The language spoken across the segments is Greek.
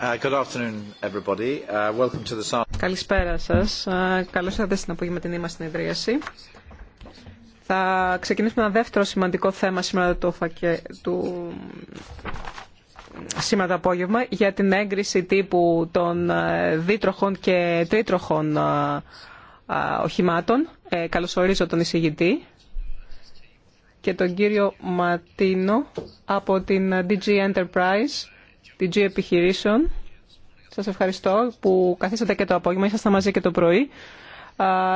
Uh, good afternoon, everybody. Uh, welcome to the... Καλησπέρα σας. Uh, καλώς ήρθατε στην απογευματινή μας συνεδρίαση. Θα ξεκινήσουμε ένα δεύτερο σημαντικό θέμα σήμερα το, φακε... του... σήμερα το απόγευμα για την έγκριση τύπου των ε, δίτροχων και τρίτροχων ε, ε, οχημάτων. Καλωσορίζω τον εισηγητή και τον κύριο Ματίνο από την DG Enterprise DG Επιχειρήσεων. Σας ευχαριστώ που καθίσατε και το απόγευμα, ήσασταν μαζί και το πρωί.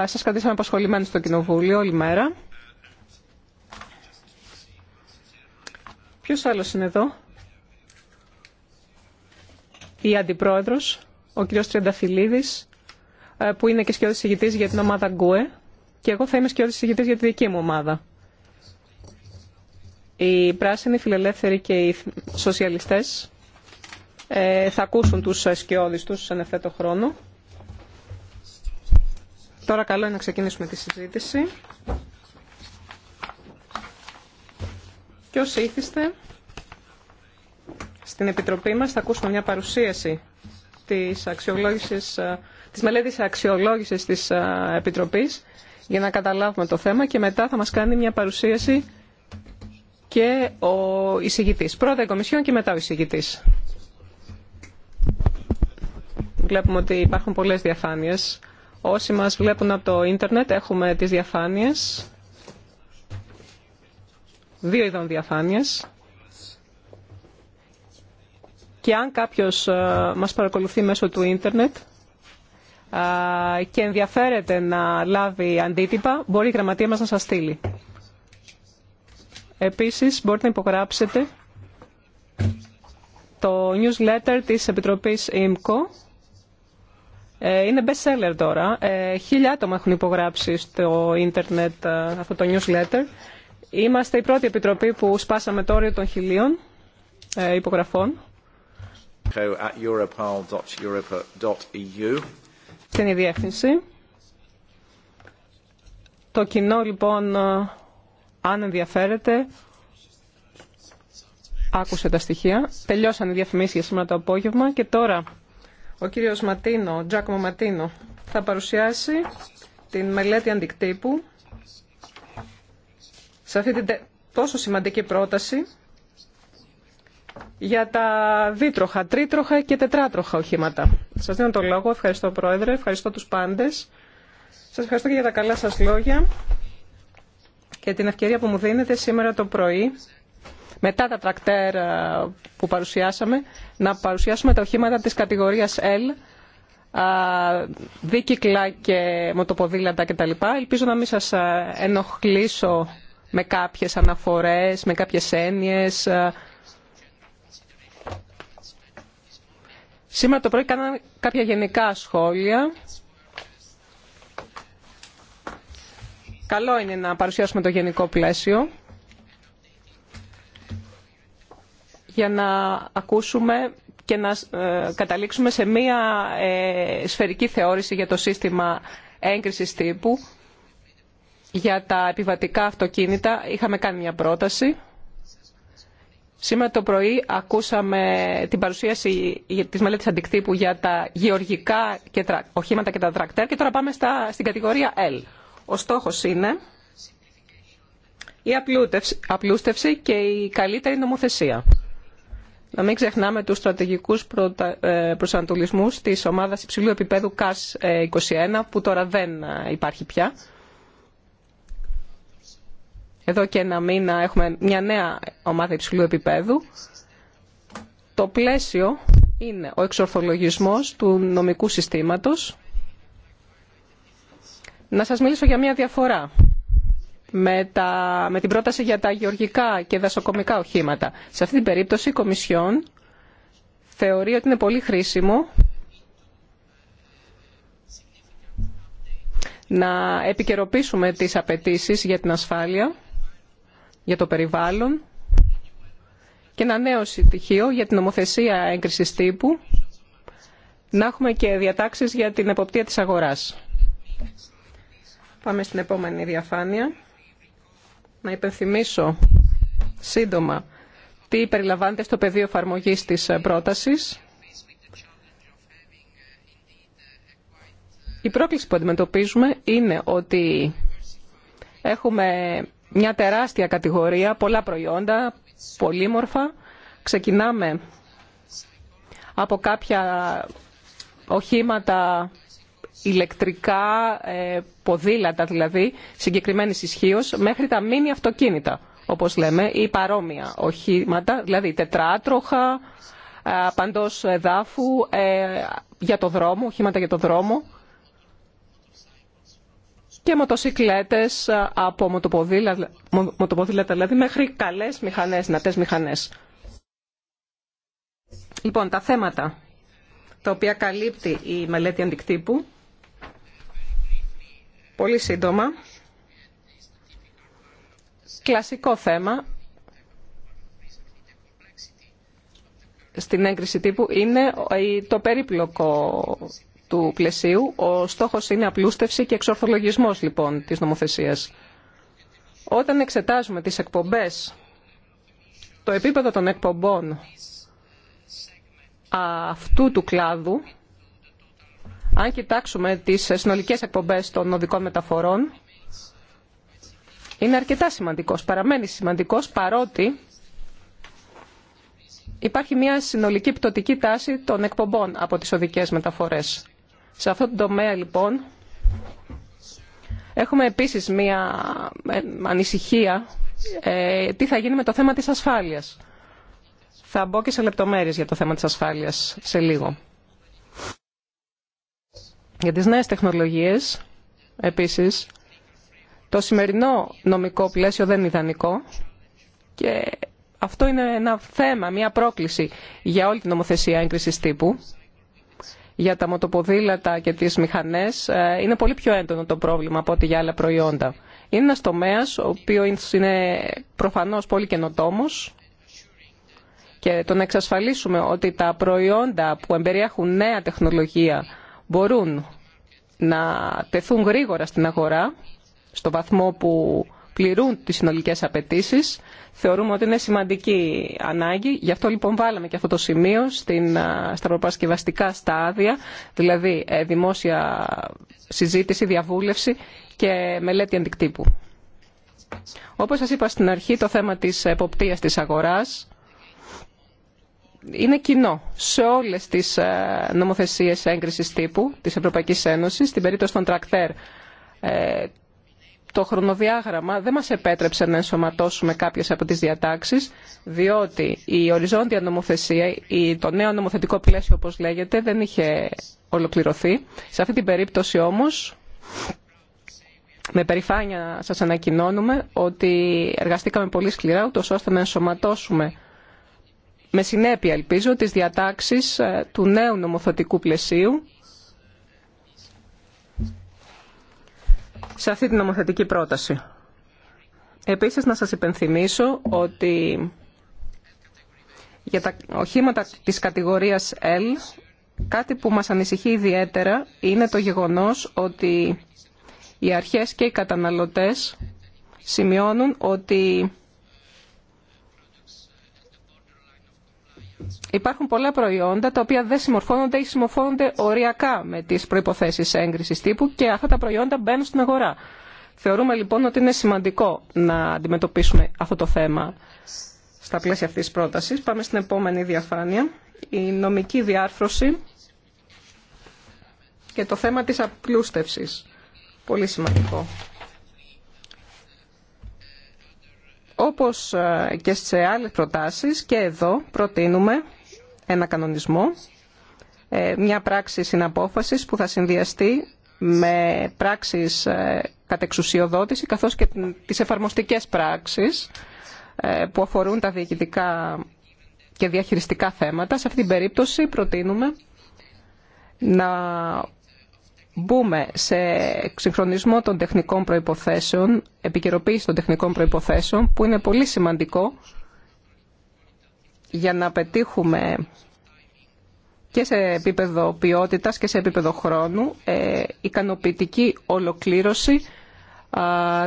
Σας κρατήσαμε απασχολημένοι στο Κοινοβούλιο όλη μέρα. Ποιος άλλος είναι εδώ? Η Αντιπρόεδρος, ο κύριος Τριανταφυλλίδης, ε, που είναι και σκιώδης ηγητής για την ομάδα Γκουε. Και εγώ θα είμαι σκιώδης ηγητής για τη δική μου ομάδα. Οι πράσινοι, οι φιλελεύθεροι και οι σοσιαλιστές ε, θα ακούσουν τους σκιώδεις τους σε ευθέτω χρόνο. Τώρα καλό είναι να ξεκινήσουμε τη συζήτηση. Και όσοι ήθιστε, στην Επιτροπή μας θα ακούσουμε μια παρουσίαση της, αξιολόγησης, ε, της μελέτης αξιολόγησης της ε, Επιτροπής για να καταλάβουμε το θέμα και μετά θα μας κάνει μια παρουσίαση και ο εισηγητής. Πρώτα η Κομισιόν και μετά ο εισηγητής βλέπουμε ότι υπάρχουν πολλές διαφάνειες. Όσοι μας βλέπουν από το ίντερνετ έχουμε τις διαφάνειες. Δύο ειδών διαφάνειες. Και αν κάποιος ε, μας παρακολουθεί μέσω του ίντερνετ ε, και ενδιαφέρεται να λάβει αντίτυπα, μπορεί η γραμματεία μας να σας στείλει. Επίσης, μπορείτε να υπογράψετε το newsletter της Επιτροπής ΕΜΚΟ ε, είναι best seller τώρα. Ε, χίλια άτομα έχουν υπογράψει στο ίντερνετ ε, αυτό το newsletter. Είμαστε η πρώτη επιτροπή που σπάσαμε το όριο των χιλίων υπογραφών. E Στην η διεύθυνση. Το κοινό λοιπόν, αν ενδιαφέρεται, άκουσε τα στοιχεία. Τελειώσαν οι διαφημίσεις για σήμερα το απόγευμα και τώρα ο κύριος Ματίνο, Τζάκομο Ματίνο, θα παρουσιάσει την μελέτη αντικτύπου σε αυτή την τόσο σημαντική πρόταση για τα δίτροχα, τρίτροχα και τετράτροχα οχήματα. Σας δίνω το λόγο. Ευχαριστώ, Πρόεδρε. Ευχαριστώ τους πάντες. Σας ευχαριστώ και για τα καλά σας λόγια και την ευκαιρία που μου δίνετε σήμερα το πρωί μετά τα τρακτέρ ε, που παρουσιάσαμε, να παρουσιάσουμε τα οχήματα της κατηγορίας L, ε, δίκυκλα και μοτοποδήλατα κτλ. Ελπίζω να μην σας ε, ενοχλήσω με κάποιες αναφορές, με κάποιες έννοιες. Σήμερα το πρωί κάναμε κάποια γενικά σχόλια. Καλό είναι να παρουσιάσουμε το γενικό πλαίσιο. για να ακούσουμε και να ε, καταλήξουμε σε μία ε, σφαιρική θεώρηση για το σύστημα έγκρισης τύπου για τα επιβατικά αυτοκίνητα. Είχαμε κάνει μια πρόταση. Σήμερα το πρωί ακούσαμε την παρουσίαση της μελέτης αντικτύπου για τα γεωργικά και οχήματα και τα τρακτέρ και τώρα πάμε στα... στην κατηγορία L. Ο στόχος είναι η απλούστευση και η καλύτερη νομοθεσία να μην ξεχνάμε τους στρατηγικούς ε, προσανατολισμούς της ομάδας υψηλού επίπεδου ΚΑΣ 21 ε, που τώρα δεν ε, υπάρχει πια. Εδώ και ένα μήνα έχουμε μια νέα ομάδα υψηλού επίπεδου. Το πλαίσιο είναι ο εξορθολογισμός του νομικού συστήματος. Να σας μιλήσω για μια διαφορά με, την πρόταση για τα γεωργικά και δασοκομικά οχήματα. Σε αυτή την περίπτωση η Κομισιόν θεωρεί ότι είναι πολύ χρήσιμο να επικαιροποιήσουμε τις απαιτήσει για την ασφάλεια, για το περιβάλλον και ένα νέο στοιχείο για την νομοθεσία έγκρισης τύπου, να έχουμε και διατάξεις για την εποπτεία της αγοράς. Πάμε στην επόμενη διαφάνεια να υπενθυμίσω σύντομα τι περιλαμβάνεται στο πεδίο εφαρμογή της πρότασης. Η πρόκληση που αντιμετωπίζουμε είναι ότι έχουμε μια τεράστια κατηγορία, πολλά προϊόντα, πολύμορφα. Ξεκινάμε από κάποια οχήματα ηλεκτρικά ε, ποδήλατα δηλαδή συγκεκριμένης ισχύω μέχρι τα μίνι αυτοκίνητα όπως λέμε ή παρόμοια οχήματα, δηλαδή τετράτροχα, παντός εδάφου, ε, για το δρόμο, οχήματα για το δρόμο και μοτοσυκλέτες από μοτοποδήλατα, μοτοποδήλατα δηλαδή μέχρι καλές μηχανές, νατές μηχανές. Λοιπόν, τα θέματα τα οποία καλύπτει η μελέτη αντικτύπου πολύ σύντομα. Κλασικό θέμα στην έγκριση τύπου είναι το περίπλοκο του πλαισίου. Ο στόχος είναι απλούστευση και εξορθολογισμός λοιπόν της νομοθεσίας. Όταν εξετάζουμε τις εκπομπές, το επίπεδο των εκπομπών αυτού του κλάδου αν κοιτάξουμε τις συνολικές εκπομπές των οδικών μεταφορών, είναι αρκετά σημαντικός, παραμένει σημαντικός παρότι υπάρχει μια συνολική πτωτική τάση των εκπομπών από τις οδικές μεταφορές. Σε αυτό το τομέα λοιπόν έχουμε επίσης μια ε, ανησυχία ε, τι θα γίνει με το θέμα της ασφάλειας. Θα μπω και σε λεπτομέρειες για το θέμα της ασφάλειας σε λίγο. Για τις νέες τεχνολογίες, επίσης, το σημερινό νομικό πλαίσιο δεν είναι ιδανικό και αυτό είναι ένα θέμα, μια πρόκληση για όλη την νομοθεσία έγκρισης τύπου. Για τα μοτοποδήλατα και τις μηχανές ε, είναι πολύ πιο έντονο το πρόβλημα από ό,τι για άλλα προϊόντα. Είναι ένας τομέας ο οποίος είναι προφανώς πολύ καινοτόμο και το να εξασφαλίσουμε ότι τα προϊόντα που εμπεριέχουν νέα τεχνολογία μπορούν να τεθούν γρήγορα στην αγορά, στο βαθμό που πληρούν τις συνολικές απαιτήσεις. Θεωρούμε ότι είναι σημαντική ανάγκη. Γι' αυτό λοιπόν βάλαμε και αυτό το σημείο στην, στα προπασκευαστικά στάδια, δηλαδή ε, δημόσια συζήτηση, διαβούλευση και μελέτη αντικτύπου. Όπως σας είπα στην αρχή, το θέμα της εποπτείας της αγοράς είναι κοινό σε όλες τις ε, νομοθεσίες έγκρισης τύπου της Ευρωπαϊκής Ένωσης. Στην περίπτωση των τρακτέρ, ε, το χρονοδιάγραμμα δεν μας επέτρεψε να ενσωματώσουμε κάποιες από τις διατάξεις, διότι η οριζόντια νομοθεσία, ή το νέο νομοθετικό πλαίσιο όπως λέγεται, δεν είχε ολοκληρωθεί. Σε αυτή την περίπτωση όμως, με περηφάνεια σας ανακοινώνουμε ότι εργαστήκαμε πολύ σκληρά, ούτως ώστε να ενσωματώσουμε με συνέπεια ελπίζω τις διατάξεις ε, του νέου νομοθετικού πλαισίου σε αυτή την νομοθετική πρόταση. Επίσης να σας υπενθυμίσω ότι για τα οχήματα της κατηγορίας L κάτι που μας ανησυχεί ιδιαίτερα είναι το γεγονός ότι οι αρχές και οι καταναλωτές σημειώνουν ότι Υπάρχουν πολλά προϊόντα τα οποία δεν συμμορφώνονται ή συμμορφώνονται οριακά με τις προϋποθέσεις έγκρισης τύπου και αυτά τα προϊόντα μπαίνουν στην αγορά. Θεωρούμε λοιπόν ότι είναι σημαντικό να αντιμετωπίσουμε αυτό το θέμα στα πλαίσια αυτής τη πρότασης. Πάμε στην επόμενη διαφάνεια. Η νομική διάρθρωση και το θέμα της απλούστευσης. Πολύ σημαντικό. Όπως ε, και σε άλλες προτάσεις και εδώ προτείνουμε ένα κανονισμό, ε, μια πράξη συναπόφασης που θα συνδυαστεί με πράξεις ε, κατεξουσιοδότηση καθώς και τις εφαρμοστικές πράξεις που αφορούν τα διοικητικά και διαχειριστικά θέματα. Σε αυτή την περίπτωση προτείνουμε να μπούμε σε εξυγχρονισμό των τεχνικών προϋποθέσεων, επικαιροποίηση των τεχνικών προϋποθέσεων, που είναι πολύ σημαντικό για να πετύχουμε και σε επίπεδο ποιότητας και σε επίπεδο χρόνου ε, ικανοποιητική ολοκλήρωση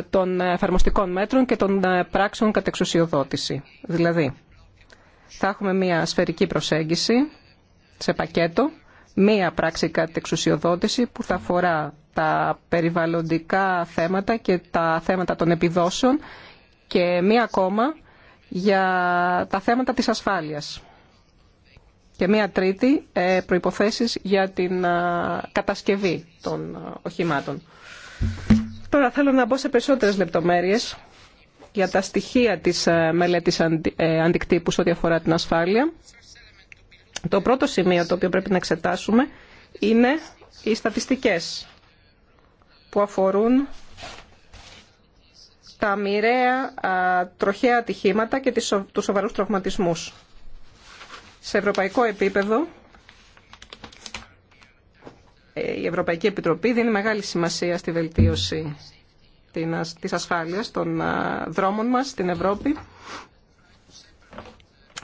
των εφαρμοστικών μέτρων και των ε, πράξεων κατεξουσιοδότηση. Δηλαδή, θα έχουμε μια σφαιρική προσέγγιση σε πακέτο μία πράξη εξουσιοδότηση που θα αφορά τα περιβαλλοντικά θέματα και τα θέματα των επιδόσεων και μία ακόμα για τα θέματα της ασφάλειας. Και μία τρίτη ε, προϋποθέσεις για την κατασκευή των οχημάτων. Τώρα θέλω να μπω σε περισσότερες λεπτομέρειες για τα στοιχεία της ε, μελέτης ε, αντικτύπου ό,τι αφορά την ασφάλεια. Το πρώτο σημείο το οποίο πρέπει να εξετάσουμε είναι οι στατιστικές που αφορούν τα μοιραία τροχαία ατυχήματα και τους σοβαρούς τραυματισμούς. Σε ευρωπαϊκό επίπεδο, ε, η Ευρωπαϊκή Επιτροπή δίνει μεγάλη σημασία στη βελτίωση της ασφάλειας των δρόμων μας στην Ευρώπη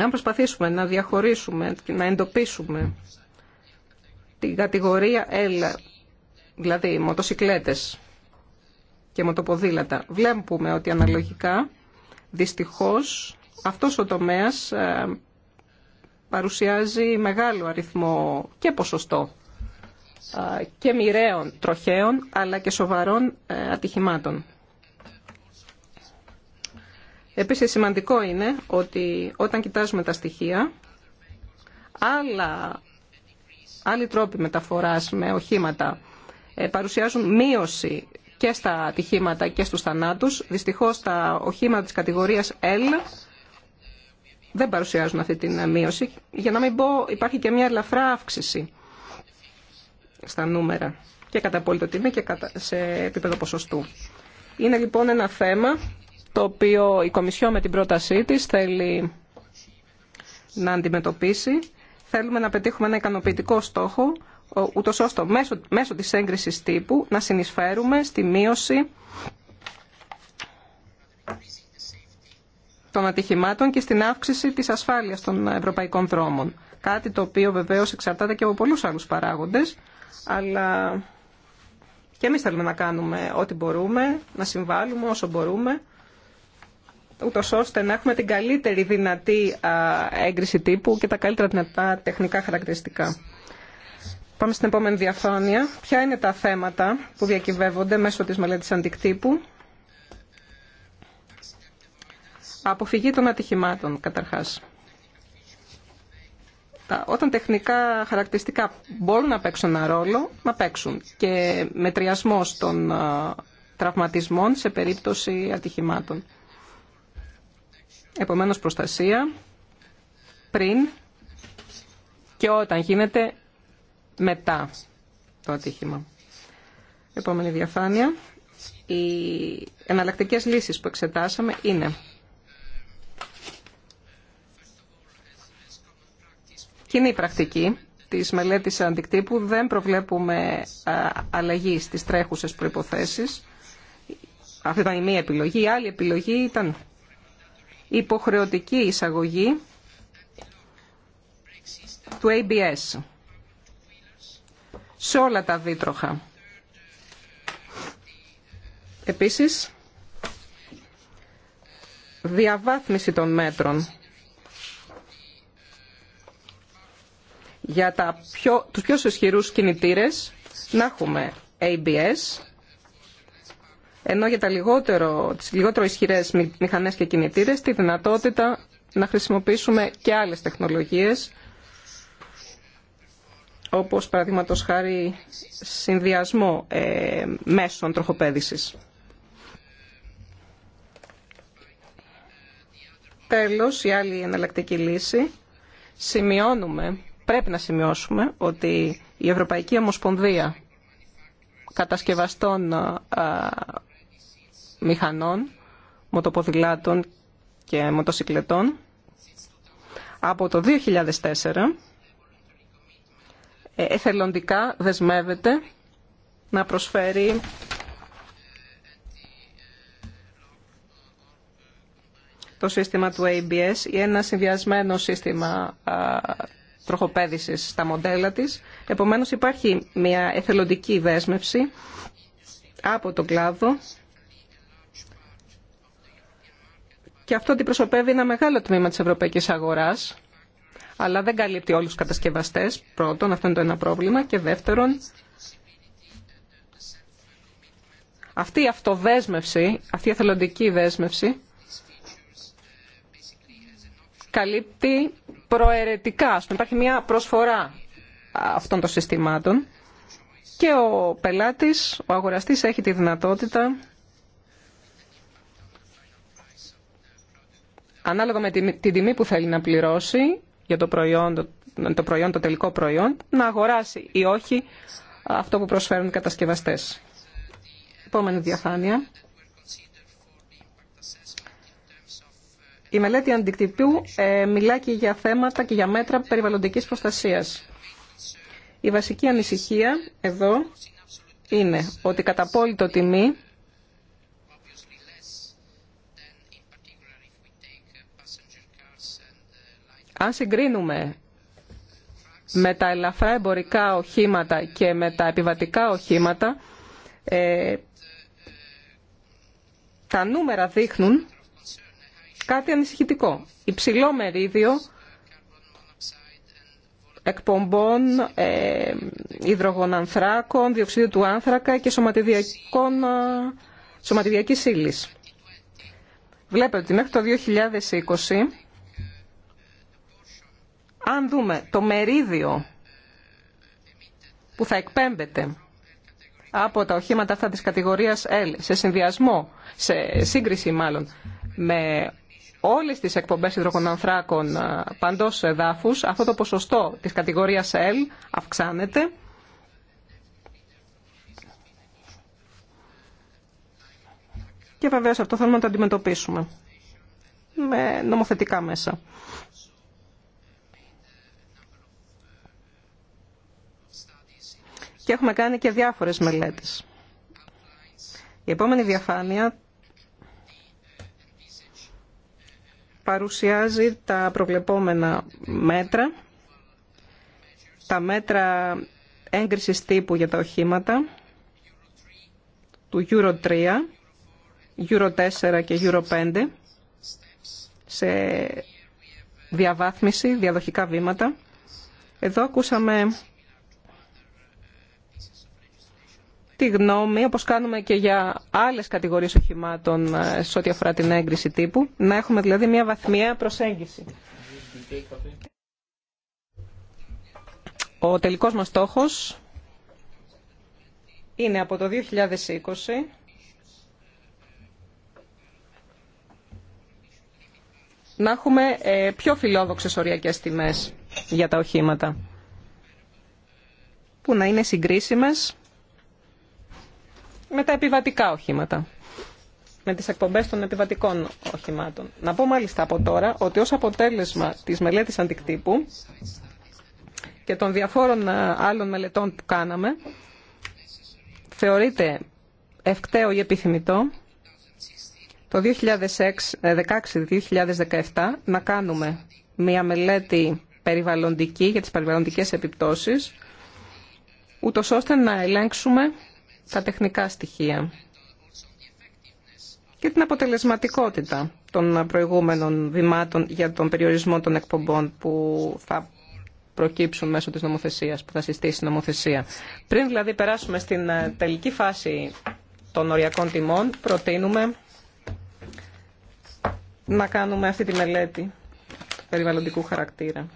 αν προσπαθήσουμε να διαχωρίσουμε, και να εντοπίσουμε την κατηγορία L, δηλαδή μοτοσυκλέτες και μοτοποδήλατα, βλέπουμε ότι αναλογικά, δυστυχώς, αυτός ο τομέας ε, παρουσιάζει μεγάλο αριθμό και ποσοστό ε, και μοιραίων τροχαίων αλλά και σοβαρών ε, ατυχημάτων. Επίσης σημαντικό είναι ότι όταν κοιτάζουμε τα στοιχεία, άλλα, άλλοι τρόποι μεταφοράς με οχήματα ε, παρουσιάζουν μείωση και στα ατυχήματα και στους θανάτους. Δυστυχώς τα οχήματα της κατηγορίας L δεν παρουσιάζουν αυτή την μείωση. Για να μην πω υπάρχει και μια ελαφρά αύξηση στα νούμερα και κατά απόλυτο τιμή και σε επίπεδο ποσοστού. Είναι λοιπόν ένα θέμα το οποίο η Κομισιό με την πρότασή της θέλει να αντιμετωπίσει. Θέλουμε να πετύχουμε ένα ικανοποιητικό στόχο, ούτως ώστε μέσω, μέσω της έγκρισης τύπου να συνεισφέρουμε στη μείωση των ατυχημάτων και στην αύξηση της ασφάλειας των ευρωπαϊκών δρόμων. Κάτι το οποίο βεβαίως εξαρτάται και από πολλούς άλλους παράγοντες, αλλά και εμείς θέλουμε να κάνουμε ό,τι μπορούμε, να συμβάλλουμε όσο μπορούμε ούτως ώστε να έχουμε την καλύτερη δυνατή έγκριση τύπου και τα καλύτερα δυνατά τεχνικά χαρακτηριστικά. Πάμε στην επόμενη διαφάνεια. Ποια είναι τα θέματα που διακυβεύονται μέσω της μελέτης αντικτύπου. Αποφυγή των ατυχημάτων, καταρχάς. Όταν τεχνικά χαρακτηριστικά μπορούν να παίξουν ένα ρόλο, να παίξουν. Και μετριασμός των τραυματισμών σε περίπτωση ατυχημάτων. Επομένως προστασία πριν και όταν γίνεται μετά το ατύχημα. Επόμενη διαφάνεια. Οι εναλλακτικέ λύσεις που εξετάσαμε είναι κοινή πρακτική της μελέτης αντικτύπου. Δεν προβλέπουμε αλλαγή στις τρέχουσες προϋποθέσεις. Αυτή ήταν η μία επιλογή. Η άλλη επιλογή ήταν υποχρεωτική εισαγωγή του ABS σε όλα τα δίτροχα. Επίσης, διαβάθμιση των μέτρων για τα πιο, τους πιο ισχυρούς κινητήρες να έχουμε ABS ενώ για τα λιγότερο, τις λιγότερο ισχυρές μηχανές και κινητήρες τη δυνατότητα να χρησιμοποιήσουμε και άλλες τεχνολογίες όπως παραδείγματο χάρη συνδυασμό ε, μέσων τροχοπέδησης. Τέλος, η άλλη εναλλακτική λύση. Σημειώνουμε, πρέπει να σημειώσουμε, ότι η Ευρωπαϊκή Ομοσπονδία κατασκευαστών ε, μηχανών, μοτοποδηλάτων και μοτοσυκλετών. Από το 2004 ε, εθελοντικά δεσμεύεται να προσφέρει το σύστημα του ABS ή ένα συνδυασμένο σύστημα τροχοπέδησης στα μοντέλα της. Επομένως υπάρχει μια εθελοντική δέσμευση από τον κλάδο και αυτό αντιπροσωπεύει ένα μεγάλο τμήμα της ευρωπαϊκής αγοράς, αλλά δεν καλύπτει όλους τους κατασκευαστές, πρώτον, αυτό είναι το ένα πρόβλημα, και δεύτερον, αυτή η αυτοδέσμευση, αυτή η εθελοντική δέσμευση, καλύπτει προαιρετικά, υπάρχει μια προσφορά αυτών των συστημάτων και ο πελάτης, ο αγοραστής έχει τη δυνατότητα ανάλογα με την τιμή που θέλει να πληρώσει για το προϊόν, το, προϊόν, το τελικό προϊόν, να αγοράσει ή όχι αυτό που προσφέρουν οι κατασκευαστές. Επόμενη διαφάνεια. Η μελέτη αντικτυπίου η μελετη αντικτυπιου μιλαει και για θέματα και για μέτρα περιβαλλοντικής προστασίας. Η βασική ανησυχία εδώ είναι ότι κατά το τιμή Αν συγκρίνουμε με τα ελαφρά εμπορικά οχήματα και με τα επιβατικά οχήματα, ε, τα νούμερα δείχνουν κάτι ανησυχητικό. Υψηλό μερίδιο εκπομπών ε, υδρογονανθράκων, διοξιδίου του άνθρακα και σωματιδιακή ύλη. Ε, σωματιδιακής ύλης. Βλέπετε ότι μέχρι το 2020 αν δούμε το μερίδιο που θα εκπέμπεται από τα οχήματα αυτά της κατηγορίας L, σε συνδυασμό, σε σύγκριση μάλλον, με όλες τις εκπομπές υδροκονανθράκων παντός εδάφους, αυτό το ποσοστό της κατηγορίας L αυξάνεται. Και βεβαίως αυτό θέλουμε να το αντιμετωπίσουμε με νομοθετικά μέσα. και έχουμε κάνει και διάφορες μελέτες. Η επόμενη διαφάνεια παρουσιάζει τα προβλεπόμενα μέτρα, τα μέτρα έγκρισης τύπου για τα οχήματα, του Euro 3, Euro 4 και Euro 5, σε διαβάθμιση, διαδοχικά βήματα. Εδώ ακούσαμε τη γνώμη, όπως κάνουμε και για άλλες κατηγορίες οχημάτων ε, σε ό,τι αφορά την έγκριση τύπου, να έχουμε δηλαδή μια βαθμιαία προσέγγιση. Ο τελικός μας στόχος είναι από το 2020 να έχουμε ε, πιο φιλόδοξες οριακές τιμές για τα οχήματα που να είναι συγκρίσιμες με τα επιβατικά οχήματα. Με τις εκπομπές των επιβατικών οχημάτων. Να πω μάλιστα από τώρα ότι ως αποτέλεσμα της μελέτης αντικτύπου και των διαφόρων ε, άλλων μελετών που κάναμε, θεωρείται ευκταίο ή επιθυμητό το 2016-2017 ε, να κάνουμε μια μελέτη περιβαλλοντική για τις περιβαλλοντικές επιπτώσεις, ούτως ώστε να ελέγξουμε τα τεχνικά στοιχεία και την αποτελεσματικότητα των προηγούμενων βημάτων για τον περιορισμό των εκπομπών που θα προκύψουν μέσω της νομοθεσίας, που θα συστήσει η νομοθεσία. Πριν δηλαδή περάσουμε στην ε, τελική φάση των οριακών τιμών, προτείνουμε να κάνουμε αυτή τη μελέτη περιβαλλοντικού χαρακτήρα.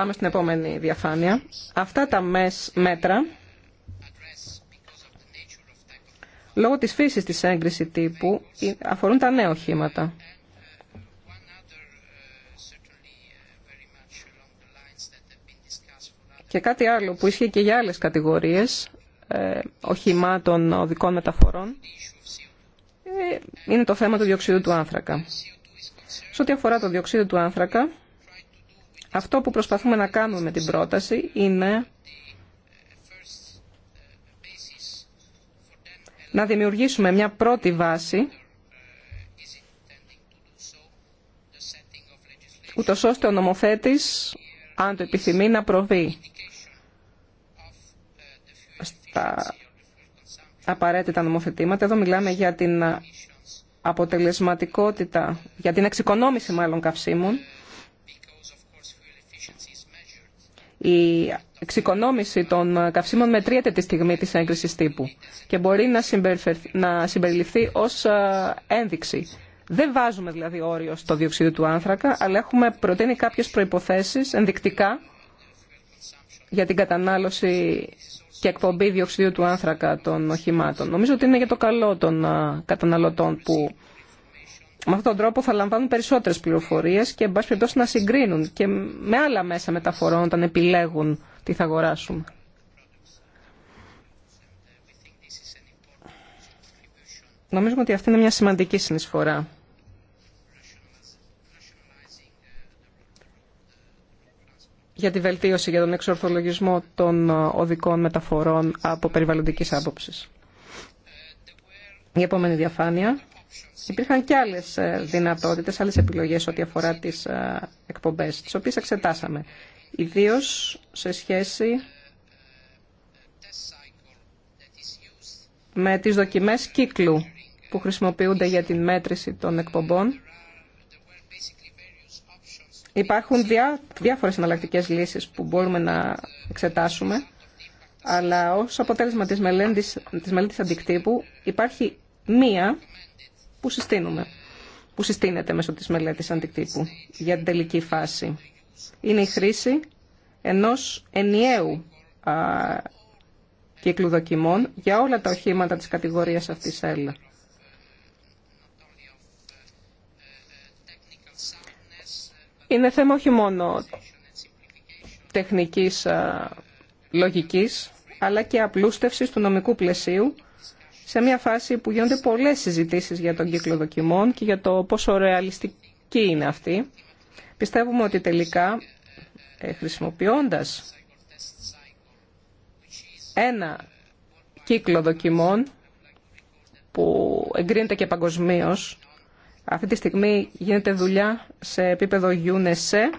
Πάμε στην επόμενη διαφάνεια. Αυτά τα μέτρα, λόγω της φύσης της έγκριση τύπου, αφορούν τα νέα οχήματα. Και κάτι άλλο που ισχύει και για άλλες κατηγορίες ε, οχημάτων οδικών μεταφορών ε, είναι το θέμα του διοξιδίου του άνθρακα. Σε ό,τι αφορά το διοξείδιο του άνθρακα, αυτό που προσπαθούμε να κάνουμε με την πρόταση είναι να δημιουργήσουμε μια πρώτη βάση ούτω ώστε ο νομοθέτης, αν το επιθυμεί, να προβεί στα απαραίτητα νομοθετήματα. Εδώ μιλάμε για την αποτελεσματικότητα, για την εξοικονόμηση μάλλον καυσίμων η εξοικονόμηση των καυσίμων μετριέται τη στιγμή της έγκρισης τύπου και μπορεί να, να συμπεριληφθεί ως ε, ένδειξη. Δεν βάζουμε δηλαδή όριο στο διοξείδιο του άνθρακα, αλλά έχουμε προτείνει κάποιες προϋποθέσεις ενδεικτικά για την κατανάλωση και εκπομπή διοξιδίου του άνθρακα των οχημάτων. Νομίζω ότι είναι για το καλό των ε, καταναλωτών που με αυτόν τον τρόπο θα λαμβάνουν περισσότερες πληροφορίες και εν πάση περιπτώσει να συγκρίνουν και με άλλα μέσα μεταφορών όταν επιλέγουν τι θα αγοράσουν. Νομίζουμε ότι αυτή είναι μια σημαντική συνεισφορά. για τη βελτίωση για τον εξορθολογισμό των οδικών μεταφορών από περιβαλλοντικής άποψης. Η επόμενη διαφάνεια. Υπήρχαν και άλλε ε, δυνατότητες, άλλε επιλογές ό,τι αφορά τις ε, εκπομπές, τις οποίες εξετάσαμε. ιδίω σε σχέση με τις δοκιμές κύκλου που χρησιμοποιούνται για την μέτρηση των εκπομπών. Υπάρχουν διά, διάφορες εναλλακτικές λύσεις που μπορούμε να εξετάσουμε, αλλά ως αποτέλεσμα της μελέτης, της μελέτης αντικτύπου υπάρχει μία που συστήνουμε, που συστήνεται μέσω της μελέτης αντικτύπου για την τελική φάση. Είναι η χρήση ενός ενιαίου α, κύκλου δοκιμών για όλα τα οχήματα της κατηγορίας αυτής ΕΛΑ. Είναι θέμα όχι μόνο τεχνικής λογικής, αλλά και απλούστευσης του νομικού πλαισίου σε μια φάση που γίνονται πολλές συζητήσεις για τον κύκλο δοκιμών και για το πόσο ρεαλιστική είναι αυτή. Πιστεύουμε ότι τελικά ε, χρησιμοποιώντας ένα κύκλο δοκιμών που εγκρίνεται και παγκοσμίω. Αυτή τη στιγμή γίνεται δουλειά σε επίπεδο UNESCO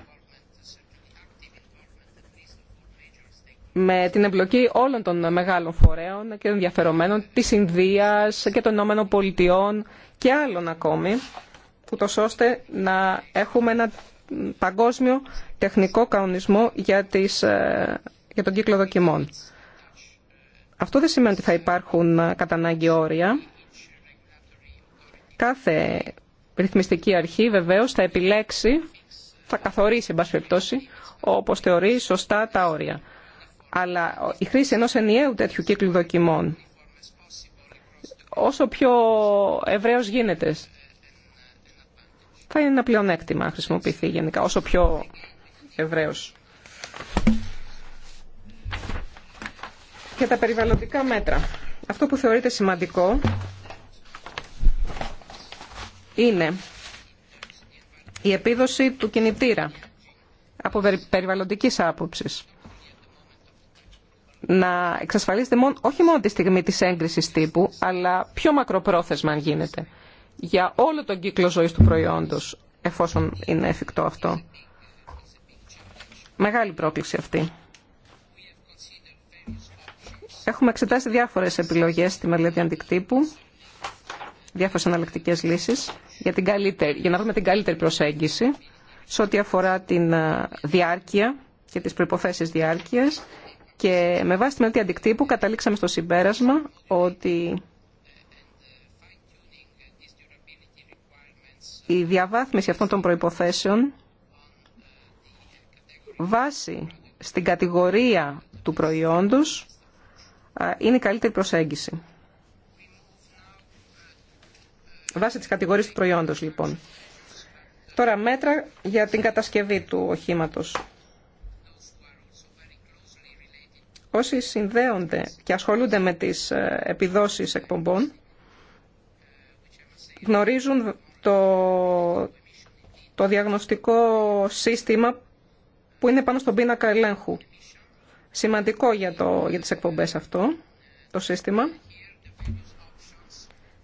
με την εμπλοκή όλων των μεγάλων φορέων και ενδιαφερομένων της Ινδίας και των Ηνωμένων Πολιτειών και άλλων ακόμη, ούτως ώστε να έχουμε ένα παγκόσμιο τεχνικό κανονισμό για, τις, ε, για τον κύκλο δοκιμών. Αυτό δεν σημαίνει ότι θα υπάρχουν ε, κατά ανάγκη όρια. Κάθε ρυθμιστική αρχή βεβαίως θα επιλέξει, θα καθορίσει, εν όπως θεωρεί, σωστά τα όρια. Αλλά η χρήση ενός ενιαίου τέτοιου κύκλου δοκιμών, όσο πιο ευρέως γίνεται, θα είναι ένα πλεονέκτημα να χρησιμοποιηθεί γενικά, όσο πιο ευρέως. Και τα περιβαλλοντικά μέτρα. Αυτό που θεωρείται σημαντικό είναι η επίδοση του κινητήρα από περιβαλλοντικής άποψης να εξασφαλίσετε μόνο, όχι μόνο τη στιγμή της έγκρισης τύπου, αλλά πιο μακροπρόθεσμα αν γίνεται, για όλο τον κύκλο ζωής του προϊόντος, εφόσον είναι εφικτό αυτό. Μεγάλη πρόκληση αυτή. Έχουμε εξετάσει διάφορες επιλογές στη μελέτη αντικτύπου, διάφορες αναλεκτικές λύσεις, για, την καλύτερη, για να δούμε την καλύτερη προσέγγιση σε ό,τι αφορά την ε, διάρκεια και τις προϋποθέσεις διάρκειας και με βάση τη μελέτη αντικτύπου καταλήξαμε στο συμπέρασμα ότι η διαβάθμιση αυτών των προϋποθέσεων βάσει στην κατηγορία του προϊόντος είναι η καλύτερη προσέγγιση. Βάσει της κατηγορίας του προϊόντος, λοιπόν. Τώρα μέτρα για την κατασκευή του οχήματος. όσοι συνδέονται και ασχολούνται με τις ε, επιδόσεις εκπομπών γνωρίζουν το, το διαγνωστικό σύστημα που είναι πάνω στον πίνακα ελέγχου. Σημαντικό για, το, για τις εκπομπές αυτό το σύστημα.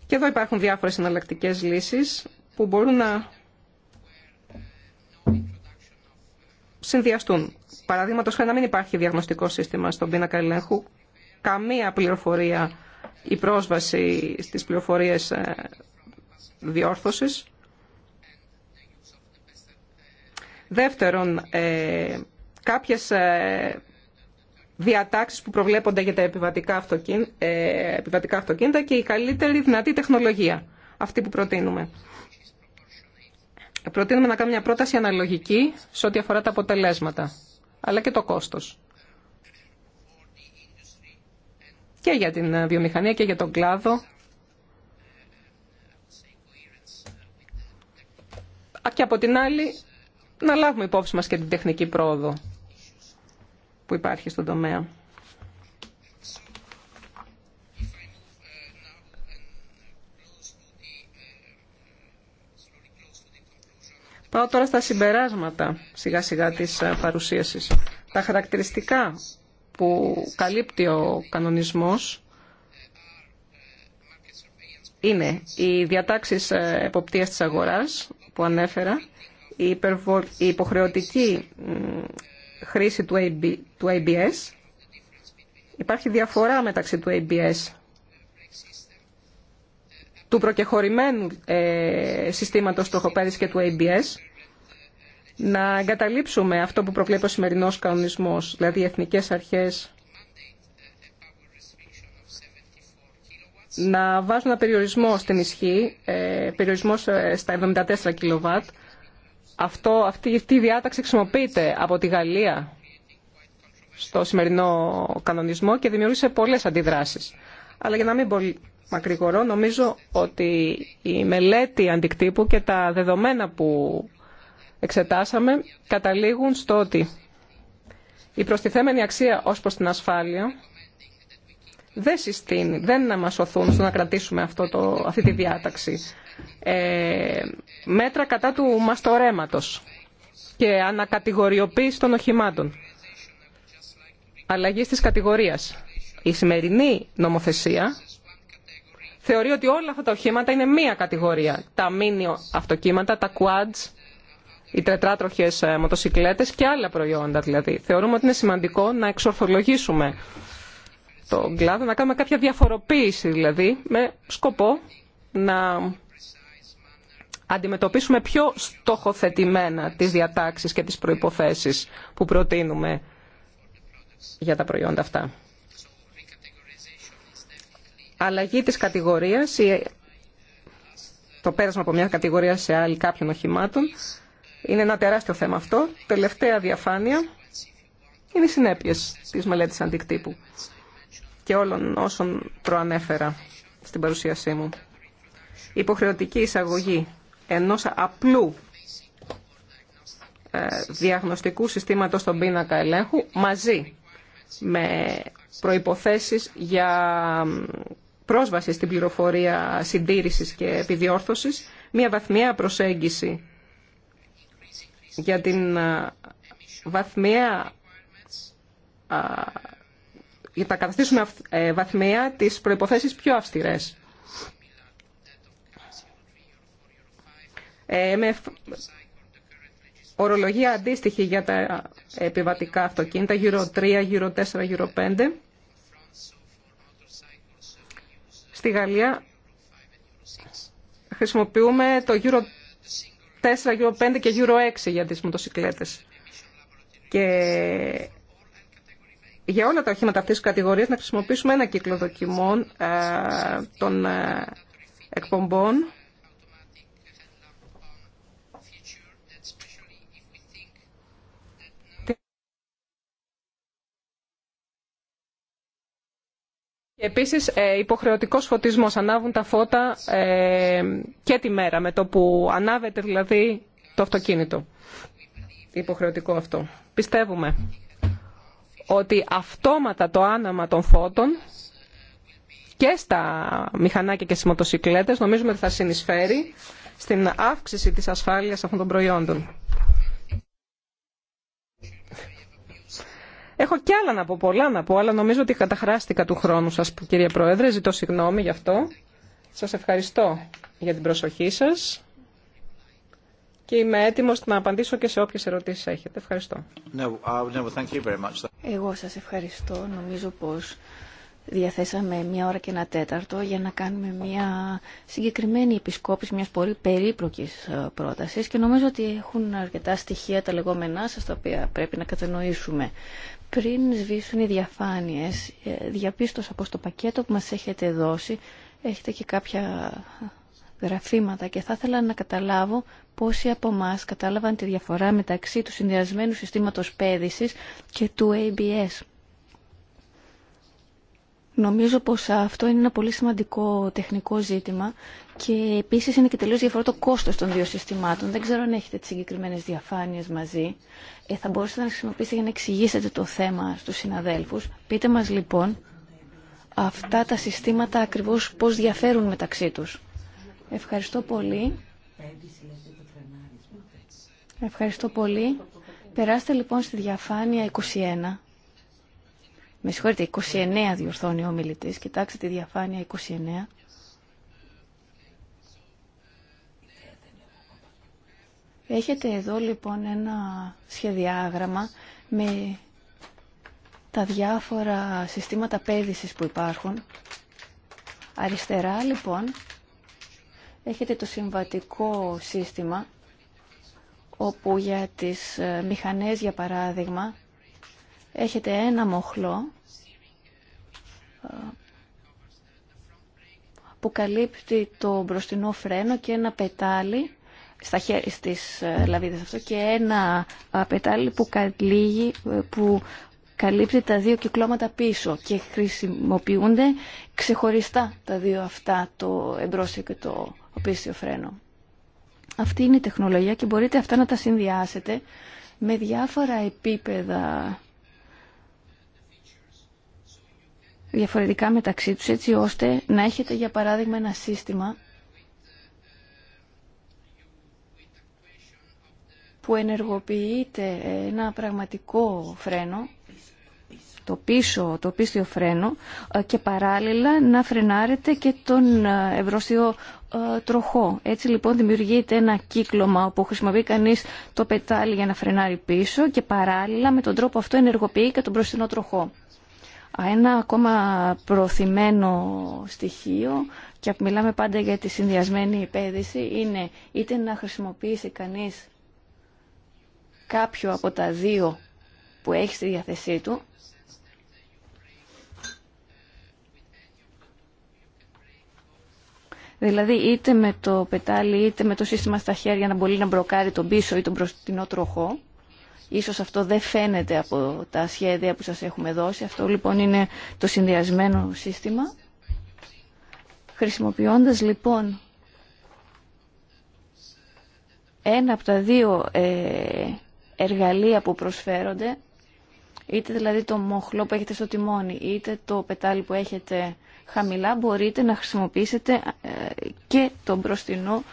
Και εδώ υπάρχουν διάφορες συναλλακτικές λύσεις που μπορούν να συνδυαστούν. Παραδείγματο χάρη να μην υπάρχει διαγνωστικό σύστημα στον πίνακα ελέγχου, καμία πληροφορία η πρόσβαση στις πληροφορίες ε, διόρθωσης. Δεύτερον, ε, κάποιες ε, διατάξεις που προβλέπονται για τα επιβατικά αυτοκίνητα και η καλύτερη δυνατή τεχνολογία, αυτή που προτείνουμε προτείνουμε να κάνουμε μια πρόταση αναλογική σε ό,τι αφορά τα αποτελέσματα, αλλά και το κόστος. Και για την ε, βιομηχανία και για τον κλάδο. Και από την άλλη, να λάβουμε υπόψη μας και την τεχνική πρόοδο που υπάρχει στον τομέα. Πάω τώρα στα συμπεράσματα σιγά σιγά της ε, παρουσίασης. Τα χαρακτηριστικά που καλύπτει ο κανονισμός είναι οι διατάξεις ε, εποπτείας της αγοράς που ανέφερα, η υποχρεωτική χρήση του ABS. Υπάρχει διαφορά μεταξύ του ABS του προκεχωρημένου ε, συστήματος τροχοπέδης και του ABS, να εγκαταλείψουμε αυτό που προβλέπει ο σημερινός κανονισμός, δηλαδή οι εθνικές αρχές να βάζουν ένα περιορισμό στην ισχύ, ε, περιορισμό ε, στα 74 κιλοβάτ. αυτή, η διάταξη χρησιμοποιείται από τη Γαλλία στο σημερινό κανονισμό και δημιούργησε πολλές αντιδράσεις. Αλλά για να μην μακρηγορώ, νομίζω ότι η μελέτη αντικτύπου και τα δεδομένα που εξετάσαμε καταλήγουν στο ότι η προστιθέμενη αξία ως προς την ασφάλεια δεν συστήνει, δεν να μας σωθούν στο να κρατήσουμε το, αυτή τη διάταξη. Ε, μέτρα κατά του μαστορέματος και ανακατηγοριοποίηση των οχημάτων. Αλλαγή της κατηγορίας. Η σημερινή νομοθεσία θεωρεί ότι όλα αυτά τα οχήματα είναι μία κατηγορία. Τα μίνιο αυτοκίνητα, τα quads, οι τετράτροχες ε, μοτοσυκλέτες και άλλα προϊόντα δηλαδή. Θεωρούμε ότι είναι σημαντικό να εξορθολογήσουμε τον κλάδο, να κάνουμε κάποια διαφοροποίηση δηλαδή με σκοπό να αντιμετωπίσουμε πιο στοχοθετημένα τις διατάξει και τις προϋποθέσεις που προτείνουμε για τα προϊόντα αυτά αλλαγή της κατηγορίας, το πέρασμα από μια κατηγορία σε άλλη κάποιων οχημάτων, είναι ένα τεράστιο θέμα αυτό. Τελευταία διαφάνεια είναι οι συνέπειες της μελέτης αντικτύπου και όλων όσων προανέφερα στην παρουσίασή μου. υποχρεωτική εισαγωγή ενός απλού ε, διαγνωστικού συστήματος στον πίνακα ελέγχου μαζί με προϋποθέσεις για πρόσβαση στην πληροφορία συντήρησης και επιδιόρθωσης, μια βαθμιαία προσέγγιση για την βαθμιαία για να καταστήσουμε ε, βαθμία τις προϋποθέσεις πιο αυστηρές. Ε, ορολογία αντίστοιχη για τα επιβατικά αυτοκίνητα, γύρω 3, γύρω 4, γύρω 5. Στη Γαλλία χρησιμοποιούμε το Euro 4, Euro 5 και Euro 6 για τις μοτοσυκλέτες. Και για όλα τα οχήματα αυτής της κατηγορίας να χρησιμοποιήσουμε ένα κύκλο δοκιμών ε, των ε, εκπομπών Επίσης, ε, υποχρεωτικός φωτισμός. Ανάβουν τα φώτα ε, και τη μέρα, με το που ανάβεται δηλαδή το αυτοκίνητο. Υποχρεωτικό αυτό. Πιστεύουμε ότι αυτόματα το άναμα των φώτων και στα μηχανάκια και στις μοτοσυκλέτες νομίζουμε ότι θα συνεισφέρει στην αύξηση της ασφάλειας αυτών των προϊόντων. Έχω κι άλλα να πω, πολλά να πω, αλλά νομίζω ότι καταχράστηκα του χρόνου σας, κύριε Πρόεδρε. Ζητώ συγγνώμη γι' αυτό. Σας ευχαριστώ για την προσοχή σας και είμαι έτοιμος να απαντήσω και σε όποιες ερωτήσεις έχετε. Ευχαριστώ. Uh, Εγώ σας ευχαριστώ. Νομίζω πως διαθέσαμε μία ώρα και ένα τέταρτο για να κάνουμε μία συγκεκριμένη επισκόπηση μιας πολύ περίπλοκης ε, πρότασης και νομίζω ότι έχουν αρκετά στοιχεία τα λεγόμενά σας τα οποία πρέπει να κατανοήσουμε. Πριν σβήσουν οι διαφάνειες, ε, διαπίστωσα πως το πακέτο που μας έχετε δώσει έχετε και κάποια γραφήματα και θα ήθελα να καταλάβω πόσοι από εμά κατάλαβαν τη διαφορά μεταξύ του συνδυασμένου συστήματος πέδησης και του ABS. Νομίζω πως αυτό είναι ένα πολύ σημαντικό τεχνικό ζήτημα και επίσης είναι και τελείως διαφορετικό το κόστος των δύο συστημάτων. Δεν ξέρω αν έχετε τις συγκεκριμένες διαφάνειες μαζί. Ε, θα μπορούσατε να χρησιμοποιήσετε για να εξηγήσετε το θέμα στους συναδέλφους. Πείτε μας λοιπόν αυτά τα συστήματα ακριβώς πώς διαφέρουν μεταξύ τους. Ευχαριστώ πολύ. Ευχαριστώ πολύ. Περάστε λοιπόν στη διαφάνεια 21. Με συγχωρείτε, 29 διορθώνει ο μιλητής. Κοιτάξτε τη διαφάνεια 29. Έχετε εδώ λοιπόν ένα σχεδιάγραμμα με τα διάφορα συστήματα πέδησης που υπάρχουν. Αριστερά λοιπόν έχετε το συμβατικό σύστημα όπου για τις ε, μηχανές για παράδειγμα έχετε ένα μοχλό ε, που καλύπτει το μπροστινό φρένο και ένα πετάλι στα χέρια στις ε, λαβίδες αυτό και ένα ε, πετάλι που, καλύγει, ε, που καλύπτει τα δύο κυκλώματα πίσω και χρησιμοποιούνται ξεχωριστά τα δύο αυτά, το εμπρόσιο και το πίσιο φρένο. Αυτή είναι η τεχνολογία και μπορείτε αυτά να τα συνδυάσετε με διάφορα επίπεδα διαφορετικά μεταξύ τους έτσι ώστε να έχετε για παράδειγμα ένα σύστημα που ενεργοποιείται ένα πραγματικό φρένο, το πίσω, το πίσω φρένο ε, και παράλληλα να φρενάρεται και τον ε, ευρωστιό ε, τροχό. Έτσι λοιπόν δημιουργείται ένα κύκλωμα όπου χρησιμοποιεί κανείς το πετάλι για να φρενάρει πίσω και παράλληλα με τον τρόπο αυτό ενεργοποιεί και τον μπροστινό τροχό. Ένα ακόμα προθυμένο στοιχείο και μιλάμε πάντα για τη συνδυασμένη υπέδηση είναι είτε να χρησιμοποιήσει κανείς κάποιο από τα δύο που έχει στη διάθεσή του Δηλαδή είτε με το πετάλι είτε με το σύστημα στα χέρια να μπορεί να μπροκάρει τον πίσω ή τον προστινό τροχό. Ίσως αυτό δεν φαίνεται από τα σχέδια που σας έχουμε δώσει. Αυτό λοιπόν είναι το συνδυασμένο σύστημα. Χρησιμοποιώντας λοιπόν ένα από τα δύο ε, εργαλεία που προσφέρονται, είτε δηλαδή το μοχλό που έχετε στο τιμόνι, είτε το πετάλι που έχετε χαμηλά, μπορείτε να χρησιμοποιήσετε ε, και τον μπροστινό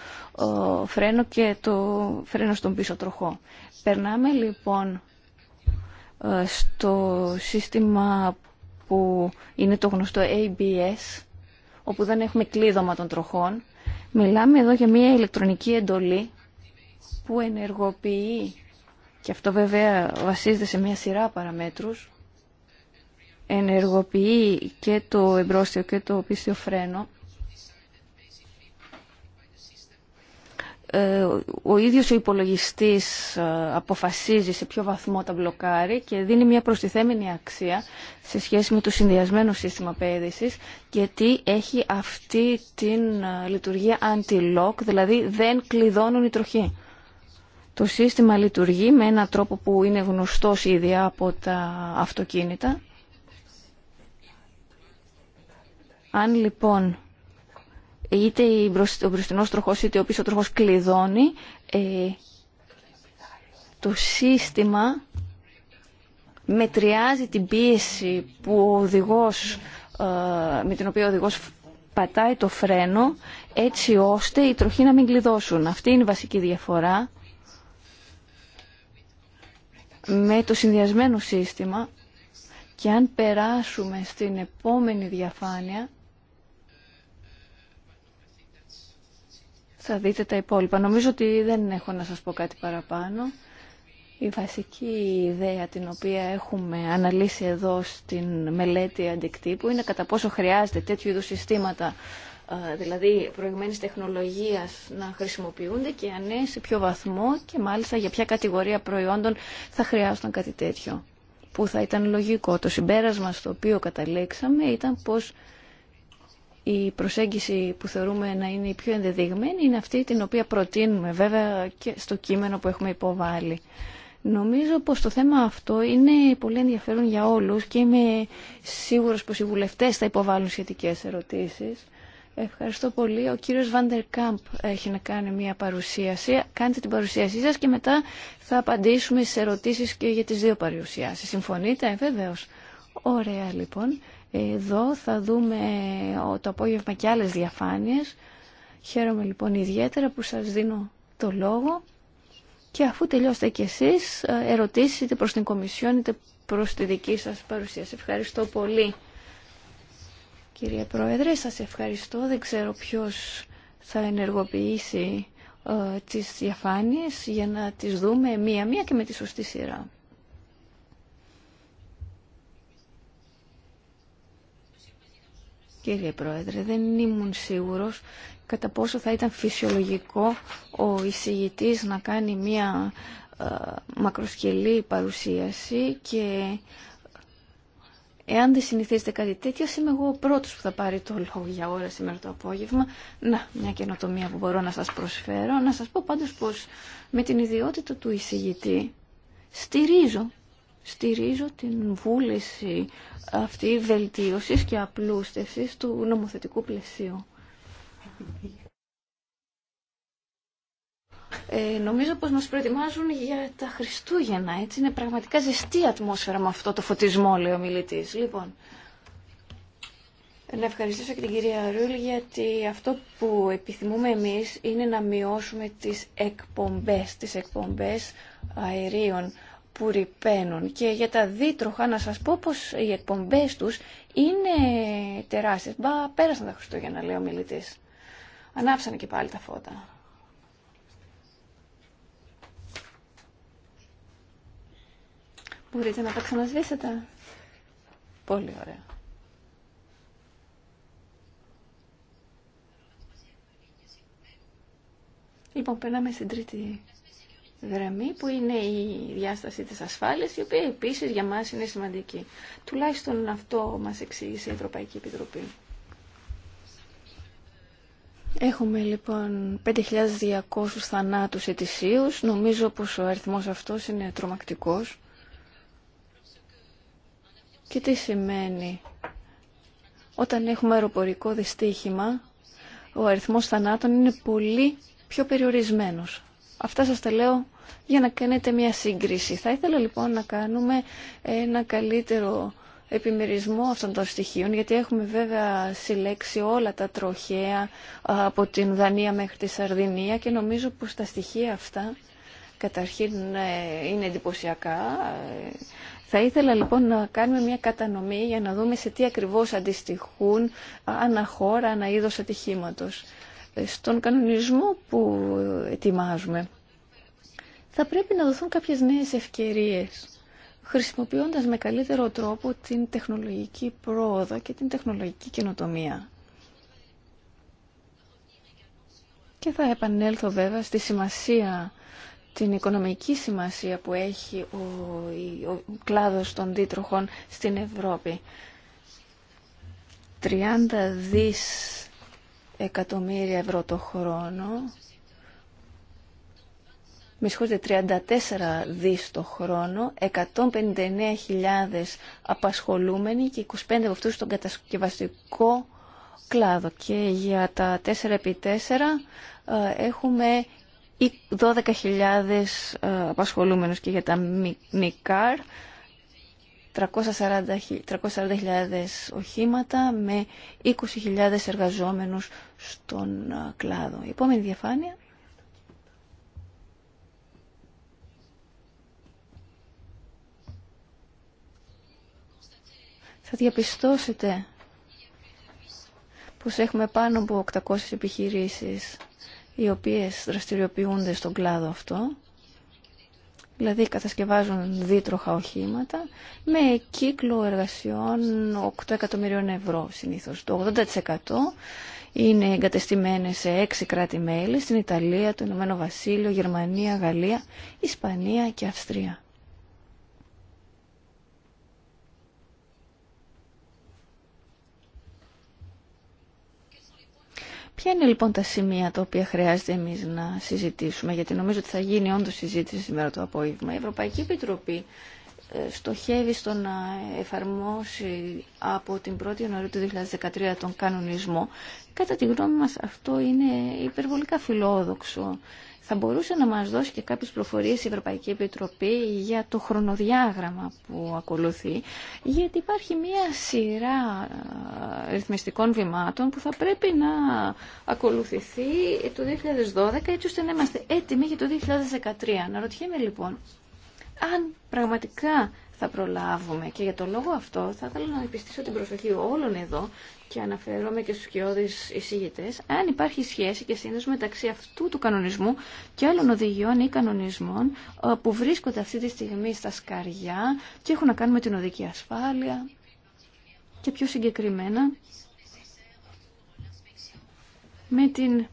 φρένο και το φρένο στον πίσω τροχό. Περνάμε λοιπόν ε, στο σύστημα που είναι το γνωστό ABS, όπου δεν έχουμε κλείδωμα των τροχών. Μιλάμε εδώ για μια ηλεκτρονική εντολή που ενεργοποιεί και αυτό βέβαια βασίζεται σε μια σειρά παραμέτρους, ενεργοποιεί και το εμπρόστιο και το πίστιο φρένο. Ε, ο ίδιος ο υπολογιστής ε, αποφασίζει σε ποιο βαθμό τα μπλοκάρει και δίνει μια προστιθέμενη αξία σε σχέση με το συνδυασμένο σύστημα πέδησης γιατί έχει αυτή την ε, λειτουργία anti-lock, δηλαδή δεν κλειδώνουν οι τροχοί. Το σύστημα λειτουργεί με έναν τρόπο που είναι γνωστός ήδη από τα αυτοκίνητα. Αν λοιπόν είτε ο μπροστινός τροχός είτε ο πίσω τροχός κλειδώνει, ε, το σύστημα μετριάζει την πίεση που οδηγός, ε, με την οποία ο οδηγός πατάει το φρένο έτσι ώστε οι τροχοί να μην κλειδώσουν. Αυτή είναι η βασική διαφορά με το συνδυασμένο σύστημα και αν περάσουμε στην επόμενη διαφάνεια θα δείτε τα υπόλοιπα. Νομίζω ότι δεν έχω να σας πω κάτι παραπάνω. Η βασική ιδέα την οποία έχουμε αναλύσει εδώ στην μελέτη αντικτύπου είναι κατά πόσο χρειάζεται τέτοιου είδους συστήματα δηλαδή προηγμένης τεχνολογίας να χρησιμοποιούνται και αν ναι, σε ποιο βαθμό και μάλιστα για ποια κατηγορία προϊόντων θα χρειάζονταν κάτι τέτοιο που θα ήταν λογικό. Το συμπέρασμα στο οποίο καταλήξαμε ήταν πως η προσέγγιση που θεωρούμε να είναι η πιο ενδεδειγμένη είναι αυτή την οποία προτείνουμε βέβαια και στο κείμενο που έχουμε υποβάλει. Νομίζω πως το θέμα αυτό είναι πολύ ενδιαφέρον για όλους και είμαι σίγουρος πως οι βουλευτές θα υποβάλουν σχετικές ερωτήσεις. Ευχαριστώ πολύ. Ο κύριος Βάντερ Κάμπ έχει να κάνει μια παρουσίαση. Κάντε την παρουσίασή σας και μετά θα απαντήσουμε στις ερωτήσεις και για τις δύο παρουσιάσεις. Συμφωνείτε, βεβαίως. Ωραία, λοιπόν. Εδώ θα δούμε ε, το απόγευμα και άλλες διαφάνειες. Χαίρομαι λοιπόν ιδιαίτερα που σας δίνω το λόγο. Και αφού τελειώσετε κι εσείς, ε, ερωτήσεις είτε προς την Κομισιόν είτε προς τη δική σας παρουσίαση. Ευχαριστώ πολύ. Κύριε Πρόεδρε, σας ευχαριστώ. Δεν ξέρω ποιος θα ενεργοποιήσει ε, τις διαφάνειες για να τις δούμε μία-μία και με τη σωστή σειρά. Κύριε Πρόεδρε, δεν ήμουν σίγουρος κατά πόσο θα ήταν φυσιολογικό ο εισηγητής να κάνει μία ε, μακροσκελή παρουσίαση και Εάν δεν συνηθίζετε κάτι τέτοιο, είμαι εγώ ο πρώτος που θα πάρει το λόγο για ώρα σήμερα το απόγευμα. Να, μια καινοτομία που μπορώ να σας προσφέρω. Να σας πω πάντω πως με την ιδιότητα του εισηγητή στηρίζω, στηρίζω την βούληση αυτή βελτίωση και απλούστευσης του νομοθετικού πλαισίου. Ε, νομίζω πως μας προετοιμάζουν για τα Χριστούγεννα. Έτσι είναι πραγματικά ζεστή ατμόσφαιρα με αυτό το φωτισμό, λέει ο μιλητής. Λοιπόν, να ευχαριστήσω και την κυρία Ρούλ γιατί αυτό που επιθυμούμε εμείς είναι να μειώσουμε τις εκπομπές, τις εκπομπές αερίων που ρηπαίνουν. Και για τα δίτροχα να σας πω πως οι εκπομπές τους είναι τεράστιες. Μπα, πέρασαν τα Χριστούγεννα, λέει ο μιλητής. Ανάψανε και πάλι τα φώτα. Μπορείτε να τα ξανασβήσετε. Πολύ ωραία. Λοιπόν, περνάμε στην τρίτη γραμμή που είναι η διάσταση της ασφάλειας η οποία επίσης για μας είναι σημαντική. Τουλάχιστον αυτό μας εξήγησε η Ευρωπαϊκή Επιτροπή. Έχουμε λοιπόν 5.200 θανάτους ετησίους. Νομίζω πως ο αριθμός αυτός είναι τρομακτικός. Και τι σημαίνει όταν έχουμε αεροπορικό δυστύχημα, ο αριθμός θανάτων είναι πολύ πιο περιορισμένος. Αυτά σας τα λέω για να κάνετε μια σύγκριση. Θα ήθελα λοιπόν να κάνουμε ένα καλύτερο επιμερισμό αυτών των στοιχείων, γιατί έχουμε βέβαια συλλέξει όλα τα τροχέα από την Δανία μέχρι τη Σαρδινία και νομίζω πως τα στοιχεία αυτά καταρχήν ε, είναι εντυπωσιακά, θα ήθελα λοιπόν να κάνουμε μια κατανομή για να δούμε σε τι ακριβώς αντιστοιχούν αναχώρα, ανα είδος ατυχήματος. Ε, στον κανονισμό που ετοιμάζουμε θα πρέπει να δοθούν κάποιες νέες ευκαιρίες χρησιμοποιώντας με καλύτερο τρόπο την τεχνολογική πρόοδο και την τεχνολογική καινοτομία. Και θα επανέλθω βέβαια στη σημασία την οικονομική σημασία που έχει ο, ο κλάδος των δίτροχων στην Ευρώπη. 30 δις εκατομμύρια ευρώ το χρόνο, με συγχωρείτε 34 δις το χρόνο, 159.000 απασχολούμενοι και 25 από αυτούς στον κατασκευαστικό κλάδο. Και για τα 4x4 ε, έχουμε ή 12.000 ε, απασχολούμενους και για τα ΜΙΚΑΡ 340.000 οχήματα με 20.000 εργαζόμενους στον ε, κλάδο. Η επόμενη διαφάνεια. Θα διαπιστώσετε πως έχουμε πάνω από 800 επιχειρήσεις οι οποίες δραστηριοποιούνται στον κλάδο αυτό, δηλαδή κατασκευάζουν δίτροχα οχήματα, με κύκλο εργασιών 8 εκατομμυρίων ευρώ συνήθως. Το 80% είναι εγκατεστημένες σε έξι κράτη-μέλη, στην Ιταλία, το Ηνωμένο Βασίλειο, Γερμανία, Γαλλία, Ισπανία και Αυστρία. Ποια είναι λοιπόν τα σημεία τα οποία χρειάζεται εμείς να συζητήσουμε, γιατί νομίζω ότι θα γίνει όντως συζήτηση σήμερα το απόγευμα. Η Ευρωπαϊκή Επιτροπή ε, στοχεύει στο να εφαρμόσει από την 1η Ιανουαρίου του 2013 τον κανονισμό. Κατά τη γνώμη μας αυτό είναι υπερβολικά φιλόδοξο θα μπορούσε να μας δώσει και κάποιες προφορίες η Ευρωπαϊκή Επιτροπή για το χρονοδιάγραμμα που ακολουθεί, γιατί υπάρχει μία σειρά ρυθμιστικών βημάτων που θα πρέπει να ακολουθηθεί το 2012 έτσι ώστε να είμαστε έτοιμοι για το 2013. Να ρωτιέμαι λοιπόν, αν πραγματικά θα προλάβουμε και για τον λόγο αυτό θα ήθελα να επιστήσω την προσοχή όλων εδώ και αναφέρομαι και στους κοιόδης εισηγητές, αν υπάρχει σχέση και σύνδεση μεταξύ αυτού του κανονισμού και άλλων οδηγιών ή κανονισμών ε, που βρίσκονται αυτή τη στιγμή στα σκαριά και έχουν να κάνουν με την οδική ασφάλεια και πιο συγκεκριμένα με την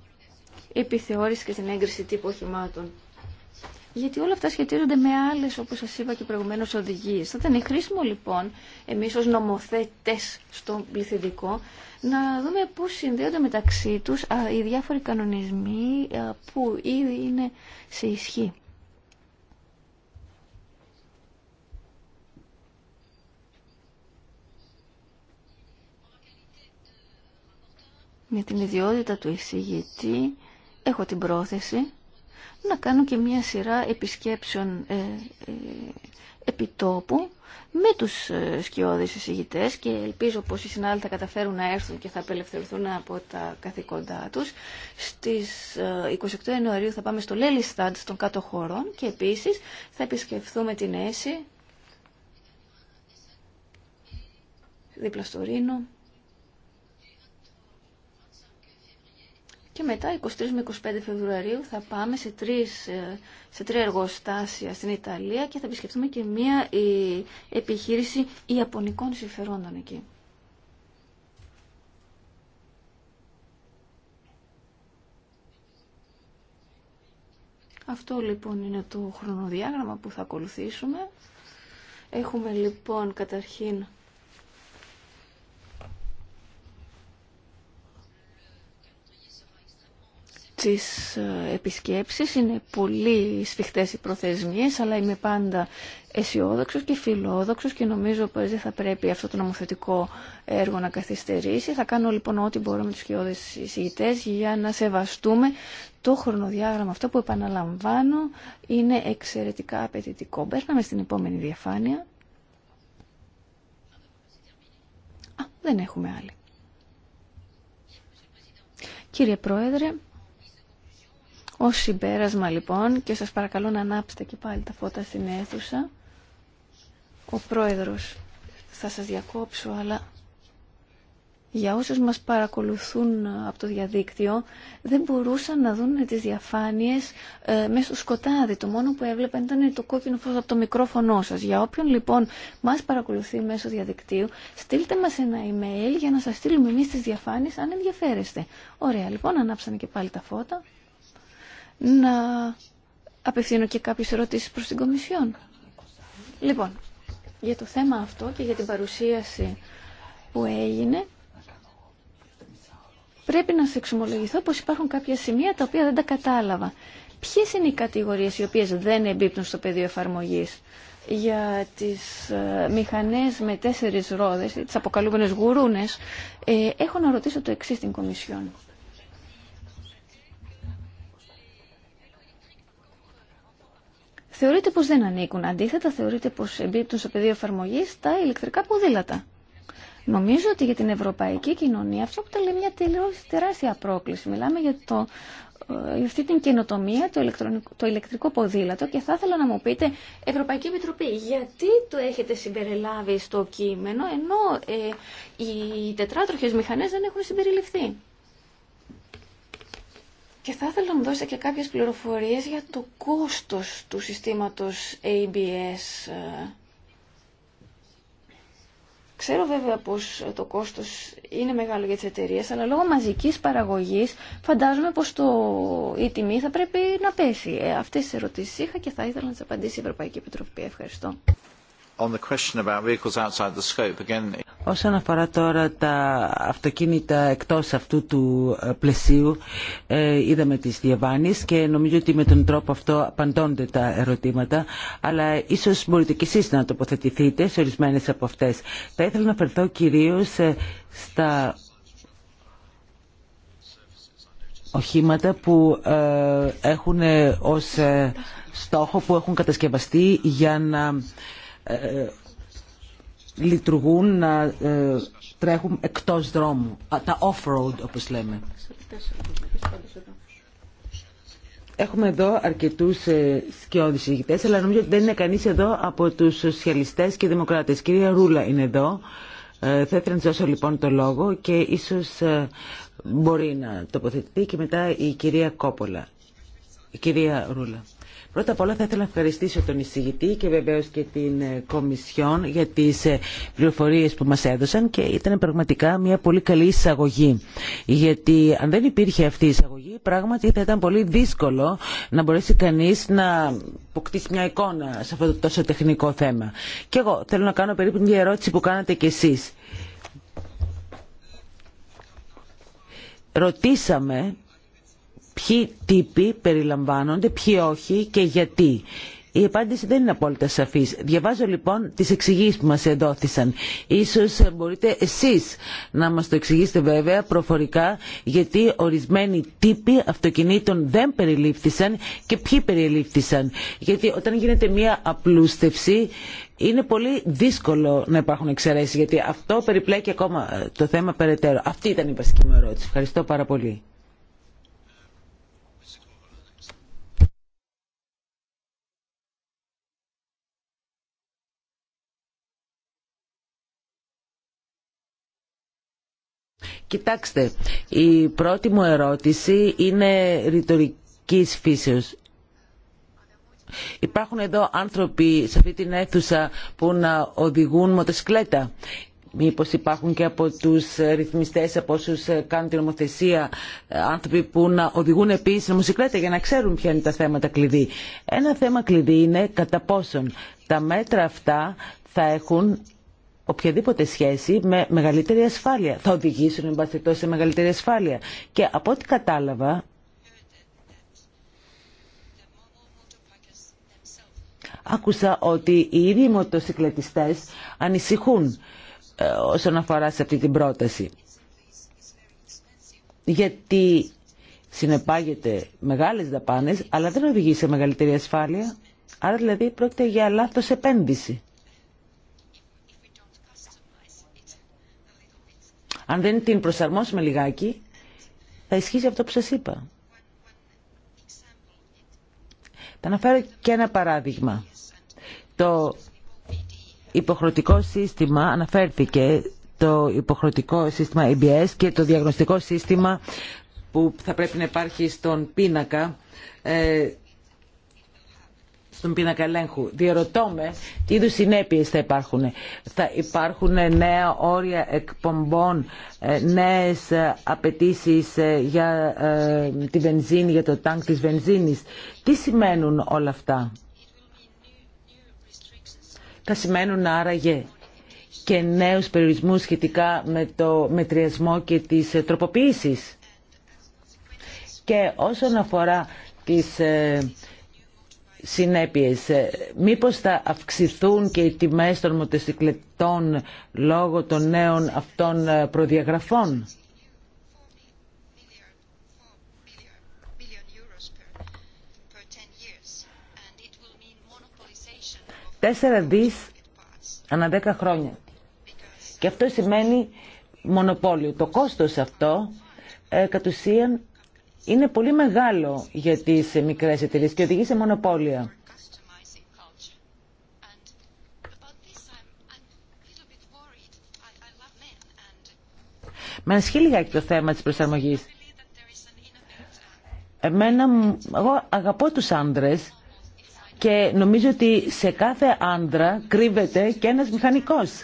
επιθεώρηση και την έγκριση τύπου οχημάτων γιατί όλα αυτά σχετίζονται με άλλες, όπως σας είπα και προηγουμένως, οδηγίες. Θα ήταν χρήσιμο λοιπόν, εμείς ως νομοθέτες στο πληθυντικό, να δούμε πώς συνδέονται μεταξύ τους οι διάφοροι κανονισμοί που ήδη είναι σε ισχύ. Με την ιδιότητα του εισηγητή έχω την πρόθεση να κάνω και μια σειρά επισκέψεων ε, ε, επιτόπου με τους ε, σκιώδεις εισηγητές και ελπίζω πως οι συνάδελφοι θα καταφέρουν να έρθουν και θα απελευθερωθούν από τα καθήκοντά τους. Στις 28 Ιανουαρίου θα πάμε στο Λέλισταντ των κάτω χωρών και επίσης θα επισκεφθούμε την Έση δίπλα στο Ρήνο. Και μετά 23 με 25 Φεβρουαρίου θα πάμε σε, τρεις, ε, σε τρία εργοστάσια στην Ιταλία και θα επισκεφτούμε και μία επιχείρηση Ιαπωνικών συμφερόντων εκεί. Αυτό λοιπόν είναι το χρονοδιάγραμμα που θα ακολουθήσουμε. Έχουμε λοιπόν καταρχήν τις ε, επισκέψεις. Είναι πολύ σφιχτές οι προθεσμίες, αλλά είμαι πάντα αισιόδοξο και φιλόδοξο και νομίζω πως δεν θα πρέπει αυτό το νομοθετικό έργο να καθυστερήσει. Θα κάνω λοιπόν ό,τι μπορώ με τους χειώδες εισηγητές για να σεβαστούμε το χρονοδιάγραμμα αυτό που επαναλαμβάνω είναι εξαιρετικά απαιτητικό. Μπέρναμε στην επόμενη διαφάνεια. Α, δεν έχουμε άλλη. Κύριε Πρόεδρε, ως συμπέρασμα λοιπόν, και σας παρακαλώ να ανάψετε και πάλι τα φώτα στην αίθουσα, ο πρόεδρος θα σας διακόψω, αλλά για όσους μας παρακολουθούν από το διαδίκτυο, δεν μπορούσαν να δουν τις διαφάνειες ε, σκοτάδι. Το μόνο που έβλεπαν ήταν το κόκκινο φως από το μικρόφωνο σας. Για όποιον λοιπόν μας παρακολουθεί μέσω διαδικτύου, στείλτε μας ένα email για να σας στείλουμε εμείς τις διαφάνειες αν ενδιαφέρεστε. Ωραία, λοιπόν, ανάψανε και πάλι τα φώτα να απευθύνω και κάποιες ερωτήσεις προς την Κομισιόν. Λοιπόν, για το θέμα αυτό και για την παρουσίαση που έγινε, πρέπει να σε εξομολογηθώ πως υπάρχουν κάποια σημεία τα οποία δεν τα κατάλαβα. Ποιες είναι οι κατηγορίες οι οποίες δεν εμπίπτουν στο πεδίο εφαρμογής για τις ε, μηχανές με τέσσερις ρόδες, τις αποκαλούμενες γουρούνες, ε, έχω να ρωτήσω το εξής στην Κομισιόν. θεωρείται πως δεν ανήκουν. Αντίθετα, θεωρείται πως εμπίπτουν στο πεδίο εφαρμογή τα ηλεκτρικά ποδήλατα. Νομίζω ότι για την ευρωπαϊκή κοινωνία αυτό αποτελεί μια τεράστια πρόκληση. Μιλάμε για, το, ε, για αυτή την καινοτομία, το, το ηλεκτρικό ποδήλατο και θα ήθελα να μου πείτε, Ευρωπαϊκή Επιτροπή, γιατί το έχετε συμπεριλάβει στο κείμενο ενώ ε, οι τετράτροχες μηχανές δεν έχουν συμπεριληφθεί. Και θα ήθελα να μου δώσετε και κάποιες πληροφορίες για το κόστος του συστήματος ABS. Ε. Ξέρω βέβαια πως το κόστος είναι μεγάλο για τις εταιρείες, αλλά λόγω μαζικής παραγωγής φαντάζομαι πως το... η τιμή θα πρέπει να πέσει. Ε, αυτές τις ερωτήσεις είχα και θα ήθελα να τις απαντήσει η Ευρωπαϊκή Επιτροπή. Ευχαριστώ. Όσον αφορά τώρα τα αυτοκίνητα εκτός αυτού του ε, πλαισίου, ε, είδαμε τις διαβάνεις και νομίζω ότι με τον τρόπο αυτό απαντώνται τα ερωτήματα, αλλά ίσως μπορείτε κι εσείς να τοποθετηθείτε σε ορισμένες από αυτές. Θα ήθελα να φερθώ κυρίως ε, στα οχήματα που έχουν ως στόχο που έχουν κατασκευαστεί για να ε, ε, λειτουργούν, να ε, τρέχουν εκτός δρόμου. Τα off-road όπως λέμε. Έχουμε εδώ αρκετούς ε, σκιώδεις αλλά νομίζω ότι δεν είναι κανείς εδώ από τους σοσιαλιστές και δημοκράτες. Κυρία Ρούλα είναι εδώ. Ε, θα ήθελα να δώσω λοιπόν το λόγο και ίσως μπορεί να τοποθετηθεί και μετά η κυρία Κόπολα. κυρία Ρούλα. Πρώτα απ' όλα θα ήθελα να ευχαριστήσω τον εισηγητή και βεβαίως και την ε, Κομισιόν για τις ε, πληροφορίες που μας έδωσαν και ήταν πραγματικά μια πολύ καλή εισαγωγή. Γιατί αν δεν υπήρχε αυτή η εισαγωγή πράγματι θα ήταν πολύ δύσκολο να μπορέσει κανείς να αποκτήσει μια εικόνα σε αυτό το τόσο τεχνικό θέμα. Και εγώ θέλω να κάνω περίπου μια ερώτηση που κάνατε κι εσείς. Ρωτήσαμε ποιοι τύποι περιλαμβάνονται, ποιοι όχι και γιατί. Η απάντηση δεν είναι απόλυτα σαφής. Διαβάζω λοιπόν τι εξηγήσει που μα εδόθησαν. σω μπορείτε εσεί να μα το εξηγήσετε βέβαια προφορικά γιατί ορισμένοι τύποι αυτοκινήτων δεν περιλήφθησαν και ποιοι περιλήφθησαν. Γιατί όταν γίνεται μία απλούστευση είναι πολύ δύσκολο να υπάρχουν εξαιρέσει. γιατί αυτό περιπλέκει ακόμα ε, το θέμα περαιτέρω. Αυτή ήταν η βασική μου ερώτηση. Ευχαριστώ πάρα πολύ. Κοιτάξτε, η πρώτη μου ερώτηση είναι ρητορικής φύσεως. Υπάρχουν εδώ άνθρωποι σε αυτή την αίθουσα που να οδηγούν μοτοσυκλέτα. Μήπως υπάρχουν και από τους ρυθμιστές, από όσου κάνουν την νομοθεσία, άνθρωποι που να οδηγούν επίσης νομοσυκλέτα για να ξέρουν ποια είναι τα θέματα κλειδί. Ένα θέμα κλειδί είναι κατά πόσον τα μέτρα αυτά θα έχουν οποιαδήποτε σχέση με μεγαλύτερη ασφάλεια. Θα οδηγήσουν, εν σε μεγαλύτερη ασφάλεια. Και από ό,τι κατάλαβα, άκουσα ότι οι ίδιοι μοτοσυκλετιστές ανησυχούν ε, όσον αφορά σε αυτή την πρόταση. Γιατί συνεπάγεται μεγάλες δαπάνες, αλλά δεν οδηγεί σε μεγαλύτερη ασφάλεια. Άρα δηλαδή πρόκειται για λάθος επένδυση. Αν δεν την προσαρμόσουμε λιγάκι, θα ισχύσει αυτό που σας είπα. Θα αναφέρω και ένα παράδειγμα. Το υποχρεωτικό σύστημα αναφέρθηκε το υποχρεωτικό σύστημα EBS και το διαγνωστικό σύστημα που θα πρέπει να υπάρχει στον πίνακα ε, στον πίνακα ελέγχου. Διερωτώ με τι είδου συνέπειε θα υπάρχουν. Θα υπάρχουν νέα όρια εκπομπών, ε, νέε απαιτήσει ε, για ε, τη βενζίνη, για το τάγκ τη βενζίνη. Τι σημαίνουν όλα αυτά. Θα σημαίνουν άραγε και νέους περιορισμούς σχετικά με το μετριασμό και τις τροποποίησεις. Και όσον αφορά τις συνέπειες. Ε, μήπως θα αυξηθούν και οι τιμές των μοτοσυκλετών λόγω των νέων αυτών ε, προδιαγραφών. Τέσσερα δις ανά δέκα χρόνια. Και αυτό σημαίνει μονοπόλιο. Το κόστος αυτό ε, κατ' ουσίαν είναι πολύ μεγάλο για τις μικρές εταιρείες και οδηγεί σε μονοπόλια. Με ανησυχεί λιγάκι το θέμα της προσαρμογής. Εμένα, εγώ αγαπώ τους άντρες και νομίζω ότι σε κάθε άντρα κρύβεται και ένας μηχανικός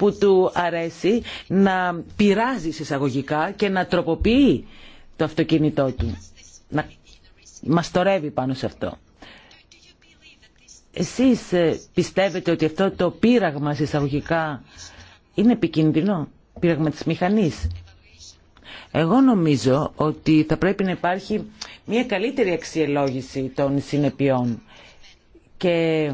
που του αρέσει να πειράζει εισαγωγικά και να τροποποιεί το αυτοκίνητό του. Να μαστορεύει πάνω σε αυτό. Εσείς ε, πιστεύετε ότι αυτό το πείραγμα εισαγωγικά είναι επικίνδυνο, πείραγμα της μηχανής. Εγώ νομίζω ότι θα πρέπει να υπάρχει μια καλύτερη αξιολόγηση των συνεπειών και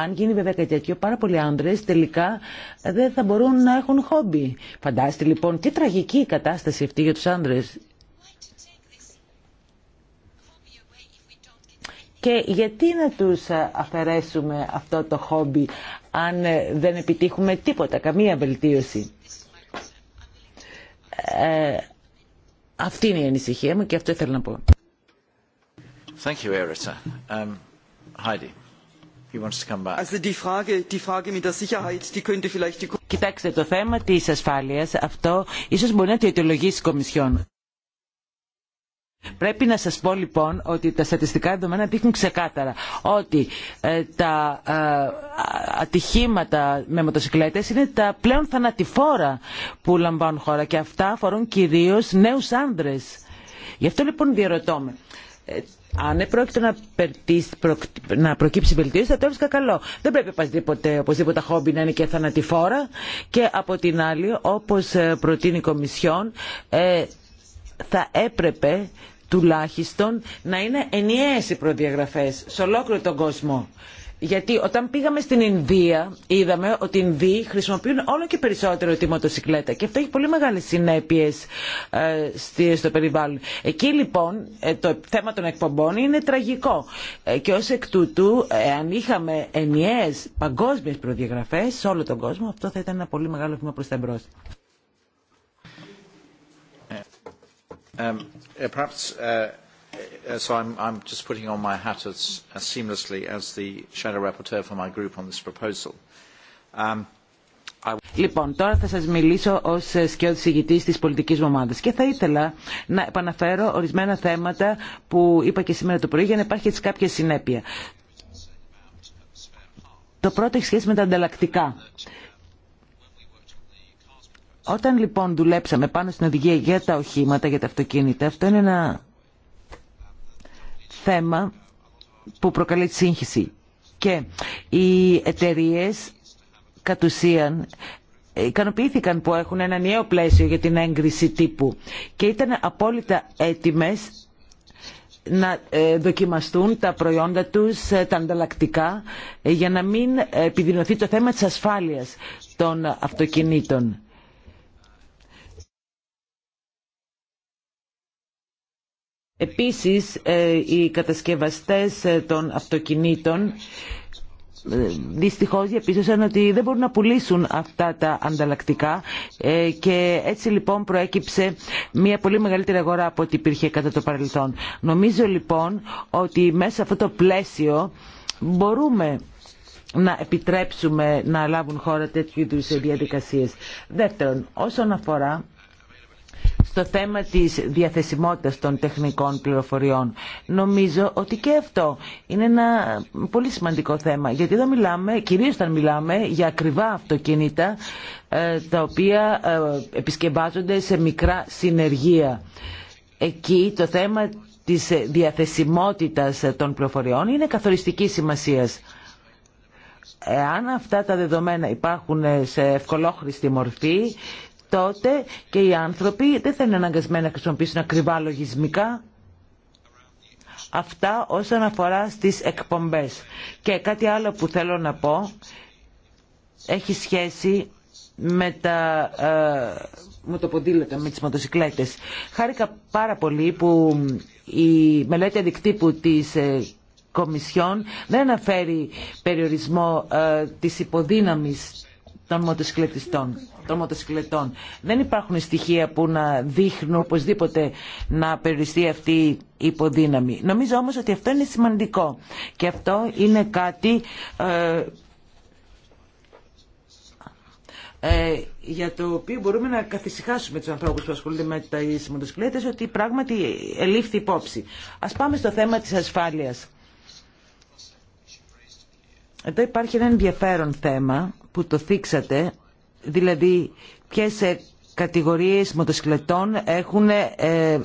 αν γίνει βέβαια κάτι τέτοιο, πάρα πολλοί άντρε τελικά ε, δεν θα μπορούν να έχουν χόμπι. Φαντάστε λοιπόν τι τραγική η κατάσταση αυτή για του άντρε. Και γιατί να τους ε, αφαιρέσουμε αυτό το χόμπι αν ε, δεν επιτύχουμε τίποτα, καμία βελτίωση. αυτή είναι η ανησυχία μου και αυτό ήθελα να πω. Thank you, Um, Heidi. Κοιτάξτε, το θέμα τη ασφάλεια αυτό ίσω μπορεί να το αιτιολογήσει η Κομισιόν. Πρέπει να σας πω λοιπόν ότι τα στατιστικά δεδομένα δείχνουν ξεκάθαρα ότι ε, τα ε, ατυχήματα με μοτοσυκλέτες είναι τα πλέον θανατηφόρα που λαμβάνουν χώρα και αυτά αφορούν κυρίως νέους άνδρες. Γι' αυτό λοιπόν διαρωτώ με. Ε, αν πρόκειται να, να προκύψει βελτίωση, θα το έβρισκα καλό. Δεν πρέπει οπωσδήποτε, οπωσδήποτε χόμπι να είναι και θανατηφόρα. Και από την άλλη, όπω ε, προτείνει η Κομισιόν, ε, θα έπρεπε τουλάχιστον να είναι ενιαίες οι προδιαγραφέ σε ολόκληρο τον κόσμο γιατί όταν πήγαμε στην Ινδία είδαμε ότι οι Ινδοί χρησιμοποιούν όλο και περισσότερο τη μοτοσυκλέτα και αυτό έχει πολύ μεγάλες συνέπειες στο περιβάλλον. Εκεί λοιπόν το θέμα των εκπομπών είναι τραγικό και ως εκ τούτου αν είχαμε ενιαίες παγκόσμιες προδιαγραφές σε όλο τον κόσμο αυτό θα ήταν ένα πολύ μεγάλο βήμα προς τα εμπρός. Λοιπόν, τώρα θα σας μιλήσω ως ε, σκιώδης ηγητής της πολιτικής ομάδας και θα ήθελα να επαναφέρω ορισμένα θέματα που είπα και σήμερα το πρωί για να υπάρχει έτσι κάποια συνέπεια. Το πρώτο έχει σχέση με τα ανταλλακτικά. Όταν λοιπόν δουλέψαμε πάνω στην οδηγία για τα οχήματα, για τα αυτοκίνητα, αυτό είναι ένα θέμα που προκαλεί τη σύγχυση. Και οι εταιρείε κατ' ουσίαν ικανοποιήθηκαν που έχουν ένα νέο πλαίσιο για την έγκριση τύπου και ήταν απόλυτα έτοιμες να ε, δοκιμαστούν τα προϊόντα τους, ε, τα ανταλλακτικά, ε, για να μην επιδεινωθεί το θέμα της ασφάλειας των αυτοκινήτων. Επίσης, ε, οι κατασκευαστές ε, των αυτοκινήτων ε, δυστυχώς διαπίστωσαν ότι δεν μπορούν να πουλήσουν αυτά τα ανταλλακτικά και έτσι λοιπόν προέκυψε μια πολύ μεγαλύτερη αγορά από ό,τι υπήρχε κατά το παρελθόν. Νομίζω λοιπόν ότι μέσα σε αυτό το πλαίσιο μπορούμε να επιτρέψουμε να λάβουν χώρα τέτοιου είδου διαδικασίες. Δεύτερον, όσον αφορά στο θέμα της διαθεσιμότητας των τεχνικών πληροφοριών. Νομίζω ότι και αυτό είναι ένα πολύ σημαντικό θέμα, γιατί εδώ μιλάμε, κυρίως όταν μιλάμε για ακριβά αυτοκίνητα, ε, τα οποία ε, επισκευάζονται σε μικρά συνεργεία. Εκεί το θέμα της διαθεσιμότητας των πληροφοριών είναι καθοριστική σημασίας. Εάν αυτά τα δεδομένα υπάρχουν σε ευκολόχρηστη μορφή, τότε και οι άνθρωποι δεν θα είναι αναγκασμένοι να χρησιμοποιήσουν ακριβά λογισμικά. Αυτά όσον αφορά στις εκπομπές. Και κάτι άλλο που θέλω να πω έχει σχέση με τα ε, με το με τις μοτοσυκλέτες. Χάρηκα πάρα πολύ που η μελέτη αντικτύπου της ε, Κομισιόν δεν αναφέρει περιορισμό ε, της υποδύναμης των μοτοσυκλετιστών των Δεν υπάρχουν στοιχεία που να δείχνουν οπωσδήποτε να περιστεί αυτή η υποδύναμη. Νομίζω όμως ότι αυτό είναι σημαντικό και αυτό είναι κάτι ε, ε, για το οποίο μπορούμε να καθησυχάσουμε τους ανθρώπους που ασχολούνται με τα μοτοσυκλέτες ότι πράγματι ελήφθη υπόψη. Ας πάμε στο θέμα της ασφάλειας. Εδώ υπάρχει ένα ενδιαφέρον θέμα που το θίξατε δηλαδή ποιες ε, κατηγορίες μοτοσυκλετών έχουν ε,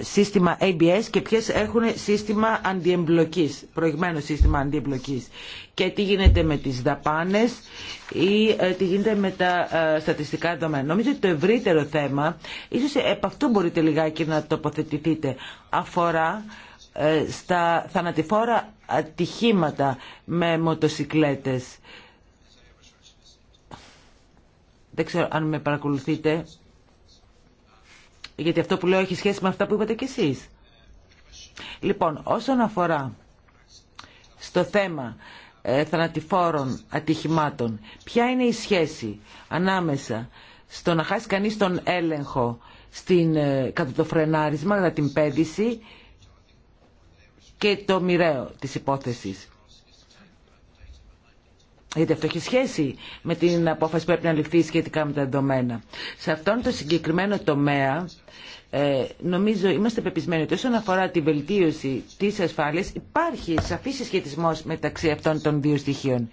σύστημα ABS και ποιες έχουν σύστημα αντιεμπλοκής, προηγμένο σύστημα αντιεμπλοκής και τι γίνεται με τις δαπάνες ή ε, τι γίνεται με τα στατιστικά δεδομένα. Νομίζω ότι το ευρύτερο θέμα, ίσως επ' αυτού μπορείτε λιγάκι να τοποθετηθείτε, αφορά στα θανατηφόρα ατυχήματα με μοτοσυκλέτες. Δεν ξέρω αν με παρακολουθείτε, γιατί αυτό που λέω έχει σχέση με αυτά που είπατε κι εσείς. Λοιπόν, όσον αφορά στο θέμα ε, θανατηφόρων ατυχημάτων, ποια είναι η σχέση ανάμεσα στο να χάσει κανείς τον έλεγχο στην, ε, κατά το φρενάρισμα, κατά την πέδηση και το μοιραίο της υπόθεσης γιατί αυτό έχει σχέση με την απόφαση που πρέπει να ληφθεί σχετικά με τα δεδομένα. Σε αυτόν το συγκεκριμένο τομέα, ε, νομίζω είμαστε πεπισμένοι ότι όσον αφορά την βελτίωση τη ασφάλεια, υπάρχει σαφή συσχετισμό μεταξύ αυτών των δύο στοιχείων.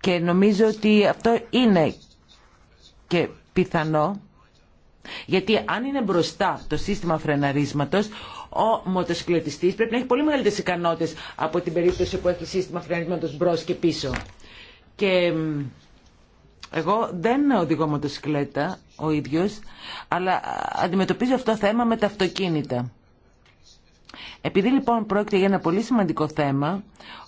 Και νομίζω ότι αυτό είναι και πιθανό, γιατί αν είναι μπροστά το σύστημα φρεναρίσματος, ο μοτοσυκλετιστής πρέπει να έχει πολύ μεγαλύτερες ικανότητες από την περίπτωση που έχει σύστημα φρεναρίσματος μπρος και πίσω. Και εγώ δεν οδηγώ μοτοσυκλέτα ο ίδιος, αλλά αντιμετωπίζω αυτό το θέμα με τα αυτοκίνητα. Επειδή λοιπόν πρόκειται για ένα πολύ σημαντικό θέμα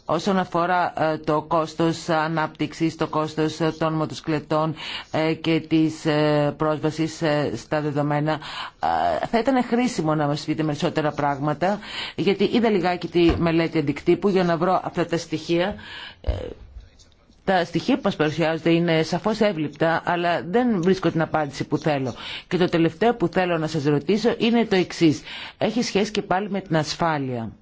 όσον αφορά ε, το κόστος ανάπτυξης, το κόστος ε, των μοτοσυκλετών ε, και της πρόσβασης στα δεδομένα, θα ήταν χρήσιμο να μας πείτε περισσότερα πράγματα, γιατί είδα λιγάκι τη μελέτη αντικτύπου για να βρω αυτά τα στοιχεία τα στοιχεία που μας παρουσιάζονται είναι σαφώς εύληπτα, αλλά δεν βρίσκω την απάντηση που θέλω. Και το τελευταίο που θέλω να σας ρωτήσω είναι το εξής. Έχει σχέση και πάλι με την ασφάλεια.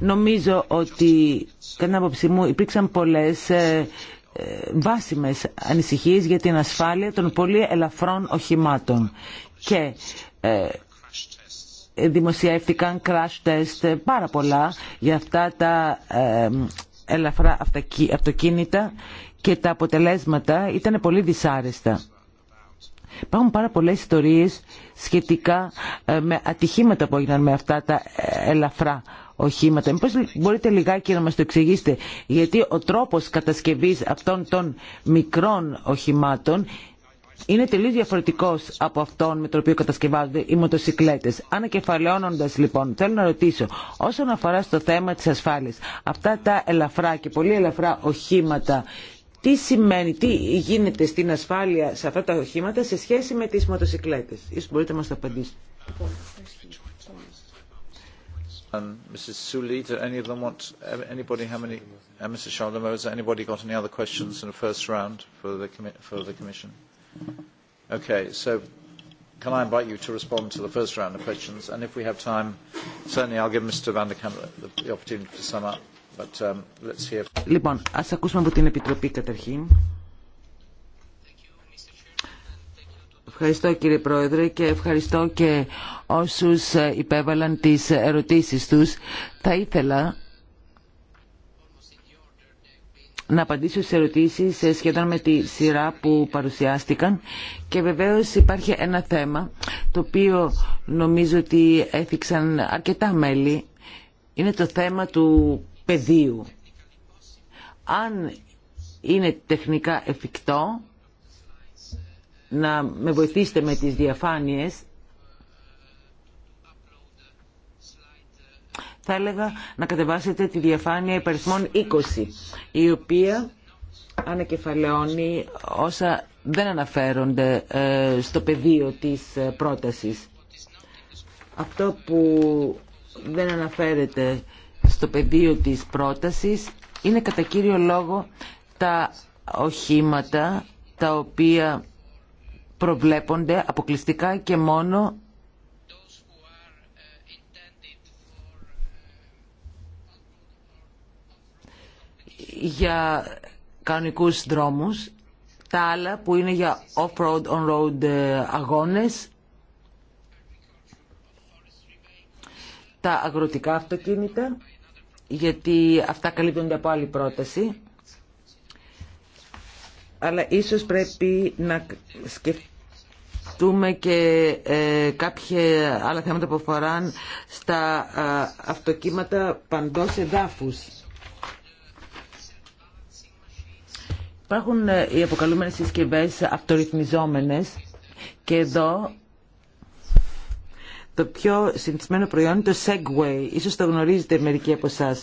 Νομίζω ότι, κατά την άποψή μου, υπήρξαν πολλές ε, ε, ανησυχίες για την ασφάλεια των πολύ ελαφρών οχημάτων. Και ε, δημοσιεύτηκαν crash test πάρα πολλά για αυτά τα ε, ελαφρά αυτοκίνητα και τα αποτελέσματα ήταν πολύ δυσάρεστα. Υπάρχουν πάρα πολλές ιστορίες σχετικά ε, με ατυχήματα που έγιναν με αυτά τα ε, ελαφρά οχήματα. Μήπως μπορείτε λιγάκι να μας το εξηγήσετε, γιατί ο τρόπος κατασκευής αυτών των μικρών οχημάτων είναι τελείως διαφορετικός από αυτόν με τον οποίο κατασκευάζονται οι μοτοσυκλέτες. Ανακεφαλαιώνοντας λοιπόν, θέλω να ρωτήσω, όσον αφορά στο θέμα της ασφάλειας, αυτά τα ελαφρά και πολύ ελαφρά οχήματα, τι σημαίνει, τι γίνεται στην ασφάλεια σε αυτά τα οχήματα σε σχέση με τις μοτοσυκλέτες. Ίσως μπορείτε να μας το απαντήσετε. Mrs. Anybody got any other questions in the first round for the Commission? Okay, so can I invite you to respond to the first round of questions? And if we have time, certainly I'll give Mr. Van der Kamp the opportunity to sum up. But um, let's hear. Λοιπόν, ας ακούσουμε από την Επιτροπή καταρχήν. Ευχαριστώ κύριε Πρόεδρε και ευχαριστώ και όσους υπέβαλαν τις ερωτήσεις τους. Θα ήθελα να απαντήσω σε ερωτήσεις ε, σχεδόν με τη σειρά που παρουσιάστηκαν και βεβαίως υπάρχει ένα θέμα το οποίο νομίζω ότι έθιξαν αρκετά μέλη είναι το θέμα του πεδίου. Αν είναι τεχνικά εφικτό να με βοηθήσετε με τις διαφάνειες θα έλεγα να κατεβάσετε τη διαφάνεια υπαριθμών 20, η οποία ανακεφαλαιώνει όσα δεν αναφέρονται ε, στο πεδίο της ε, πρότασης. Αυτό που δεν αναφέρεται στο πεδίο της πρότασης είναι κατά κύριο λόγο τα οχήματα τα οποία προβλέπονται αποκλειστικά και μόνο για κανονικούς δρόμους, τα άλλα που είναι για off-road, on-road ε, αγώνες, τα αγροτικά αυτοκίνητα, γιατί αυτά καλύπτονται από άλλη πρόταση, αλλά ίσως πρέπει να σκεφτούμε και ε, κάποια άλλα θέματα που αφοράν στα ε, αυτοκίματα παντός εδάφους. Υπάρχουν ε, οι αποκαλούμενες συσκευές αυτορυθμιζόμενες και εδώ το πιο συνηθισμένο προϊόν είναι το Segway. Ίσως το γνωρίζετε μερικοί από εσά.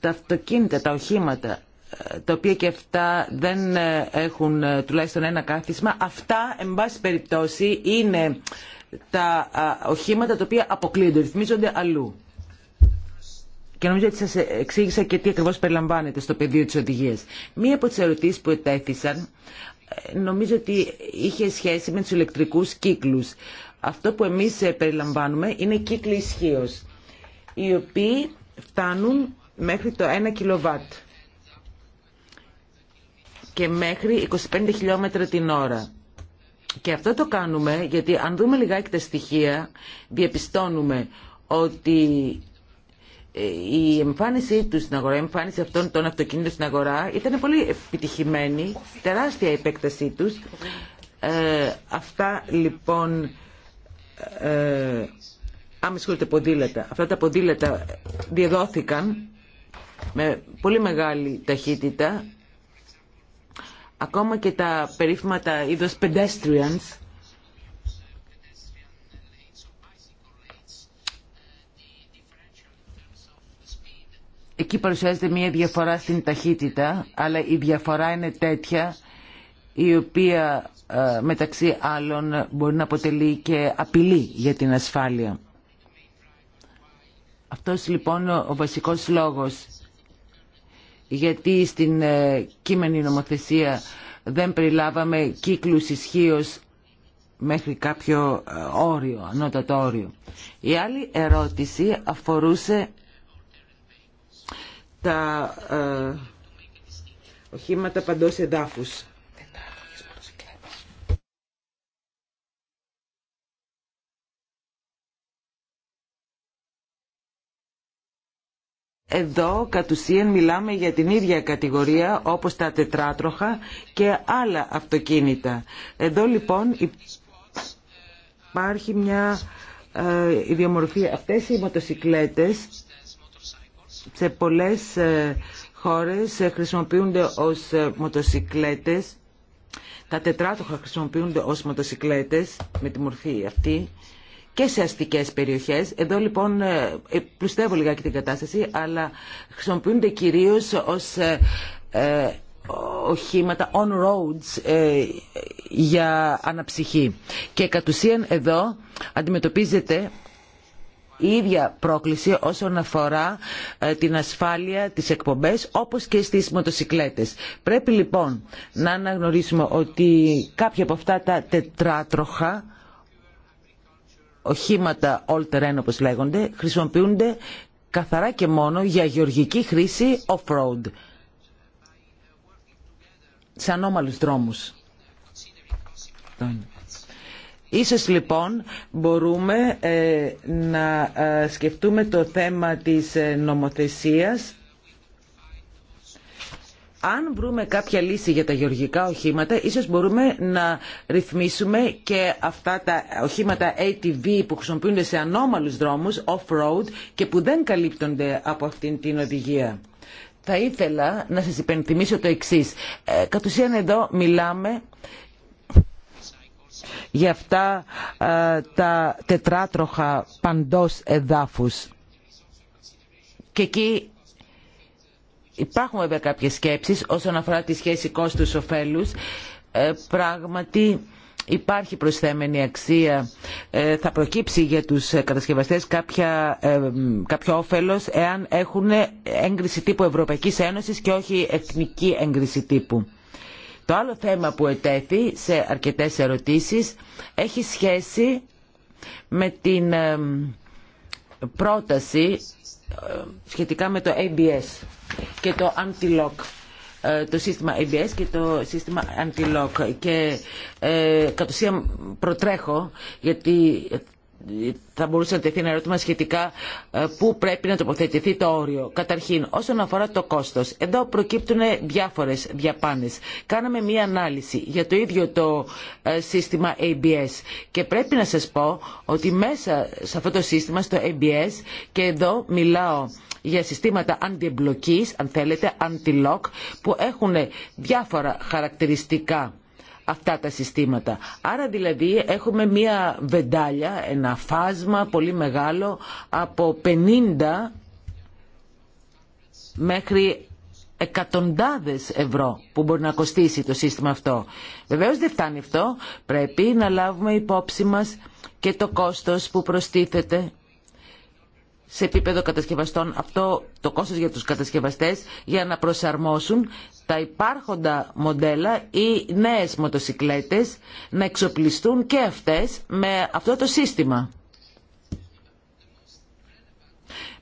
Τα αυτοκίνητα, τα οχήματα, ε, τα οποία και αυτά δεν ε, έχουν τουλάχιστον ένα κάθισμα, αυτά, εν πάση περιπτώσει, είναι τα οχήματα τα οποία αποκλείονται, ρυθμίζονται αλλού. Και νομίζω ότι σα εξήγησα και τι ακριβώ περιλαμβάνεται στο πεδίο τη οδηγία. Μία από τι ερωτήσει που ετέθησαν ε, νομίζω ότι είχε σχέση με του ηλεκτρικού κύκλου. Αυτό που εμεί ε, περιλαμβάνουμε είναι κύκλοι ισχύω, οι οποίοι φτάνουν μέχρι το 1 κιλοβάτ και μέχρι 25 χιλιόμετρα την ώρα. Και αυτό το κάνουμε γιατί αν δούμε λιγάκι τα στοιχεία διαπιστώνουμε ότι η εμφάνισή του στην αγορά, η εμφάνιση αυτών των αυτοκινήτων στην αγορά ήταν πολύ επιτυχημένη, τεράστια η επέκτασή τους. Ε, αυτά λοιπόν, ε, άμα ποδήλατα, αυτά τα ποδήλατα διεδόθηκαν με πολύ μεγάλη ταχύτητα, ακόμα και τα περίφημα τα είδος pedestrians, Εκεί παρουσιάζεται μια διαφορά στην ταχύτητα, αλλά η διαφορά είναι τέτοια η οποία ε, μεταξύ άλλων μπορεί να αποτελεί και απειλή για την ασφάλεια. Αυτός λοιπόν ο βασικός λόγος γιατί στην ε, κείμενη νομοθεσία δεν περιλάβαμε κύκλους ισχύω μέχρι κάποιο ε, όριο, ανώτατο όριο. Η άλλη ερώτηση αφορούσε τα ε, οχήματα παντός εδάφους. Εδώ κατ' ουσίαν μιλάμε για την ίδια κατηγορία όπως τα τετράτροχα και άλλα αυτοκίνητα. Εδώ λοιπόν υπάρχει μια ε, ιδιομορφία. Αυτές οι μοτοσικλέτες σε πολλές ε, χώρες ε, χρησιμοποιούνται ως ε, μοτοσικλέτες. Τα τετράτοχα χρησιμοποιούνται ως μοτοσικλέτες με τη μορφή αυτή και σε αστικές περιοχές. Εδώ λοιπόν πλουστεύω λιγάκι την κατάσταση, αλλά χρησιμοποιούνται κυρίως ως ε, οχήματα on roads για αναψυχή. Και κατ' ουσίαν εδώ αντιμετωπίζεται η ίδια πρόκληση όσον αφορά ε, την ασφάλεια, της εκπομπές όπως και στις μοτοσικλέτες. Πρέπει λοιπόν να αναγνωρίσουμε ότι κάποια από αυτά τα τετράτροχα οχήματα all terrain όπως λέγονται χρησιμοποιούνται καθαρά και μόνο για γεωργική χρήση off-road σε ανώμαλους δρόμους. Ίσως λοιπόν μπορούμε ε, να ε, σκεφτούμε το θέμα της ε, νομοθεσίας αν βρούμε κάποια λύση για τα γεωργικά οχήματα, ίσως μπορούμε να ρυθμίσουμε και αυτά τα οχήματα ATV που χρησιμοποιούνται σε ανώμαλους δρόμους, off-road, και που δεν καλύπτονται από αυτήν την οδηγία. Θα ήθελα να σας υπενθυμίσω το εξής. Ε, κατ' ουσίαν εδώ μιλάμε για αυτά ε, τα τετράτροχα παντός εδάφους. Και εκεί υπάρχουν βέβαια κάποιες σκέψεις όσον αφορά τη σχέση κόστους κόστους-οφέλους. Ε, πράγματι υπάρχει προσθέμενη αξία, ε, θα προκύψει για τους κατασκευαστές κάποια, κάποιο όφελος εάν έχουν έγκριση τύπου Ευρωπαϊκής Ένωσης και όχι εθνική έγκριση τύπου. Το άλλο θέμα που ετέθη σε αρκετές ερωτήσεις έχει σχέση με την πρόταση σχετικά με το ABS και το anti-lock ε, το σύστημα ABS και το σύστημα anti-lock και ε, κατ' ουσία προτρέχω γιατί θα μπορούσε να τεθεί ένα ερώτημα σχετικά ε, πού πρέπει να τοποθετηθεί το όριο. Καταρχήν, όσον αφορά το κόστος, εδώ προκύπτουν διάφορες διαπάνε. Κάναμε μία ανάλυση για το ίδιο το ε, σύστημα ABS και πρέπει να σας πω ότι μέσα σε αυτό το σύστημα, στο ABS, και εδώ μιλάω για συστήματα αντιεμπλοκή, αν θέλετε, anti-lock, που έχουν διάφορα χαρακτηριστικά αυτά τα συστήματα. Άρα δηλαδή έχουμε μία βεντάλια, ένα φάσμα πολύ μεγάλο από 50 μέχρι εκατοντάδες ευρώ που μπορεί να κοστίσει το σύστημα αυτό. Βεβαίως δεν φτάνει αυτό. Πρέπει να λάβουμε υπόψη μας και το κόστος που προστίθεται σε επίπεδο κατασκευαστών αυτό το κόστος για τους κατασκευαστές για να προσαρμόσουν τα υπάρχοντα μοντέλα ή νέες μοτοσικλέτες να εξοπλιστούν και αυτές με αυτό το σύστημα.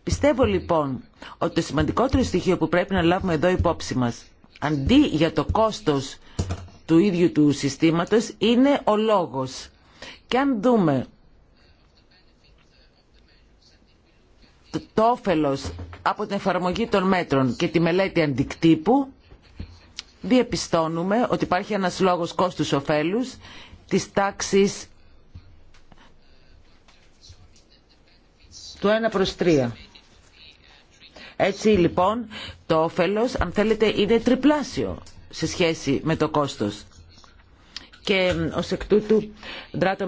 Πιστεύω λοιπόν ότι το σημαντικότερο στοιχείο που πρέπει να λάβουμε εδώ υπόψη μας αντί για το κόστος του ίδιου του συστήματος είναι ο λόγος. Και αν δούμε το όφελος από την εφαρμογή των μέτρων και τη μελέτη αντικτύπου διεπιστώνουμε ότι υπάρχει ένας λόγος κόστους κόστους-οφέλους της τάξης του 1 προς 3. Έτσι λοιπόν το όφελος αν θέλετε είναι τριπλάσιο σε σχέση με το κόστος και ω εκ τούτου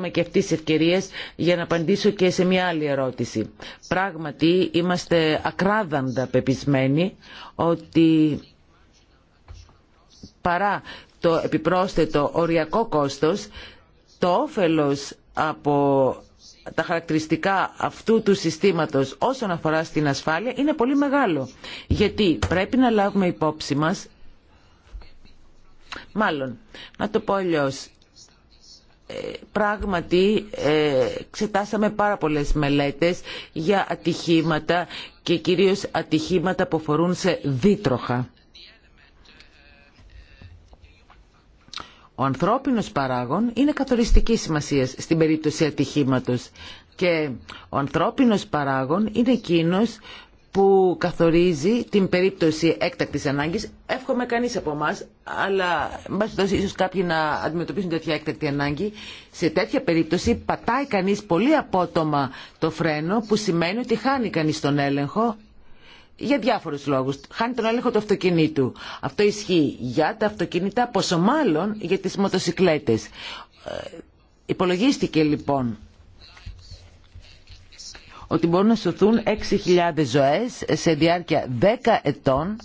με και αυτή τη ευκαιρία για να απαντήσω και σε μια άλλη ερώτηση. Πράγματι είμαστε ακράδαντα πεπισμένοι ότι παρά το επιπρόσθετο οριακό κόστος το όφελος από τα χαρακτηριστικά αυτού του συστήματος όσον αφορά στην ασφάλεια είναι πολύ μεγάλο. Γιατί πρέπει να λάβουμε υπόψη μας Μάλλον, να το πω αλλιώς, ε, πράγματι ε, εξετάσαμε πάρα πολλές μελέτες για ατυχήματα και κυρίως ατυχήματα που αφορούν σε δίτροχα. Ο ανθρώπινος παράγων είναι καθοριστική σημασία στην περίπτωση ατυχήματος και ο ανθρώπινος παράγων είναι εκείνος που καθορίζει την περίπτωση έκτακτης ανάγκης. Εύχομαι κανείς από εμά, αλλά μας ίσως κάποιοι να αντιμετωπίσουν τέτοια έκτακτη ανάγκη. Σε τέτοια περίπτωση πατάει κανείς πολύ απότομα το φρένο που σημαίνει ότι χάνει κανείς τον έλεγχο για διάφορους λόγους. Χάνει τον έλεγχο του αυτοκινήτου. Αυτό ισχύει για τα αυτοκίνητα, πόσο μάλλον για τις μοτοσυκλέτες. Ε, υπολογίστηκε λοιπόν ότι μπορούν να σωθούν 6.000 ζωές σε διάρκεια 10 ετών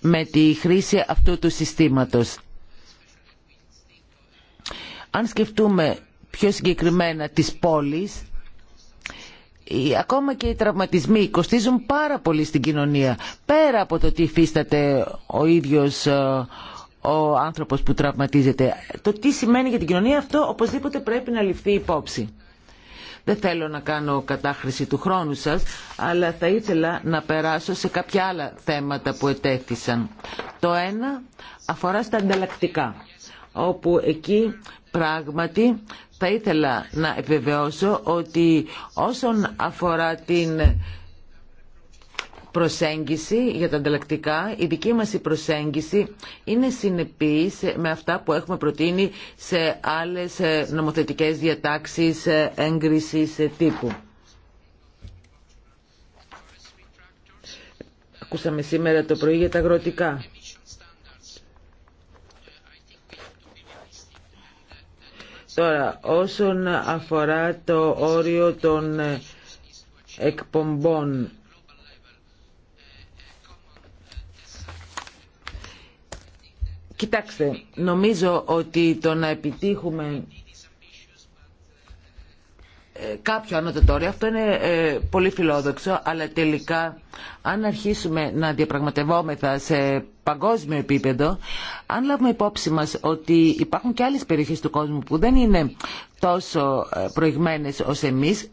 με τη χρήση αυτού του συστήματος. Αν σκεφτούμε πιο συγκεκριμένα τις πόλεις, ακόμα και οι τραυματισμοί κοστίζουν πάρα πολύ στην κοινωνία. Πέρα από το τι υφίσταται ο ίδιος ε, ο άνθρωπος που τραυματίζεται. Το τι σημαίνει για την κοινωνία αυτό οπωσδήποτε πρέπει να ληφθεί υπόψη. Δεν θέλω να κάνω κατάχρηση του χρόνου σας, αλλά θα ήθελα να περάσω σε κάποια άλλα θέματα που ετέθησαν. Το ένα αφορά στα ανταλλακτικά, όπου εκεί πράγματι θα ήθελα να επιβεβαιώσω ότι όσον αφορά την προσέγγιση για τα ανταλλακτικά. Η δική μας η προσέγγιση είναι συνεπής με αυτά που έχουμε προτείνει σε άλλες ε, νομοθετικές διατάξεις ε, έγκρισης ε, τύπου. Ακούσαμε σήμερα το πρωί για τα αγροτικά. Τώρα, όσον αφορά το όριο των εκπομπών Κοιτάξτε, νομίζω ότι το να επιτύχουμε ε, κάποιο ανώτατο όριο, αυτό είναι ε, πολύ φιλόδοξο, αλλά τελικά αν αρχίσουμε να διαπραγματευόμεθα σε παγκόσμιο επίπεδο, αν λάβουμε υπόψη μας ότι υπάρχουν και άλλες περιοχές του κόσμου που δεν είναι τόσο ε, προηγμένες ως εμείς,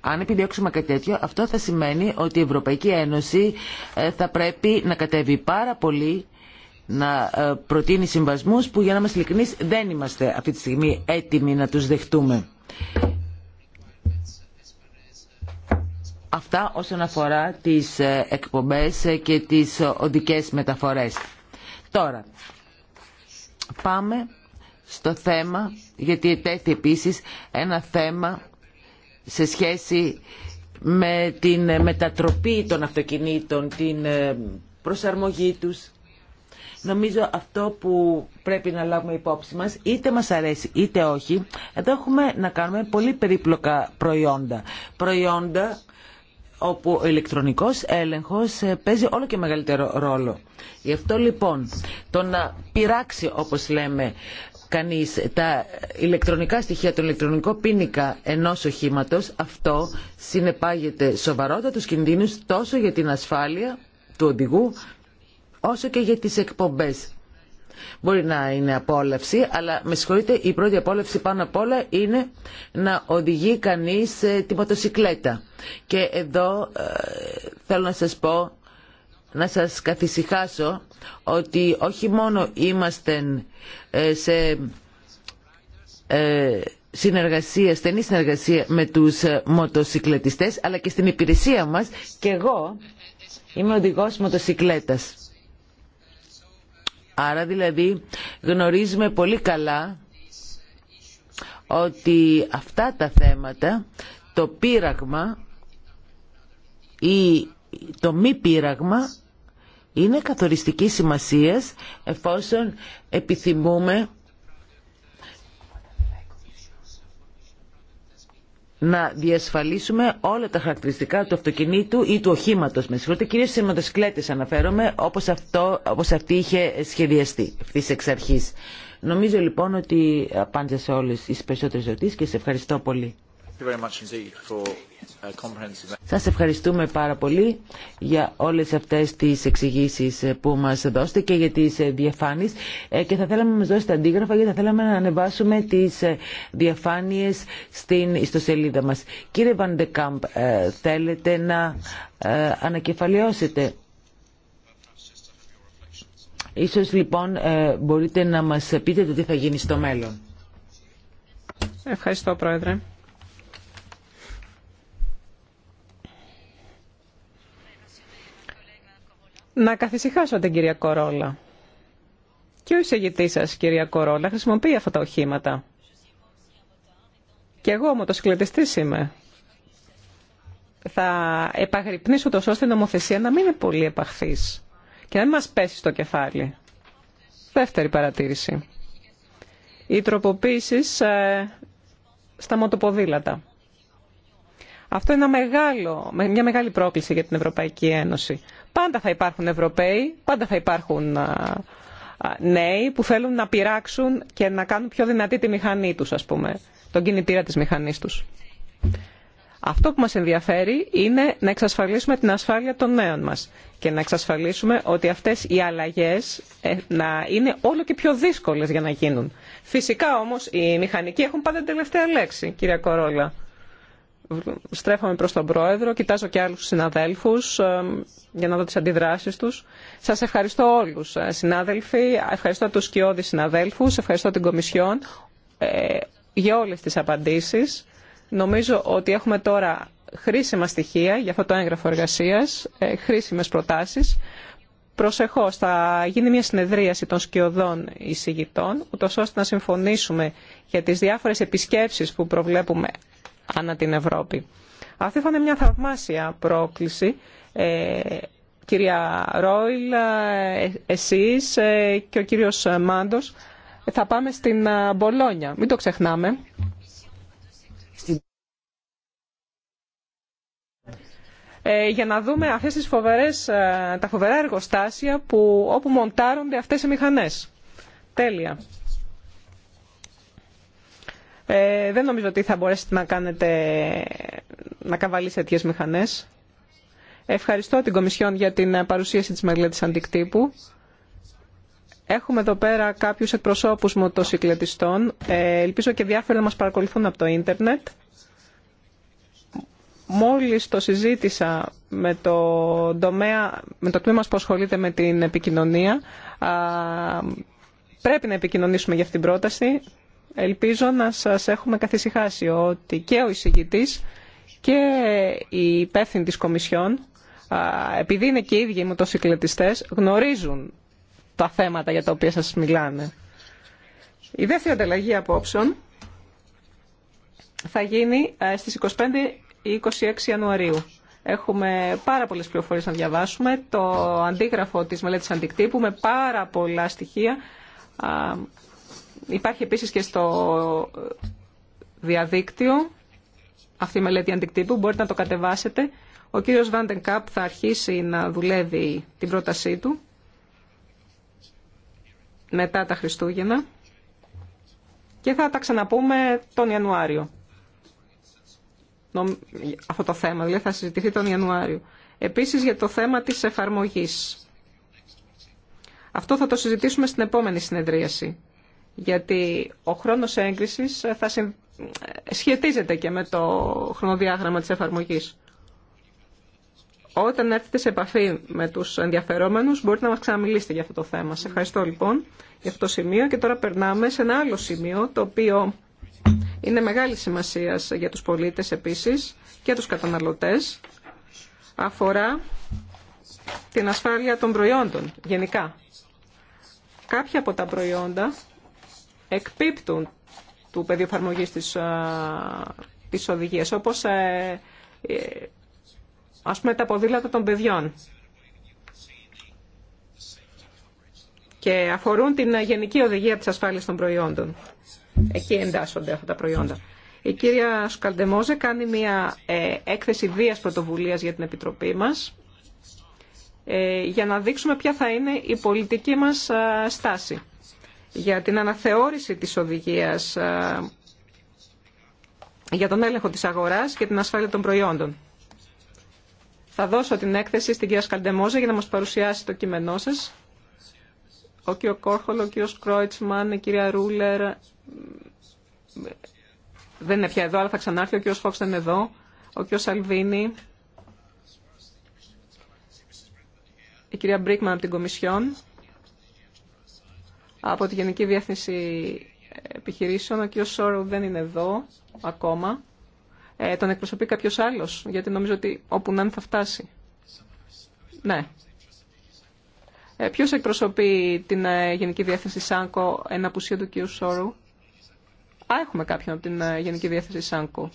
αν επιδιώξουμε κάτι τέτοιο, αυτό θα σημαίνει ότι η Ευρωπαϊκή Ένωση θα πρέπει να κατέβει πάρα πολύ να ε, προτείνει συμβασμούς που για να μας ειλικρινείς δεν είμαστε αυτή τη στιγμή έτοιμοι να τους δεχτούμε. Αυτά όσον αφορά τις ε, εκπομπές ε, και τις οδικές μεταφορές. Τώρα, πάμε στο θέμα, γιατί ετέθη επίσης ένα θέμα σε σχέση με την μετατροπή των αυτοκινήτων, την προσαρμογή τους Νομίζω αυτό που πρέπει να λάβουμε υπόψη μας, είτε μας αρέσει είτε όχι, εδώ έχουμε να κάνουμε πολύ περίπλοκα προϊόντα. Προϊόντα όπου ο ηλεκτρονικός έλεγχος ε, παίζει όλο και μεγαλύτερο ρόλο. Γι' αυτό λοιπόν το να πειράξει όπως λέμε κανείς τα ηλεκτρονικά στοιχεία, το ηλεκτρονικό πίνικα ενός οχήματος, αυτό συνεπάγεται σοβαρότατους κινδύνους τόσο για την ασφάλεια του οδηγού όσο και για τις εκπομπές. Μπορεί να είναι απόλαυση, αλλά με συγχωρείτε, η πρώτη απόλαυση πάνω απ' όλα είναι να οδηγεί κανείς τη μοτοσικλέτα. Και εδώ ε, θέλω να σας πω, να σας καθησυχάσω, ότι όχι μόνο είμαστε σε ε, συνεργασία, στενή συνεργασία με τους ε, μοτοσικλετιστές, αλλά και στην υπηρεσία μας και εγώ είμαι οδηγός μοτοσικλέτας Άρα δηλαδή γνωρίζουμε πολύ καλά ότι αυτά τα θέματα, το πείραγμα ή το μη πείραγμα είναι καθοριστική σημασίας εφόσον επιθυμούμε να διασφαλίσουμε όλα τα χαρακτηριστικά του αυτοκινήτου ή του οχήματος με συγχωρείτε κυρίως σε μοτοσυκλέτες αναφέρομαι όπως, αυτό, όπως αυτή είχε σχεδιαστεί αυτής εξ αρχής. Νομίζω λοιπόν ότι απάντησα σε όλες τις περισσότερες ερωτήσεις και σε ευχαριστώ πολύ. Uh, Σας ευχαριστούμε πάρα πολύ για όλες αυτές τις εξηγήσεις ε, που μας δώσετε και για τις ε, διαφάνειες ε, και θα θέλαμε να μας δώσετε αντίγραφα γιατί θα θέλαμε να ανεβάσουμε τις διαφάνειες στην ιστοσελίδα μας. Κύριε Βαντεκάμπ, θέλετε να ανακεφαλαιώσετε. Ίσως λοιπόν μπορείτε να μας πείτε το τι θα γίνει στο μέλλον. Ευχαριστώ Πρόεδρε. να καθησυχάσω την κυρία Κορόλα. Και ο εισηγητή σα, κυρία Κορόλα, χρησιμοποιεί αυτά τα οχήματα. Και εγώ μοτοσυκλετιστή είμαι. Θα επαγρυπνήσω τόσο ώστε η νομοθεσία να μην είναι πολύ επαχθή και να μην μα πέσει στο κεφάλι. Δεύτερη παρατήρηση. Οι τροποποίησει στα μοτοποδήλατα. Αυτό είναι ένα μεγάλο, μια μεγάλη πρόκληση για την Ευρωπαϊκή Ένωση. Πάντα θα υπάρχουν Ευρωπαίοι, πάντα θα υπάρχουν νέοι που θέλουν να πειράξουν και να κάνουν πιο δυνατή τη μηχανή τους, ας πούμε, τον κινητήρα της μηχανής τους. Αυτό που μας ενδιαφέρει είναι να εξασφαλίσουμε την ασφάλεια των νέων μας και να εξασφαλίσουμε ότι αυτές οι αλλαγές ε, να είναι όλο και πιο δύσκολες για να γίνουν. Φυσικά όμως οι μηχανικοί έχουν πάντα την τελευταία λέξη, κυρία Κορόλα στρέφομαι προς τον Πρόεδρο, κοιτάζω και άλλους συναδέλφους ε, για να δω τις αντιδράσεις τους. Σας ευχαριστώ όλους ε, συνάδελφοι, ευχαριστώ τους σκιώδη συναδέλφους, ευχαριστώ την Κομισιόν ε, για όλες τις απαντήσεις. Νομίζω ότι έχουμε τώρα χρήσιμα στοιχεία για αυτό το έγγραφο εργασίας, χρήσιμες προτάσεις. Προσεχώς θα γίνει μια συνεδρίαση των σκιωδών εισηγητών, ούτως ώστε να συμφωνήσουμε για τις διάφορες επισκέψεις που προβλέπουμε ανά την Ευρώπη. Αυτή θα είναι μια θαυμάσια πρόκληση. Ε, κυρία Ρόιλ, ε, εσείς ε, και ο κύριος Μάντος θα πάμε στην ε, Μπολόνια. Μην το ξεχνάμε. για να δούμε αυτές τις φοβερές, τα φοβερά εργοστάσια που, όπου μοντάρονται αυτές οι μηχανές. Τέλεια. Ε, δεν νομίζω ότι θα μπορέσετε να κάνετε, να καβαλήσετε τέτοιες μηχανές. Ευχαριστώ την Κομισιόν για την παρουσίαση της μελέτης αντικτύπου. Έχουμε εδώ πέρα κάποιους εκπροσώπους μοτοσυκλετιστών. Ε, ελπίζω και διάφοροι να μας παρακολουθούν από το ίντερνετ. Μόλις το συζήτησα με το, τομέα, με το τμήμα που ασχολείται με την επικοινωνία, α, πρέπει να επικοινωνήσουμε για αυτήν την πρόταση. Ελπίζω να σας έχουμε καθησυχάσει ότι και ο εισηγητής και οι υπεύθυνοι της Κομισιόν, επειδή είναι και οι ίδιοι οι μοτοσυκλετιστές, γνωρίζουν τα θέματα για τα οποία σας μιλάνε. Η δεύτερη ανταλλαγή απόψεων θα γίνει στις 25 ή 26 Ιανουαρίου. Έχουμε πάρα πολλέ πληροφορίε να διαβάσουμε. Το αντίγραφο τη μελέτη αντικτύπου με πάρα πολλά στοιχεία Υπάρχει επίσης και στο διαδίκτυο αυτή η μελέτη αντικτύπου, μπορείτε να το κατεβάσετε. Ο κύριος Βάντεν Κάπ θα αρχίσει να δουλεύει την πρότασή του μετά τα Χριστούγεννα και θα τα ξαναπούμε τον Ιανουάριο. Αυτό το θέμα, δηλαδή θα συζητηθεί τον Ιανουάριο. Επίσης για το θέμα της εφαρμογής. Αυτό θα το συζητήσουμε στην επόμενη συνεδρίαση γιατί ο χρόνος έγκρισης θα σχετίζεται και με το χρονοδιάγραμμα της εφαρμογής. Όταν έρθετε σε επαφή με τους ενδιαφερόμενους μπορείτε να μας ξαναμιλήσετε για αυτό το θέμα. Σε ευχαριστώ λοιπόν για αυτό το σημείο και τώρα περνάμε σε ένα άλλο σημείο το οποίο είναι μεγάλη σημασία για τους πολίτες επίσης και τους καταναλωτές. Αφορά την ασφάλεια των προϊόντων γενικά. Κάποια από τα προϊόντα εκπίπτουν του πεδίου εφαρμογή της, της οδηγίας, όπως ε, ε, πούμε τα ποδήλατα των παιδιών. Και αφορούν την γενική οδηγία της ασφάλειας των προϊόντων. Εκεί εντάσσονται αυτά τα προϊόντα. Η κυρία Σκαλντεμόζε κάνει μια ε, έκθεση βίας πρωτοβουλίας για την Επιτροπή μας για να δείξουμε ποια θα είναι η πολιτική μας στάση για την αναθεώρηση της οδηγίας ε, για τον έλεγχο της αγοράς και την ασφάλεια των προϊόντων. Θα δώσω την έκθεση στην κυρία Σκαλντεμόζα για να μας παρουσιάσει το κείμενό σας. Ο κύριο Κόρχολο, ο κύριο Κρόιτσμαν, η κυρία Ρούλερ, ε, δεν είναι πια εδώ, αλλά θα ξανάρθει. Ο κύριο Φόξ δεν είναι εδώ. Ο κύριο Σαλβίνη. Η κυρία Μπρίκμαν από την Κομισιόν από τη Γενική Διεύθυνση Επιχειρήσεων. Ο κ. Σόρου δεν είναι εδώ ακόμα. Ε, τον εκπροσωπεί κάποιο άλλος, γιατί νομίζω ότι όπου να είναι θα φτάσει. Ναι. Ε, ποιος εκπροσωπεί την ε, Γενική Διεύθυνση ΣΑΝΚΟ ένα απουσία του κ. Σόρου. Α, έχουμε κάποιον από την ε, Γενική Διεύθυνση ΣΑΝΚΟ.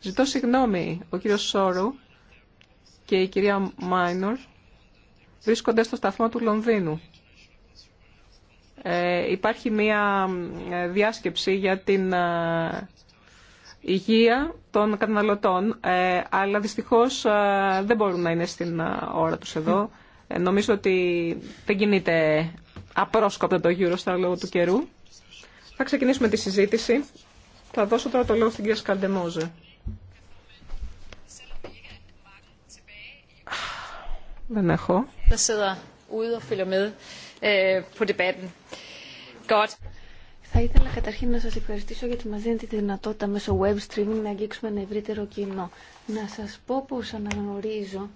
Ζητώ συγγνώμη, ο κύριος Σόρου και η κυρία Μάινορ βρίσκονται στο σταθμό του Λονδίνου. Ε, υπάρχει μία ε, διάσκεψη για την ε, υγεία των καταναλωτών, αλλά δυστυχώς δεν μπορούν να είναι στην ώρα τους εδώ. Νομίζω ότι δεν κινείται απρόσκοπτα το γύρο στα λόγω του καιρού. Θα ξεκινήσουμε τη συζήτηση. Θα δώσω τώρα το λόγο στην κυρία Σκαλντεμόζε. Δεν έχω. Øh, Θα ήθελα καταρχήν να σας ευχαριστήσω γιατί μας δίνετε τη δυνατότητα μέσω web streaming να αγγίξουμε ένα ευρύτερο κοινό. Να σας πω πως αναγνωρίζω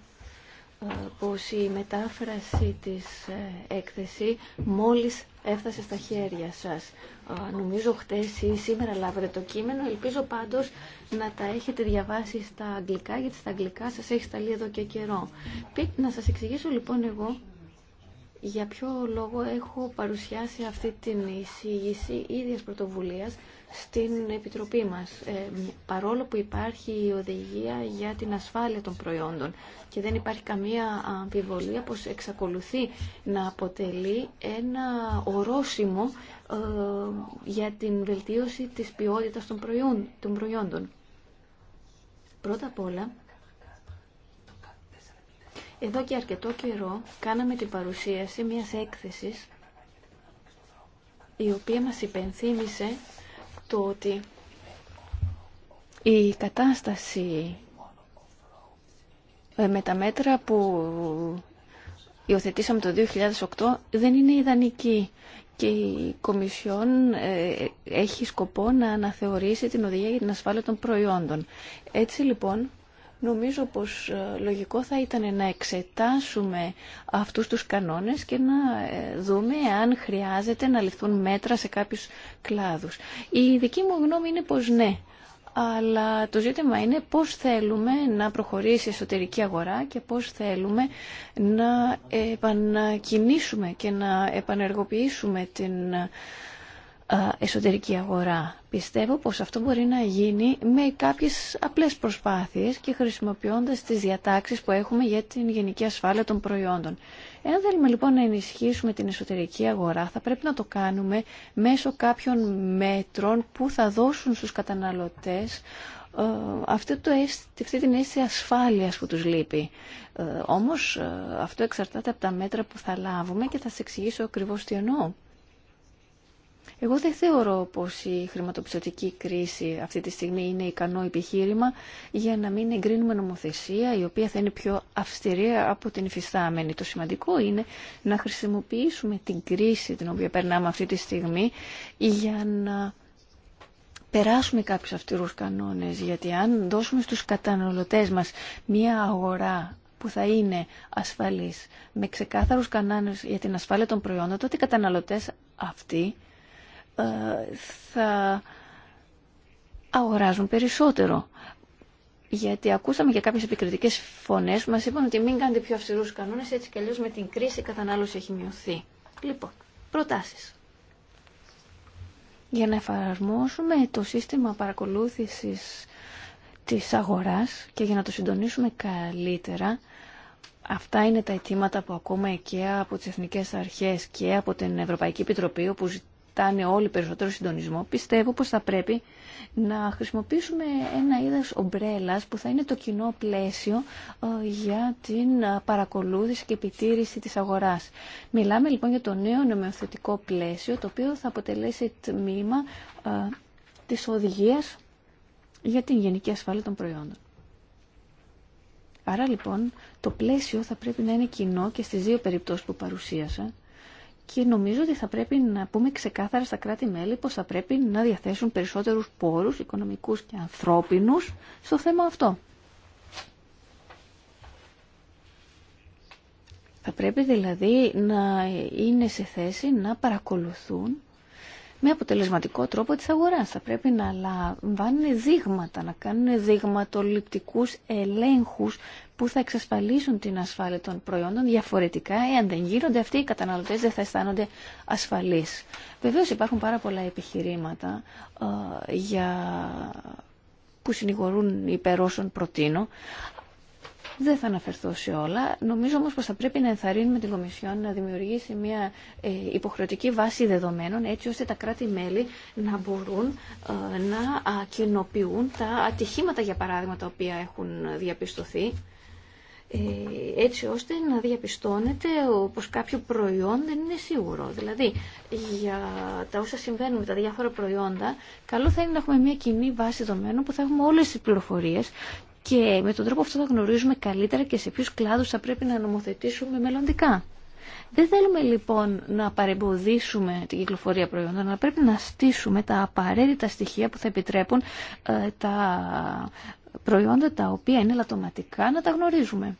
ε, πως η μετάφραση της ε, έκθεση μόλις έφτασε στα χέρια σας. Ε, νομίζω χτες ή σήμερα λάβετε το κείμενο. Ελπίζω πάντως να τα έχετε διαβάσει στα αγγλικά, γιατί στα αγγλικά σας έχει σταλεί εδώ και καιρό. Να σας εξηγήσω λοιπόν εγώ για ποιο λόγο έχω παρουσιάσει αυτή την εισήγηση ίδιας πρωτοβουλίας στην Επιτροπή μας. Ε, παρόλο που υπάρχει η οδηγία για την ασφάλεια των προϊόντων και δεν υπάρχει καμία αμφιβολία πως εξακολουθεί να αποτελεί ένα ορόσημο ε, για την βελτίωση της ποιότητας των προϊόντων. Πρώτα απ' όλα, εδώ και αρκετό καιρό κάναμε την παρουσίαση μιας έκθεσης η οποία μας υπενθύμησε το ότι η κατάσταση ε, με τα μέτρα που υιοθετήσαμε το 2008 δεν είναι ιδανική και η Κομισιόν ε, έχει σκοπό να αναθεωρήσει την οδηγία για την ασφάλεια των προϊόντων. Έτσι λοιπόν νομίζω πως ε, λογικό θα ήταν να εξετάσουμε αυτούς τους κανόνες και να ε, δούμε αν χρειάζεται να ληφθούν μέτρα σε κάποιους κλάδους. Η δική μου γνώμη είναι πως ναι, αλλά το ζήτημα είναι πώς θέλουμε να προχωρήσει η εσωτερική αγορά και πώς θέλουμε να επανακινήσουμε και να επανεργοποιήσουμε την ε, εσωτερική αγορά. Πιστεύω πως αυτό μπορεί να γίνει με κάποιες απλές προσπάθειες και χρησιμοποιώντας τις διατάξεις που έχουμε για την γενική ασφάλεια των προϊόντων. Εάν θέλουμε λοιπόν να ενισχύσουμε την εσωτερική αγορά θα πρέπει να το κάνουμε μέσω κάποιων μέτρων που θα δώσουν στους καταναλωτές ε, αυτή, το, αυτή την αίσθηση ασφάλειας που τους λείπει. Ε, όμως αυτό εξαρτάται από τα μέτρα που θα λάβουμε και θα σας εξηγήσω ακριβώς τι εννοώ. Εγώ δεν θεωρώ πως η χρηματοπιστωτική κρίση αυτή τη στιγμή είναι ικανό επιχείρημα για να μην εγκρίνουμε νομοθεσία η οποία θα είναι πιο αυστηρή από την υφιστάμενη. Το σημαντικό είναι να χρησιμοποιήσουμε την κρίση την οποία περνάμε αυτή τη στιγμή για να περάσουμε κάποιους αυτηρούς κανόνες, γιατί αν δώσουμε στους καταναλωτές μας μία αγορά που θα είναι ασφαλής, με ξεκάθαρους κανόνες για την ασφάλεια των προϊόντων, τότε οι καταναλωτές αυτοί ε, θα αγοράζουν περισσότερο. Γιατί ακούσαμε για κάποιες επικριτικές φωνές που μας είπαν ότι μην κάνετε πιο αυστηρούς κανόνες, έτσι κι αλλιώς με την κρίση η κατανάλωση έχει μειωθεί. Λοιπόν, προτάσεις. Για να εφαρμόσουμε το σύστημα παρακολούθησης της αγοράς και για να το συντονίσουμε καλύτερα, αυτά είναι τα αιτήματα που ακούμε και από τις Εθνικές Αρχές και από την Ευρωπαϊκή Επιτροπή, όπου είναι όλοι περισσότερο συντονισμό, πιστεύω πως θα πρέπει να χρησιμοποιήσουμε ένα είδος ομπρέλας που θα είναι το κοινό πλαίσιο ε, για την ε, παρακολούθηση και επιτήρηση της αγοράς. Μιλάμε λοιπόν για το νέο νομοθετικό πλαίσιο, το οποίο θα αποτελέσει τμήμα ε, της οδηγίας για την γενική ασφάλεια των προϊόντων. Άρα λοιπόν το πλαίσιο θα πρέπει να είναι κοινό και στις δύο περιπτώσεις που παρουσίασα και νομίζω ότι θα πρέπει να πούμε ξεκάθαρα στα κράτη-μέλη πως θα πρέπει να διαθέσουν περισσότερους πόρους οικονομικούς και ανθρώπινους στο θέμα αυτό. Θα πρέπει δηλαδή να είναι σε θέση να παρακολουθούν με αποτελεσματικό τρόπο της αγοράς. Θα πρέπει να λαμβάνουν δείγματα, να κάνουν δειγματοληπτικούς ελέγχους που θα εξασφαλίσουν την ασφάλεια των προϊόντων. Διαφορετικά, εάν δεν γίνονται αυτοί, οι καταναλωτές δεν θα αισθάνονται ασφαλείς. Βεβαίως υπάρχουν πάρα πολλά επιχειρήματα ε, για που συνηγορούν υπερ προτείνω, δεν θα αναφερθώ σε όλα. Νομίζω όμως πως θα πρέπει να ενθαρρύνουμε την Κομισιόν να δημιουργήσει μια ε, υποχρεωτική βάση δεδομένων έτσι ώστε τα κράτη-μέλη να μπορούν ε, να κοινοποιούν τα ατυχήματα για παράδειγμα τα οποία έχουν διαπιστωθεί ε, έτσι ώστε να διαπιστώνεται πως κάποιο προϊόν δεν είναι σίγουρο. Δηλαδή, για τα όσα συμβαίνουν με τα διάφορα προϊόντα, καλό θα είναι να έχουμε μια κοινή βάση δεδομένων που θα έχουμε όλες τις πληροφορίες και με τον τρόπο αυτό θα γνωρίζουμε καλύτερα και σε ποιους κλάδους θα πρέπει να νομοθετήσουμε μελλοντικά. Δεν θέλουμε λοιπόν να παρεμποδίσουμε την κυκλοφορία προϊόντων, αλλά πρέπει να στήσουμε τα απαραίτητα στοιχεία που θα επιτρέπουν ε, τα προϊόντα τα οποία είναι λατωματικά να τα γνωρίζουμε.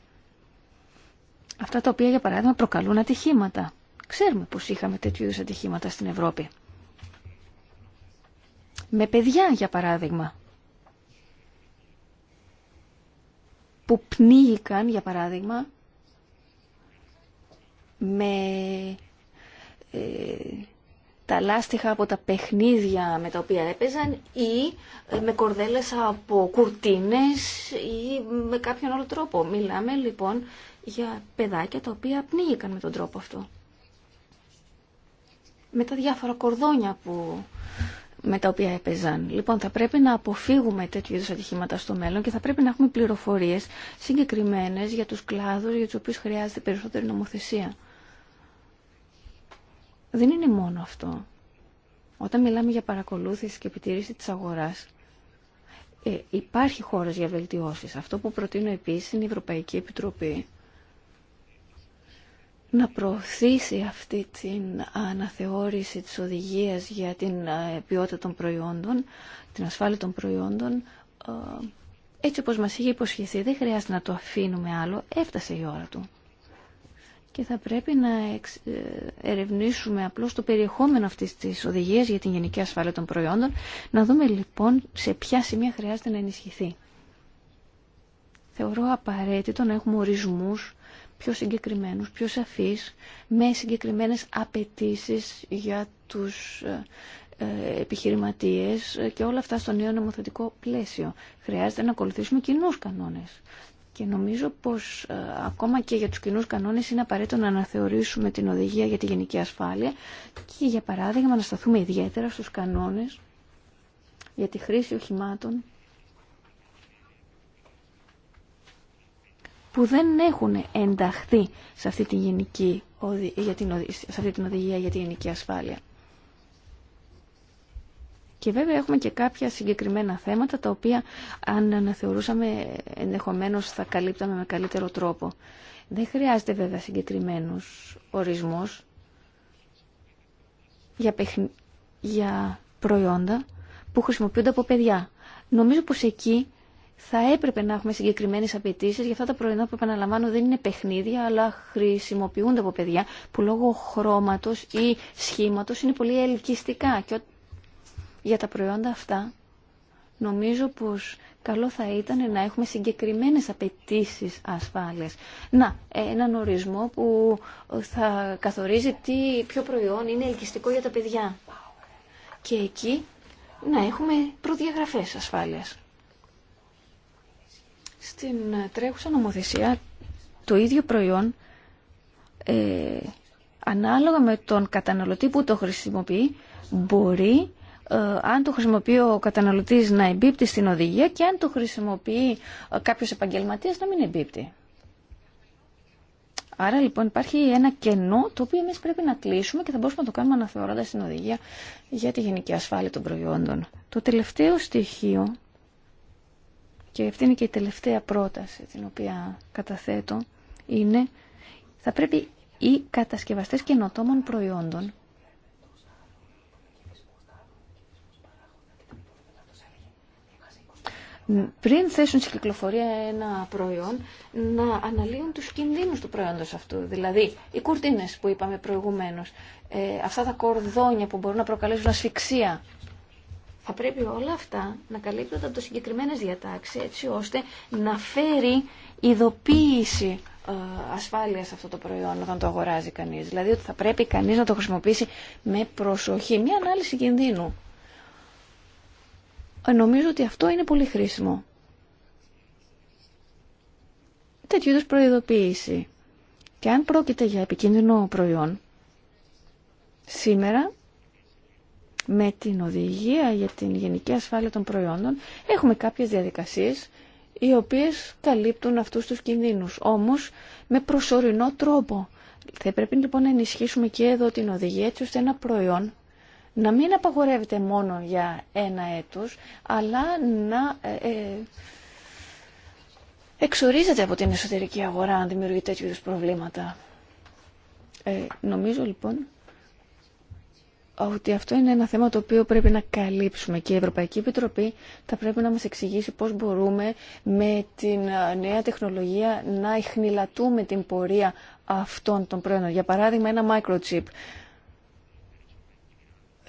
Αυτά τα οποία για παράδειγμα προκαλούν ατυχήματα. Ξέρουμε πως είχαμε τέτοιου είδους ατυχήματα στην Ευρώπη. Με παιδιά για παράδειγμα που πνίγηκαν, για παράδειγμα, με ε, τα λάστιχα από τα παιχνίδια με τα οποία έπαιζαν ή ε, με κορδέλες από κουρτίνες ή με κάποιον άλλο τρόπο. Μιλάμε λοιπόν για παιδάκια τα οποία πνίγηκαν με τον τρόπο αυτό. Με τα διάφορα κορδόνια που με τα οποία έπαιζαν. Λοιπόν, θα πρέπει να αποφύγουμε τέτοιου είδου ατυχήματα στο μέλλον και θα πρέπει να έχουμε πληροφορίε συγκεκριμένε για του κλάδου για του οποίου χρειάζεται περισσότερη νομοθεσία. Δεν είναι μόνο αυτό. Όταν μιλάμε για παρακολούθηση και επιτήρηση τη αγορά. Ε, υπάρχει χώρος για βελτιώσει. Αυτό που προτείνω επίση είναι η Ευρωπαϊκή Επιτροπή να προωθήσει αυτή την αναθεώρηση της οδηγίας για την ε, ποιότητα των προϊόντων, την ασφάλεια των προϊόντων, ε, έτσι όπως μας είχε υποσχεθεί, δεν χρειάζεται να το αφήνουμε άλλο, έφτασε η ώρα του. Και θα πρέπει να ε, ερευνήσουμε απλώς το περιεχόμενο αυτής της οδηγίας για την γενική ασφάλεια των προϊόντων, να δούμε λοιπόν σε ποια σημεία χρειάζεται να ενισχυθεί. Θεωρώ απαραίτητο να έχουμε ορισμούς πιο συγκεκριμένους, πιο σαφείς, με συγκεκριμένες απαιτήσεις για τους ε, ε, επιχειρηματίες και όλα αυτά στο νέο νομοθετικό πλαίσιο. Χρειάζεται να ακολουθήσουμε κοινού κανόνες. Και νομίζω πως ε, ακόμα και για τους κοινού κανόνες είναι απαραίτητο να αναθεωρήσουμε την οδηγία για τη γενική ασφάλεια και για παράδειγμα να σταθούμε ιδιαίτερα στους κανόνες για τη χρήση οχημάτων που δεν έχουν ενταχθεί σε αυτή, γενική, για την, σε την οδηγία για τη γενική ασφάλεια. Και βέβαια έχουμε και κάποια συγκεκριμένα θέματα τα οποία αν αναθεωρούσαμε ενδεχομένως θα καλύπταμε με καλύτερο τρόπο. Δεν χρειάζεται βέβαια συγκεκριμένους ορισμούς για, για προϊόντα που χρησιμοποιούνται από παιδιά. Νομίζω πως εκεί θα έπρεπε να έχουμε συγκεκριμένες απαιτήσει για αυτά τα προϊόντα που επαναλαμβάνω δεν είναι παιχνίδια αλλά χρησιμοποιούνται από παιδιά που λόγω χρώματος ή σχήματος είναι πολύ ελκυστικά και για τα προϊόντα αυτά νομίζω πως καλό θα ήταν να έχουμε συγκεκριμένες απαιτήσει ασφάλειας. Να, έναν ορισμό που θα καθορίζει τι, ποιο προϊόν είναι ελκυστικό για τα παιδιά. Και εκεί να έχουμε προδιαγραφές ασφάλειας. Στην τρέχουσα νομοθεσία το ίδιο προϊόν ε, ανάλογα με τον καταναλωτή που το χρησιμοποιεί μπορεί ε, αν το χρησιμοποιεί ο καταναλωτής να εμπίπτει στην οδηγία και αν το χρησιμοποιεί ε, κάποιος επαγγελματίας να μην εμπίπτει. Άρα λοιπόν υπάρχει ένα κενό το οποίο εμείς πρέπει να κλείσουμε και θα μπορούμε να το κάνουμε αναθεωρώντας την οδηγία για τη γενική ασφάλεια των προϊόντων. Το τελευταίο στοιχείο και αυτή είναι και η τελευταία πρόταση την οποία καταθέτω, είναι θα πρέπει οι κατασκευαστές καινοτόμων προϊόντων πριν θέσουν σε κυκλοφορία ένα προϊόν, να αναλύουν τους κινδύνους του προϊόντος αυτού. Δηλαδή, οι κουρτίνες που είπαμε προηγουμένως, ε, αυτά τα κορδόνια που μπορούν να προκαλέσουν ασφυξία, θα πρέπει όλα αυτά να καλύπτονται από το συγκεκριμένε διατάξει έτσι ώστε να φέρει ειδοποίηση ε, ασφάλεια σε αυτό το προϊόν όταν το αγοράζει κανείς. Δηλαδή ότι θα πρέπει κανείς να το χρησιμοποιήσει με προσοχή. Μια ανάλυση κινδύνου. Ε, νομίζω ότι αυτό είναι πολύ χρήσιμο. Τέτοιου είδου προειδοποίηση. Και αν πρόκειται για επικίνδυνο προϊόν, σήμερα με την οδηγία για την γενική ασφάλεια των προϊόντων έχουμε κάποιες διαδικασίες οι οποίες καλύπτουν αυτούς τους κινδύνους, όμως με προσωρινό τρόπο. Θα πρέπει λοιπόν να ενισχύσουμε και εδώ την οδηγία έτσι ώστε ένα προϊόν να μην απαγορεύεται μόνο για ένα έτος, αλλά να ε, ε εξορίζεται από την εσωτερική αγορά αν δημιουργεί τέτοιου προβλήματα. Ε, νομίζω λοιπόν ότι αυτό είναι ένα θέμα το οποίο πρέπει να καλύψουμε και η Ευρωπαϊκή Επιτροπή θα πρέπει να μας εξηγήσει πώς μπορούμε με την ε, νέα τεχνολογία να ειχνηλατούμε την πορεία αυτών των προϊόντων. Για παράδειγμα ένα microchip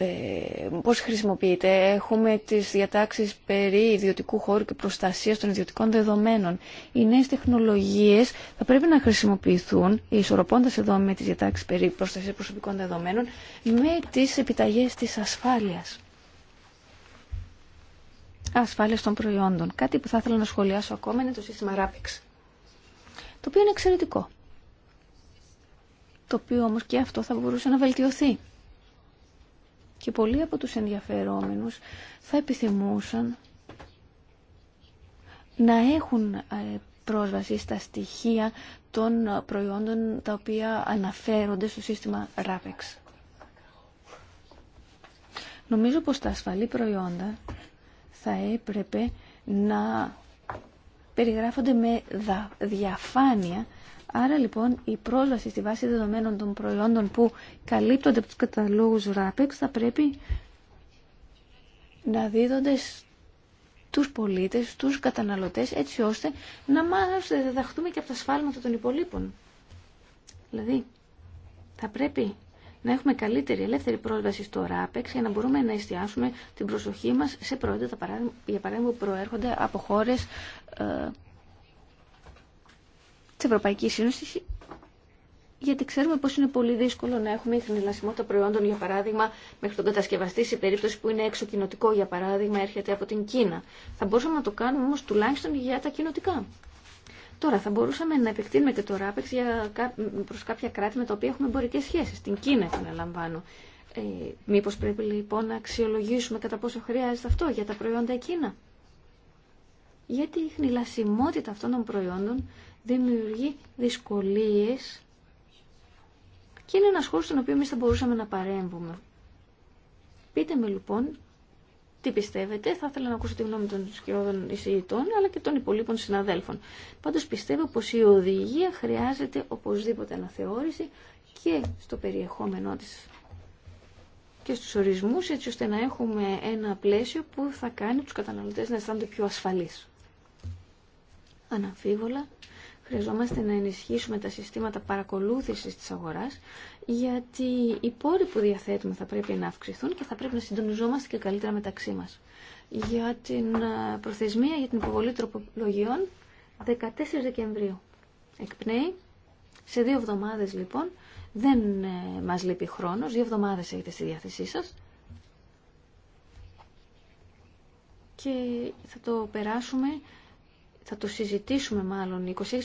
ε, πώς χρησιμοποιείται. Έχουμε τις διατάξεις περί ιδιωτικού χώρου και προστασίας των ιδιωτικών δεδομένων. Οι νέες τεχνολογίες θα πρέπει να χρησιμοποιηθούν, ισορροπώντας εδώ με τις διατάξεις περί προστασίας προσωπικών δεδομένων, με τις επιταγές της ασφάλειας. Ασφάλειας των προϊόντων. Κάτι που θα ήθελα να σχολιάσω ακόμα είναι το σύστημα RAPEX. Το οποίο είναι εξαιρετικό. Το οποίο όμως και αυτό θα μπορούσε να βελτιωθεί και πολλοί από τους ενδιαφερόμενους θα επιθυμούσαν να έχουν ε, πρόσβαση στα στοιχεία των προϊόντων τα οποία αναφέρονται στο σύστημα RAPEX. Νομίζω πως τα ασφαλή προϊόντα θα έπρεπε να περιγράφονται με διαφάνεια Άρα λοιπόν η πρόσβαση στη βάση δεδομένων των προϊόντων που καλύπτονται από τους καταλόγους RAPEX θα πρέπει να δίδονται τους πολίτες, τους καταναλωτές, έτσι ώστε να να διδαχτούμε και από τα σφάλματα των υπολείπων. Δηλαδή, θα πρέπει να έχουμε καλύτερη ελεύθερη πρόσβαση στο RAPEX για να μπορούμε να εστιάσουμε την προσοχή μας σε προϊόντα, για παράδειγμα, που προέρχονται από χώρες ε, Τη Ευρωπαϊκή Ένωσης γιατί ξέρουμε πώ είναι πολύ δύσκολο να έχουμε χνηλασιμότητα προϊόντων, για παράδειγμα, μέχρι τον κατασκευαστή σε περίπτωση που είναι έξω κοινοτικό, για παράδειγμα, έρχεται από την Κίνα. Θα μπορούσαμε να το κάνουμε όμω τουλάχιστον για τα κοινοτικά. Τώρα, θα μπορούσαμε να επεκτείνουμε και το ράπεξ για, προς κάποια κράτη με τα οποία έχουμε εμπορικέ σχέσει. Την Κίνα, επαναλαμβάνω. Ε, Μήπω πρέπει λοιπόν να αξιολογήσουμε κατά πόσο χρειάζεται αυτό για τα προϊόντα εκείνα. Γιατί η αυτών των προϊόντων δημιουργεί δυσκολίες και είναι ένας χώρος στον οποίο εμείς θα μπορούσαμε να παρέμβουμε. Πείτε με λοιπόν τι πιστεύετε, θα ήθελα να ακούσω τη γνώμη των σκηνόδων εισηγητών αλλά και των υπολείπων συναδέλφων. Πάντως πιστεύω πως η οδηγία χρειάζεται οπωσδήποτε αναθεώρηση και στο περιεχόμενό της και στους ορισμούς έτσι ώστε να έχουμε ένα πλαίσιο που θα κάνει τους καταναλωτές να αισθάνονται πιο ασφαλείς. Αναμφίβολα Χρειαζόμαστε να ενισχύσουμε τα συστήματα παρακολούθησης της αγοράς, γιατί οι πόροι που διαθέτουμε θα πρέπει να αυξηθούν και θα πρέπει να συντονιζόμαστε και καλύτερα μεταξύ μας. Για την ε, προθεσμία για την υποβολή τροπολογιών 14 Δεκεμβρίου. Εκπνέει. Σε δύο εβδομάδες λοιπόν, δεν ε, μας λείπει χρόνος, δύο εβδομάδες έχετε στη διάθεσή σας. Και θα το περάσουμε θα το συζητήσουμε μάλλον 26-27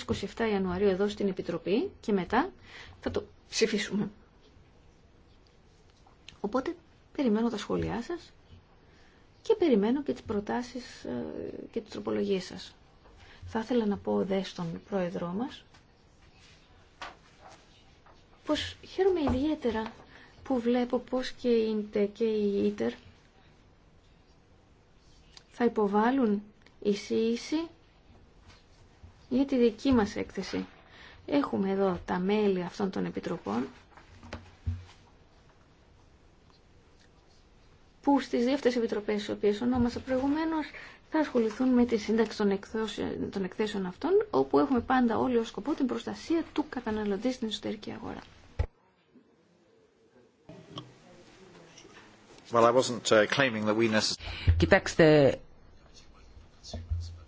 Ιανουαρίου εδώ στην Επιτροπή και μετά θα το ψηφίσουμε. Οπότε περιμένω τα σχόλιά σας και περιμένω και τις προτάσεις ε, και τις τροπολογίες σας. Θα ήθελα να πω δε στον πρόεδρό μας πως χαίρομαι ιδιαίτερα που βλέπω πως και η ΙΝΤΕ και η ΙΤΕΡ θα υποβάλουν εισήγηση για τη δική μας έκθεση. Έχουμε εδώ τα μέλη αυτών των επιτροπών που στις δύο επιτροπές τις οποίες ονόμασα προηγουμένως θα ασχοληθούν με τη σύνταξη των, εκθέσεων, των εκθέσεων αυτών όπου έχουμε πάντα όλοι ως σκοπό την προστασία του καταναλωτή στην εσωτερική αγορά. Well, I wasn't uh, that we... Κοιτάξτε,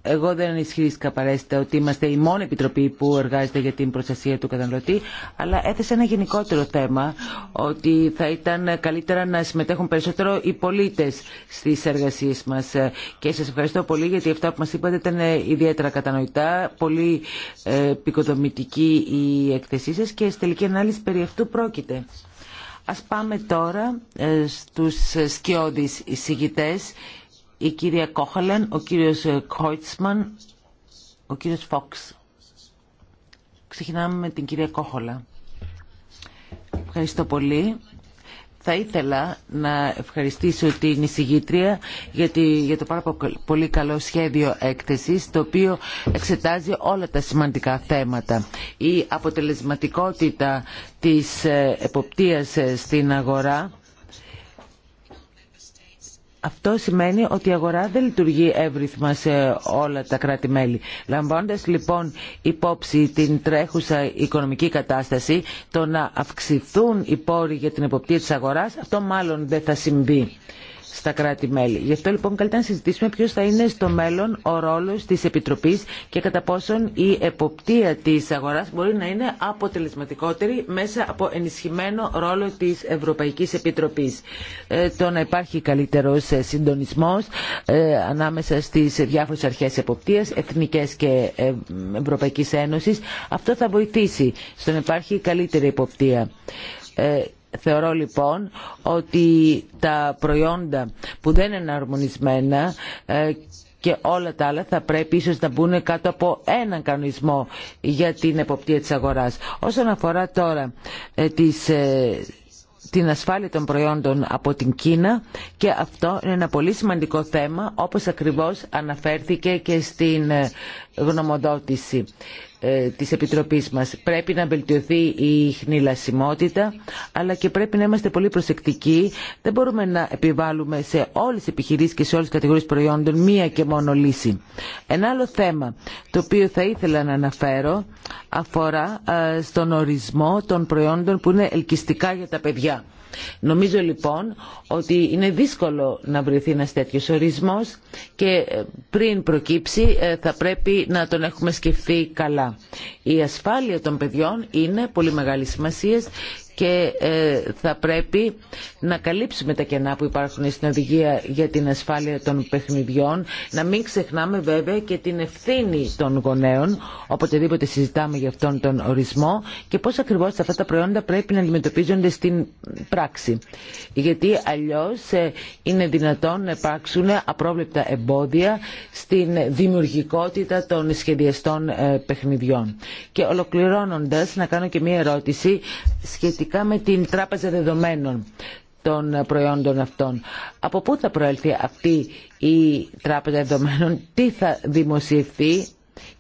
εγώ δεν ενισχύστηκα παρέστα, ότι είμαστε η μόνη επιτροπή που εργάζεται για την προστασία του καταναλωτή, αλλά έθεσε ένα γενικότερο θέμα ότι θα ήταν καλύτερα να συμμετέχουν περισσότερο οι πολίτε στι εργασίε μα. Ε, και σα ευχαριστώ πολύ γιατί αυτά που μα είπατε ήταν ε, ιδιαίτερα κατανοητά, πολύ ε, επικοδομητική η εκθεσή σα και στη τελική ανάλυση περί αυτού πρόκειται. Ας πάμε τώρα στους σκιώδεις εισηγητές η κυρία Κόχαλεν, ο κύριος Κόιτσμαν, ε, ο κύριος Φόξ. Ξεκινάμε με την κυρία Κόχολα. Ευχαριστώ πολύ. Θα ήθελα να ευχαριστήσω την εισηγήτρια για το πάρα πολύ καλό σχέδιο έκθεσης το οποίο εξετάζει όλα τα σημαντικά θέματα. Η αποτελεσματικότητα της ε, εποπτείας ε, στην αγορά αυτό σημαίνει ότι η αγορά δεν λειτουργεί εύρυθμα σε όλα τα κράτη-μέλη. Λαμβάνοντας λοιπόν υπόψη την τρέχουσα οικονομική κατάσταση, το να αυξηθούν οι πόροι για την εποπτεία της αγοράς, αυτό μάλλον δεν θα συμβεί στα κράτη-μέλη. Γι' αυτό λοιπόν καλύτερα να συζητήσουμε ποιο θα είναι στο μέλλον ο ρόλο τη Επιτροπή και κατά πόσον η εποπτεία τη αγορά μπορεί να είναι αποτελεσματικότερη μέσα από ενισχυμένο ρόλο τη Ευρωπαϊκή Επιτροπή. Ε, το να υπάρχει καλύτερο συντονισμό ε, ανάμεσα στι διάφορε αρχέ εποπτεία, εθνικέ και ε, Ευρωπαϊκή Ένωση, αυτό θα βοηθήσει στο να υπάρχει καλύτερη εποπτεία. Ε, Θεωρώ λοιπόν ότι τα προϊόντα που δεν είναι αρμονισμένα ε, και όλα τα άλλα θα πρέπει ίσως να μπουν κάτω από έναν κανονισμό για την εποπτεία της αγοράς. Όσον αφορά τώρα ε, τις ε, την ασφάλεια των προϊόντων από την Κίνα και αυτό είναι ένα πολύ σημαντικό θέμα όπως ακριβώς αναφέρθηκε και στην γνωμοδότηση. Ε, της Επιτροπής μας. Πρέπει να βελτιωθεί η χνηλασιμότητα, αλλά και πρέπει να είμαστε πολύ προσεκτικοί. Δεν μπορούμε να επιβάλλουμε σε όλες τις επιχειρήσεις και σε όλες τις κατηγορίες προϊόντων μία και μόνο λύση. Ένα άλλο θέμα το οποίο θα ήθελα να αναφέρω αφορά ε, στον ορισμό των προϊόντων που είναι ελκυστικά για τα παιδιά. Νομίζω λοιπόν ότι είναι δύσκολο να βρεθεί ένας τέτοιος ορισμός και ε, πριν προκύψει ε, θα πρέπει να τον έχουμε σκεφτεί καλά. Η ασφάλεια των παιδιών είναι πολύ μεγάλη σημασία και ε, θα πρέπει να καλύψουμε τα κενά που υπάρχουν στην οδηγία για την ασφάλεια των παιχνιδιών. Να μην ξεχνάμε βέβαια και την ευθύνη των γονέων, οποτεδήποτε συζητάμε για αυτόν τον ορισμό και πώς ακριβώς αυτά τα προϊόντα πρέπει να αντιμετωπίζονται στην πράξη. Γιατί αλλιώς ε, είναι δυνατόν να υπάρξουν απρόβλεπτα εμπόδια στην δημιουργικότητα των σχεδιαστών ε, παιχνιδιών. Και ολοκληρώνοντας να κάνω και μία ερώτηση σχετικά σχετικά με την τράπεζα δεδομένων των προϊόντων αυτών. Από πού θα προέλθει αυτή η τράπεζα δεδομένων, τι θα δημοσιευθεί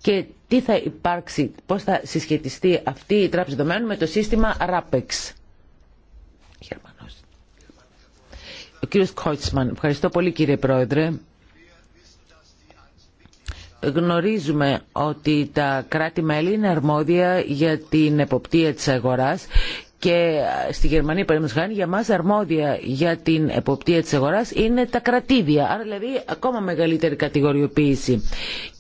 και τι θα υπάρξει, πώς θα συσχετιστεί αυτή η τράπεζα δεδομένων με το σύστημα RAPEX. Ο κύριος Κότσμαν, ευχαριστώ πολύ κύριε Πρόεδρε. Γνωρίζουμε ότι τα κράτη-μέλη είναι αρμόδια για την εποπτεία της αγοράς και στη Γερμανία παραδείγματος χάρη για μα αρμόδια για την εποπτεία της αγοράς είναι τα κρατήδια άρα δηλαδή ακόμα μεγαλύτερη κατηγοριοποίηση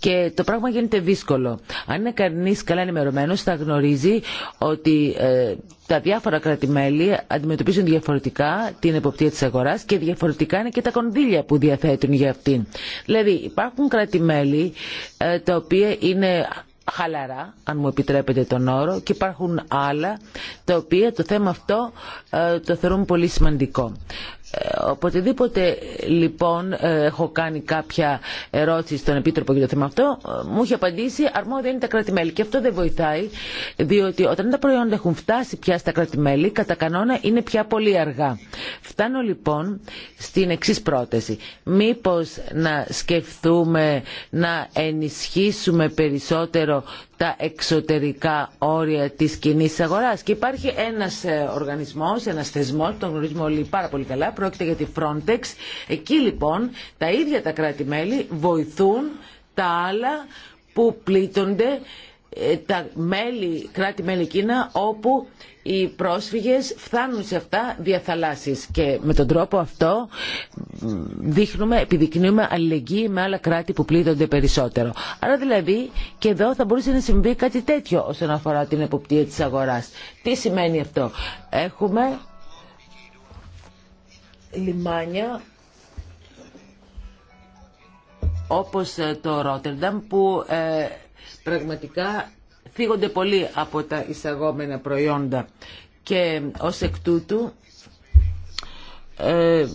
και το πράγμα γίνεται δύσκολο αν είναι κανείς καλά ενημερωμένος θα γνωρίζει ότι ε, τα διάφορα κρατημέλη αντιμετωπίζουν διαφορετικά την εποπτεία της αγοράς και διαφορετικά είναι και τα κονδύλια που διαθέτουν για αυτήν. Δηλαδή υπάρχουν κρατημέλη ε, τα οποία είναι χαλαρά, αν μου επιτρέπετε τον όρο, και υπάρχουν άλλα τα οποία το θέμα αυτό ε, το θεωρούν πολύ σημαντικό. Ε, οποτεδήποτε λοιπόν ε, έχω κάνει κάποια ερώτηση στον Επίτροπο για το θέμα αυτό, ε, μου έχει απαντήσει αρμόδια είναι τα κράτη-μέλη. Και αυτό δεν βοηθάει, διότι όταν τα προϊόντα έχουν φτάσει πια στα κράτη-μέλη, κατά κανόνα είναι πια πολύ αργά. Φτάνω λοιπόν στην εξή πρόταση. Μήπως να σκεφτούμε να ενισχύσουμε περισσότερο τα εξωτερικά όρια της κοινή αγοράς. Και υπάρχει ένας ε, οργανισμός, ένας θεσμός, τον γνωρίζουμε όλοι πάρα πολύ καλά, πρόκειται για τη Frontex. Εκεί λοιπόν τα ίδια τα κράτη-μέλη βοηθούν τα άλλα που πλήττονται ε, τα μέλη, κράτη-μέλη εκείνα όπου οι πρόσφυγες φτάνουν σε αυτά διαθαλάσσεις και με τον τρόπο αυτό δείχνουμε, επιδεικνύουμε αλληλεγγύη με άλλα κράτη που πλήττονται περισσότερο. Άρα δηλαδή και εδώ θα μπορούσε να συμβεί κάτι τέτοιο όσον αφορά την εποπτεία της αγοράς. Τι σημαίνει αυτό. Έχουμε λιμάνια όπως ε, το Ρότερνταμ που ε, πραγματικά θίγονται πολύ από τα εισαγόμενα προϊόντα και ως εκ τούτου ε,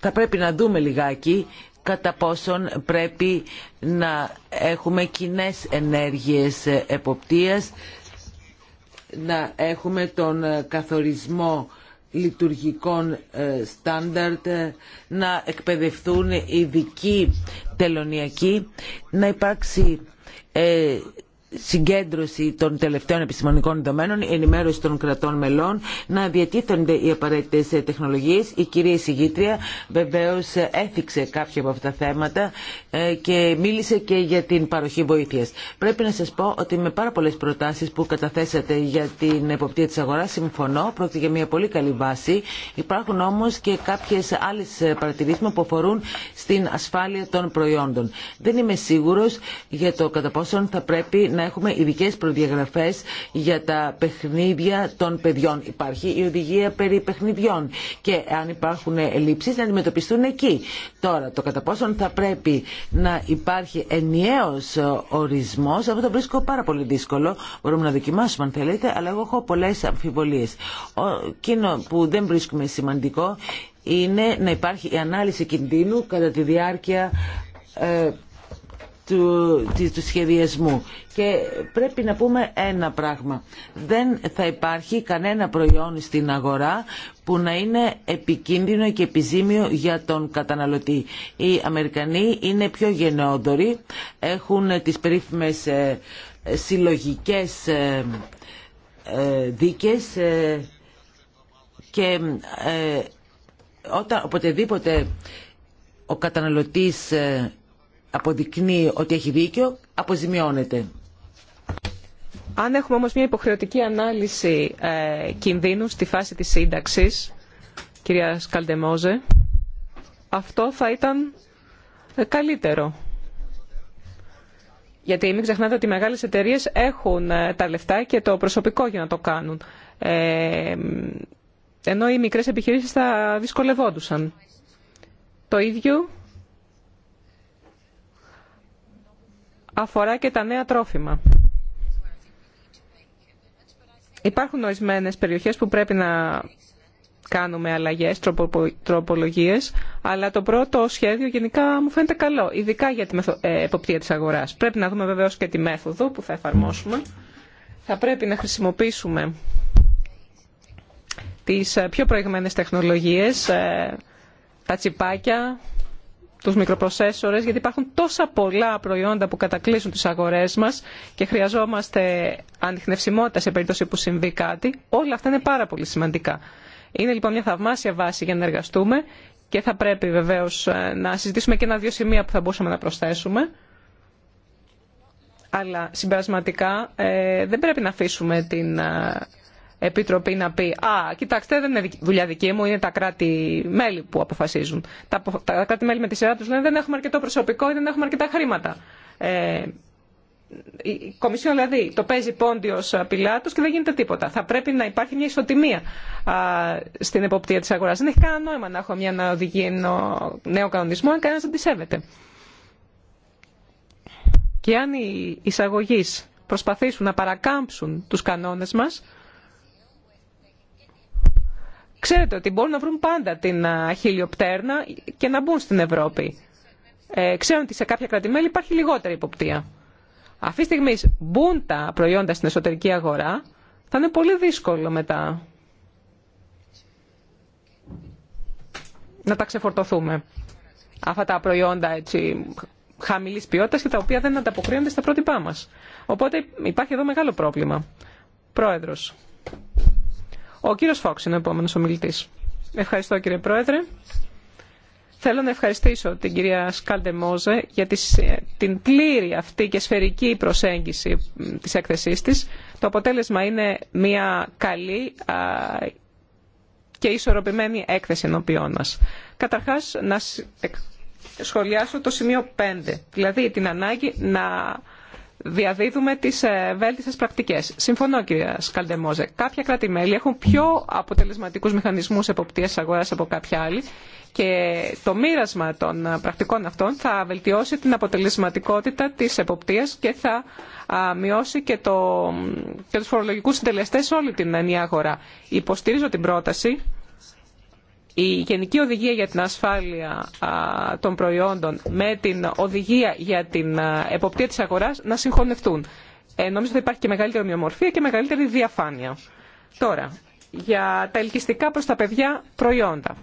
θα πρέπει να δούμε λιγάκι κατά πόσον πρέπει να έχουμε κοινέ ενέργειες εποπτείας, να έχουμε τον καθορισμό λειτουργικών ε, στάνταρτ, να εκπαιδευτούν ειδικοί τελωνιακοί, να υπάρξει ε, συγκέντρωση των τελευταίων επιστημονικών δεδομένων, η ενημέρωση των κρατών μελών, να διατίθενται οι απαραίτητε τεχνολογίε. Η κυρία Συγήτρια βεβαίω έθιξε κάποια από αυτά τα θέματα ε, και μίλησε και για την παροχή βοήθεια. Πρέπει να σα πω ότι με πάρα πολλέ προτάσει που καταθέσατε για την εποπτεία τη αγορά συμφωνώ. Πρόκειται για μια πολύ καλή βάση. Υπάρχουν όμω και κάποιε άλλε παρατηρήσει που αφορούν στην ασφάλεια των προϊόντων. Δεν είμαι σίγουρο για το κατά πόσον θα πρέπει να έχουμε ειδικέ προδιαγραφέ για τα παιχνίδια των παιδιών. Υπάρχει η οδηγία περί παιχνιδιών και αν υπάρχουν ελλείψεις να αντιμετωπιστούν εκεί. Τώρα, το κατά πόσον θα πρέπει να υπάρχει ενιαίος ορισμός, αυτό το βρίσκω πάρα πολύ δύσκολο. Μπορούμε να δοκιμάσουμε αν θέλετε, αλλά εγώ έχω πολλές αμφιβολίες. Εκείνο που δεν βρίσκουμε σημαντικό είναι να υπάρχει η ανάλυση κινδύνου κατά τη διάρκεια ε, του, του σχεδιασμού. Και πρέπει να πούμε ένα πράγμα. Δεν θα υπάρχει κανένα προϊόν στην αγορά που να είναι επικίνδυνο και επιζήμιο για τον καταναλωτή. Οι Αμερικανοί είναι πιο γενναιόδοροι, έχουν τις περίφημες ε, συλλογικές ε, ε, δίκες και όταν οποτεδήποτε ο καταναλωτής αποδεικνύει ότι έχει δίκιο, αποζημιώνεται. Αν έχουμε όμως μια υποχρεωτική ανάλυση ε, κινδύνου στη φάση της σύνταξης, κυρία Σκαλτεμόζε, αυτό θα ήταν ε, καλύτερο. Γιατί μην ξεχνάτε ότι οι μεγάλες εταιρείες έχουν ε, τα λεφτά και το προσωπικό για να το κάνουν. Ε, ενώ οι μικρές επιχειρήσεις θα δυσκολευόντουσαν. Το ίδιο αφορά και τα νέα τρόφιμα. Υπάρχουν ορισμένε περιοχές που πρέπει να κάνουμε αλλαγές, τροπολογίες, αλλά το πρώτο σχέδιο γενικά μου φαίνεται καλό, ειδικά για την ε, εποπτεία της αγοράς. Πρέπει να δούμε βεβαίως και τη μέθοδο που θα εφαρμόσουμε. Θα πρέπει να χρησιμοποιήσουμε τις ε, πιο προηγμένες τεχνολογίες, ε, τα τσιπάκια, τους μικροπροσέσορες, γιατί υπάρχουν τόσα πολλά προϊόντα που κατακλείσουν τις αγορές μας και χρειαζόμαστε ανιχνευσιμότητα σε περίπτωση που συμβεί κάτι. Όλα αυτά είναι πάρα πολύ σημαντικά. Είναι λοιπόν μια θαυμάσια βάση για να εργαστούμε και θα πρέπει βεβαίως ε, να συζητήσουμε και ένα-δύο σημεία που θα μπορούσαμε να προσθέσουμε. Αλλά συμπερασματικά ε, δεν πρέπει να αφήσουμε την ε, Επιτροπή να πει «Α, κοιτάξτε, δεν είναι δουλειά δική μου, είναι τα κράτη-μέλη που αποφασίζουν». Τα, τα κράτη-μέλη με τη σειρά τους λένε «Δεν έχουμε αρκετό προσωπικό ή δεν έχουμε αρκετά χρήματα». Ε, η Κομισιόν δηλαδή το παίζει πόντιο πιλάτο και δεν γίνεται τίποτα. Θα πρέπει να υπάρχει μια ισοτιμία α, στην εποπτεία τη αγορά. Δεν έχει κανένα νόημα να έχω μια οδηγία ενό νέο κανονισμό αν κανένα δεν τη σέβεται. Και αν οι εισαγωγεί προσπαθήσουν να παρακάμψουν του κανόνε μα, Ξέρετε ότι μπορούν να βρουν πάντα την χιλιοπτέρνα και να μπουν στην Ευρώπη. Ε, ξέρουν ότι σε κάποια κρατημέλη υπάρχει λιγότερη υποπτία. Αυτή τη στιγμή μπουν τα προϊόντα στην εσωτερική αγορά, θα είναι πολύ δύσκολο μετά να τα ξεφορτωθούμε. Αυτά τα προϊόντα έτσι, χαμηλής ποιότητας και τα οποία δεν ανταποκρίνονται στα πρότυπά μας. Οπότε υπάρχει εδώ μεγάλο πρόβλημα. Πρόεδρος. Ο κύριος Φόξ είναι ο επόμενος ομιλητής. Ευχαριστώ κύριε Πρόεδρε. Θέλω να ευχαριστήσω την κυρία Σκάλτε Μόζε για ε, την πλήρη αυτή και σφαιρική προσέγγιση της έκθεσής της. Το αποτέλεσμα είναι μια καλή και ισορροπημένη έκθεση ενώπιόν μας. Καταρχάς, να σχολιάσω το σημείο 5, δηλαδή την ανάγκη να διαδίδουμε τις ε, βέλτιστες πρακτικές. Συμφωνώ κυρία Σκαλντεμόζε. Κάποια κράτη-μέλη έχουν πιο αποτελεσματικούς μηχανισμούς εποπτείας αγορά από κάποια άλλη και το μοίρασμα των ε, πρακτικών αυτών θα βελτιώσει την αποτελεσματικότητα της εποπτείας και θα μειώσει και, το, φορολογικού τους φορολογικούς όλη την ενιαία αγορά. Υποστήριζω την πρόταση η Γενική Οδηγία για την Ασφάλεια των Προϊόντων με την Οδηγία για την Εποπτεία της Αγοράς να συγχωνευτούν. Ε, νομίζω ότι υπάρχει και μεγαλύτερη ομοιομορφία και μεγαλύτερη διαφάνεια. Τώρα, για τα ελκυστικά προς τα παιδιά προϊόντα.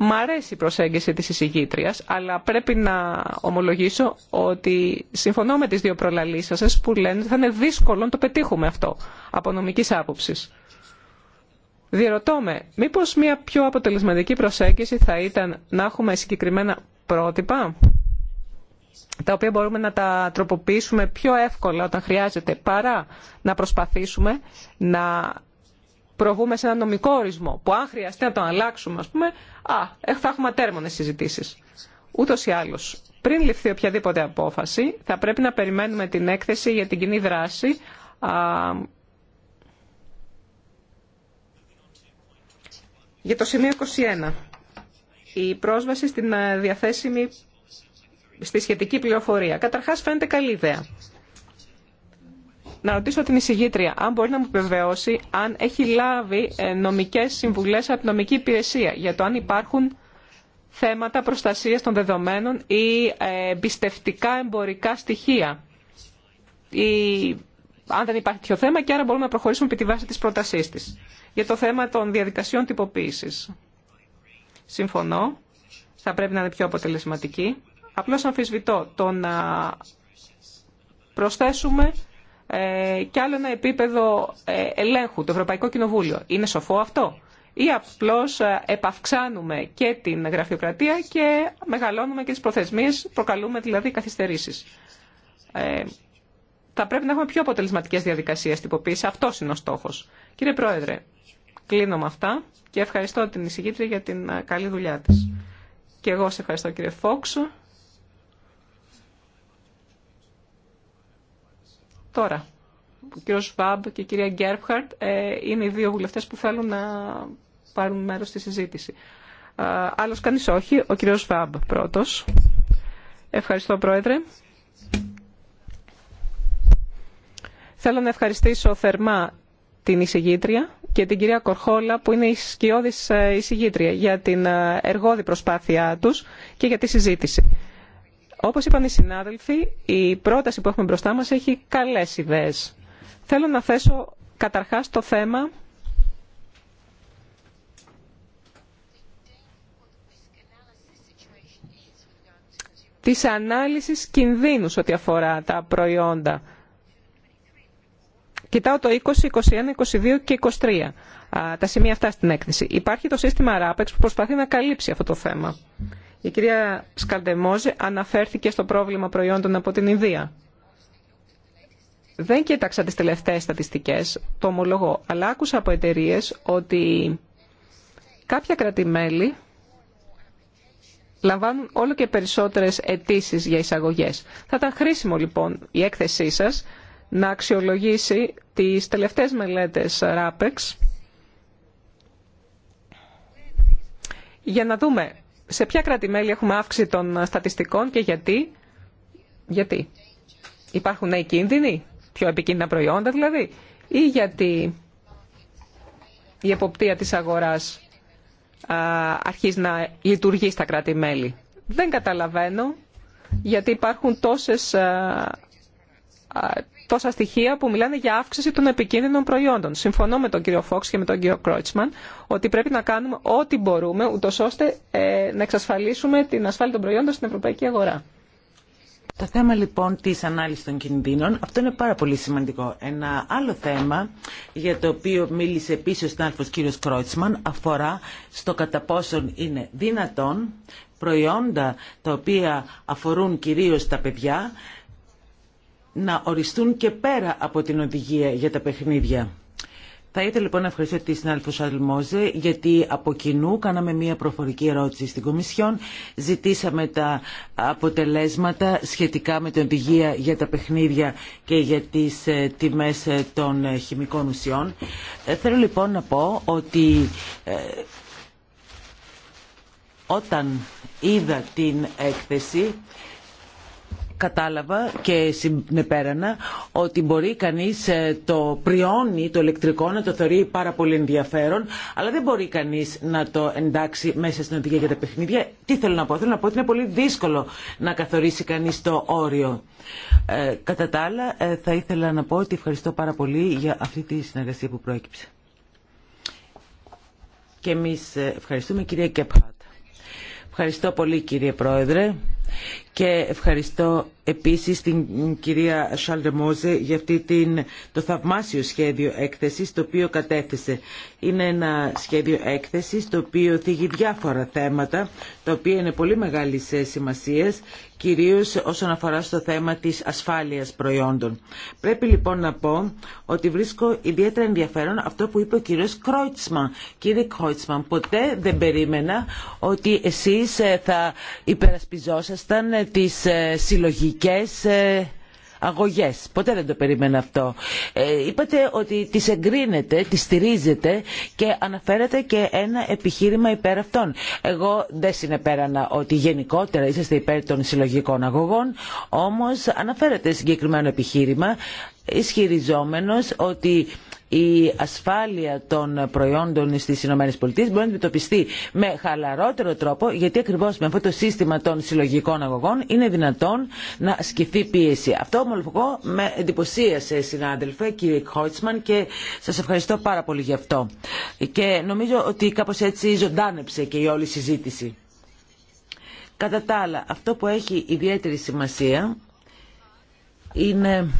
Μ' αρέσει η προσέγγιση της εισηγήτριας, αλλά πρέπει να ομολογήσω ότι συμφωνώ με τις δύο προλαλήσεις σας που λένε ότι θα είναι δύσκολο να το πετύχουμε αυτό από νομικής άποψης. Διερωτώ με, μήπως μια πιο αποτελεσματική προσέγγιση θα ήταν να έχουμε συγκεκριμένα πρότυπα τα οποία μπορούμε να τα τροποποιήσουμε πιο εύκολα όταν χρειάζεται παρά να προσπαθήσουμε να προβούμε σε ένα νομικό ορισμό που αν χρειαστεί να το αλλάξουμε ας πούμε, α, ε, θα έχουμε τέρμονες συζητήσεις. Ούτως ή άλλως, πριν ληφθεί οποιαδήποτε απόφαση θα πρέπει να περιμένουμε την έκθεση για την κοινή δράση Για το σημείο 21, η πρόσβαση στην ε, διαθέσιμη, στη σχετική πληροφορία. Καταρχάς φαίνεται καλή ιδέα. Να ρωτήσω την εισηγήτρια, αν μπορεί να μου επιβεβαιώσει, αν έχει λάβει ε, νομικές συμβουλές από νομική υπηρεσία, για το αν υπάρχουν θέματα προστασίας των δεδομένων ή ε, εμπιστευτικά εμπορικά στοιχεία. Ή, αν δεν υπάρχει τέτοιο θέμα και άρα μπορούμε να προχωρήσουμε επί τη βάση της πρότασής της για το θέμα των διαδικασιών τυποποίησης. Συμφωνώ, θα πρέπει να είναι πιο αποτελεσματική. Απλώς αμφισβητώ το να προσθέσουμε ε, και άλλο ένα επίπεδο ε, ελέγχου, το Ευρωπαϊκό Κοινοβούλιο. Είναι σοφό αυτό ή απλώς ε, επαυξάνουμε και την γραφειοκρατία και μεγαλώνουμε και τις προθεσμίες, προκαλούμε δηλαδή καθυστερήσεις. θα πρέπει να έχουμε πιο αποτελεσματικές διαδικασίες τυποποίηση. Αυτός είναι ο στόχος. Κύριε Πρόεδρε, Κλείνω με αυτά και ευχαριστώ την εισηγήτρια για την ε, καλή δουλειά της. Και εγώ σε ευχαριστώ κύριε Φόξ. Τώρα, ο κύριος Βάμπ και η κυρία Γκέρπχαρτ ε, είναι οι δύο βουλευτές που θέλουν να πάρουν μέρος στη συζήτηση. Ε, άλλος κανείς όχι, ο κύριος Βάμπ πρώτος. Ευχαριστώ πρόεδρε. Θέλω να ευχαριστήσω θερμά την εισηγήτρια και την κυρία Κορχόλα που είναι η σκιώδης ε, εισηγήτρια για την ε, εργόδη προσπάθειά τους και για τη συζήτηση. Όπως είπαν οι συνάδελφοι, η πρόταση που έχουμε μπροστά μας έχει καλές ιδέες. Θέλω να θέσω καταρχάς το θέμα της ανάλυσης κινδύνους ό,τι αφορά τα προϊόντα Κοιτάω το 20, 21, 22 και 23, τα σημεία αυτά στην έκθεση. Υπάρχει το σύστημα RAPEX που προσπαθεί να καλύψει αυτό το θέμα. Η κυρία Σκαλτεμόζε αναφέρθηκε στο πρόβλημα προϊόντων από την Ινδία. Δεν κοίταξα τις τελευταίες στατιστικές, το ομολογώ, αλλά άκουσα από εταιρείε ότι κάποια κρατημέλη λαμβάνουν όλο και περισσότερες αιτήσει για εισαγωγές. Θα ήταν χρήσιμο λοιπόν η έκθεσή σας να αξιολογήσει τις τελευταίες μελέτες RAPEX για να δούμε σε ποια κρατη έχουμε αύξηση των στατιστικών και γιατί. Γιατί υπάρχουν νέοι κίνδυνοι, πιο επικίνδυνα προϊόντα δηλαδή, ή γιατί η εποπτεία της αγοράς αρχίζει να λειτουργεί στα κράτη-μέλη. Δεν καταλαβαίνω γιατί υπάρχουν τόσες τόσα στοιχεία που μιλάνε για αύξηση των επικίνδυνων προϊόντων. Συμφωνώ με τον κύριο Φόξ και με τον κύριο Κρότσμαν ότι πρέπει να κάνουμε ό,τι μπορούμε ούτω ώστε ε, να εξασφαλίσουμε την ασφάλεια των προϊόντων στην ευρωπαϊκή αγορά. Το θέμα λοιπόν τη ανάλυση των κινδύνων, αυτό είναι πάρα πολύ σημαντικό. Ένα άλλο θέμα για το οποίο μίλησε επίση ο συνάδελφο κύριος Κρότσμαν αφορά στο κατά πόσον είναι δυνατόν προϊόντα τα οποία αφορούν κυρίως τα παιδιά να οριστούν και πέρα από την οδηγία για τα παιχνίδια. Θα ήθελα λοιπόν να ευχαριστήσω τη συνάδελφο Σαλμόζε γιατί από κοινού κάναμε μία προφορική ερώτηση στην Κομισιόν. Ζητήσαμε τα αποτελέσματα σχετικά με την οδηγία για τα παιχνίδια και για τις ε, τιμές ε, των ε, χημικών ουσιών. Θέλω λοιπόν να πω ότι όταν είδα την έκθεση κατάλαβα και συνεπέρανα ότι μπορεί κανείς ε, το πριόνι, το ηλεκτρικό, να το θεωρεί πάρα πολύ ενδιαφέρον, αλλά δεν μπορεί κανείς να το εντάξει μέσα στην οδηγία για τα παιχνίδια. Τι θέλω να πω, θέλω να πω ότι είναι πολύ δύσκολο να καθορίσει κανείς το όριο. Ε, κατά τα άλλα, ε, θα ήθελα να πω ότι ευχαριστώ πάρα πολύ για αυτή τη συνεργασία που προέκυψε. Και εμείς ε, ευχαριστούμε κυρία Κέπχατ. Ευχαριστώ πολύ κύριε Πρόεδρε και ευχαριστώ επίσης την κυρία Σαλδεμόζε για την, το θαυμάσιο σχέδιο έκθεσης το οποίο κατέθεσε. Είναι ένα σχέδιο έκθεσης το οποίο θίγει διάφορα θέματα τα οποία είναι πολύ μεγάλης ε, σημασίας κυρίως όσον αφορά στο θέμα της ασφάλειας προϊόντων. Πρέπει λοιπόν να πω ότι βρίσκω ιδιαίτερα ενδιαφέρον αυτό που είπε ο κύριος Κρόιτσμαν. Κύριε Κρόιτσμαν, ποτέ δεν περίμενα ότι εσείς ε, θα υπερασπιζόσασταν ε, τις ε, συλλογικές ε, αγωγές. Ποτέ δεν το περίμενα αυτό. Ε, είπατε ότι τις εγκρίνετε, τις στηρίζετε και αναφέρετε και ένα επιχείρημα υπέρ αυτών. Εγώ δεν συνεπέρανα ότι γενικότερα είσαστε υπέρ των συλλογικών αγωγών, όμως αναφέρετε συγκεκριμένο επιχείρημα ισχυριζόμενος ότι η ασφάλεια των προϊόντων στις ΗΠΑ μπορεί να αντιμετωπιστεί με χαλαρότερο τρόπο γιατί ακριβώ με αυτό το σύστημα των συλλογικών αγωγών είναι δυνατόν να ασκηθεί πίεση. Αυτό ομολογώ με εντυπωσίασε συνάδελφε κύριε Χόιτσμαν και σα ευχαριστώ πάρα πολύ γι' αυτό. Και νομίζω ότι κάπω έτσι ζωντάνεψε και η όλη συζήτηση. Κατά τα άλλα, αυτό που έχει ιδιαίτερη σημασία είναι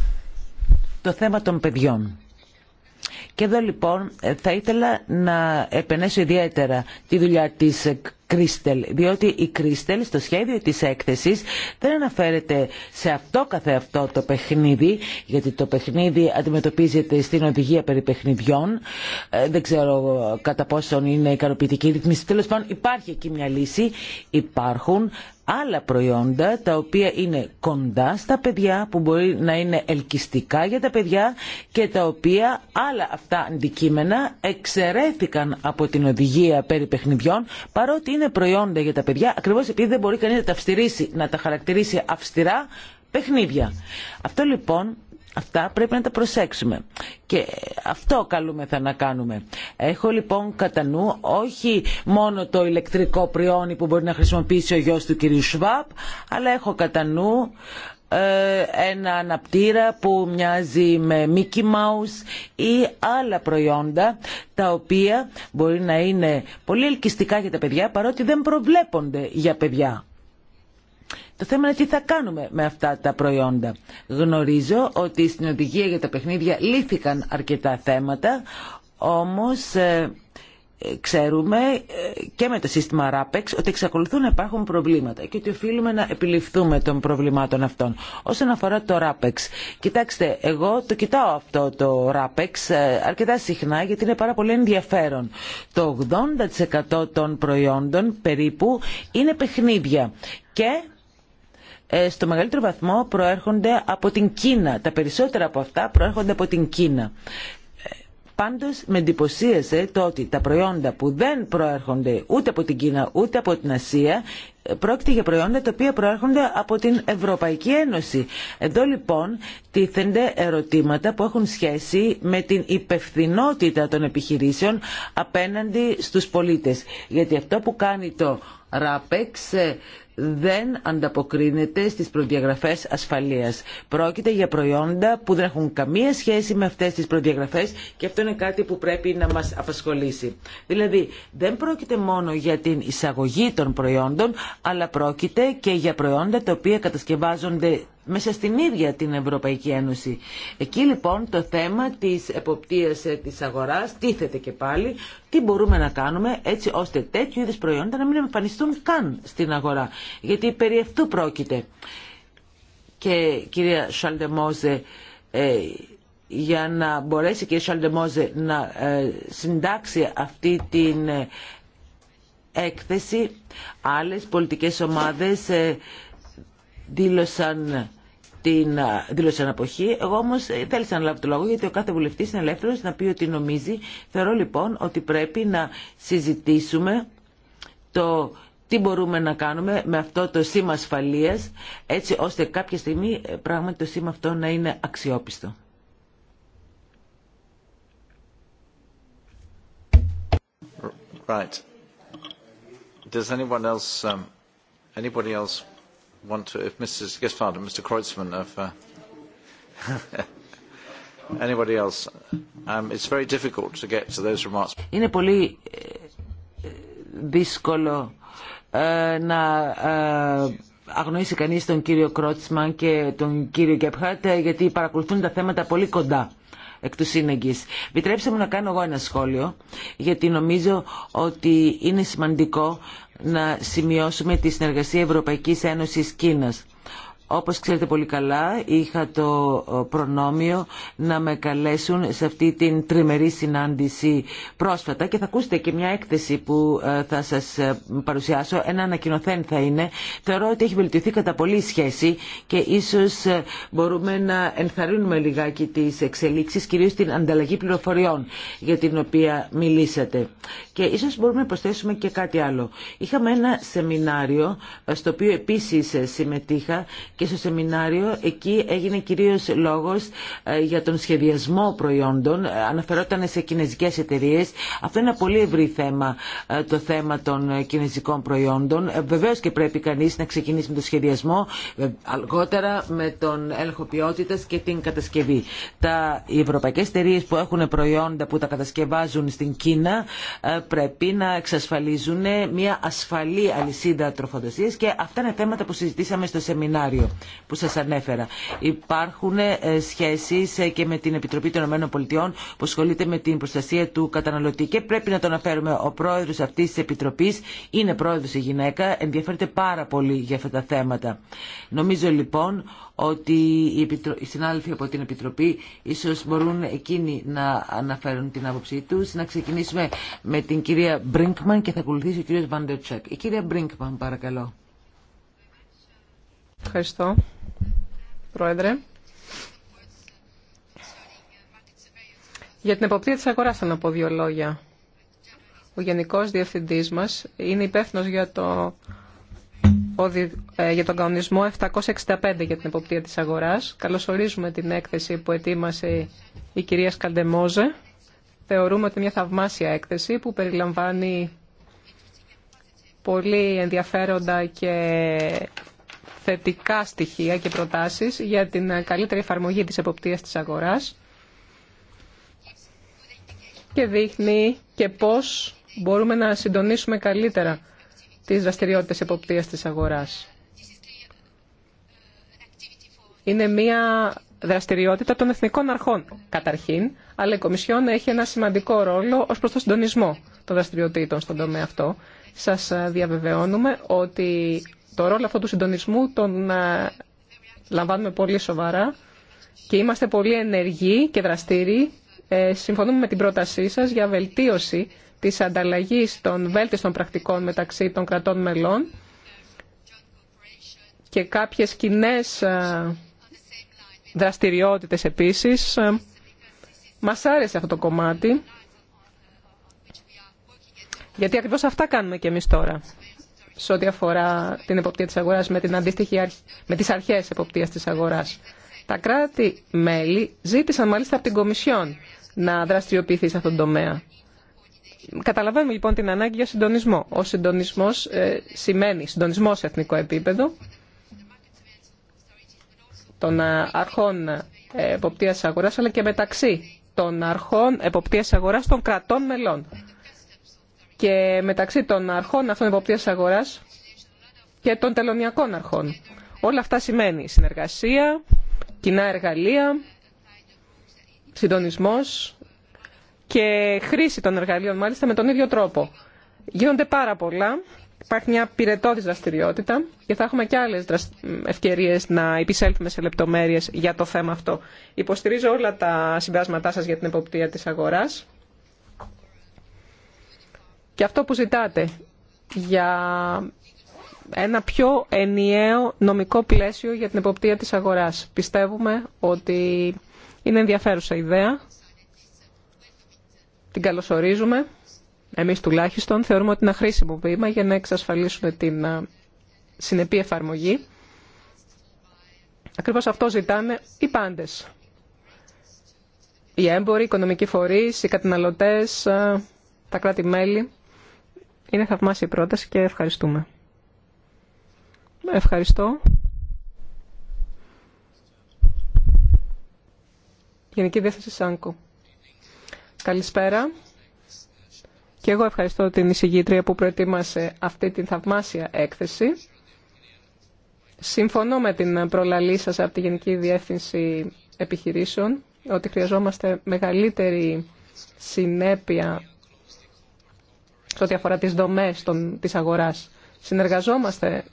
το θέμα των παιδιών. Και εδώ λοιπόν θα ήθελα να επενέσω ιδιαίτερα τη δουλειά της Κρίστελ, διότι η Κρίστελ στο σχέδιο της έκθεσης δεν αναφέρεται σε αυτό καθεαυτό το παιχνίδι, γιατί το παιχνίδι αντιμετωπίζεται στην οδηγία περί παιχνιδιών. Ε, δεν ξέρω κατά πόσον είναι ικανοποιητική ρυθμίση. Τέλος πάντων υπάρχει εκεί μια λύση. Υπάρχουν άλλα προϊόντα τα οποία είναι κοντά στα παιδιά, που μπορεί να είναι ελκυστικά για τα παιδιά και τα οποία άλλα αυτά αντικείμενα εξαιρέθηκαν από την οδηγία περί παιχνιδιών παρότι είναι προϊόντα για τα παιδιά ακριβώς επειδή δεν μπορεί κανείς να τα να τα χαρακτηρίσει αυστηρά παιχνίδια. Αυτό λοιπόν Αυτά πρέπει να τα προσέξουμε. Και αυτό καλούμεθα να κάνουμε. Έχω λοιπόν κατά νου όχι μόνο το ηλεκτρικό πριόνι που μπορεί να χρησιμοποιήσει ο γιος του κυρίου Σβάπ, αλλά έχω κατά νου ε, ένα αναπτήρα που μοιάζει με Mickey Mouse ή άλλα προϊόντα τα οποία μπορεί να είναι πολύ ελκυστικά για τα παιδιά παρότι δεν προβλέπονται για παιδιά. Το θέμα είναι τι θα κάνουμε με αυτά τα προϊόντα. Γνωρίζω ότι στην οδηγία για τα παιχνίδια λύθηκαν αρκετά θέματα, όμως ε, ε ξέρουμε ε, και με το σύστημα RAPEX ότι εξακολουθούν να υπάρχουν προβλήματα και ότι οφείλουμε να επιληφθούμε των προβλημάτων αυτών. Όσον αφορά το RAPEX, κοιτάξτε, εγώ το κοιτάω αυτό το RAPEX ε, αρκετά συχνά γιατί είναι πάρα πολύ ενδιαφέρον. Το 80% των προϊόντων περίπου είναι παιχνίδια και ε, στο μεγαλύτερο βαθμό προέρχονται από την Κίνα. Τα περισσότερα από αυτά προέρχονται από την Κίνα. Ε, πάντως με εντυπωσίασε το ότι τα προϊόντα που δεν προέρχονται ούτε από την Κίνα ούτε από την Ασία ε, πρόκειται για προϊόντα τα οποία προέρχονται από την Ευρωπαϊκή Ένωση. Εδώ λοιπόν τίθενται ερωτήματα που έχουν σχέση με την υπευθυνότητα των επιχειρήσεων απέναντι στους πολίτες. Γιατί αυτό που κάνει το RAPEX δεν ανταποκρίνεται στις προδιαγραφές ασφαλείας. Πρόκειται για προϊόντα που δεν έχουν καμία σχέση με αυτές τις προδιαγραφές και αυτό είναι κάτι που πρέπει να μας απασχολήσει. Δηλαδή δεν πρόκειται μόνο για την εισαγωγή των προϊόντων αλλά πρόκειται και για προϊόντα τα οποία κατασκευάζονται μέσα στην ίδια την Ευρωπαϊκή Ένωση. Εκεί λοιπόν το θέμα της εποπτείας ε, της αγοράς τίθεται και πάλι τι μπορούμε να κάνουμε έτσι ώστε τέτοιου είδους προϊόντα να μην εμφανιστούν καν στην αγορά. Γιατί περί αυτού πρόκειται. Και κυρία Σαλντεμόζε, ε, για να μπορέσει και η να ε, συντάξει αυτή την έκθεση, άλλες πολιτικές ομάδες δήλωσαν την δήλωση αναποχή. Εγώ όμω ε, θέλησα να λάβω το λόγο γιατί ο κάθε βουλευτή είναι ελεύθερο να πει ότι νομίζει. Θεωρώ λοιπόν ότι πρέπει να συζητήσουμε το τι μπορούμε να κάνουμε με αυτό το σήμα ασφαλεία έτσι ώστε κάποια στιγμή ε, πράγματι το σήμα αυτό να είναι αξιόπιστο. Right. Does anyone else, um, anybody else είναι πολύ ε, δύσκολο ε, να ε, αγνοήσει κανείς τον κύριο Κρότσμαν και τον κύριο Γκέπχαρτ γιατί παρακολουθούν τα θέματα πολύ κοντά εκ του Επιτρέψτε μου να κάνω εγώ ένα σχόλιο, γιατί νομίζω ότι είναι σημαντικό να σημειώσουμε τη συνεργασία Ευρωπαϊκής Ένωσης Κίνας. Όπως ξέρετε πολύ καλά, είχα το ε, προνόμιο να με καλέσουν σε αυτή την τριμερή συνάντηση πρόσφατα και θα ακούσετε και μια έκθεση που ε, θα σας ε, παρουσιάσω. Ένα ανακοινοθέν θα είναι. Θεωρώ ότι έχει βελτιωθεί κατά πολύ η σχέση και ίσως μπορούμε να ενθαρρύνουμε λιγάκι τις εξελίξεις, κυρίως την ανταλλαγή πληροφοριών για την οποία μιλήσατε. Και ίσως μπορούμε να προσθέσουμε και κάτι άλλο. Είχαμε ένα σεμινάριο στο οποίο επίσης συμμετείχα και στο σεμινάριο εκεί έγινε κυρίως λόγος ε, για τον σχεδιασμό προϊόντων. Ε, αναφερόταν σε κινέζικες εταιρείες. Αυτό είναι ένα πολύ ευρύ θέμα, ε, το θέμα των κινέζικων προϊόντων. Βεβαίως και πρέπει κανείς να ξεκινήσει με τον σχεδιασμό, αργότερα με τον έλεγχο ποιότητα και την κατασκευή. Τα, οι ευρωπαϊκές εταιρείε που έχουν προϊόντα που τα κατασκευάζουν στην Κίνα πρέπει να εξασφαλίζουν μια ασφαλή αλυσίδα τροφοδοσίας και αυτά είναι θέματα που συζητήσαμε στο σεμινάριο που σας ανέφερα. Υπάρχουν ε, σχέσεις ε, και με την Επιτροπή των ΗΠΑ που ασχολείται με την προστασία του καταναλωτή και πρέπει να το αναφέρουμε. Ο πρόεδρος αυτής της Επιτροπής είναι πρόεδρος η γυναίκα, ενδιαφέρεται πάρα πολύ για αυτά τα θέματα. Νομίζω λοιπόν ότι οι συνάδελφοι από την Επιτροπή ίσως μπορούν εκείνοι να αναφέρουν την άποψή τους. Να ξεκινήσουμε με την κυρία Μπρίνκμαν και θα ακολουθήσει ο κύριος Βαντερτσέκ. Η κυρία Μπρίνκμαν παρακαλώ. Ευχαριστώ, Πρόεδρε. Για την εποπτεία της αγοράς θα να πω δύο λόγια. Ο Γενικός Διευθυντής μας είναι υπεύθυνο για, το, ε, για τον κανονισμό 765 για την εποπτεία της αγοράς. Καλωσορίζουμε την έκθεση που ετοίμασε η κυρία Σκαντεμόζε. Θεωρούμε ότι είναι μια θαυμάσια έκθεση που περιλαμβάνει πολύ ενδιαφέροντα και θετικά στοιχεία και προτάσεις για την καλύτερη εφαρμογή της εποπτείας της αγοράς και δείχνει και πώς μπορούμε να συντονίσουμε καλύτερα τις δραστηριότητες εποπτείας της αγοράς. Είναι μία δραστηριότητα των εθνικών αρχών καταρχήν, αλλά η Κομισιόν έχει ένα σημαντικό ρόλο ως προς το συντονισμό των δραστηριοτήτων στον τομέα αυτό. Σας διαβεβαιώνουμε ότι το ρόλο αυτού του συντονισμού τον ε, λαμβάνουμε πολύ σοβαρά και είμαστε πολύ ενεργοί και δραστήριοι. Ε, συμφωνούμε με την πρότασή σας για βελτίωση της ανταλλαγής των βέλτιστων πρακτικών μεταξύ των κρατών μελών και κάποιες κοινέ ε, δραστηριότητες επίσης. Μας άρεσε αυτό το κομμάτι, γιατί ακριβώς αυτά κάνουμε και εμείς τώρα σε ό,τι αφορά την εποπτεία της αγοράς με, την αντίστοιχη αρχ... με τις αρχές εποπτείας της αγοράς. Τα κράτη-μέλη ζήτησαν μάλιστα από την Κομισιόν να δραστηριοποιηθεί σε αυτόν τον τομέα. Καταλαβαίνουμε λοιπόν την ανάγκη για συντονισμό. Ο συντονισμός ε, σημαίνει συντονισμό σε εθνικό επίπεδο των αρχών ε, εποπτείας αγοράς αλλά και μεταξύ των αρχών εποπτείας αγοράς των κρατών μελών και μεταξύ των αρχών αυτών εποπτείας αγοράς και των τελωνιακών αρχών. Όλα αυτά σημαίνει συνεργασία, κοινά εργαλεία, συντονισμός και χρήση των εργαλείων μάλιστα με τον ίδιο τρόπο. Γίνονται πάρα πολλά. Υπάρχει μια πυρετόδης δραστηριότητα και θα έχουμε και άλλες ευκαιρίες να επισέλθουμε σε λεπτομέρειες για το θέμα αυτό. Υποστηρίζω όλα τα συμπεράσματά σας για την εποπτεία της αγοράς και αυτό που ζητάτε για ένα πιο ενιαίο νομικό πλαίσιο για την εποπτεία της αγοράς. Πιστεύουμε ότι είναι ενδιαφέρουσα ιδέα. Την καλωσορίζουμε. Εμείς τουλάχιστον θεωρούμε ότι είναι ένα χρήσιμο βήμα για να εξασφαλίσουμε την συνεπή εφαρμογή. Ακριβώς αυτό ζητάνε οι πάντες. Οι έμποροι, οι οικονομικοί φορείς, οι καταναλωτές, τα κράτη-μέλη. Είναι θαυμάσια η πρόταση και ευχαριστούμε. Ευχαριστώ. Γενική Διεύθυνση ΣΑΝΚΟ. Καλησπέρα. Και εγώ ευχαριστώ την εισηγήτρια που προετοίμασε αυτή την θαυμάσια έκθεση. Συμφωνώ με την προλαλή σας από τη Γενική Διεύθυνση Επιχειρήσεων ότι χρειαζόμαστε μεγαλύτερη συνέπεια σε ό,τι αφορά τις δομές των, της αγοράς. Συνεργαζόμαστε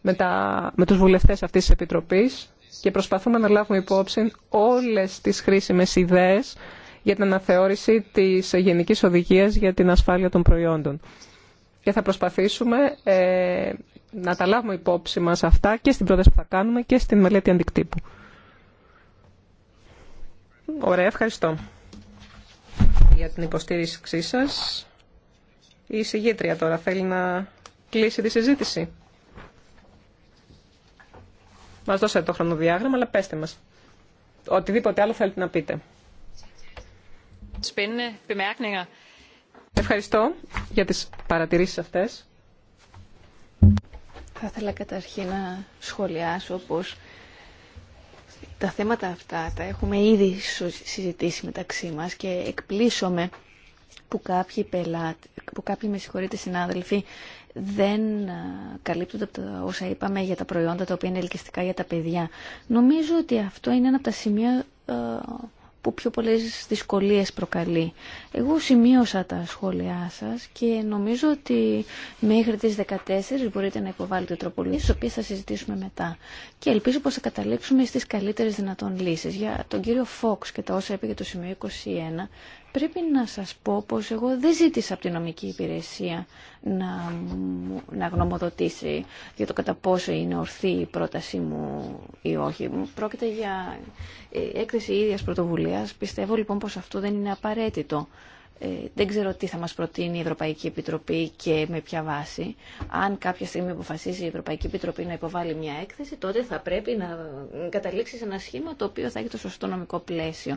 με, τα, με τους βουλευτές αυτής της Επιτροπής και προσπαθούμε να λάβουμε υπόψη όλες τις χρήσιμες ιδέες για την αναθεώρηση της Γενικής Οδηγίας για την Ασφάλεια των Προϊόντων. Και θα προσπαθήσουμε ε, να τα λάβουμε υπόψη μας αυτά και στην πρόταση που θα κάνουμε και στην μελέτη αντικτύπου. Ωραία, ευχαριστώ για την υποστήριξή σας. Η συγγήτρια τώρα θέλει να κλείσει τη συζήτηση. Μας δώσατε το χρονοδιάγραμμα, αλλά πέστε μας. Οτιδήποτε άλλο θέλετε να πείτε. Ευχαριστώ για τις παρατηρήσεις αυτές. Θα ήθελα καταρχήν να σχολιάσω πως τα θέματα αυτά τα έχουμε ήδη συζητήσει μεταξύ μας και εκπλήσωμε που κάποιοι, πελάτε, που κάποιοι με συγχωρείτε συνάδελφοι δεν καλύπτουν από όσα είπαμε για τα προϊόντα τα οποία είναι ελκυστικά για τα παιδιά. Νομίζω ότι αυτό είναι ένα από τα σημεία που πιο πολλές δυσκολίες προκαλεί. Εγώ σημείωσα τα σχόλιά σας και νομίζω ότι μέχρι τις 14 μπορείτε να υποβάλλετε τροπολογίες τις οποίες θα συζητήσουμε μετά. Και ελπίζω πως θα καταλήξουμε στις καλύτερες δυνατόν λύσεις. Για τον κύριο Φόξ και τα όσα είπε για το σημείο 21, Πρέπει να σας πω πως εγώ δεν ζήτησα από την νομική υπηρεσία να, να γνωμοδοτήσει για το κατά πόσο είναι ορθή η πρότασή μου ή όχι. Πρόκειται για ε, έκθεση ίδιας πρωτοβουλίας. Πιστεύω λοιπόν πως αυτό δεν είναι απαραίτητο. Ε, δεν ξέρω τι θα μας προτείνει η Ευρωπαϊκή Επιτροπή και με ποια βάση. Αν κάποια στιγμή αποφασίσει η Ευρωπαϊκή Επιτροπή να υποβάλει μια έκθεση, τότε θα πρέπει να καταλήξει σε ένα σχήμα το οποίο θα έχει το σωστό νομικό πλαίσιο.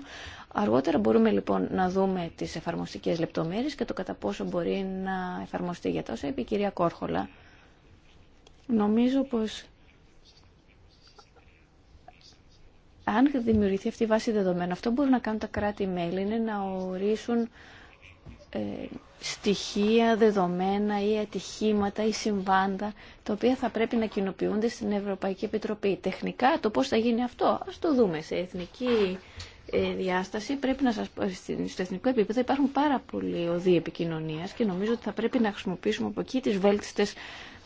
Αργότερα μπορούμε λοιπόν να δούμε τις εφαρμοστικές λεπτομέρειες και το κατά πόσο μπορεί να εφαρμοστεί για τόσα είπε η κυρία Κόρχολα. Νομίζω πως αν δημιουργηθεί αυτή η βάση δεδομένων, αυτό μπορούν να κάνουν τα κράτη-μέλη είναι να ορίσουν ε, στοιχεία, δεδομένα ή ατυχήματα ή συμβάντα τα οποία θα πρέπει να κοινοποιούνται στην Ευρωπαϊκή Επιτροπή. Τεχνικά το πώς θα γίνει αυτό, ας το δούμε σε εθνική ε, διάσταση. Πρέπει να σας πω, στο εθνικό επίπεδο υπάρχουν πάρα πολλοί οδοί επικοινωνίας και νομίζω ότι θα πρέπει να χρησιμοποιήσουμε από εκεί τις βέλτιστες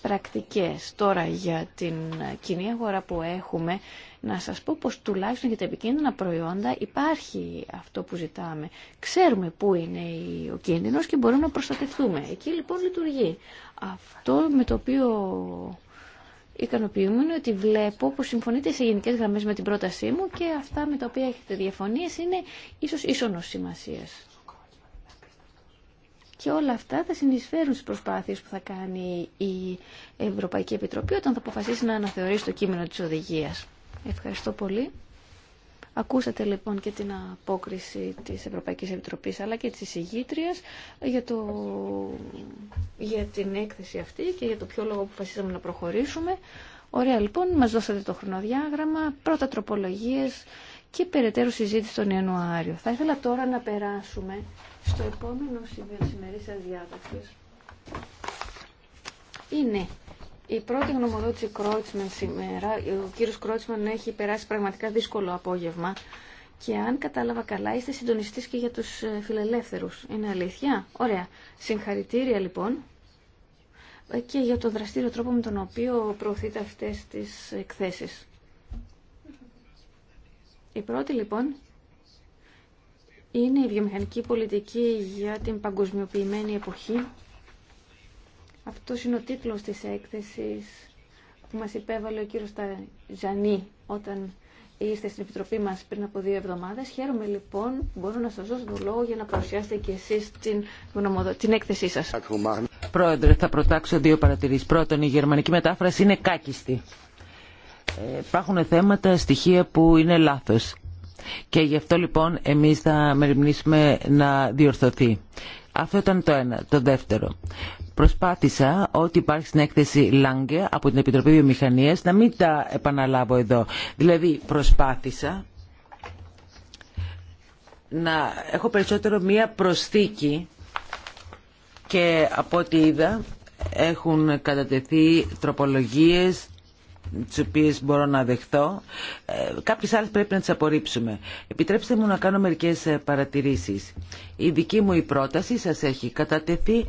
πρακτικές. Τώρα για την κοινή αγορά που έχουμε, να σας πω πως τουλάχιστον για τα επικίνδυνα προϊόντα υπάρχει αυτό που ζητάμε. Ξέρουμε πού είναι ο κίνδυνος και μπορούμε να προστατευτούμε. Εκεί λοιπόν λειτουργεί. Αυτό με το οποίο ικανοποιούμε είναι ότι βλέπω που συμφωνείτε σε γενικές γραμμές με την πρότασή μου και αυτά με τα οποία έχετε διαφωνίες είναι ίσως ίσονος σημασίας και όλα αυτά θα συνεισφέρουν στις προσπάθειες που θα κάνει η Ευρωπαϊκή Επιτροπή όταν θα αποφασίσει να αναθεωρήσει το κείμενο της οδηγίας. Ευχαριστώ πολύ. Ακούσατε λοιπόν και την απόκριση της Ευρωπαϊκής Επιτροπής αλλά και της εισηγήτριας για, το... για την έκθεση αυτή και για το ποιο λόγο αποφασίσαμε να προχωρήσουμε. Ωραία λοιπόν, μας δώσατε το χρονοδιάγραμμα, πρώτα τροπολογίες και περαιτέρω συζήτηση τον Ιανουάριο. Θα ήθελα τώρα να περάσουμε στο επόμενο σημείο της σας είναι η πρώτη γνωμοδότηση Κρότσμαν σήμερα. Ο κύριος Κρότσμαν έχει περάσει πραγματικά δύσκολο απόγευμα και αν κατάλαβα καλά είστε συντονιστής και για τους ε, φιλελεύθερους. Είναι αλήθεια. Ωραία. Συγχαρητήρια λοιπόν ε, και για τον δραστήριο τρόπο με τον οποίο προωθείτε αυτές τις εκθέσεις. Η πρώτη λοιπόν είναι η βιομηχανική πολιτική για την παγκοσμιοποιημένη εποχή. Αυτό είναι ο τίτλος της έκθεσης που μας υπέβαλε ο κύριος Ταζανή όταν είστε στην Επιτροπή μας πριν από δύο εβδομάδες. Χαίρομαι λοιπόν που μπορώ να σας δώσω το λόγο για να παρουσιάσετε και εσείς την, την έκθεσή σας. Πρόεδρε, θα προτάξω δύο παρατηρήσεις. Πρώτον, η γερμανική μετάφραση είναι κάκιστη. Ε, υπάρχουν θέματα, στοιχεία που είναι λάθος. Και γι' αυτό λοιπόν εμείς θα μεριμνήσουμε να διορθωθεί. Αυτό ήταν το ένα. Το δεύτερο. Προσπάθησα ότι υπάρχει στην έκθεση Λάγκε από την Επιτροπή Βιομηχανίας να μην τα επαναλάβω εδώ. Δηλαδή προσπάθησα να έχω περισσότερο μία προσθήκη και από ό,τι είδα έχουν κατατεθεί τροπολογίες τις οποίες μπορώ να δεχτώ ε, Κάποιες άλλες πρέπει να τις απορρίψουμε. Επιτρέψτε μου να κάνω μερικές ε, παρατηρήσεις. Η δική μου η πρόταση σας έχει κατατεθεί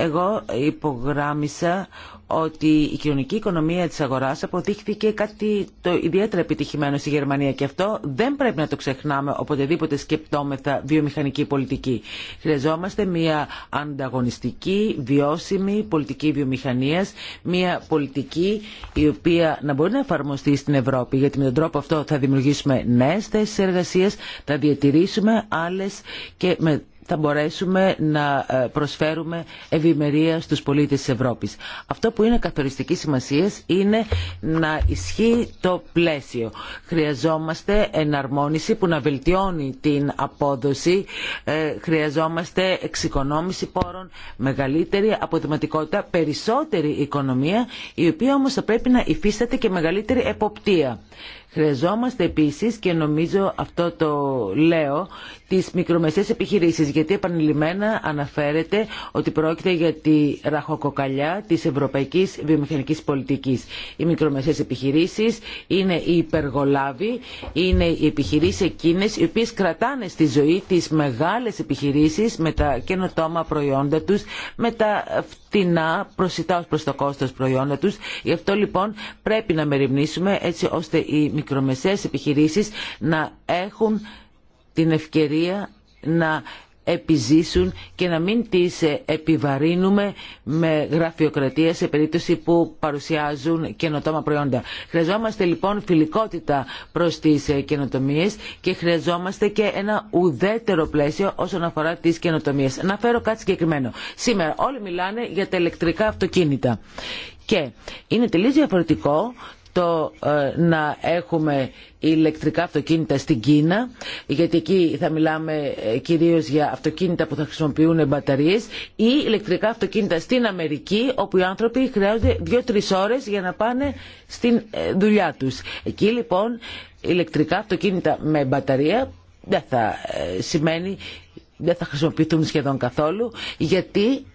εγώ υπογράμμισα ότι η κοινωνική οικονομία της αγοράς αποδείχθηκε κάτι το ιδιαίτερα επιτυχημένο στη Γερμανία και αυτό δεν πρέπει να το ξεχνάμε οποτεδήποτε σκεπτόμεθα βιομηχανική πολιτική. Χρειαζόμαστε μια ανταγωνιστική, βιώσιμη πολιτική βιομηχανίας, μια πολιτική η οποία να μπορεί να εφαρμοστεί στην Ευρώπη γιατί με τον τρόπο αυτό θα δημιουργήσουμε νέες θέσεις εργασίας, θα διατηρήσουμε άλλες και με θα μπορέσουμε να ε, προσφέρουμε ευημερία στους πολίτες της Ευρώπης. Αυτό που είναι καθοριστική σημασία είναι να ισχύει το πλαίσιο. Χρειαζόμαστε εναρμόνιση που να βελτιώνει την απόδοση, ε, χρειαζόμαστε εξοικονόμηση πόρων, μεγαλύτερη αποδηματικότητα, περισσότερη οικονομία, η οποία όμως θα πρέπει να υφίσταται και μεγαλύτερη εποπτεία. Χρειαζόμαστε επίσης και νομίζω αυτό το λέω τις μικρομεσαίες επιχειρήσεις γιατί επανειλημμένα αναφέρεται ότι πρόκειται για τη ραχοκοκαλιά της ευρωπαϊκής βιομηχανικής πολιτικής. Οι μικρομεσαίες επιχειρήσεις είναι οι υπεργολάβοι, είναι οι επιχειρήσεις εκείνες οι οποίες κρατάνε στη ζωή τις μεγάλες επιχειρήσεις με τα καινοτόμα προϊόντα τους, με τα φτηνά προσιτά ως προς το κόστος προϊόντα τους. Γι' αυτό λοιπόν πρέπει να μεριμνήσουμε έτσι ώστε οι μικρομεσαίες επιχειρήσεις να έχουν την ευκαιρία να επιζήσουν και να μην τις επιβαρύνουμε με γραφειοκρατία σε περίπτωση που παρουσιάζουν καινοτόμα προϊόντα. Χρειαζόμαστε λοιπόν φιλικότητα προς τις καινοτομίε και χρειαζόμαστε και ένα ουδέτερο πλαίσιο όσον αφορά τις καινοτομίε. Να φέρω κάτι συγκεκριμένο. Σήμερα όλοι μιλάνε για τα ηλεκτρικά αυτοκίνητα. Και είναι τελείως διαφορετικό το ε, να έχουμε ηλεκτρικά αυτοκίνητα στην Κίνα γιατί εκεί θα μιλάμε ε, κυρίως για αυτοκίνητα που θα χρησιμοποιούν μπαταρίες ή ηλεκτρικά αυτοκίνητα στην Αμερική όπου οι άνθρωποι χρειάζονται 2-3 ώρες για να πάνε στην ε, δουλειά τους. Εκεί λοιπόν ηλεκτρικά αυτοκίνητα με μπαταρία δεν θα σημαίνει δεν θα χρησιμοποιηθούν σχεδόν καθόλου γιατί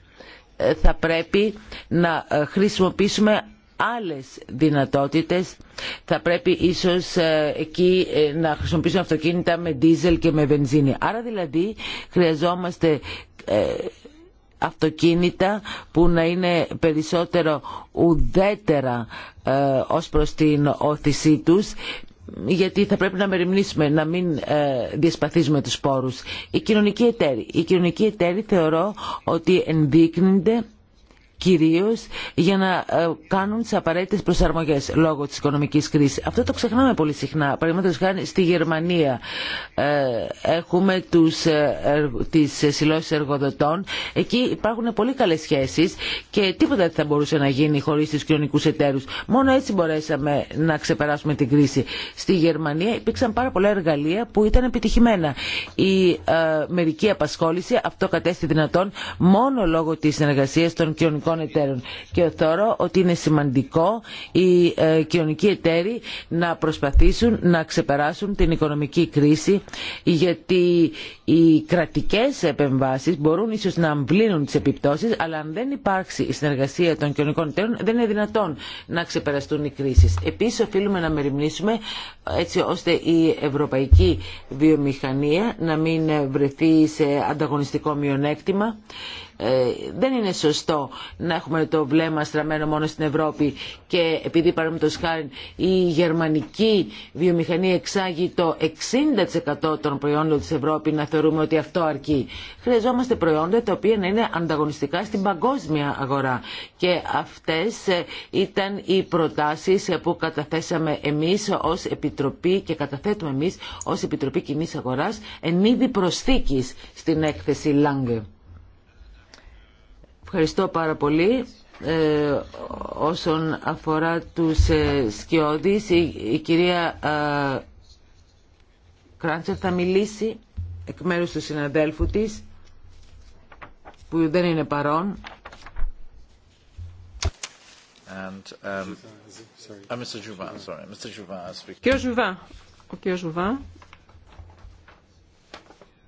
θα πρέπει να χρησιμοποιήσουμε άλλες δυνατότητες θα πρέπει ίσως ε, εκεί ε, να χρησιμοποιήσουν αυτοκίνητα με δίζελ και με βενζίνη. Άρα δηλαδή χρειαζόμαστε ε, αυτοκίνητα που να είναι περισσότερο ουδέτερα ως προς την όθησή τους γιατί θα πρέπει να μεριμνήσουμε, να μην ε, διασπαθίζουμε τους πόρους. Η κοινωνική εταίρη. Η κοινωνική εταίρη θεωρώ ότι ενδείκνυνται κυρίως για να ε, κάνουν τις απαραίτητες προσαρμογές λόγω της οικονομικής κρίσης. Αυτό το ξεχνάμε πολύ συχνά. Παραδείγματος χάρη στη Γερμανία ε, έχουμε τους, ε, τις συλλόγες εργοδοτών. Εκεί υπάρχουν πολύ καλές σχέσεις και τίποτα δεν θα μπορούσε να γίνει χωρίς τους κοινωνικούς εταίρους. Μόνο έτσι μπορέσαμε να ξεπεράσουμε την κρίση. Στη Γερμανία υπήρξαν πάρα πολλά εργαλεία που ήταν επιτυχημένα. Η μερική απασχόληση αυτό κατέστη δυνατόν μόνο λόγω της συνεργασίας των κοινωνικών κοινωνικών εταίρων. Και θεωρώ ότι είναι σημαντικό οι ε, κοινωνικοί εταίροι να προσπαθήσουν να ξεπεράσουν την οικονομική κρίση γιατί οι κρατικές επεμβάσεις μπορούν ίσως να αμβλύνουν τις επιπτώσεις αλλά αν δεν υπάρξει η συνεργασία των κοινωνικών εταίρων δεν είναι δυνατόν να ξεπεραστούν οι κρίσεις. Επίσης οφείλουμε να μεριμνήσουμε έτσι ώστε η ευρωπαϊκή βιομηχανία να μην βρεθεί σε ανταγωνιστικό μειονέκτημα ε, δεν είναι σωστό να έχουμε το βλέμμα στραμμένο μόνο στην Ευρώπη και επειδή παραδείγματο χάρη η γερμανική βιομηχανία εξάγει το 60% των προϊόντων της Ευρώπη να θεωρούμε ότι αυτό αρκεί. Χρειαζόμαστε προϊόντα τα οποία να είναι ανταγωνιστικά στην παγκόσμια αγορά και αυτές ε, ήταν οι προτάσεις ε, που καταθέσαμε εμείς ως Επιτροπή και καταθέτουμε εμείς ως Επιτροπή Κοινής Αγοράς εν είδη προσθήκης στην έκθεση Λάγκε. Ευχαριστώ πάρα πολύ. Ε, όσον αφορά τους ε, η, κυρία ε, θα μιλήσει εκ μέρους του συναδέλφου της, που δεν είναι παρόν. And, um, uh, Mr. Jouvin, sorry, Mr. Κύριο Ζουβά, ο κύριος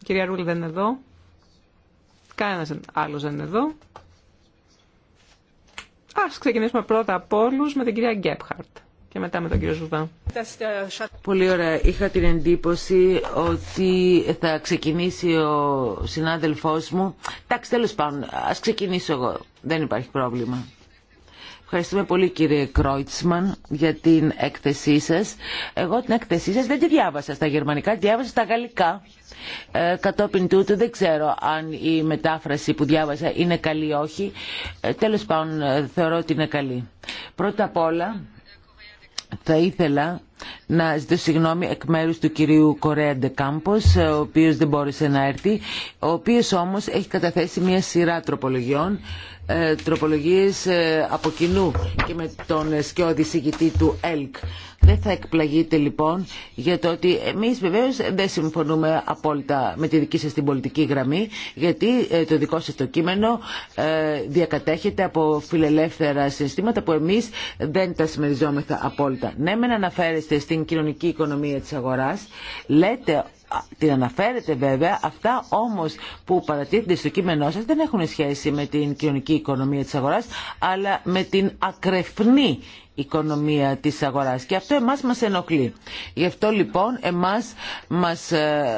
κυρία Ρούλη δεν είναι εδώ. Κανένας άλλος δεν είναι εδώ. Α ξεκινήσουμε πρώτα από όλους με την κυρία Γκέπχαρτ και μετά με τον κύριο Ζουβά. Πολύ ωραία. Είχα την εντύπωση ότι θα ξεκινήσει ο συνάδελφός μου. Εντάξει, τέλος πάντων, ας ξεκινήσω εγώ. Δεν υπάρχει πρόβλημα. Ευχαριστούμε πολύ κύριε Κρόιτσμαν για την έκθεσή σας. Εγώ την έκθεσή σας δεν τη διάβασα στα γερμανικά, τη διάβασα στα γαλλικά. Ε, κατόπιν τούτου δεν ξέρω αν η μετάφραση που διάβασα είναι καλή ή όχι. Ε, τέλος πάντων ε, θεωρώ ότι είναι καλή. Πρώτα απ' όλα θα ήθελα να ζητήσω συγγνώμη εκ μέρου του κυρίου Κορέαντε Κάμπο, ο οποίο δεν μπόρεσε να έρθει, ο οποίο όμω έχει καταθέσει μια σειρά τροπολογιών, ε, τροπολογίε ε, από κοινού και με τον σκιώδη συγκητή του ΕΛΚ. Δεν θα εκπλαγείτε λοιπόν για το ότι εμεί βεβαίω δεν συμφωνούμε απόλυτα με τη δική σα την πολιτική γραμμή, γιατί ε, το δικό σα το κείμενο διακατέχεται από φιλελεύθερα συστήματα που εμεί δεν τα συμμεριζόμεθα απόλυτα. Ναι, με στην κοινωνική οικονομία της αγοράς, λέτε την αναφέρετε βέβαια, αυτά όμως που παρατίθενται στο κείμενό σας δεν έχουν σχέση με την κοινωνική οικονομία της αγοράς, αλλά με την ακρεφνή οικονομία της αγοράς και αυτό εμάς μας ενοχλεί. Γι' αυτό λοιπόν εμάς μας, ε,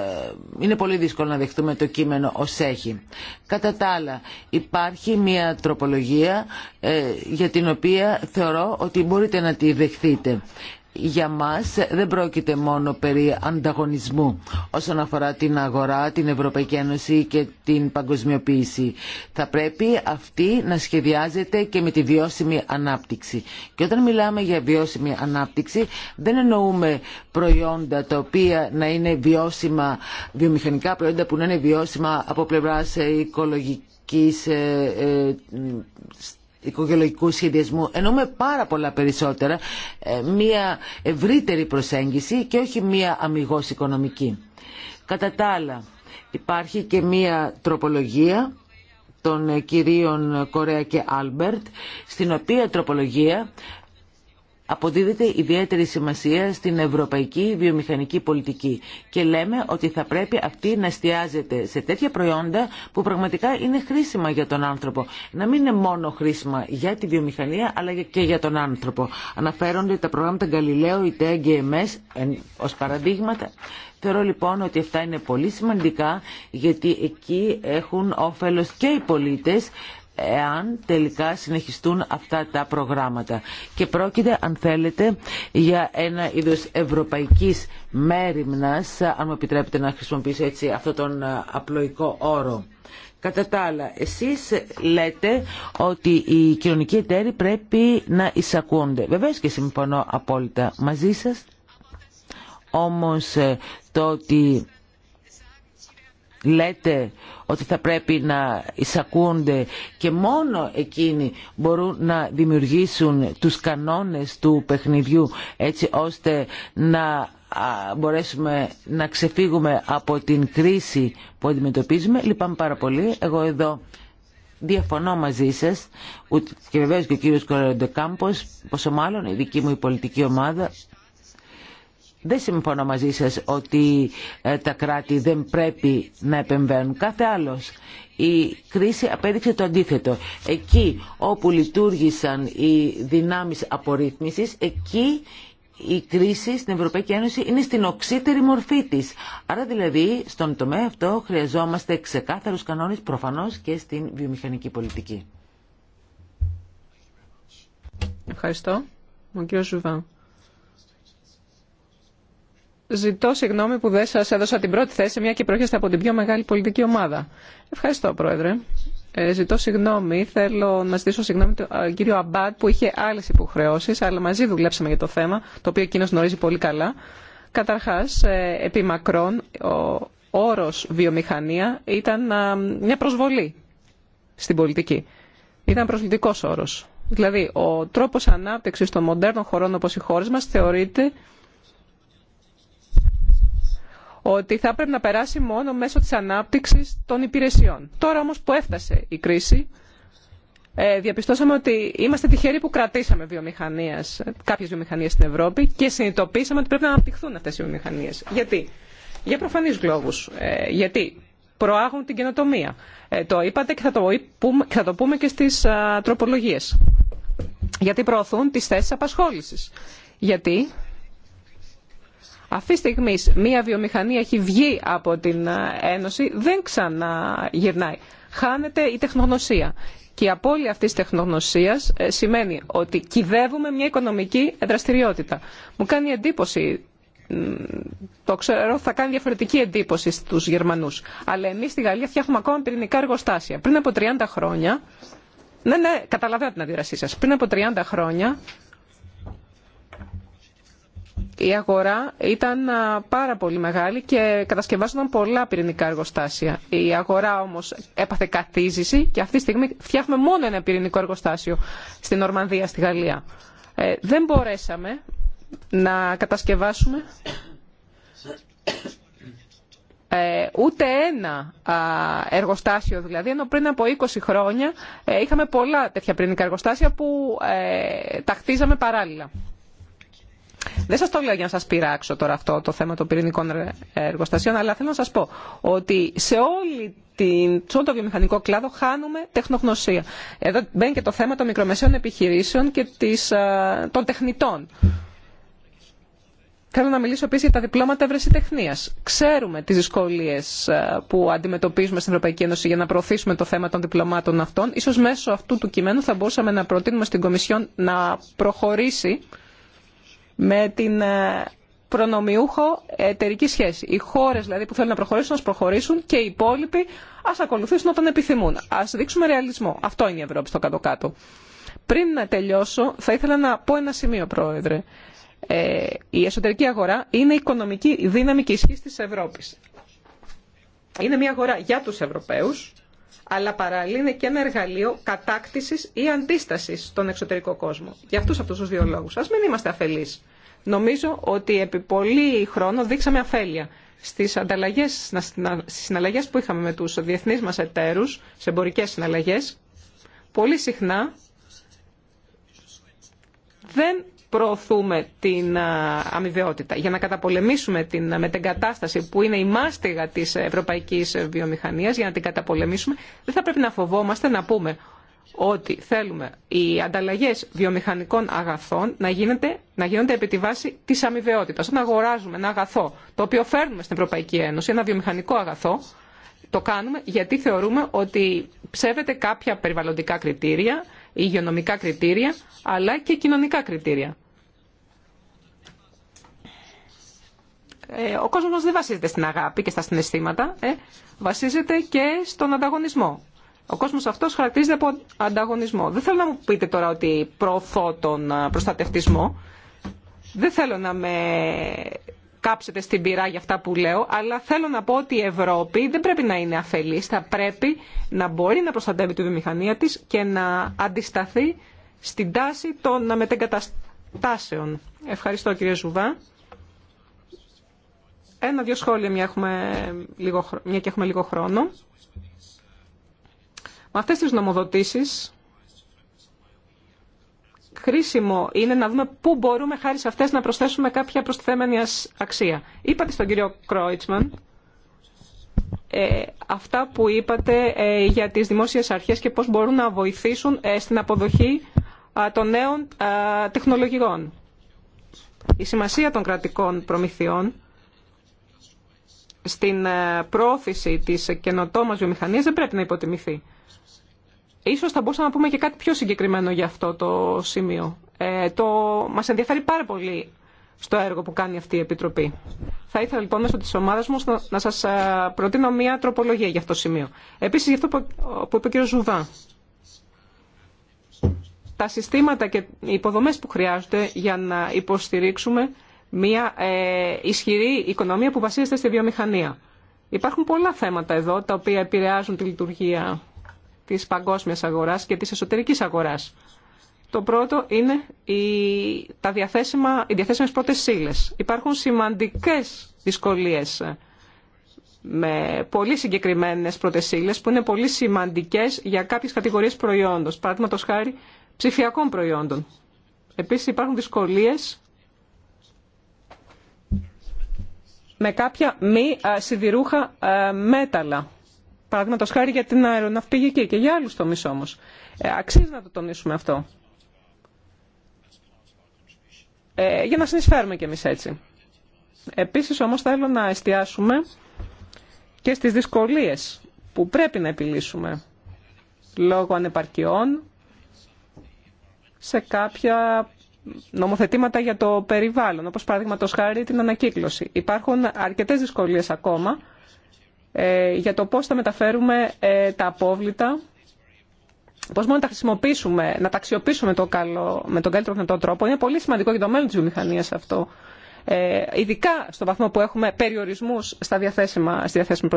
είναι πολύ δύσκολο να δεχτούμε το κείμενο ως έχει. Κατά τα άλλα υπάρχει μια τροπολογία ε, για την οποία θεωρώ ότι μπορείτε να τη δεχθείτε για μας δεν πρόκειται μόνο περί ανταγωνισμού όσον αφορά την αγορά, την Ευρωπαϊκή Ένωση και την παγκοσμιοποίηση. Θα πρέπει αυτή να σχεδιάζεται και με τη βιώσιμη ανάπτυξη. Και όταν μιλάμε για βιώσιμη ανάπτυξη δεν εννοούμε προϊόντα τα οποία να είναι βιώσιμα, βιομηχανικά προϊόντα που να είναι βιώσιμα από πλευράς ε, οικολογικής ε, ε, οικογελογικού σχεδιασμού εννοούμε πάρα πολλά περισσότερα ε, μια ευρύτερη προσέγγιση και όχι μια αμυγός οικονομική. Κατά τα άλλα υπάρχει και μια τροπολογία των κυρίων Κορέα και Άλμπερτ στην οποία τροπολογία αποδίδεται ιδιαίτερη σημασία στην ευρωπαϊκή βιομηχανική πολιτική και λέμε ότι θα πρέπει αυτή να εστιάζεται σε τέτοια προϊόντα που πραγματικά είναι χρήσιμα για τον άνθρωπο. Να μην είναι μόνο χρήσιμα για τη βιομηχανία αλλά και για τον άνθρωπο. Αναφέρονται τα προγράμματα Galileo, η TGMS ως παραδείγματα. Θεωρώ λοιπόν ότι αυτά είναι πολύ σημαντικά γιατί εκεί έχουν όφελος και οι πολίτες εάν τελικά συνεχιστούν αυτά τα προγράμματα. Και πρόκειται, αν θέλετε, για ένα είδος ευρωπαϊκής μέρημνας, αν μου επιτρέπετε να χρησιμοποιήσω έτσι αυτόν τον ε, απλοϊκό όρο. Κατά τα άλλα, εσείς λέτε ότι οι κοινωνικοί εταίροι πρέπει να εισακούνται. Βεβαίως και συμφωνώ απόλυτα μαζί σας, όμως ε, το ότι λέτε ότι θα πρέπει να εισακούνται και μόνο εκείνοι μπορούν να δημιουργήσουν τους κανόνες του παιχνιδιού έτσι ώστε να μπορέσουμε να ξεφύγουμε από την κρίση που αντιμετωπίζουμε. Λυπάμαι πάρα πολύ. Εγώ εδώ διαφωνώ μαζί σας και βεβαίως και ο κύριος Κοροντεκάμπος πόσο μάλλον η δική μου η πολιτική ομάδα δεν συμφωνώ μαζί σας ότι ε, τα κράτη δεν πρέπει να επεμβαίνουν. Κάθε άλλος. Η κρίση απέδειξε το αντίθετο. Εκεί όπου λειτουργήσαν οι δυνάμεις απορρίθμισης, εκεί η κρίση στην Ευρωπαϊκή Ένωση είναι στην οξύτερη μορφή της. Άρα δηλαδή στον τομέα αυτό χρειαζόμαστε ξεκάθαρους κανόνες προφανώς και στην βιομηχανική πολιτική. Ευχαριστώ. Ζητώ συγγνώμη που δεν σα έδωσα την πρώτη θέση, μια και προέρχεστε από την πιο μεγάλη πολιτική ομάδα. Ευχαριστώ, Πρόεδρε. Ε, ζητώ συγγνώμη. Θέλω να ζητήσω συγγνώμη τον ε, κύριο Αμπάτ που είχε άλλε υποχρεώσει, αλλά μαζί δουλέψαμε για το θέμα, το οποίο εκείνο γνωρίζει πολύ καλά. Καταρχά, ε, επί μακρόν, ο όρο βιομηχανία ήταν ε, μια προσβολή στην πολιτική. Ήταν προσβλητικό όρο. Δηλαδή, ο τρόπο ανάπτυξη των μοντέρνων χωρών όπω οι χώρε μα θεωρείται ότι θα πρέπει να περάσει μόνο μέσω της ανάπτυξης των υπηρεσιών. Τώρα όμως που έφτασε η κρίση, ε, διαπιστώσαμε ότι είμαστε τυχεροί που κρατήσαμε βιομηχανίες, κάποιες βιομηχανίες στην Ευρώπη και συνειδητοποίησαμε ότι πρέπει να αναπτυχθούν αυτές οι βιομηχανίες. Γιατί? Για προφανείς λόγους. Ε, γιατί προάγουν την καινοτομία. Ε, το είπατε και θα το πούμε, θα το πούμε και στις τροπολογίες. Γιατί προωθούν τις θέσεις απασχόλησης. Γιατί αυτή τη στιγμή μια βιομηχανία έχει βγει από την ε, Ένωση, δεν ξαναγυρνάει. Χάνεται η τεχνογνωσία. Και η απώλεια αυτής της τεχνογνωσίας ε, σημαίνει ότι κυδεύουμε μια οικονομική δραστηριότητα. Μου κάνει εντύπωση το ξέρω, θα κάνει διαφορετική εντύπωση στους Γερμανούς. Αλλά εμείς στη Γαλλία φτιάχνουμε ακόμα πυρηνικά εργοστάσια. Πριν από 30 χρόνια, ναι, ναι, καταλαβαίνω την αντίδρασή σας. Πριν από 30 χρόνια η αγορά ήταν πάρα πολύ μεγάλη και κατασκευάζονταν πολλά πυρηνικά εργοστάσια. Η αγορά όμως έπαθε καθίζηση και αυτή τη στιγμή φτιάχνουμε μόνο ένα πυρηνικό εργοστάσιο στην Ορμανδία, στη Γαλλία. Ε, δεν μπορέσαμε να κατασκευάσουμε ε, ούτε ένα εργοστάσιο δηλαδή, ενώ πριν από 20 χρόνια ε, είχαμε πολλά τέτοια πυρηνικά εργοστάσια που ε, τα χτίζαμε παράλληλα. Δεν σα το λέω για να σα πειράξω τώρα αυτό το θέμα των πυρηνικών εργοστασίων, αλλά θέλω να σα πω ότι σε όλη την, σε όλο το βιομηχανικό κλάδο χάνουμε τεχνογνωσία. Εδώ μπαίνει και το θέμα των μικρομεσαίων επιχειρήσεων και της, ε, των τεχνητών. Θέλω να μιλήσω επίση για τα διπλώματα ευρεσιτεχνία. Ξέρουμε τι δυσκολίε ε, που αντιμετωπίζουμε στην Ευρωπαϊκή Ένωση για να προωθήσουμε το θέμα των διπλωμάτων αυτών. σω μέσω αυτού του κειμένου θα μπορούσαμε να προτείνουμε στην Κομισιόν να προχωρήσει με την ε, προνομιούχο εταιρική σχέση. Οι χώρες δηλαδή που θέλουν να προχωρήσουν, να προχωρήσουν και οι υπόλοιποι ας ακολουθήσουν όταν επιθυμούν. Ας δείξουμε ρεαλισμό. Αυτό είναι η Ευρώπη στο κάτω-κάτω. Πριν να τελειώσω, θα ήθελα να πω ένα σημείο, Πρόεδρε. Ε, η εσωτερική αγορά είναι η οικονομική δύναμη και ισχύ τη Ευρώπη. Είναι μια αγορά για του Ευρωπαίου αλλά παράλληλα είναι και ένα εργαλείο κατάκτηση ή αντίσταση στον εξωτερικό κόσμο. Για αυτού αυτού του δύο λόγου. Α μην είμαστε αφελεί. Νομίζω ότι επί πολύ χρόνο δείξαμε αφέλεια στι συναλλαγέ που είχαμε με του διεθνεί μα εταίρου, σε εμπορικέ συναλλαγέ, πολύ συχνά δεν προωθούμε την αμοιβαιότητα, για να καταπολεμήσουμε την μετεγκατάσταση που είναι η μάστιγα της ευρωπαϊκής βιομηχανίας, για να την καταπολεμήσουμε, δεν θα πρέπει να φοβόμαστε να πούμε ότι θέλουμε οι ανταλλαγές βιομηχανικών αγαθών να, γίνεται, να γίνονται επί τη βάση της αμοιβαιότητας. Όταν αγοράζουμε ένα αγαθό το οποίο φέρνουμε στην Ευρωπαϊκή Ένωση, ένα βιομηχανικό αγαθό, το κάνουμε γιατί θεωρούμε ότι ψεύεται κάποια περιβαλλοντικά κριτήρια, υγειονομικά κριτήρια, αλλά και κοινωνικά κριτήρια. Ε, ο κόσμος δεν βασίζεται στην αγάπη και στα συναισθήματα, ε, βασίζεται και στον ανταγωνισμό. Ο κόσμος αυτός χαρακτηρίζεται από ανταγωνισμό. Δεν θέλω να μου πείτε τώρα ότι προωθώ τον ε, προστατευτισμό. Δεν θέλω να με κάψετε στην πυρά για αυτά που λέω, αλλά θέλω να πω ότι η Ευρώπη δεν πρέπει να είναι αφελής. Θα πρέπει να μπορεί να προστατεύει τη βιομηχανία της και να αντισταθεί στην τάση των μετεγκαταστάσεων. Ευχαριστώ κύριε Ζουβά. Ένα-δύο σχόλια, μια, έχουμε λίγο, μια και έχουμε λίγο χρόνο. Με αυτές τις νομοδοτήσεις χρήσιμο είναι να δούμε πού μπορούμε χάρη σε αυτές να προσθέσουμε κάποια προστιθέμενη αξία. Είπατε στον κύριο Κρόιτσμαν ε, αυτά που είπατε ε, για τις δημόσιες αρχές και πώς μπορούν να βοηθήσουν ε, στην αποδοχή των νέων τεχνολογιών. Η σημασία των κρατικών προμηθειών στην ε, πρόθεση της καινοτόμας βιομηχανίας δεν πρέπει να υποτιμηθεί. Ίσως θα μπορούσαμε να πούμε και κάτι πιο συγκεκριμένο για αυτό το σημείο. Ε, το... Μας ενδιαφέρει πάρα πολύ στο έργο που κάνει αυτή η Επιτροπή. Θα ήθελα λοιπόν μέσω της ομάδας μου να σας ε, προτείνω μια τροπολογία για αυτό το σημείο. Επίσης για αυτό που είπε ο κ. Ζουβά. Τα συστήματα και οι υποδομές που χρειάζονται για να υποστηρίξουμε μια ε, ισχυρή οικονομία που βασίζεται στη βιομηχανία. Υπάρχουν πολλά θέματα εδώ τα οποία επηρεάζουν τη λειτουργία της παγκόσμιας αγοράς και της εσωτερικής αγοράς. Το πρώτο είναι οι, τα διαθέσιμα, οι διαθέσιμες πρώτες Υπάρχουν σημαντικές δυσκολίες με πολύ συγκεκριμένες πρώτες που είναι πολύ σημαντικές για κάποιες κατηγορίες προϊόντος, παράδειγμα χάρη ψηφιακών προϊόντων. Επίσης υπάρχουν δυσκολίες με κάποια μη σιδηρούχα μέταλλα. Παραδείγματο χάρη για την αεροναυπηγική και για άλλου τομεί όμω. Ε, αξίζει να το τονίσουμε αυτό. Ε, για να συνεισφέρουμε κι εμεί έτσι. Επίση όμω θέλω να εστιάσουμε και στι δυσκολίε που πρέπει να επιλύσουμε λόγω ανεπαρκειών σε κάποια νομοθετήματα για το περιβάλλον, όπως το χάρη την ανακύκλωση. Υπάρχουν αρκετές δυσκολίες ακόμα ε, για το πώς θα μεταφέρουμε ε, τα απόβλητα, πώς μπορούμε να τα χρησιμοποιήσουμε, να τα αξιοποιήσουμε το καλό, με τον καλύτερο δυνατό τρόπο. Είναι πολύ σημαντικό για το μέλλον της βιομηχανίας αυτό. Ε, ειδικά στο βαθμό που έχουμε περιορισμούς στα διαθέσιμα, στη διαθέσιμη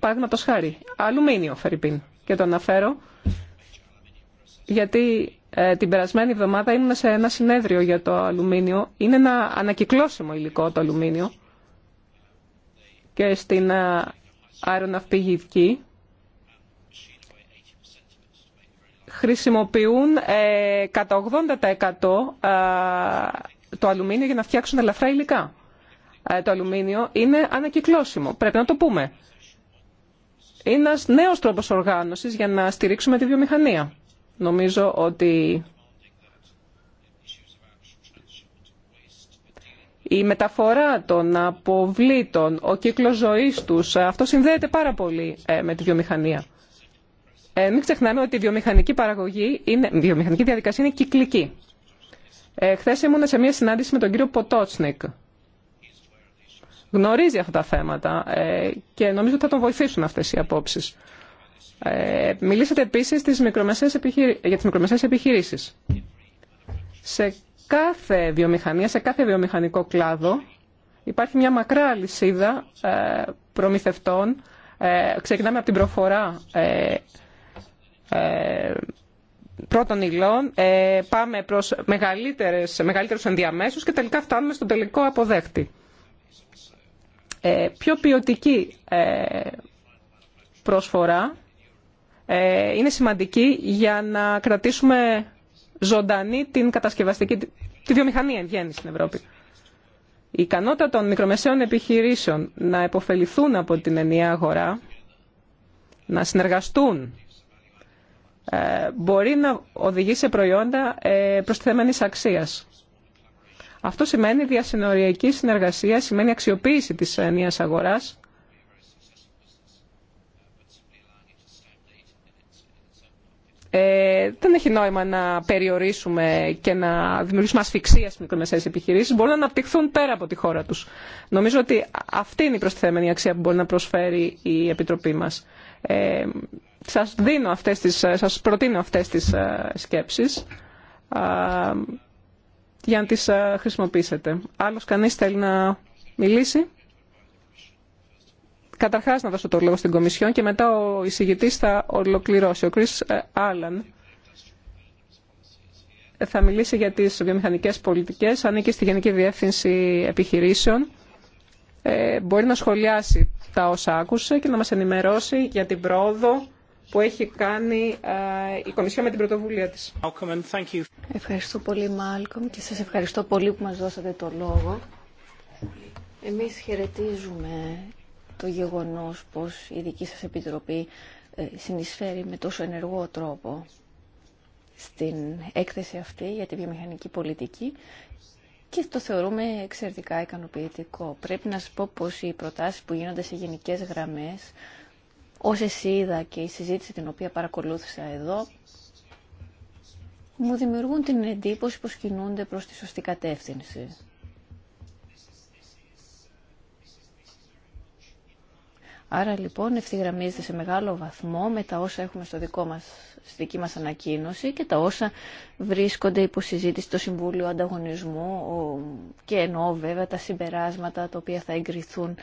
Παραδείγματο χάρη, αλουμίνιο φερρυπίν. Και το αναφέρω γιατί ε, την περασμένη εβδομάδα ήμουν σε ένα συνέδριο για το αλουμίνιο. Είναι ένα ανακυκλώσιμο υλικό το αλουμίνιο και στην ε, αεροναυπηγική χρησιμοποιούν ε, κατά 80% ε, το αλουμίνιο για να φτιάξουν ελαφρά υλικά. το αλουμίνιο είναι ανακυκλώσιμο, πρέπει να το πούμε. Είναι ένας νέος τρόπος οργάνωσης για να στηρίξουμε τη βιομηχανία. Νομίζω ότι η μεταφορά των αποβλήτων, ο κύκλος ζωής τους, ε, αυτό συνδέεται πάρα πολύ ε, με τη βιομηχανία. Ε, μην ξεχνάμε ότι η βιομηχανική παραγωγή, η βιομηχανική διαδικασία είναι κυκλική. Ε, Χθε ήμουν σε μια συνάντηση με τον κύριο Ποτότσνικ. Γνωρίζει αυτά τα θέματα ε, και νομίζω ότι θα τον βοηθήσουν αυτές οι απόψεις. Ε, μιλήσατε επίσης για τις μικρομεσαίες επιχειρήσεις. Σε κάθε βιομηχανία, σε κάθε βιομηχανικό κλάδο υπάρχει μια μακρά λυσίδα ε, προμηθευτών. Ε, ξεκινάμε από την προφορά ε, πρώτων υλών, πάμε προς μεγαλύτερες, μεγαλύτερους ενδιαμέσους και τελικά φτάνουμε στον τελικό αποδέκτη. Πιο ποιοτική προσφορά είναι σημαντική για να κρατήσουμε ζωντανή την κατασκευαστική, τη βιομηχανία εν γέννη στην Ευρώπη. Η ικανότητα των μικρομεσαίων επιχειρήσεων να επωφεληθούν από την ενιαία αγορά, να συνεργαστούν, ε, μπορεί να οδηγεί σε προϊόντα ε, προσθέμενης αξίας. Αυτό σημαίνει διασυνοριακή συνεργασία, σημαίνει αξιοποίηση της ενιαίας αγοράς Ε, δεν έχει νόημα να περιορίσουμε και να δημιουργήσουμε ασφυξία στις μικρομεσαίες επιχειρήσεις. Μπορούν να αναπτυχθούν πέρα από τη χώρα τους. Νομίζω ότι αυτή είναι η προστιθέμενη αξία που μπορεί να προσφέρει η Επιτροπή μας. Ε, σας, δίνω αυτές τις, σας προτείνω αυτές τις ε, σκέψεις για να τις ε, χρησιμοποιήσετε. Άλλος κανείς θέλει να μιλήσει. Καταρχάς να δώσω το λόγο στην Κομισιόν και μετά ο εισηγητής θα ολοκληρώσει. Ο Κρις Άλαν ε, θα μιλήσει για τις βιομηχανικές πολιτικές, ανήκει στη Γενική Διεύθυνση Επιχειρήσεων. Ε, μπορεί να σχολιάσει τα όσα άκουσε και να μας ενημερώσει για την πρόοδο που έχει κάνει ε, η Κομισιόν με την πρωτοβουλία της. Ευχαριστώ πολύ Μάλκομ και σας ευχαριστώ πολύ που μας δώσατε το λόγο. Εμείς χαιρετίζουμε το γεγονός πως η δική σας Επιτροπή ε, συνεισφέρει με τόσο ενεργό τρόπο στην έκθεση αυτή για τη βιομηχανική πολιτική και το θεωρούμε εξαιρετικά ικανοποιητικό. Πρέπει να σας πω πως οι προτάσεις που γίνονται σε γενικές γραμμές, όσες είδα και η συζήτηση την οποία παρακολούθησα εδώ, μου δημιουργούν την εντύπωση πως κινούνται προς τη σωστή κατεύθυνση. Άρα λοιπόν ευθυγραμμίζεται σε μεγάλο βαθμό με τα όσα έχουμε στο δικό μας, στη δική μας ανακοίνωση και τα όσα βρίσκονται υπό συζήτηση στο Συμβούλιο Ανταγωνισμού και εννοώ βέβαια τα συμπεράσματα τα οποία θα εγκριθούν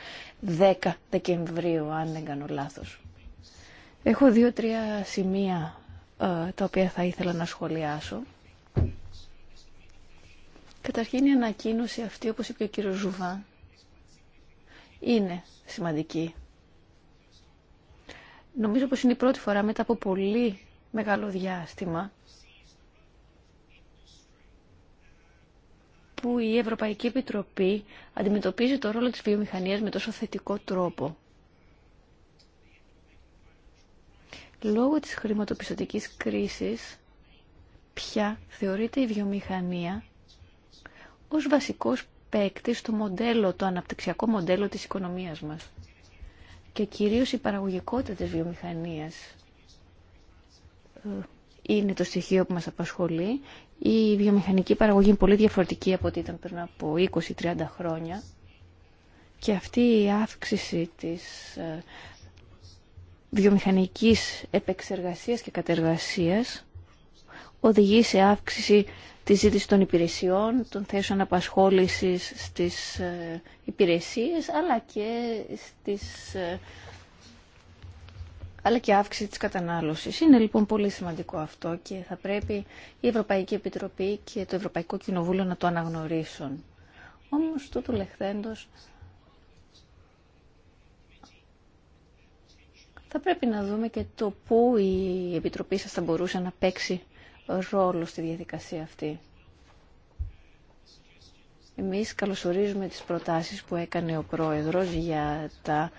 10 Δεκεμβρίου αν δεν κάνω λάθος. Έχω δύο-τρία σημεία ε, τα οποία θα ήθελα να σχολιάσω. Καταρχήν η ανακοίνωση αυτή, όπως είπε ο κύριος Ζουβά, είναι σημαντική Νομίζω πως είναι η πρώτη φορά μετά από πολύ μεγάλο διάστημα που η Ευρωπαϊκή Επιτροπή αντιμετωπίζει το ρόλο της βιομηχανίας με τόσο θετικό τρόπο. Λόγω της χρηματοπιστωτικής κρίσης, πια θεωρείται η βιομηχανία ως βασικός παίκτη στο μοντέλο, το αναπτυξιακό μοντέλο της οικονομίας μας και κυρίως η παραγωγικότητα της βιομηχανίας ε, είναι το στοιχείο που μας απασχολεί. Η βιομηχανική παραγωγή είναι πολύ διαφορετική από ό,τι ήταν πριν από 20-30 χρόνια και αυτή η αύξηση της ε, βιομηχανικής επεξεργασίας και κατεργασίας οδηγεί σε αύξηση της ζήτηση των υπηρεσιών, των θέσεων απασχόλησης στις ε, υπηρεσίες, αλλά και, στις, ε, αλλά και αύξηση της κατανάλωσης. Είναι λοιπόν πολύ σημαντικό αυτό και θα πρέπει η Ευρωπαϊκή Επιτροπή και το Ευρωπαϊκό Κοινοβούλιο να το αναγνωρίσουν. Όμως τούτου λεχθέντος θα πρέπει να δούμε και το πού η Επιτροπή σας θα μπορούσε να παίξει ρόλο στη διαδικασία αυτή. Εμείς καλωσορίζουμε τις προτάσεις που έκανε ο Πρόεδρος για, τα,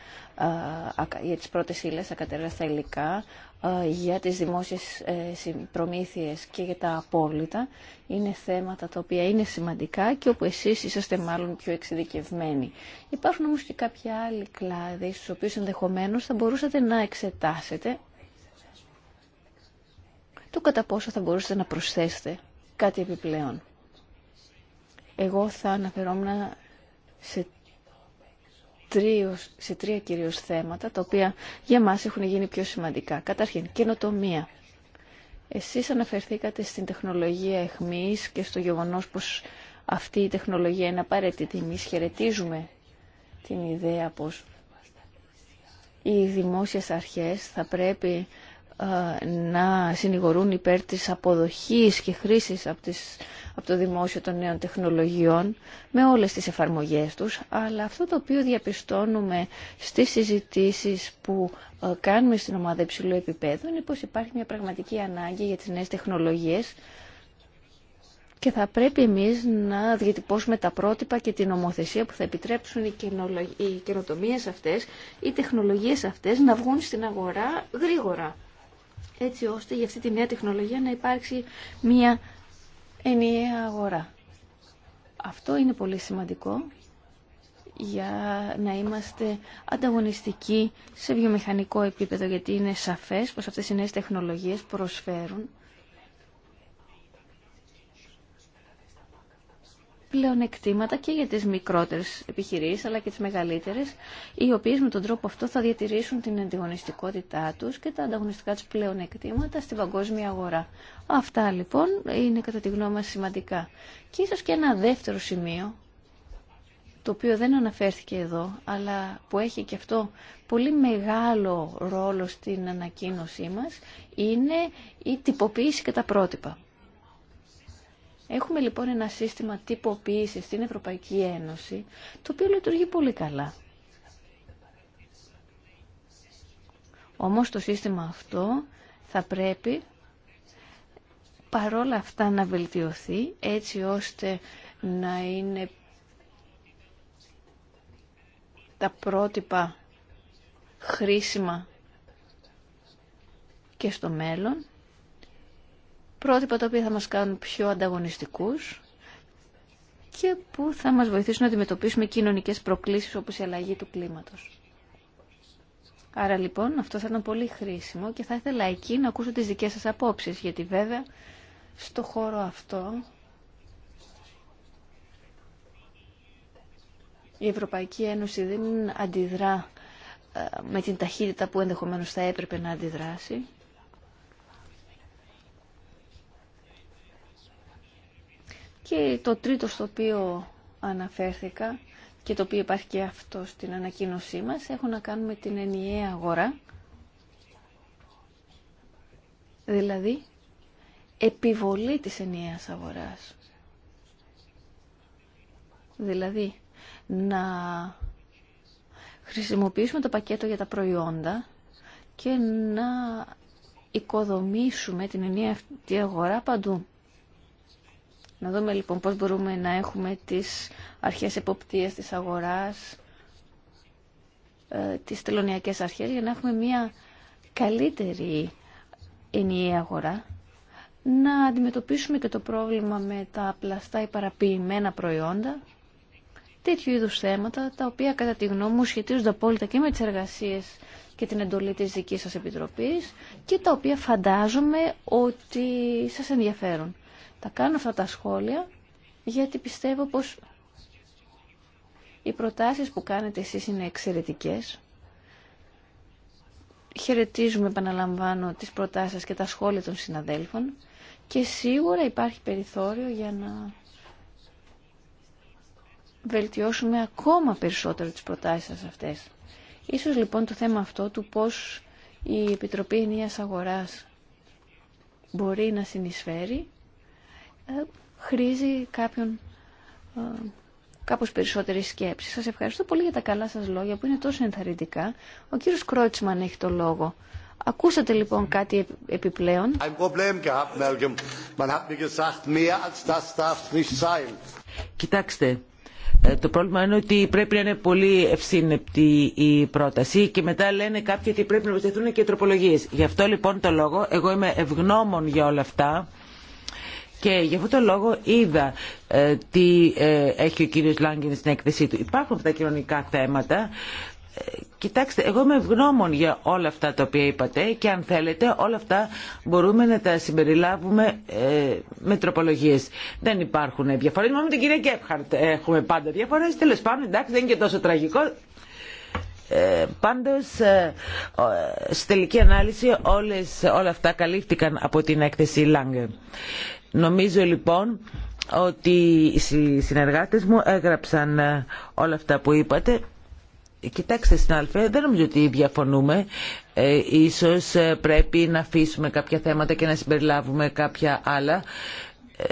για τις πρώτες ύλες, ακατέργαστα υλικά, για τις δημόσιες ε, προμήθειες και για τα απόλυτα. Είναι θέματα τα οποία είναι σημαντικά και όπου εσείς είσαστε μάλλον πιο εξειδικευμένοι. Υπάρχουν όμως και κάποια άλλη κλάδη στους οποίους ενδεχομένως θα μπορούσατε να εξετάσετε το κατά πόσο θα μπορούσατε να προσθέσετε κάτι επιπλέον. Εγώ θα αναφερόμουν σε, σε τρία κυρίως θέματα, τα οποία για μας έχουν γίνει πιο σημαντικά. Καταρχήν, καινοτομία. Εσείς αναφερθήκατε στην τεχνολογία εχμής και στο γεγονός πως αυτή η τεχνολογία είναι απαραίτητη. Εμείς χαιρετίζουμε την ιδέα πως οι δημόσιες αρχές θα πρέπει ε, να συνηγορούν υπέρ της αποδοχής και χρήσης από, το δημόσιο των νέων τεχνολογιών με όλες τις εφαρμογές τους, αλλά αυτό το οποίο διαπιστώνουμε στις συζητήσεις που ε, κάνουμε στην ομάδα υψηλού επίπεδου είναι πως υπάρχει μια πραγματική ανάγκη για τις νέες τεχνολογίες και θα πρέπει εμείς να διατυπώσουμε τα πρότυπα και την ομοθεσία που θα επιτρέψουν οι, οι αυτές, οι τεχνολογίες αυτές να βγουν στην αγορά γρήγορα έτσι ώστε για αυτή τη νέα τεχνολογία να υπάρξει μια ενιαία αγορά. Αυτό είναι πολύ σημαντικό για να είμαστε ανταγωνιστικοί σε βιομηχανικό επίπεδο, γιατί είναι σαφές πως αυτές οι νέες τεχνολογίες προσφέρουν πλεονεκτήματα και για τις μικρότερες επιχειρήσεις αλλά και τις μεγαλύτερες οι οποίες με τον τρόπο αυτό θα διατηρήσουν την αντιγωνιστικότητά τους και τα ανταγωνιστικά τους πλεονεκτήματα στην παγκόσμια αγορά. Αυτά λοιπόν είναι κατά τη γνώμη μας σημαντικά. Και ίσως και ένα δεύτερο σημείο το οποίο δεν αναφέρθηκε εδώ, αλλά που έχει και αυτό πολύ μεγάλο ρόλο στην ανακοίνωσή μας, είναι η τυποποίηση και τα πρότυπα. Έχουμε λοιπόν ένα σύστημα τυποποίησης στην Ευρωπαϊκή Ένωση, το οποίο λειτουργεί πολύ καλά. Όμως το σύστημα αυτό θα πρέπει παρόλα αυτά να βελτιωθεί έτσι ώστε να είναι τα πρότυπα χρήσιμα και στο μέλλον πρότυπα τα οποία θα μας κάνουν πιο ανταγωνιστικούς και που θα μας βοηθήσουν να αντιμετωπίσουμε κοινωνικές προκλήσεις όπως η αλλαγή του κλίματος. Άρα λοιπόν αυτό θα ήταν πολύ χρήσιμο και θα ήθελα εκεί να ακούσω τις δικές σας απόψεις γιατί βέβαια στο χώρο αυτό η Ευρωπαϊκή Ένωση δεν αντιδρά ε, με την ταχύτητα που ενδεχομένως θα έπρεπε να αντιδράσει Και το τρίτο στο οποίο αναφέρθηκα και το οποίο υπάρχει και αυτό στην ανακοίνωσή μας έχουν να κάνουμε την ενιαία αγορά. Δηλαδή, επιβολή της ενιαίας αγοράς. Δηλαδή, να χρησιμοποιήσουμε το πακέτο για τα προϊόντα και να οικοδομήσουμε την ενιαία αυτή αγορά παντού. Να δούμε λοιπόν πώς μπορούμε να έχουμε τις αρχές εποπτείας της αγοράς, ε, τις τελωνιακές αρχές για να έχουμε μια καλύτερη ενιαία αγορά, να αντιμετωπίσουμε και το πρόβλημα με τα πλαστά ή παραποιημένα προϊόντα, τέτοιου είδους θέματα, τα οποία κατά τη γνώμη μου σχετίζονται απόλυτα και με τις εργασίες και την εντολή της δικής σας Επιτροπής και τα οποία φαντάζομαι ότι σας ενδιαφέρουν. Τα κάνω αυτά τα σχόλια γιατί πιστεύω πως οι προτάσεις που κάνετε εσείς είναι εξαιρετικές. Χαιρετίζουμε, επαναλαμβάνω, τις προτάσεις και τα σχόλια των συναδέλφων και σίγουρα υπάρχει περιθώριο για να βελτιώσουμε ακόμα περισσότερο τις προτάσεις σας αυτές. Ίσως λοιπόν το θέμα αυτό του πώς η Επιτροπή Ενίας Αγοράς μπορεί να συνεισφέρει ε, χρήζει κάποιον ε, κάπως περισσότερη σκέψη. Σας ευχαριστώ πολύ για τα καλά σας λόγια που είναι τόσο ενθαρρυντικά. Ο κύριος Κρότσμαν έχει το λόγο. Ακούσατε λοιπόν κάτι επιπλέον. Κοιτάξτε, το πρόβλημα είναι ότι πρέπει να είναι πολύ ευσύνεπτη η πρόταση και μετά λένε κάποιοι ότι πρέπει να προσθεθούν και οι τροπολογίες. Γι' αυτό λοιπόν το λόγο, εγώ είμαι ευγνώμων για όλα αυτά και γι' αυτό το λόγο είδα ε, τι ε, έχει ο κύριος Λάγκεν στην έκθεσή του. Υπάρχουν αυτά τα κοινωνικά θέματα. Ε, κοιτάξτε, εγώ είμαι ευγνώμων για όλα αυτά τα οποία είπατε και αν θέλετε όλα αυτά μπορούμε να τα συμπεριλάβουμε ε, με τροπολογίε. Δεν υπάρχουν διαφορέ. Μόνο με την κυρία Κέπχαρτ έχουμε πάντα διαφορέ. Τέλο πάντων, εντάξει, δεν είναι και τόσο τραγικό. Ε, πάντως ε, στη τελική ανάλυση όλες, όλα αυτά καλύφθηκαν από την έκθεση Λάγκεν. Νομίζω λοιπόν ότι οι συνεργάτες μου έγραψαν ε, όλα αυτά που είπατε. Κοιτάξτε συνάλφε, δεν νομίζω ότι διαφωνούμε. Ε, ίσως ε, πρέπει να αφήσουμε κάποια θέματα και να συμπεριλάβουμε κάποια άλλα. Ε,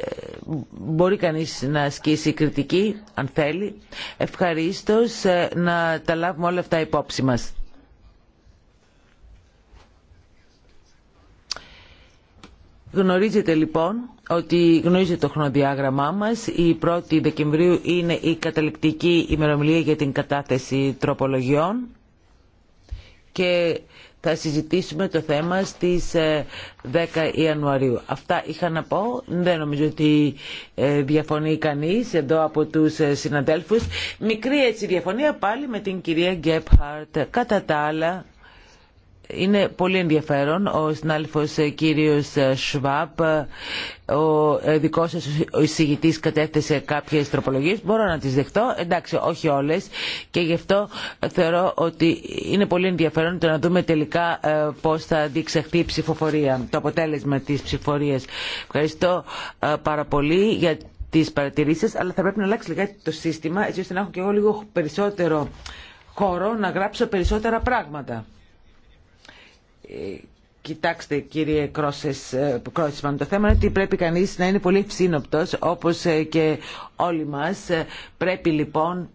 μπορεί κανείς να ασκήσει κριτική, αν θέλει. Ευχαρίστως να τα λάβουμε όλα αυτά υπόψη μας. Γνωρίζετε λοιπόν ότι γνωρίζετε το χρονοδιάγραμμά μας. Η 1η Δεκεμβρίου είναι η καταληπτική ημερομιλία για την κατάθεση τροπολογιών και θα συζητήσουμε το θέμα στις 10 ε, Ιανουαρίου. Αυτά είχα να πω. Δεν νομίζω ότι ε, διαφωνεί κανείς εδώ από τους ε, συναδέλφους. Μικρή έτσι διαφωνία πάλι με την κυρία Γκέπχαρτ. Κατά τα άλλα... Είναι πολύ ενδιαφέρον ο συνάδελφος ε, κύριος Σβάπ, ε, ε, ο δικός σας ο εισηγητής κατέθεσε κάποιες τροπολογίες, μπορώ να τις δεχτώ, εντάξει όχι όλες και γι' αυτό θεωρώ ότι είναι πολύ ενδιαφέρον το να δούμε τελικά πώς θα διεξαχθεί η ψηφοφορία, το αποτέλεσμα της ψηφοφορίας. Ευχαριστώ πάρα πολύ για τις παρατηρήσεις, αλλά θα πρέπει να αλλάξει λιγάκι το σύστημα έτσι ώστε να έχω και εγώ λίγο περισσότερο χώρο να γράψω περισσότερα πράγματα. Κοιτάξτε κύριε Κρόσες, ε, το θέμα είναι ότι πρέπει κανείς να είναι πολύ ψήνοπτος όπως ε, και όλοι μας. Ε, πρέπει λοιπόν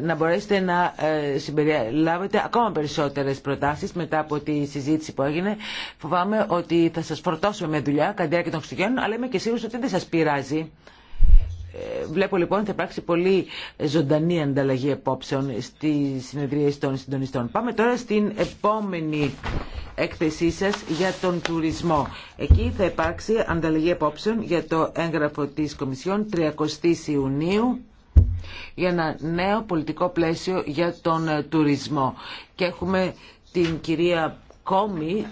να μπορέσετε να συμπεριλάβετε ακόμα περισσότερες προτάσεις μετά από τη συζήτηση που έγινε. Φοβάμαι ότι θα σας φορτώσουμε με δουλειά κατά και των Χριστουγέννων, αλλά είμαι και σίγουρος ότι δεν σας πειράζει. Ε, βλέπω λοιπόν ότι θα υπάρξει πολύ ζωντανή ανταλλαγή απόψεων στις συνεδρίες των συντονιστών. Πάμε τώρα στην επόμενη έκθεσή σας για τον τουρισμό. Εκεί θα υπάρξει ανταλλαγή απόψεων για το έγγραφο της Κομισιόν 30 Ιουνίου για ένα νέο πολιτικό πλαίσιο για τον τουρισμό. Και έχουμε την κυρία Κόμη,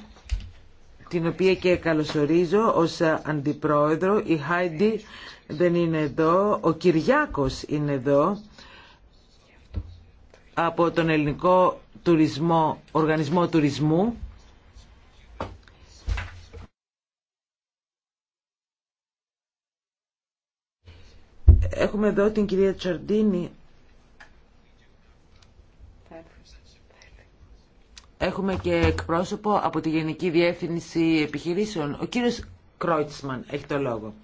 την οποία και καλωσορίζω ως αντιπρόεδρο, η Χάιντι δεν είναι εδώ. Ο Κυριάκος είναι εδώ από τον Ελληνικό Τουρισμό, Οργανισμό Τουρισμού. Έχουμε εδώ την κυρία Τσαρντίνη. Έχουμε και εκπρόσωπο από τη Γενική Διεύθυνση Επιχειρήσεων. Ο κύριος Κρόιτσμαν έχει το λόγο.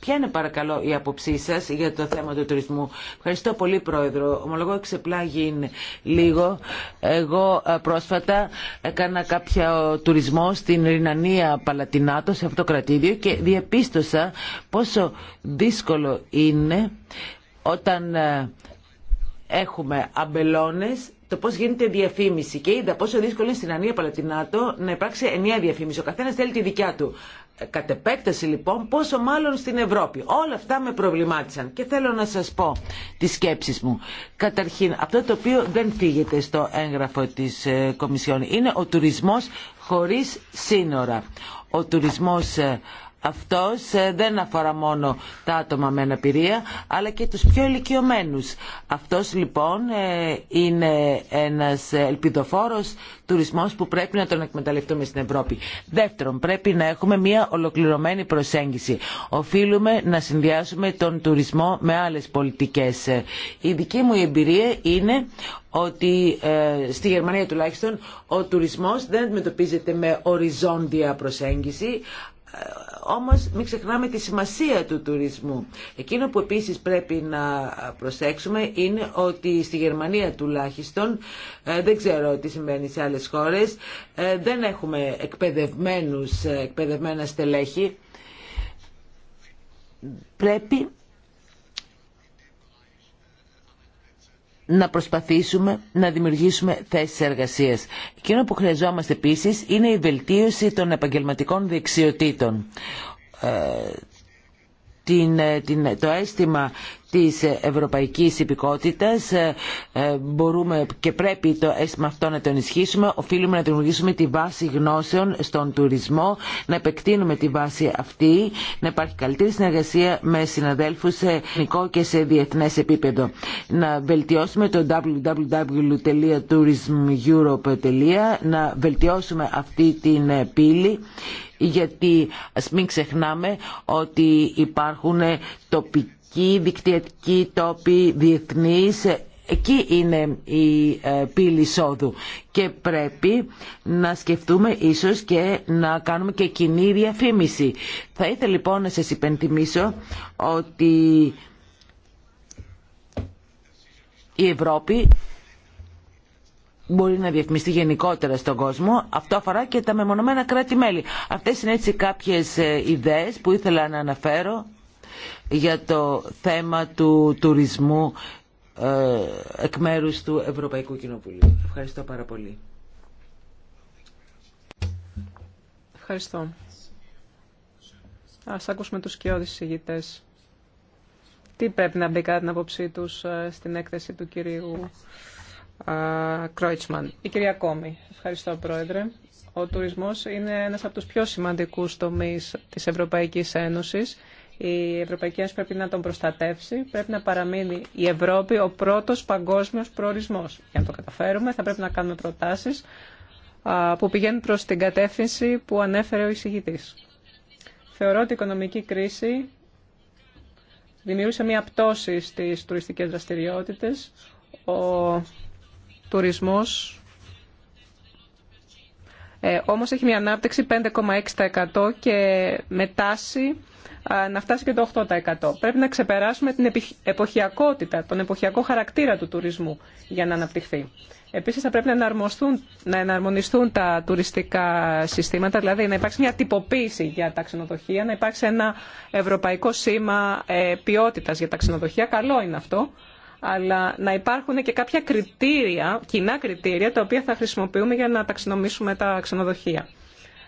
Ποια είναι παρακαλώ η αποψή σα για το θέμα του τουρισμού. Ευχαριστώ πολύ πρόεδρο. Ομολογώ εξεπλάγει λίγο. Εγώ ε, πρόσφατα έκανα κάποιο τουρισμό στην Ρινανία Παλατινάτο, σε αυτό το κρατήδιο και διαπίστωσα πόσο δύσκολο είναι όταν ε, έχουμε αμπελώνες το πώ γίνεται διαφήμιση. Και είδα πόσο δύσκολο είναι στην Ανία Παλατινάτο να υπάρξει ενιαία διαφήμιση. Ο καθένα θέλει τη δικιά του κατ' επέκταση λοιπόν πόσο μάλλον στην Ευρώπη. Όλα αυτά με προβλημάτισαν και θέλω να σας πω τις σκέψεις μου. Καταρχήν αυτό το οποίο δεν φύγεται στο έγγραφο της ε, Κομισιόν είναι ο τουρισμός χωρίς σύνορα. Ο τουρισμός ε, αυτός ε, δεν αφορά μόνο τα άτομα με αναπηρία αλλά και τους πιο ηλικιωμένου. Αυτός λοιπόν ε, είναι ένας ελπιδοφόρος τουρισμός που πρέπει να τον εκμεταλλευτούμε στην Ευρώπη. Δεύτερον, πρέπει να έχουμε μια ολοκληρωμένη προσέγγιση. Οφείλουμε να συνδυάσουμε τον τουρισμό με άλλες πολιτικές. Η δική μου εμπειρία είναι ότι ε, στη Γερμανία τουλάχιστον ο τουρισμός δεν αντιμετωπίζεται με οριζόντια προσέγγιση όμως μην ξεχνάμε τη σημασία του τουρισμού. Εκείνο που επίσης πρέπει να προσέξουμε είναι ότι στη Γερμανία τουλάχιστον, ε, δεν ξέρω τι συμβαίνει σε άλλες χώρες, ε, δεν έχουμε εκπαιδευμένους, ε, εκπαιδευμένα στελέχη. Πρέπει να προσπαθήσουμε να δημιουργήσουμε θέσεις εργασίας. Εκείνο που χρειαζόμαστε επίσης είναι η βελτίωση των επαγγελματικών δεξιοτήτων. Ε, την, ε, την, το αίσθημα της ευρωπαϊκής υπηκότητας ε, ε, μπορούμε και πρέπει το αίσθημα αυτό να τον ισχύσουμε οφείλουμε να δημιουργήσουμε τη βάση γνώσεων στον τουρισμό να επεκτείνουμε τη βάση αυτή να υπάρχει καλύτερη συνεργασία με συναδέλφους σε εθνικό και σε διεθνές επίπεδο να βελτιώσουμε το www.tourismeurope.gr να βελτιώσουμε αυτή την ε, πύλη γιατί ας μην ξεχνάμε ότι υπάρχουν τοπικοί τοπικοί, δικτυακοί τόποι, διεθνείς, Εκεί είναι η ε, πύλη εισόδου και πρέπει να σκεφτούμε ίσως και να κάνουμε και κοινή διαφήμιση. Θα ήθελα λοιπόν να σας υπενθυμίσω ότι η Ευρώπη μπορεί να διαφημιστεί γενικότερα στον κόσμο. Αυτό αφορά και τα μεμονωμένα κράτη-μέλη. Αυτές είναι έτσι κάποιες ε, ιδέες που ήθελα να αναφέρω για το θέμα του τουρισμού ε, εκ μέρου του Ευρωπαϊκού Κοινοβουλίου. Ευχαριστώ πάρα πολύ. Ευχαριστώ. Ας ακούσουμε τους κοιόδης συγητές. Τι πρέπει να μπει κατά την απόψή τους ε, στην έκθεση του κυρίου ε, Κρόιτσμαν. Η κυρία Κόμη. Ευχαριστώ, Πρόεδρε. Ο τουρισμός είναι ένας από τους πιο σημαντικούς τομείς της Ευρωπαϊκής Ένωσης η Ευρωπαϊκή Ένωση πρέπει να τον προστατεύσει, πρέπει να παραμείνει η Ευρώπη ο πρώτος παγκόσμιος προορισμός. Για να το καταφέρουμε θα πρέπει να κάνουμε προτάσεις που πηγαίνουν προς την κατεύθυνση που ανέφερε ο εισηγητής. Θεωρώ ότι η οικονομική κρίση δημιούργησε μια πτώση στις τουριστικές δραστηριότητες. Ο τουρισμός ε, όμως έχει μια ανάπτυξη 5,6% και με τάση να φτάσει και το 8%. Πρέπει να ξεπεράσουμε την εποχιακότητα, τον εποχιακό χαρακτήρα του τουρισμού για να αναπτυχθεί. Επίσης θα πρέπει να, να εναρμονιστούν τα τουριστικά συστήματα, δηλαδή να υπάρξει μια τυποποίηση για τα ξενοδοχεία, να υπάρξει ένα ευρωπαϊκό σήμα ε, ποιότητας για τα ξενοδοχεία. Καλό είναι αυτό, αλλά να υπάρχουν και κάποια κριτήρια, κοινά κριτήρια, τα οποία θα χρησιμοποιούμε για να ταξινομήσουμε τα ξενοδοχεία.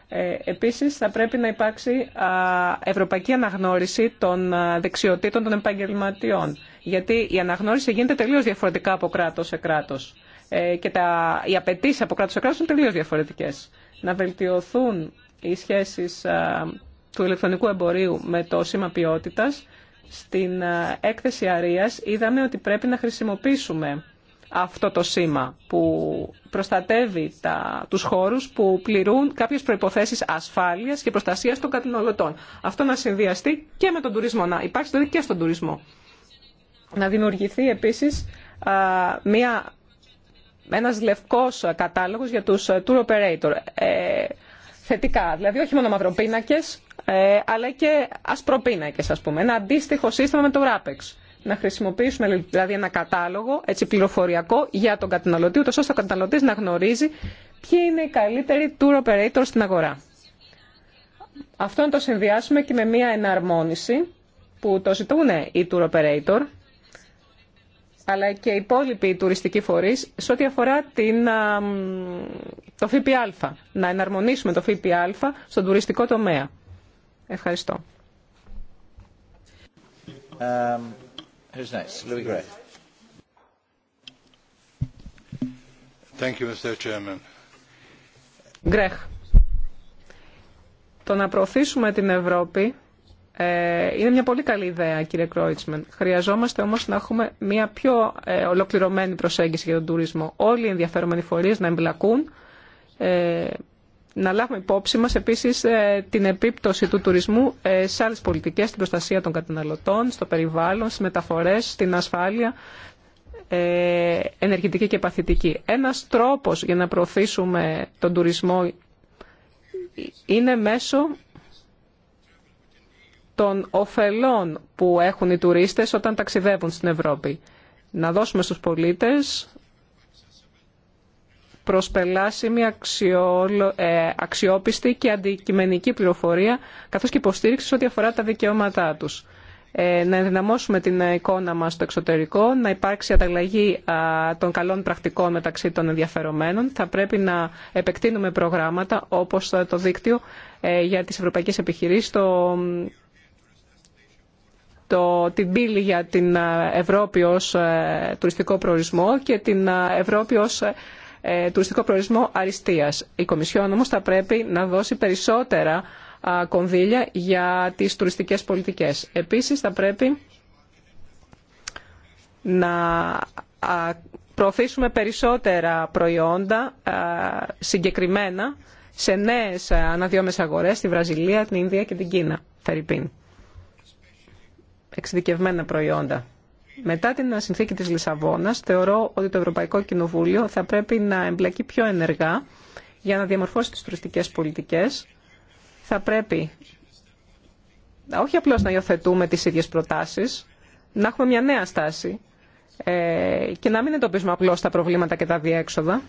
Ε, επίσης, θα πρέπει να υπάρξει ευρωπαϊκή αναγνώριση των δεξιοτήτων των επαγγελματιών, γιατί η αναγνώριση γίνεται τελείως διαφορετικά από κράτος σε κράτος ε, και τα, οι απαιτήσει από κράτος σε κράτος είναι τελείως διαφορετικές. Να βελτιωθούν οι σχέσεις του ηλεκτρονικού εμπορίου με το σήμα ποιότητας, στην ε, έκθεση Αρίας είδαμε ότι πρέπει να χρησιμοποιήσουμε αυτό το σήμα που προστατεύει τα, τους χώρους που πληρούν κάποιες προϋποθέσεις ασφάλειας και προστασίας των καταναλωτών. Αυτό να συνδυαστεί και με τον τουρισμό, να υπάρξει δηλαδή και στον τουρισμό. Να δημιουργηθεί επίσης α, μια, ένας λευκός κατάλογος για τους ε, tour operator. Ε, θετικά. Δηλαδή όχι μόνο μαυροπίνακες, ε, αλλά και ασπροπίνακε, α πούμε. Ένα αντίστοιχο σύστημα με το RAPEX. Να χρησιμοποιήσουμε δηλαδή ένα κατάλογο έτσι, πληροφοριακό για τον καταναλωτή, ούτω ώστε ο καταναλωτή να γνωρίζει ποιοι είναι οι καλύτεροι tour operator στην αγορά. Αυτό να το συνδυάσουμε και με μια εναρμόνιση που το ζητούν οι tour operator, αλλά και οι υπόλοιποι τουριστικοί φορείς σε ό,τι αφορά την, το ΦΠΑ. Να εναρμονίσουμε το ΦΠΑ στον τουριστικό τομέα. Ευχαριστώ. Um, Το να προωθήσουμε την Ευρώπη ε, είναι μια πολύ καλή ιδέα, κύριε Κρόιτσμεν. Χρειαζόμαστε όμως να έχουμε μια πιο ε, ολοκληρωμένη προσέγγιση για τον τουρισμό. Όλοι οι ενδιαφέρομενοι φορεί να εμπλακούν, ε, να λάβουμε υπόψη μας επίσης την επίπτωση του τουρισμού σε άλλες πολιτικές, στην προστασία των καταναλωτών, στο περιβάλλον, στις μεταφορές, στην ασφάλεια, ενεργητική και παθητική. Ένας τρόπος για να προωθήσουμε τον τουρισμό είναι μέσω των ωφελών που έχουν οι τουρίστες όταν ταξιδεύουν στην Ευρώπη. Να δώσουμε στους πολίτες προσπελάσιμη, αξιόλο, ε, αξιόπιστη και αντικειμενική πληροφορία, καθώς και υποστήριξη σε ό,τι αφορά τα δικαιώματά τους. Ε, να ενδυναμώσουμε την εικόνα μας στο εξωτερικό, να υπάρξει ανταλλαγή των καλών πρακτικών μεταξύ των ενδιαφερομένων. Θα πρέπει να επεκτείνουμε προγράμματα, όπως το δίκτυο ε, για τις ευρωπαϊκές επιχειρήσεις, το το, την πύλη για την ε, Ευρώπη ως ε, τουριστικό προορισμό και την ε, Ευρώπη ως τουριστικό προορισμό αριστείας. Η Κομισιόν όμως θα πρέπει να δώσει περισσότερα κονδύλια για τις τουριστικές πολιτικές. Επίσης θα πρέπει να προωθήσουμε περισσότερα προϊόντα συγκεκριμένα σε νέες αναδυόμενες αγορές στη Βραζιλία, την Ινδία και την Κίνα εξειδικευμένα προϊόντα. Μετά την συνθήκη της Λισαβόνας, θεωρώ ότι το Ευρωπαϊκό Κοινοβούλιο θα πρέπει να εμπλακεί πιο ενεργά για να διαμορφώσει τις τουριστικές πολιτικές. Θα πρέπει όχι απλώς να υιοθετούμε τις ίδιες προτάσεις, να έχουμε μια νέα στάση ε, και να μην εντοπίζουμε απλώς τα προβλήματα και τα διέξοδα.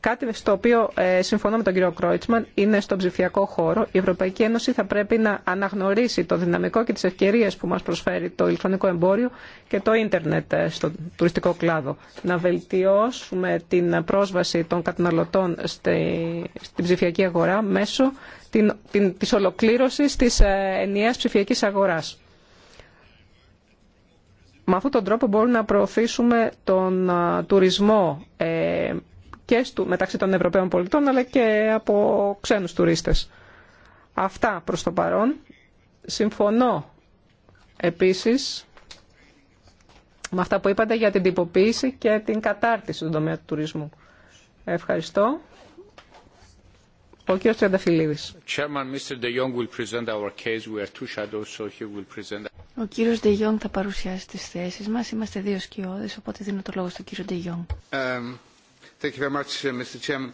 Κάτι στο οποίο ε, συμφωνώ με τον κύριο Κρόιτσμαν είναι στον ψηφιακό χώρο. Η Ευρωπαϊκή Ένωση θα πρέπει να αναγνωρίσει το δυναμικό και τις ευκαιρίες που μας προσφέρει το ηλεκτρονικό εμπόριο και το ίντερνετ ε, στον τουριστικό κλάδο. Να βελτιώσουμε την πρόσβαση των καταναλωτών στην ψηφιακή αγορά μέσω της ολοκλήρωσης της ε, ενιαίας ψηφιακής αγοράς. Με αυτόν τον τρόπο μπορούμε να προωθήσουμε τον τουρισμό και μεταξύ των Ευρωπαίων πολιτών αλλά και από ξένους τουρίστες. Αυτά προς το παρόν. Συμφωνώ επίσης με αυτά που είπατε για την τυποποίηση και την κατάρτιση του τομέα του τουρισμού. Ευχαριστώ. Ο κ. Τριανταφυλλίδης. Ο κύριος De θα παρουσιάσει τις θέσεις μας. Είμαστε δύο σκιώδες, οπότε δίνω το λόγο στον κύριο De um, Uh,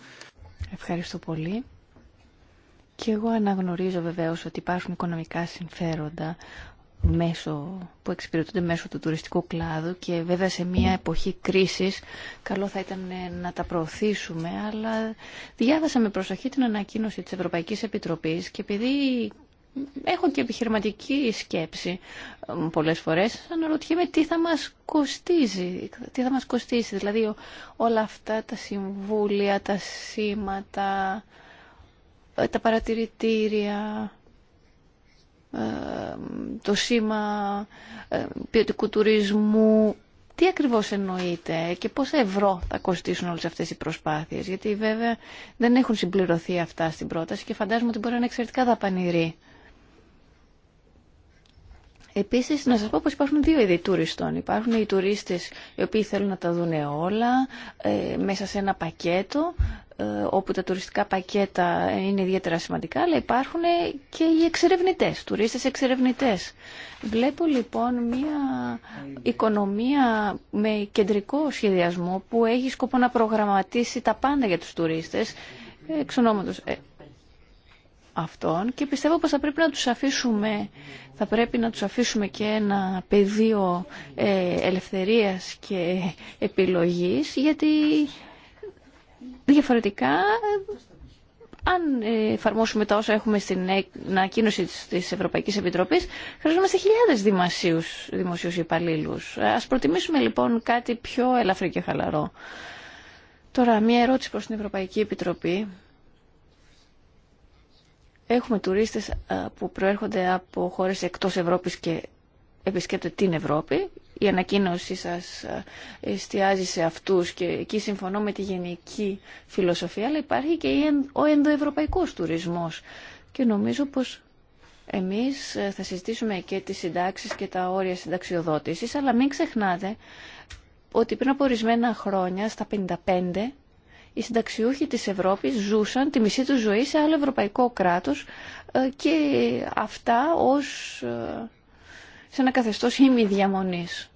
Ευχαριστώ πολύ. Και εγώ αναγνωρίζω βεβαίως ότι υπάρχουν οικονομικά συμφέροντα μέσω, που εξυπηρετούνται μέσω του τουριστικού κλάδου και βέβαια σε μια εποχή κρίσης καλό θα ήταν ε, να τα προωθήσουμε αλλά διάβασα με προσοχή την ανακοίνωση της Ευρωπαϊκής Επιτροπής και επειδή έχω και επιχειρηματική σκέψη πολλές φορές. Αναρωτιέμαι τι θα μας κοστίζει. Τι θα μας κοστίσει. Δηλαδή όλα αυτά τα συμβούλια, τα σήματα, ε, τα παρατηρητήρια, ε, το σήμα ε, ποιοτικού τουρισμού. Τι ακριβώς εννοείται και πόσα ευρώ θα κοστίσουν όλες αυτές οι προσπάθειες. Γιατί βέβαια δεν έχουν συμπληρωθεί αυτά στην πρόταση και φαντάζομαι ότι μπορεί να είναι εξαιρετικά δαπανηροί. Επίσης, να σα πω πως υπάρχουν δύο είδη τουριστών. Υπάρχουν οι τουρίστες οι οποίοι θέλουν να τα δουν όλα ε, μέσα σε ένα πακέτο, ε, όπου τα τουριστικά πακέτα είναι ιδιαίτερα σημαντικά, αλλά υπάρχουν και οι εξερευνητές, τουρίστες εξερευνητές. Βλέπω λοιπόν μια οικονομία με κεντρικό σχεδιασμό που έχει σκοπό να προγραμματίσει τα πάντα για τους τουριστές, εξ ε, αυτών και πιστεύω πως θα πρέπει να τους αφήσουμε, θα πρέπει να τους αφήσουμε και ένα πεδίο ε, ελευθερίας και επιλογής γιατί διαφορετικά αν ε, εφαρμόσουμε τα όσα έχουμε στην ε, ανακοίνωση της Ευρωπαϊκής Επιτροπής, χρειαζόμαστε χιλιάδες δημοσίους, δημοσίους υπαλλήλους. Ας προτιμήσουμε λοιπόν κάτι πιο ελαφρύ και χαλαρό. Τώρα, μία ερώτηση προς την Ευρωπαϊκή Επιτροπή. Έχουμε τουρίστες ε, που προέρχονται από χώρες εκτός Ευρώπης και επισκέπτεται την Ευρώπη. Η ανακοίνωσή σας ε, εστιάζει σε αυτούς και εκεί συμφωνώ με τη γενική φιλοσοφία, αλλά υπάρχει και ο ενδοευρωπαϊκός τουρισμός. Και νομίζω πως εμείς ε, θα συζητήσουμε και τις συντάξεις και τα όρια συνταξιοδότησης, αλλά μην ξεχνάτε ότι πριν από ορισμένα χρόνια, στα 55, οι συνταξιούχοι της Ευρώπης ζούσαν τη μισή τους ζωή σε άλλο ευρωπαϊκό κράτος ε, και αυτά ως ε, σε ένα καθεστώς διαμονής.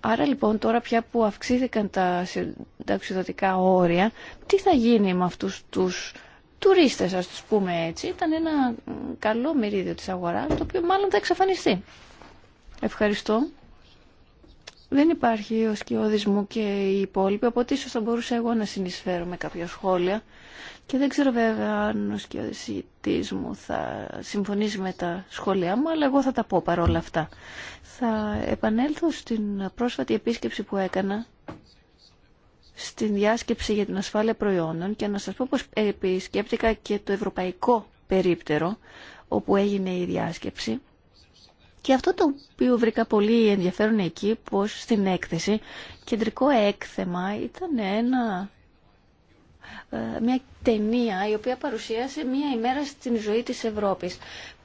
Άρα λοιπόν τώρα πια που αυξήθηκαν τα συνταξιδοτικά όρια, τι θα γίνει με αυτούς τους τουρίστες ας τους πούμε έτσι, ήταν ένα καλό μερίδιο της αγοράς το οποίο μάλλον θα εξαφανιστεί. Ευχαριστώ. Δεν υπάρχει ο σκιώδης μου και οι υπόλοιποι, οπότε ίσως θα μπορούσα εγώ να συνεισφέρω με κάποια σχόλια. Και δεν ξέρω βέβαια αν ο σκιώδης μου θα συμφωνήσει με τα σχόλιά μου, αλλά εγώ θα τα πω παρόλα αυτά. Θα επανέλθω στην πρόσφατη επίσκεψη που έκανα στην διάσκεψη για την ασφάλεια προϊόντων και να σας πω πως επισκέπτηκα και το ευρωπαϊκό περίπτερο όπου έγινε η διάσκεψη και αυτό το οποίο βρήκα πολύ ενδιαφέρον εκεί, πως στην έκθεση, κεντρικό έκθεμα ήταν ένα, ε, μια ταινία η οποία παρουσίασε μια ημέρα στην ζωή της Ευρώπης.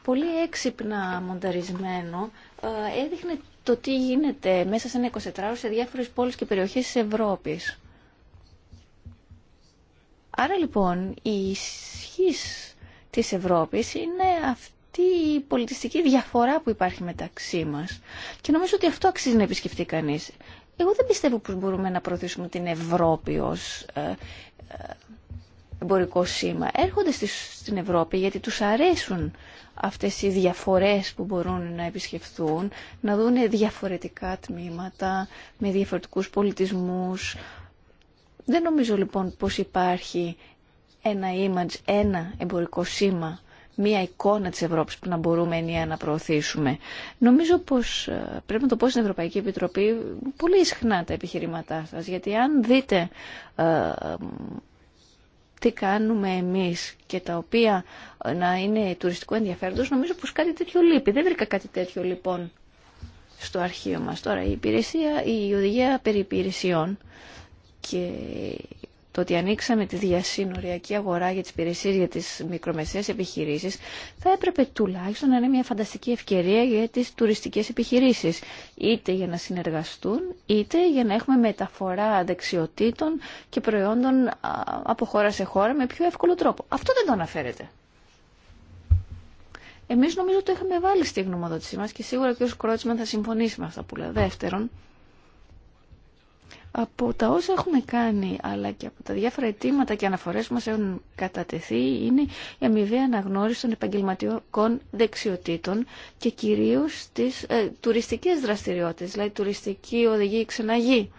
Πολύ έξυπνα μονταρισμένο, ε, έδειχνε το τι γίνεται μέσα σε ένα σε διάφορες πόλεις και περιοχές της Ευρώπης. Άρα λοιπόν η ισχύ της Ευρώπης είναι αυτή τι πολιτιστική διαφορά που υπάρχει μεταξύ μας. Και νομίζω ότι αυτό αξίζει να επισκεφτεί κανείς. Εγώ δεν πιστεύω πως μπορούμε να προωθήσουμε την Ευρώπη ως ε, ε, εμπορικό σήμα. Έρχονται στην Ευρώπη γιατί τους αρέσουν αυτές οι διαφορές που μπορούν να επισκεφθούν, να δουν διαφορετικά τμήματα, με διαφορετικούς πολιτισμούς. Δεν νομίζω λοιπόν πως υπάρχει ένα image, ένα εμπορικό σήμα μία εικόνα της Ευρώπης που να μπορούμε ενιαία να προωθήσουμε. Νομίζω πως ε, πρέπει να το πω στην Ευρωπαϊκή Επιτροπή πολύ συχνά τα επιχειρήματά σας, γιατί αν δείτε ε, τι κάνουμε εμείς και τα οποία ε, να είναι τουριστικού ενδιαφέροντος, νομίζω πως κάτι τέτοιο λείπει. Δεν βρήκα κάτι τέτοιο λοιπόν στο αρχείο μας. Τώρα η υπηρεσία, η οδηγία περί υπηρεσιών και το ότι ανοίξαμε τη διασύνοριακή αγορά για τις υπηρεσίες για τις μικρομεσαίες επιχειρήσεις θα έπρεπε τουλάχιστον να είναι μια φανταστική ευκαιρία για τις τουριστικές επιχειρήσεις είτε για να συνεργαστούν είτε για να έχουμε μεταφορά δεξιοτήτων και προϊόντων από χώρα σε χώρα με πιο εύκολο τρόπο. Αυτό δεν το αναφέρεται. Εμείς νομίζω το είχαμε βάλει στη γνωμοδότησή μας και σίγουρα και ο Κρότσμαν θα συμφωνήσει με αυτά που λέω. Δεύτερον, από τα όσα έχουμε κάνει, αλλά και από τα διάφορα αιτήματα και αναφορές που μας έχουν κατατεθεί, είναι η αμοιβή αναγνώριση των επαγγελματικών δεξιοτήτων και κυρίως τις ε, τουριστικές δραστηριότητες, δηλαδή τουριστική οδηγή ξεναγή,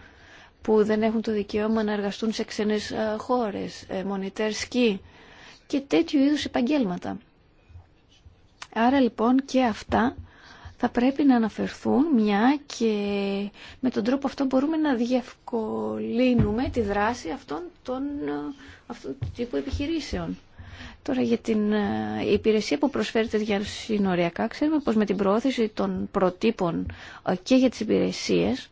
που δεν έχουν το δικαίωμα να εργαστούν σε ξένες ε, χώρες, ε, μονιτέρ σκι και τέτοιου είδους επαγγέλματα. Άρα λοιπόν και αυτά θα πρέπει να αναφερθούν μια και με τον τρόπο αυτό μπορούμε να διευκολύνουμε τη δράση αυτών των, αυτών του τύπου επιχειρήσεων. Τώρα για την ε, υπηρεσία που προσφέρεται για συνοριακά, ξέρουμε πως με την προώθηση των προτύπων ε, και για τις υπηρεσίες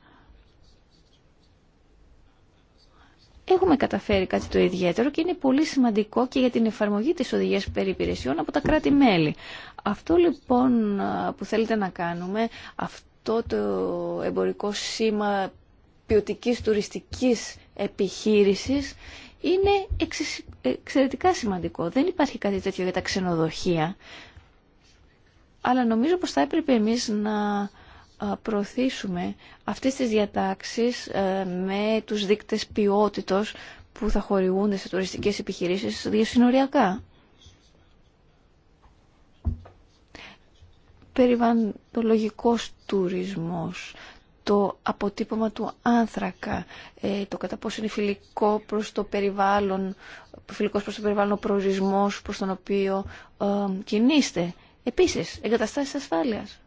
έχουμε καταφέρει κάτι το ιδιαίτερο και είναι πολύ σημαντικό και για την εφαρμογή της οδηγίας περιπηρεσιών από τα κράτη-μέλη. Αυτό λοιπόν που θέλετε να κάνουμε, αυτό το εμπορικό σήμα ποιοτικής τουριστικής επιχείρησης είναι εξαιρετικά σημαντικό. Δεν υπάρχει κάτι τέτοιο για τα ξενοδοχεία, αλλά νομίζω πως θα έπρεπε εμείς να προωθήσουμε αυτές τις διατάξεις ε, με τους δείκτες ποιότητος που θα χορηγούνται σε τουριστικές επιχειρήσεις διασυνοριακά. περιβαλλοντολογικός τουρισμός, το αποτύπωμα του άνθρακα, ε, το κατά πόσο είναι φιλικό προς το περιβάλλον, φιλικός προς το περιβάλλον ο προορισμός προς τον οποίο ε, κινείστε. Επίσης, εγκαταστάσεις ασφάλειας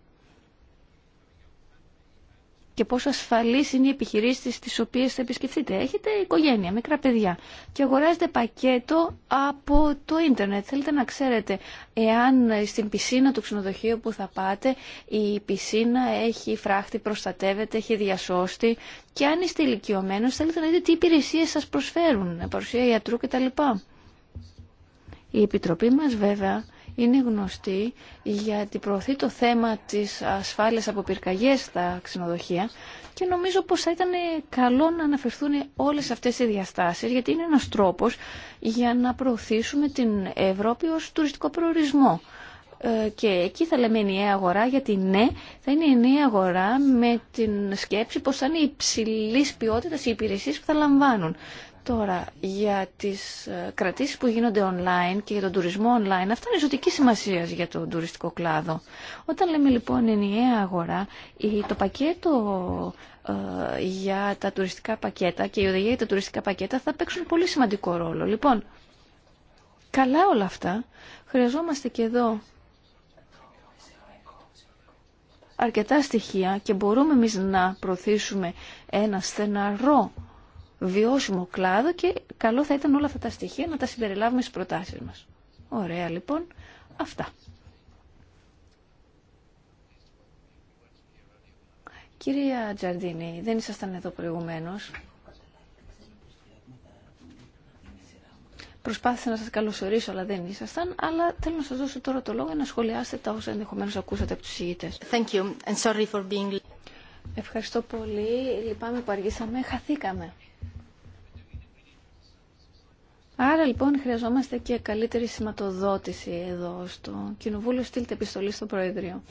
και πόσο ασφαλείς είναι οι επιχειρήσει τι οποίε θα επισκεφτείτε. Έχετε οικογένεια, μικρά παιδιά και αγοράζετε πακέτο από το ίντερνετ. Θέλετε να ξέρετε εάν στην πισίνα του ξενοδοχείου που θα πάτε η πισίνα έχει φράχτη, προστατεύεται, έχει διασώστη και αν είστε ηλικιωμένο, θέλετε να δείτε τι υπηρεσίε σα προσφέρουν, παρουσία ιατρού κτλ. Η Επιτροπή μα βέβαια είναι γνωστή γιατί προωθεί το θέμα της ασφάλειας από πυρκαγιές στα ξενοδοχεία και νομίζω πως θα ήταν καλό να αναφερθούν όλες αυτές οι διαστάσεις γιατί είναι ένας τρόπος για να προωθήσουμε την Ευρώπη ως τουριστικό προορισμό. Ε, και εκεί θα λέμε ενιαία αγορά γιατί ναι, θα είναι ενιαία αγορά με την σκέψη πως θα είναι υψηλής ποιότητας οι υπηρεσίες που θα λαμβάνουν. Τώρα, για τις ε, κρατήσεις που γίνονται online και για τον τουρισμό online, αυτά είναι ζωτική σημασία για τον τουριστικό κλάδο. Όταν λέμε λοιπόν ενιαία αγορά, το πακέτο ε, για τα τουριστικά πακέτα και η οδηγία για τα τουριστικά πακέτα θα παίξουν πολύ σημαντικό ρόλο. Λοιπόν, καλά όλα αυτά. Χρειαζόμαστε και εδώ αρκετά στοιχεία και μπορούμε εμεί να προωθήσουμε ένα στεναρό βιώσιμο κλάδο και καλό θα ήταν όλα αυτά τα στοιχεία να τα συμπεριλάβουμε στις προτάσεις μας. Ωραία λοιπόν, αυτά. Κυρία Τζαρντίνη, δεν ήσασταν εδώ προηγουμένως. Προσπάθησα να σας καλωσορίσω, αλλά δεν ήσασταν. Αλλά θέλω να σας δώσω τώρα το λόγο να σχολιάσετε τα όσα ενδεχομένως ακούσατε από τους συγητές. Thank you. And sorry for being... Ευχαριστώ πολύ. Λυπάμαι που αργήσαμε. Χαθήκαμε. Άρα λοιπόν χρειαζόμαστε και καλύτερη σηματοδότηση εδώ στο Κοινοβούλιο. Στείλτε επιστολή στο Προεδρείο.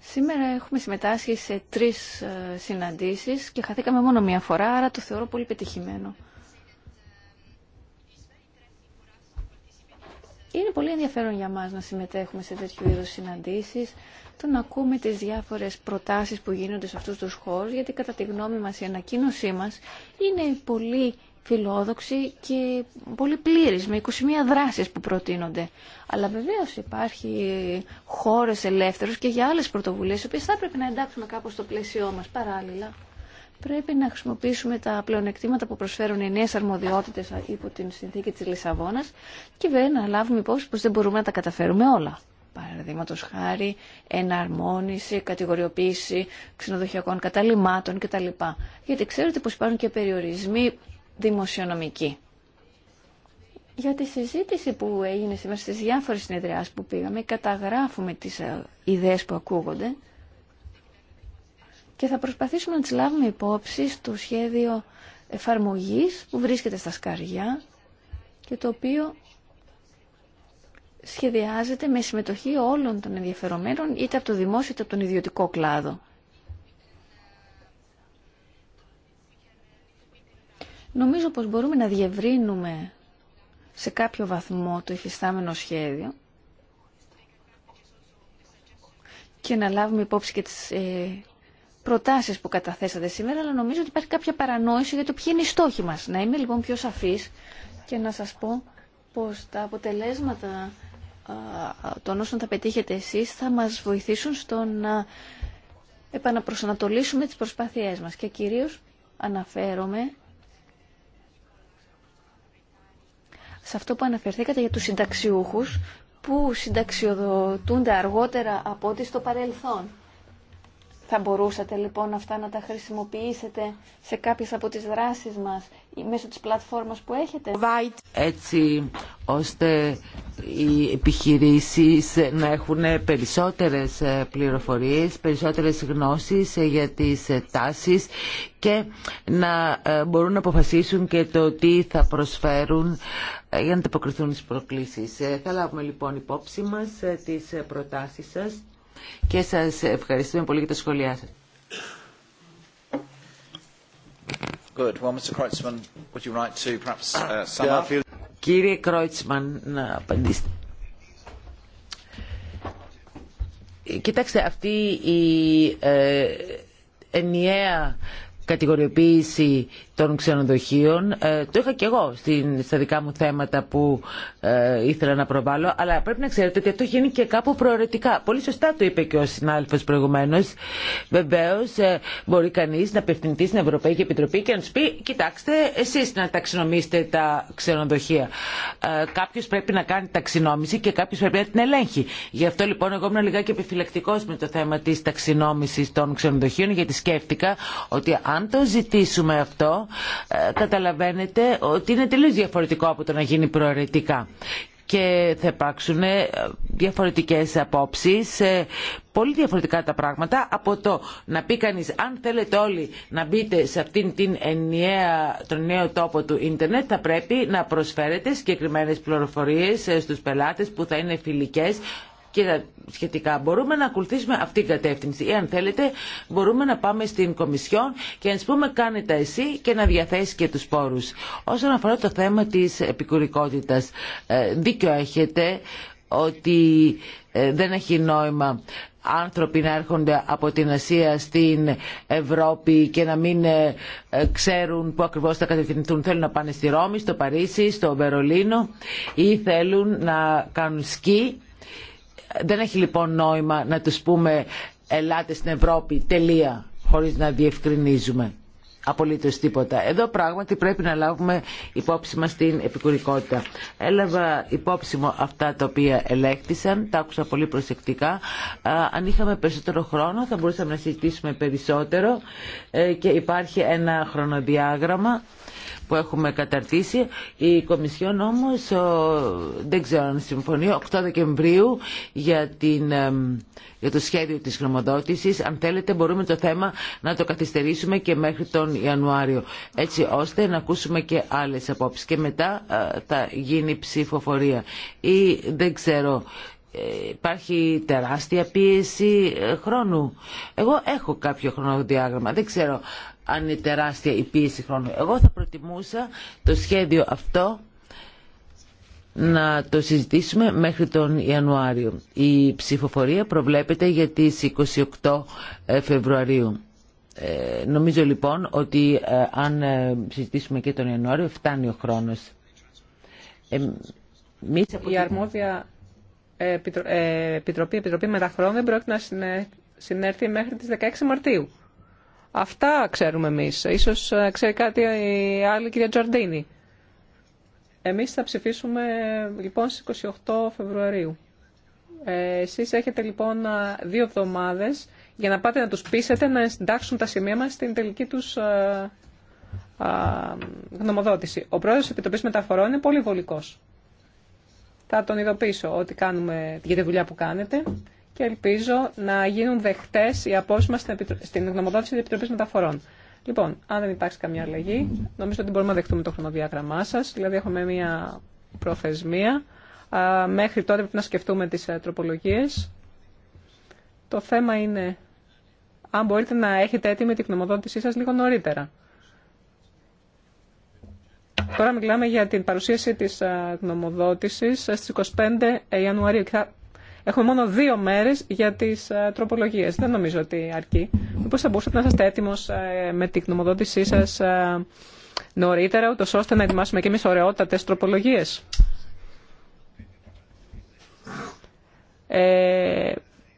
Σήμερα έχουμε συμμετάσχει σε τρεις ε, συναντήσεις και χαθήκαμε μόνο μία φορά, άρα το θεωρώ πολύ πετυχημένο. είναι πολύ ενδιαφέρον για μας να συμμετέχουμε σε τέτοιου είδους συναντήσεις, το να ακούμε τις διάφορες προτάσεις που γίνονται σε αυτούς τους χώρους, γιατί κατά τη γνώμη μας η ανακοίνωσή μας είναι πολύ φιλόδοξη και πολύ πλήρης, με 21 δράσεις που προτείνονται. Αλλά βεβαίως υπάρχει χώρες ελεύθερους και για άλλες πρωτοβουλίες, οι οποίες θα πρέπει να εντάξουμε κάπως στο πλαίσιό μας παράλληλα πρέπει να χρησιμοποιήσουμε τα πλεονεκτήματα που προσφέρουν οι νέε αρμοδιότητε υπό την συνθήκη τη Λισαβόνα και βέβαια να λάβουμε υπόψη πώ δεν μπορούμε να τα καταφέρουμε όλα. Παραδείγματο χάρη, εναρμόνιση, κατηγοριοποίηση ξενοδοχειακών καταλήμματων κτλ. Γιατί ξέρετε πω υπάρχουν και περιορισμοί δημοσιονομικοί. Για τη συζήτηση που έγινε σήμερα στις διάφορες συνεδριάσεις που πήγαμε, καταγράφουμε τις ε, ιδέες που ακούγονται και θα προσπαθήσουμε να τις λάβουμε υπόψη στο σχέδιο εφαρμογής που βρίσκεται στα σκαριά και το οποίο σχεδιάζεται με συμμετοχή όλων των ενδιαφερομένων είτε από το δημόσιο είτε από τον ιδιωτικό κλάδο. Νομίζω πως μπορούμε να διευρύνουμε σε κάποιο βαθμό το υφιστάμενο σχέδιο και να λάβουμε υπόψη και τις ε, προτάσεις που καταθέσατε σήμερα, αλλά νομίζω ότι υπάρχει κάποια παρανόηση για το ποιοι είναι οι στόχοι μας. Να είμαι λοιπόν πιο σαφής και να σας πω πως τα αποτελέσματα των όσων θα πετύχετε εσείς θα μας βοηθήσουν στο να επαναπροσανατολίσουμε τις προσπάθειές μας και κυρίως αναφέρομαι σε αυτό που αναφερθήκατε για τους συνταξιούχους που συνταξιοδοτούνται αργότερα από ό,τι στο παρελθόν. Θα μπορούσατε λοιπόν αυτά να τα χρησιμοποιήσετε σε κάποιες από τις δράσεις μας μέσω της πλατφόρμας που έχετε. Έτσι ώστε οι επιχειρήσεις να έχουν περισσότερες ε, πληροφορίες, περισσότερες γνώσεις ε, για τις ε, τάσεις και να μπορούν να αποφασίσουν και το τι θα προσφέρουν για να ανταποκριθούν τις προκλήσεις. Θα λάβουμε λοιπόν υπόψη μας τις προτάσεις σας και σας ευχαριστούμε πολύ για τα σχόλιά σας. Good. Well, Mr. would you like to perhaps uh, Κύριε Κρόιτσμαν, να απαντήσετε. Κοιτάξτε, αυτή η ε, ενιαία κατηγοριοποίηση των ξενοδοχείων. Ε, το είχα και εγώ στα δικά μου θέματα που ε, ήθελα να προβάλλω, αλλά πρέπει να ξέρετε ότι αυτό γίνει και κάπου προαιρετικά. Πολύ σωστά το είπε και ο συνάδελφος προηγουμένως. Βεβαίως ε, μπορεί κανεί να απευθυνθεί στην Ευρωπαϊκή Επιτροπή και να του πει «Κοιτάξτε, εσεί να ταξινομήσετε τα ξενοδοχεία». Κάποιο πρέπει να κάνει ταξινόμηση και κάποιο πρέπει να την ελέγχει. Γι' αυτό λοιπόν εγώ ήμουν λιγάκι επιφυλακτικό με το θέμα τη ταξινόμηση των ξενοδοχείων, γιατί σκέφτηκα ότι αν το ζητήσουμε αυτό, ε, καταλαβαίνετε ότι είναι τελείως διαφορετικό από το να γίνει προαιρετικά και θα υπάρξουν ε, διαφορετικές απόψεις, ε, πολύ διαφορετικά τα πράγματα από το να πει κανείς αν θέλετε όλοι να μπείτε σε αυτήν την ενιαία, τον νέο τόπο του ίντερνετ θα πρέπει να προσφέρετε συγκεκριμένες πληροφορίες στους πελάτες που θα είναι φιλικές και σχετικά. Μπορούμε να ακολουθήσουμε αυτή την κατεύθυνση ή αν θέλετε μπορούμε να πάμε στην Κομισιόν και να πούμε κάνε τα εσύ και να διαθέσει και τους πόρους. Όσον αφορά το θέμα της επικουρικότητας, ε, δίκιο έχετε ότι ε, δεν έχει νόημα άνθρωποι να έρχονται από την Ασία στην Ευρώπη και να μην ε, ξέρουν πού ακριβώς θα κατευθυνθούν. Θέλουν να πάνε στη Ρώμη, στο Παρίσι, στο Βερολίνο ή θέλουν να κάνουν σκι δεν έχει λοιπόν νόημα να τους πούμε ελάτε στην Ευρώπη, τελεία, χωρίς να διευκρινίζουμε απολύτως τίποτα. Εδώ πράγματι πρέπει να λάβουμε υπόψη μας την επικουρικότητα. Έλαβα υπόψη μου αυτά τα οποία ελέγχθησαν, τα άκουσα πολύ προσεκτικά. αν είχαμε περισσότερο χρόνο θα μπορούσαμε να συζητήσουμε περισσότερο ε, και υπάρχει ένα χρονοδιάγραμμα που έχουμε καταρτήσει. Η Κομισιόν όμως δεν ξέρω αν συμφωνεί 8 Δεκεμβρίου για, την, για το σχέδιο της χρηματοδότησης. Αν θέλετε μπορούμε το θέμα να το καθυστερήσουμε και μέχρι τον Ιανουάριο έτσι ώστε να ακούσουμε και άλλες απόψεις και μετά ε, θα γίνει ψηφοφορία ή δεν ξέρω ε, υπάρχει τεράστια πίεση ε, χρόνου. Εγώ έχω κάποιο χρονοδιάγραμμα. Δεν ξέρω αν είναι τεράστια η πίεση χρόνου. Εγώ θα προτιμούσα το σχέδιο αυτό να το συζητήσουμε μέχρι τον Ιανουάριο. Η ψηφοφορία προβλέπεται για τις 28 ε, Φεβρουαρίου. Ε, νομίζω λοιπόν ότι ε, αν συζητήσουμε και τον Ιανουάριο φτάνει ο χρόνος. Η αρμόδια επιτροπή, επιτροπή, επιτροπή χρόνια δεν να συνέρθει μέχρι τις 16 Μαρτίου. Αυτά ξέρουμε εμεί Ίσως ε, ξέρει κάτι η άλλη κυρία Τζορντίνη. Εμείς θα ψηφίσουμε λοιπόν στι 28 Φεβρουαρίου. Ε, εσείς έχετε λοιπόν ε, δύο εβδομάδες για να πάτε να τους πείσετε να συντάξουν τα σημεία μας στην τελική τους ε, γνωμοδότηση. Ο πρόεδρος της Επιτροπής Μεταφορών είναι πολύ βολικός. Θα τον ειδοποιήσω ότι κάνουμε για τη δουλειά που κάνετε και ελπίζω να γίνουν δεχτέ οι μα στην γνωμοδότηση τη Επιτροπή Μεταφορών. Λοιπόν, αν δεν υπάρξει καμία αλλαγή, νομίζω ότι μπορούμε να δεχτούμε το χρονοδιάγραμμά σα. Δηλαδή, έχουμε μία προθεσμία. Μέχρι τότε πρέπει να σκεφτούμε τι ε, τροπολογίε. Το θέμα είναι αν μπορείτε να έχετε έτοιμη τη γνωμοδότησή σα λίγο νωρίτερα. Τώρα μιλάμε για την παρουσίαση της ε, γνωμοδότησης ε, στις 25 Ιανουαρίου. Έχουμε μόνο δύο μέρε για τις ε, τροπολογίε. Δεν νομίζω ότι αρκεί. Μήπω θα μπορούσατε να είστε έτοιμο ε, με την γνωμοδότησή σας ε, νωρίτερα, ούτω ώστε να ετοιμάσουμε και εμεί ωραιότατε τροπολογίες. Ε,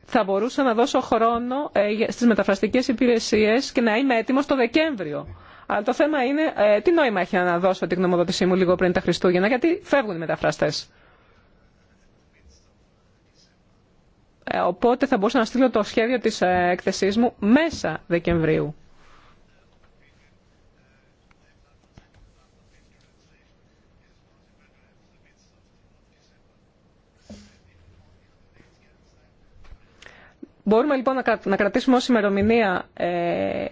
θα μπορούσα να δώσω χρόνο στις μεταφραστικές υπηρεσίες και να είμαι έτοιμος το Δεκέμβριο. Αλλά το θέμα είναι τι νόημα έχει να δώσω την γνωμοδότησή μου λίγο πριν τα Χριστούγεννα, γιατί φεύγουν οι μεταφραστές. Ε, οπότε θα μπορούσα να στείλω το σχέδιο της εκθεσής μου μέσα Δεκεμβρίου. Μπορούμε λοιπόν να κρατήσουμε ως ημερομηνία ε,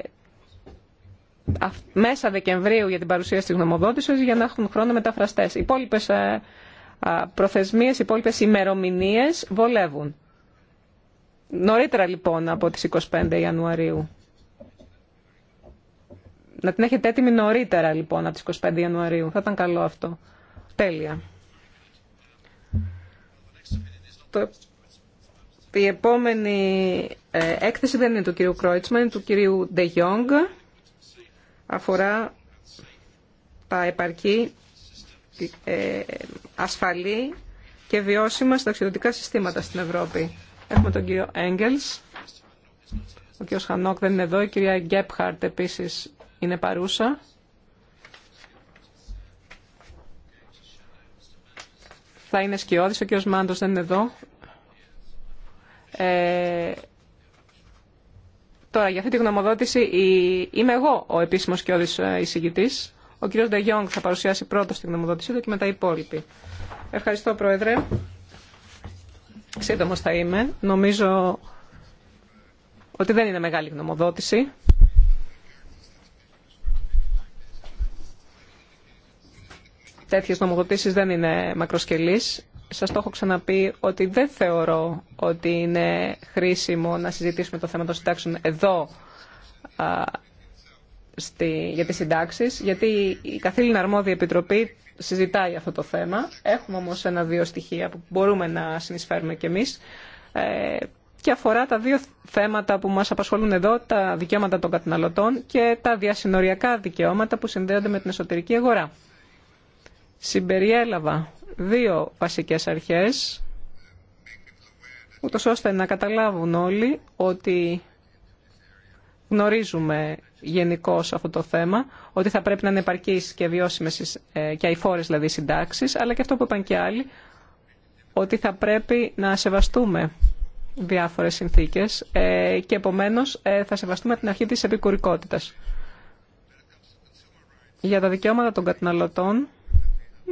μέσα Δεκεμβρίου για την παρουσίαση της γνωμοδότησης για να έχουν χρόνο μεταφραστές. Οι υπόλοιπες ε, προθεσμίες, οι υπόλοιπες ημερομηνίες βολεύουν. Νωρίτερα λοιπόν από τις 25 Ιανουαρίου. Να την έχετε έτοιμη νωρίτερα λοιπόν από τις 25 Ιανουαρίου. Θα ήταν καλό αυτό. Τέλεια. Το... Η επόμενη ε, έκθεση δεν είναι του κυρίου Κρόιτσμαν, είναι του κυρίου Ντε Αφορά τα επαρκή ε, ασφαλή και βιώσιμα συνταξιδοτικά συστήματα στην Ευρώπη. Έχουμε τον κύριο Έγγελς. Ο κύριος Χανόκ δεν είναι εδώ. Η κυρία Γκέπχαρτ επίσης είναι παρούσα. Θα είναι σκιώδης. Ο κύριος Μάντος δεν είναι εδώ. Ε, τώρα, για αυτή τη γνωμοδότηση η, είμαι εγώ ο επίσημος σκιώδης ε, εισηγητής. Ο κύριος Ντεγιόγκ θα παρουσιάσει πρώτος τη γνωμοδότησή του και μετά οι υπόλοιποι. Ευχαριστώ, Πρόεδρε. Σύντομο θα είμαι. Νομίζω ότι δεν είναι μεγάλη γνωμοδότηση. Τέτοιες νομοδοτήσει δεν είναι μακροσκελής. Σας το έχω ξαναπεί ότι δεν θεωρώ ότι είναι χρήσιμο να συζητήσουμε το θέμα των συντάξεων εδώ στη, για τις συντάξεις, γιατί η καθήλυνα αρμόδια επιτροπή συζητάει αυτό το θέμα. Έχουμε όμως ένα-δύο στοιχεία που μπορούμε να συνεισφέρουμε κι εμείς ε, και αφορά τα δύο θέματα που μας απασχολούν εδώ, τα δικαιώματα των καταναλωτών και τα διασυνοριακά δικαιώματα που συνδέονται με την εσωτερική αγορά. Συμπεριέλαβα δύο βασικές αρχές, ούτως ώστε να καταλάβουν όλοι ότι γνωρίζουμε γενικώ αυτό το θέμα, ότι θα πρέπει να είναι επαρκή και βιώσιμε ε, και αηφόρε δηλαδή συντάξει, αλλά και αυτό που είπαν και άλλοι, ότι θα πρέπει να σεβαστούμε διάφορες συνθήκες ε, και επομένως ε, θα σεβαστούμε την αρχή της Επικουρικότητα. Για τα δικαιώματα των καταναλωτών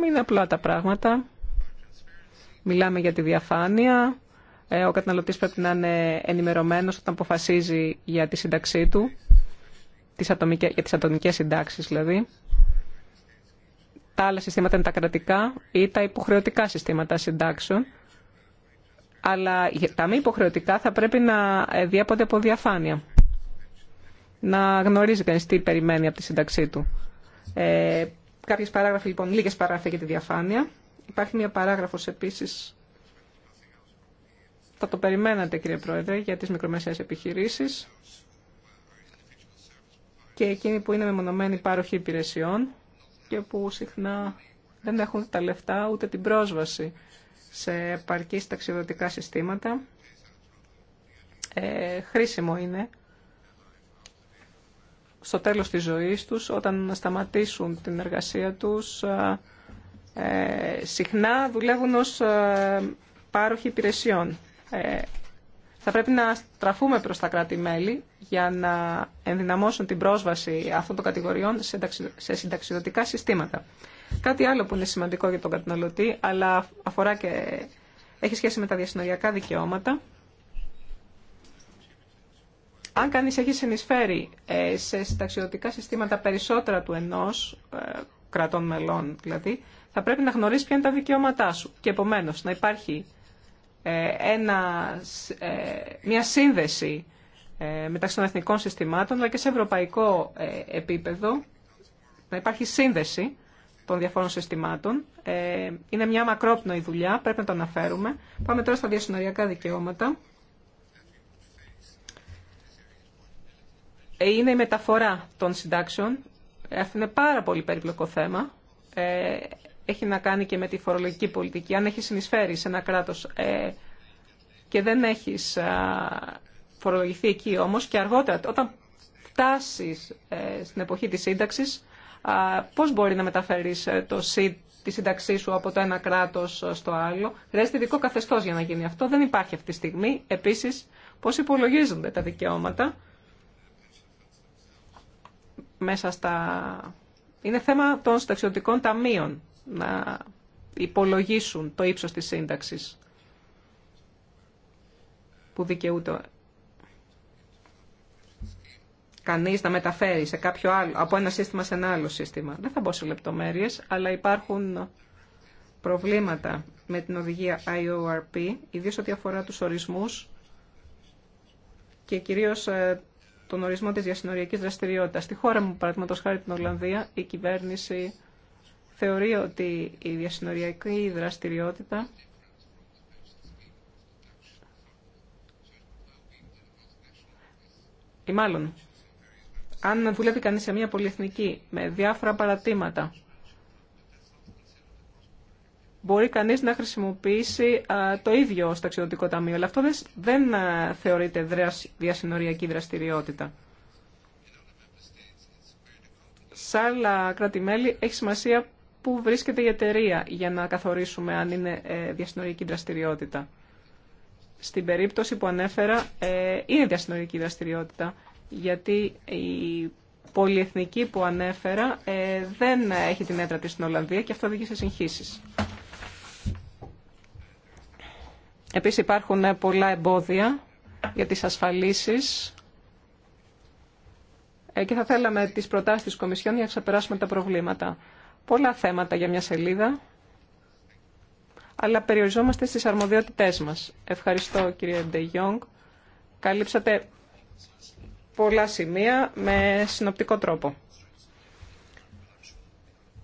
είναι απλά τα πράγματα. Μιλάμε για τη διαφάνεια. Ο καταναλωτής πρέπει να είναι ενημερωμένος όταν αποφασίζει για τη σύνταξή του τις ατομικές, για τις ατομικές συντάξεις δηλαδή. Τα άλλα συστήματα είναι τα κρατικά ή τα υποχρεωτικά συστήματα συντάξεων. Αλλά τα μη υποχρεωτικά θα πρέπει να διέπονται από διαφάνεια. Να γνωρίζει κανείς τι περιμένει από τη σύνταξή του. Ε, κάποιες παράγραφοι, λοιπόν, λίγες παράγραφοι για τη διαφάνεια. Υπάρχει μια παράγραφος επίσης, θα το περιμένατε κύριε Πρόεδρε, για τις μικρομεσαίες επιχειρήσεις και εκείνοι που είναι μεμονωμένοι πάροχοι υπηρεσιών και που συχνά δεν έχουν τα λεφτά ούτε την πρόσβαση σε επαρκή ταξιδιωτικά συστήματα. Ε, χρήσιμο είναι στο τέλος της ζωής τους, όταν να σταματήσουν την εργασία τους, ε, ε, συχνά δουλεύουν ως ε, πάροχοι υπηρεσιών. Ε, θα πρέπει να στραφούμε προς τα κράτη-μέλη για να ενδυναμώσουν την πρόσβαση αυτών των κατηγοριών σε συνταξιδοτικά συστήματα. Κάτι άλλο που είναι σημαντικό για τον καταναλωτή, αλλά αφορά και έχει σχέση με τα διασυνοριακά δικαιώματα. Αν κανείς έχει συνεισφέρει ε, σε συνταξιδοτικά συστήματα περισσότερα του ενός ε, κρατών μελών, δηλαδή, θα πρέπει να γνωρίσει ποια είναι τα δικαιώματά σου και επομένως να υπάρχει ε, ένα, ε, μια σύνδεση ε, μεταξύ των εθνικών συστημάτων, αλλά και σε ευρωπαϊκό επίπεδο να υπάρχει σύνδεση των διαφόρων συστημάτων. είναι μια μακρόπνοη δουλειά, πρέπει να το αναφέρουμε. Πάμε τώρα στα διασυνοριακά δικαιώματα. Είναι η μεταφορά των συντάξεων. Αυτό είναι πάρα πολύ περίπλοκο θέμα έχει να κάνει και με τη φορολογική πολιτική. Αν έχει συνεισφέρει σε ένα κράτο ε, και δεν έχει φορολογηθεί εκεί όμω και αργότερα όταν φτάσει ε, στην εποχή τη σύνταξη, α, πώς μπορεί να μεταφέρεις ε, το ΣΥ, τη σύνταξή σου από το ένα κράτος ε, στο άλλο. Χρειάζεται ειδικό καθεστώς για να γίνει αυτό. Δεν υπάρχει αυτή τη στιγμή. Επίσης, πώς υπολογίζονται τα δικαιώματα μέσα στα... Είναι θέμα των συνταξιωτικών ταμείων να υπολογίσουν το ύψος της σύνταξης που δικαιούται κανείς να μεταφέρει σε κάποιο άλλο, από ένα σύστημα σε ένα άλλο σύστημα. Δεν θα μπω σε λεπτομέρειες, αλλά υπάρχουν προβλήματα με την οδηγία IORP, ιδίως ό,τι αφορά τους ορισμούς και κυρίως ε, τον ορισμό της διασυνοριακής δραστηριότητας. Στη χώρα μου, παραδείγματος χάρη την Ολλανδία, η κυβέρνηση θεωρεί ότι η διασυνοριακή δραστηριότητα ή μάλλον αν δουλεύει κανείς σε μια πολυεθνική με διάφορα παρατήματα μπορεί κανείς να χρησιμοποιήσει το ίδιο ταξιδιωτικό ταμείο. Αλλά αυτό δεν θεωρείται διασυνοριακή δραστηριότητα. Σε άλλα κράτη-μέλη έχει σημασία που βρίσκεται η εταιρεία για να καθορίσουμε αν είναι ε, διασυνοριακή δραστηριότητα. Στην περίπτωση που ανέφερα, ε, είναι διασυνοριακή δραστηριότητα, γιατί η πολυεθνική που ανέφερα ε, δεν έχει την έντρα της στην Ολλανδία και αυτό οδηγεί σε συγχύσεις. Επίσης υπάρχουν πολλά εμπόδια για τις ασφαλίσεις και θα θέλαμε τις προτάσεις της Κομισιόν για να ξεπεράσουμε τα προβλήματα πολλά θέματα για μια σελίδα, αλλά περιοριζόμαστε στις αρμοδιότητές μας. Ευχαριστώ κύριε Ντε Καλύψατε πολλά σημεία με συνοπτικό τρόπο.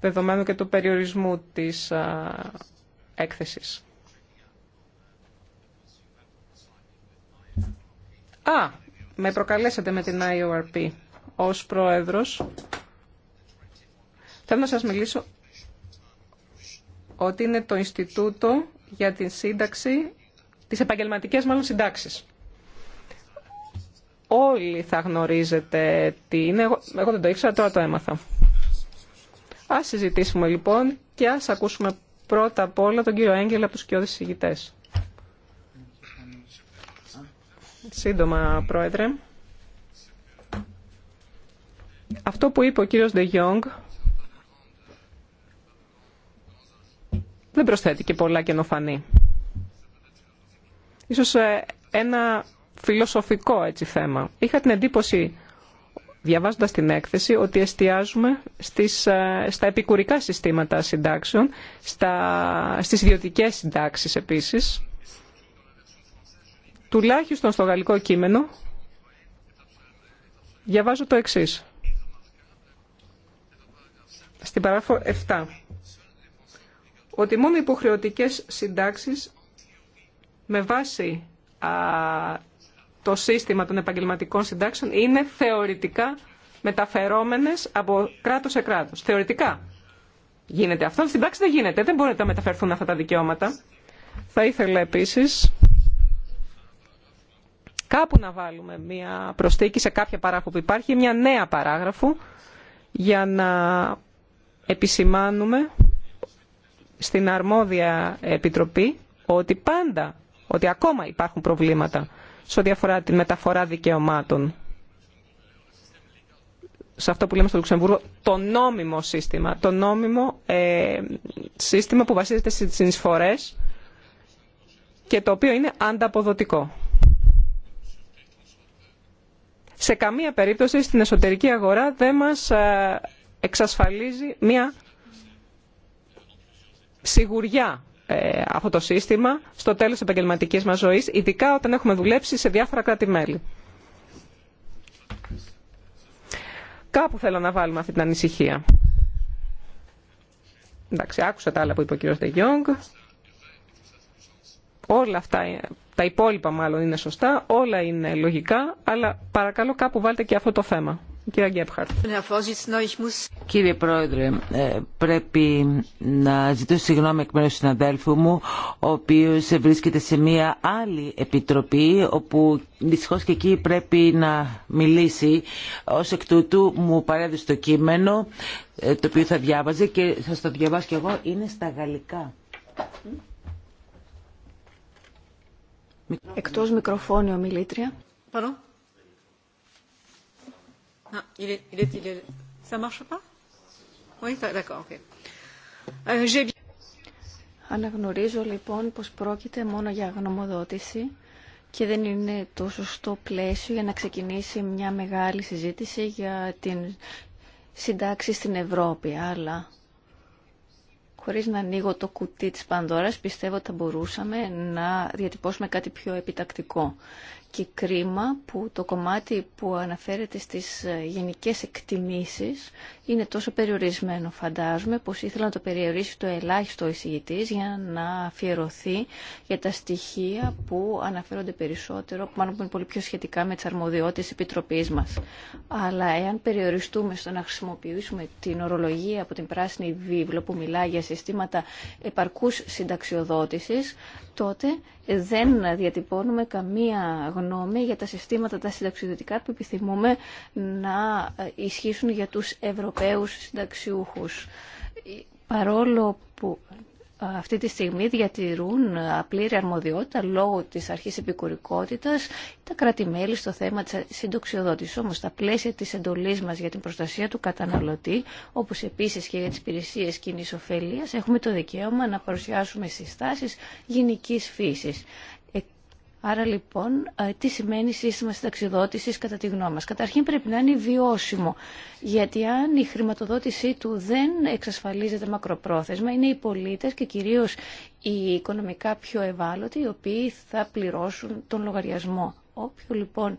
Δεδομένου και του περιορισμού της έκθεσης. Α, με προκαλέσατε με την IORP ως πρόεδρος Θέλω να σας μιλήσω ότι είναι το Ινστιτούτο για την σύνταξη, τις επαγγελματικές μάλλον συντάξεις. Όλοι θα γνωρίζετε τι είναι, εγώ δεν το ήξερα, τώρα το έμαθα. Ας συζητήσουμε λοιπόν και ας ακούσουμε πρώτα απ' όλα τον κύριο Έγγελ από τους κοιόδης συγητές. Σύντομα, Πρόεδρε. Αυτό που είπε ο κύριος Ντεγιόγκ δεν προσθέτει και πολλά καινοφανή. Ίσως ε, ένα φιλοσοφικό έτσι θέμα. Είχα την εντύπωση, διαβάζοντας την έκθεση, ότι εστιάζουμε στις, ε, στα επικουρικά συστήματα συντάξεων, στα, στις ιδιωτικέ συντάξεις επίσης. Τουλάχιστον στο γαλλικό κείμενο, διαβάζω το εξής. Στην παράγραφο 7 ότι μόνο οι υποχρεωτικές συντάξεις με βάση α, το σύστημα των επαγγελματικών συντάξεων είναι θεωρητικά μεταφερόμενες από κράτος σε κράτος. Θεωρητικά γίνεται αυτό. Στην πράξη δεν γίνεται. Δεν μπορεί να μεταφερθούν αυτά τα δικαιώματα. Θα ήθελα επίσης κάπου να βάλουμε μια προσθήκη σε κάποια παράγραφο που υπάρχει, μια νέα παράγραφο για να επισημάνουμε στην αρμόδια επιτροπή ότι πάντα, ότι ακόμα υπάρχουν προβλήματα σε ό,τι αφορά τη μεταφορά δικαιωμάτων σε αυτό που λέμε στο Λουξεμβούργο, το νόμιμο σύστημα. Το νόμιμο ε, σύστημα που βασίζεται στις συνεισφορές και το οποίο είναι ανταποδοτικό. Σε καμία περίπτωση στην εσωτερική αγορά δεν μας ε, εξασφαλίζει μια σιγουριά ε, αυτό το σύστημα στο τέλος της επαγγελματικής μας ζωής, ειδικά όταν έχουμε δουλέψει σε διάφορα κράτη-μέλη. Κάπου θέλω να βάλουμε αυτή την ανησυχία. Εντάξει, άκουσα τα άλλα που είπε ο κ. De Όλα αυτά, τα υπόλοιπα μάλλον είναι σωστά, όλα είναι λογικά, αλλά παρακαλώ κάπου βάλτε και αυτό το θέμα. Κύριε, Πρόεδρε, ε, πρέπει να ζητώ συγγνώμη εκ μέρους του συναδέλφου μου, ο οποίος βρίσκεται σε μια άλλη επιτροπή, όπου δυστυχώς και εκεί πρέπει να μιλήσει. Ως εκ τούτου μου παρέδωσε το κείμενο, ε, το οποίο θα διάβαζε και θα το διαβάσω κι εγώ, είναι στα γαλλικά. Εκτός μικροφώνιο, μιλήτρια. Παρό. Αναγνωρίζω λοιπόν πως πρόκειται μόνο για γνωμοδότηση και δεν είναι το σωστό πλαίσιο για να ξεκινήσει μια μεγάλη συζήτηση για την συντάξη στην Ευρώπη. Αλλά χωρίς να ανοίγω το κουτί της Πανδώρας πιστεύω ότι θα μπορούσαμε να διατυπώσουμε κάτι πιο επιτακτικό και κρίμα που το κομμάτι που αναφέρεται στις ε, γενικές εκτιμήσεις είναι τόσο περιορισμένο. Φαντάζομαι πως ήθελα να το περιορίσει το ελάχιστο εισηγητής για να αφιερωθεί για τα στοιχεία που αναφέρονται περισσότερο, που μάλλον που είναι πολύ πιο σχετικά με τις αρμοδιότητες της Επιτροπής μας. Αλλά εάν περιοριστούμε στο να χρησιμοποιήσουμε την ορολογία από την Πράσινη Βίβλο που μιλάει για συστήματα επαρκούς συνταξιοδότησης, τότε δεν διατυπώνουμε καμία γνώμη για τα συστήματα τα συνταξιδοτικά που επιθυμούμε να ισχύσουν για τους Ευρωπαίους συνταξιούχους. Παρόλο που αυτή τη στιγμή διατηρούν απλήρη ε, αρμοδιότητα λόγω της αρχής επικουρικότητας τα κρατημέλη στο θέμα της συντοξιοδότησης. Όμως στα πλαίσια της εντολής μας για την προστασία του καταναλωτή, όπως επίσης και για τις υπηρεσίες κοινή ωφέλεια, έχουμε το δικαίωμα να παρουσιάσουμε συστάσεις γενικής φύσης. Άρα λοιπόν, ε, τι σημαίνει σύστημα συνταξιδότησης κατά τη γνώμη μας. Καταρχήν πρέπει να είναι βιώσιμο, γιατί αν η χρηματοδότησή του δεν εξασφαλίζεται μακροπρόθεσμα, είναι οι πολίτες και κυρίως οι οικονομικά πιο ευάλωτοι, οι οποίοι θα πληρώσουν τον λογαριασμό. Όποιο λοιπόν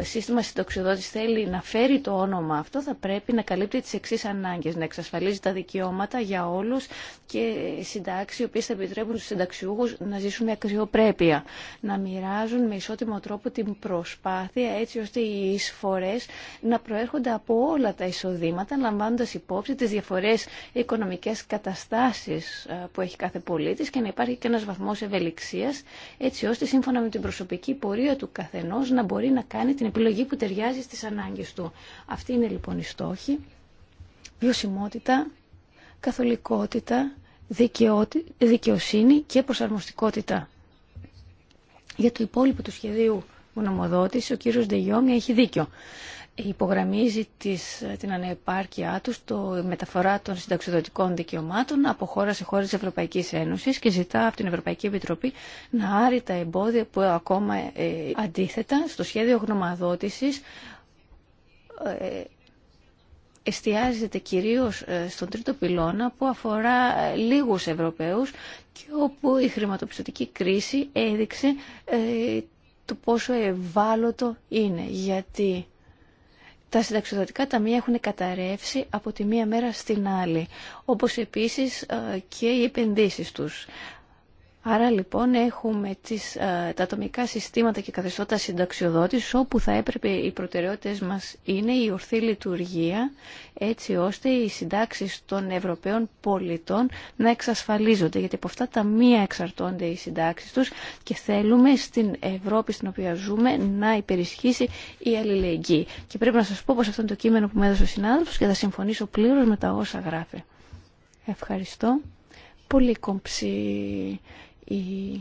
σύστημα συντοξιδότης θέλει να φέρει το όνομα αυτό θα πρέπει να καλύπτει τις εξής ανάγκες, να εξασφαλίζει τα δικαιώματα για όλους και συντάξει οι οποίες θα επιτρέπουν στους συνταξιούχους να ζήσουν με αξιοπρέπεια. να μοιράζουν με ισότιμο τρόπο την προσπάθεια έτσι ώστε οι εισφορές να προέρχονται από όλα τα εισοδήματα λαμβάνοντας υπόψη τις διαφορές οικονομικές καταστάσεις ε, που έχει κάθε πολίτης και να υπάρχει και ένας βαθμός ευελιξίας έτσι ώστε σύμφωνα με την προσωπική πορεία του καθένα να μπορεί να κάνει την επιλογή που ταιριάζει στις ανάγκες του. Αυτή είναι λοιπόν η στόχη. Βιωσιμότητα, καθολικότητα, δικαιοσύνη και προσαρμοστικότητα. Για το υπόλοιπο του σχεδίου μονομοδότης, ο κύριος Ντεγιόμια έχει δίκιο υπογραμμίζει την ανεπάρκειά του στο μεταφορά των συνταξιδοτικών δικαιωμάτων από χώρα σε χώρα της Ευρωπαϊκής Ένωσης και ζητά από την Ευρωπαϊκή Επιτροπή να άρει τα εμπόδια που ακόμα ε, αντίθετα στο σχέδιο γνωμαδότησης ε, εστιάζεται κυρίως ε, στον τρίτο πυλώνα που αφορά λίγους Ευρωπαίους και όπου η χρηματοπιστωτική κρίση έδειξε ε, το πόσο ευάλωτο είναι γιατί τα συνταξιδοτικά ταμεία έχουν καταρρεύσει από τη μία μέρα στην άλλη, όπως επίσης ε, και οι επενδύσεις τους. Άρα λοιπόν έχουμε τις, ε, τα ατομικά συστήματα και καθεστώτα συνταξιοδότης όπου θα έπρεπε οι προτεραιότητες μας είναι η ορθή λειτουργία έτσι ώστε οι συντάξει των Ευρωπαίων πολιτών να εξασφαλίζονται γιατί από αυτά τα μία εξαρτώνται οι συντάξει τους και θέλουμε στην Ευρώπη στην οποία ζούμε να υπερισχύσει η αλληλεγγύη. Και πρέπει να σας πω πως αυτό είναι το κείμενο που μου έδωσε ο συνάδελφος και θα συμφωνήσω πλήρως με τα όσα γράφει. Ευχαριστώ. Πολύ κομψή η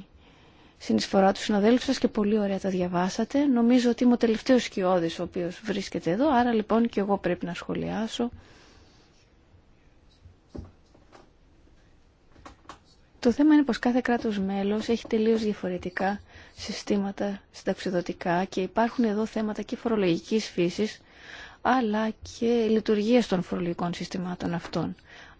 συνεισφορά του συναδέλφου σας και πολύ ωραία τα διαβάσατε. Νομίζω ότι είμαι ο τελευταίος σκιώδης ο οποίος βρίσκεται εδώ, άρα λοιπόν και εγώ πρέπει να σχολιάσω. Το θέμα είναι πως κάθε κράτος μέλος έχει τελείως διαφορετικά συστήματα συνταξιδοτικά και υπάρχουν εδώ θέματα και φορολογικής φύσης, αλλά και λειτουργίας των φορολογικών συστημάτων αυτών.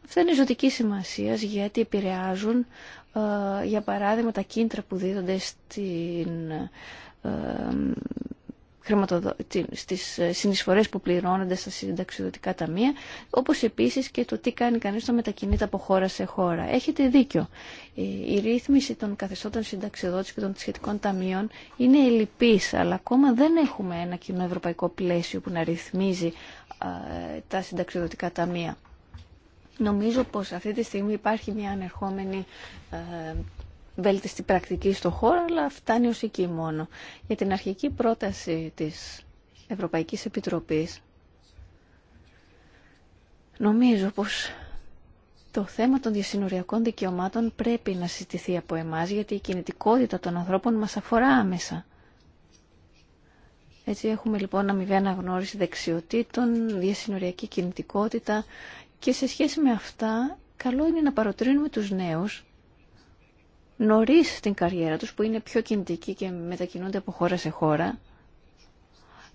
Αυτά είναι ζωτική σημασία γιατί επηρεάζουν ε, για παράδειγμα τα κίντρα που δίδονται στην, ε, στις ε, συνεισφορές που πληρώνονται στα συνταξιδοτικά ταμεία, όπως επίσης και το τι κάνει κανείς να μετακινείται από χώρα σε χώρα. Έχετε δίκιο. Η ρύθμιση των καθεστώτων συνταξιδότηση και των σχετικών ταμείων είναι ελλειπής, αλλά ακόμα δεν έχουμε ένα κοινό ευρωπαϊκό πλαίσιο που να ρυθμίζει τα συνταξιδοτικά ταμεία. Νομίζω πως αυτή τη στιγμή υπάρχει μια ανερχόμενη ε, βέλτιστη πρακτική στο χώρο, αλλά φτάνει ως εκεί μόνο. Για την αρχική πρόταση της Ευρωπαϊκής Επιτροπής, νομίζω πως το θέμα των διασυνοριακών δικαιωμάτων πρέπει να συζητηθεί από εμάς, γιατί η κινητικότητα των ανθρώπων μας αφορά άμεσα. Έτσι έχουμε λοιπόν αμοιβή αναγνώριση δεξιοτήτων, διασυνοριακή κινητικότητα, και σε σχέση με αυτά, καλό είναι να παροτρύνουμε τους νέους νωρίς στην καριέρα τους, που είναι πιο κινητικοί και μετακινούνται από χώρα σε χώρα,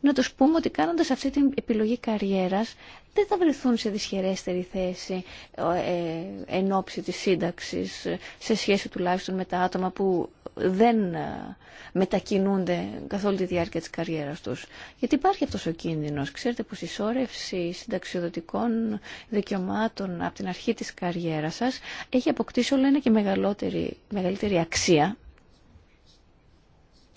να τους πούμε ότι κάνοντας αυτή την επιλογή καριέρας δεν θα βρεθούν σε δυσχερέστερη θέση ε, ε εν ώψη της σύνταξης σε σχέση τουλάχιστον με τα άτομα που δεν ε, μετακινούνται καθ' όλη τη διάρκεια της καριέρας τους. Γιατί υπάρχει αυτός ο κίνδυνος. Ξέρετε πως η σώρευση συνταξιοδοτικών δικαιωμάτων από την αρχή της καριέρας σας έχει αποκτήσει όλο ένα και μεγαλύτερη αξία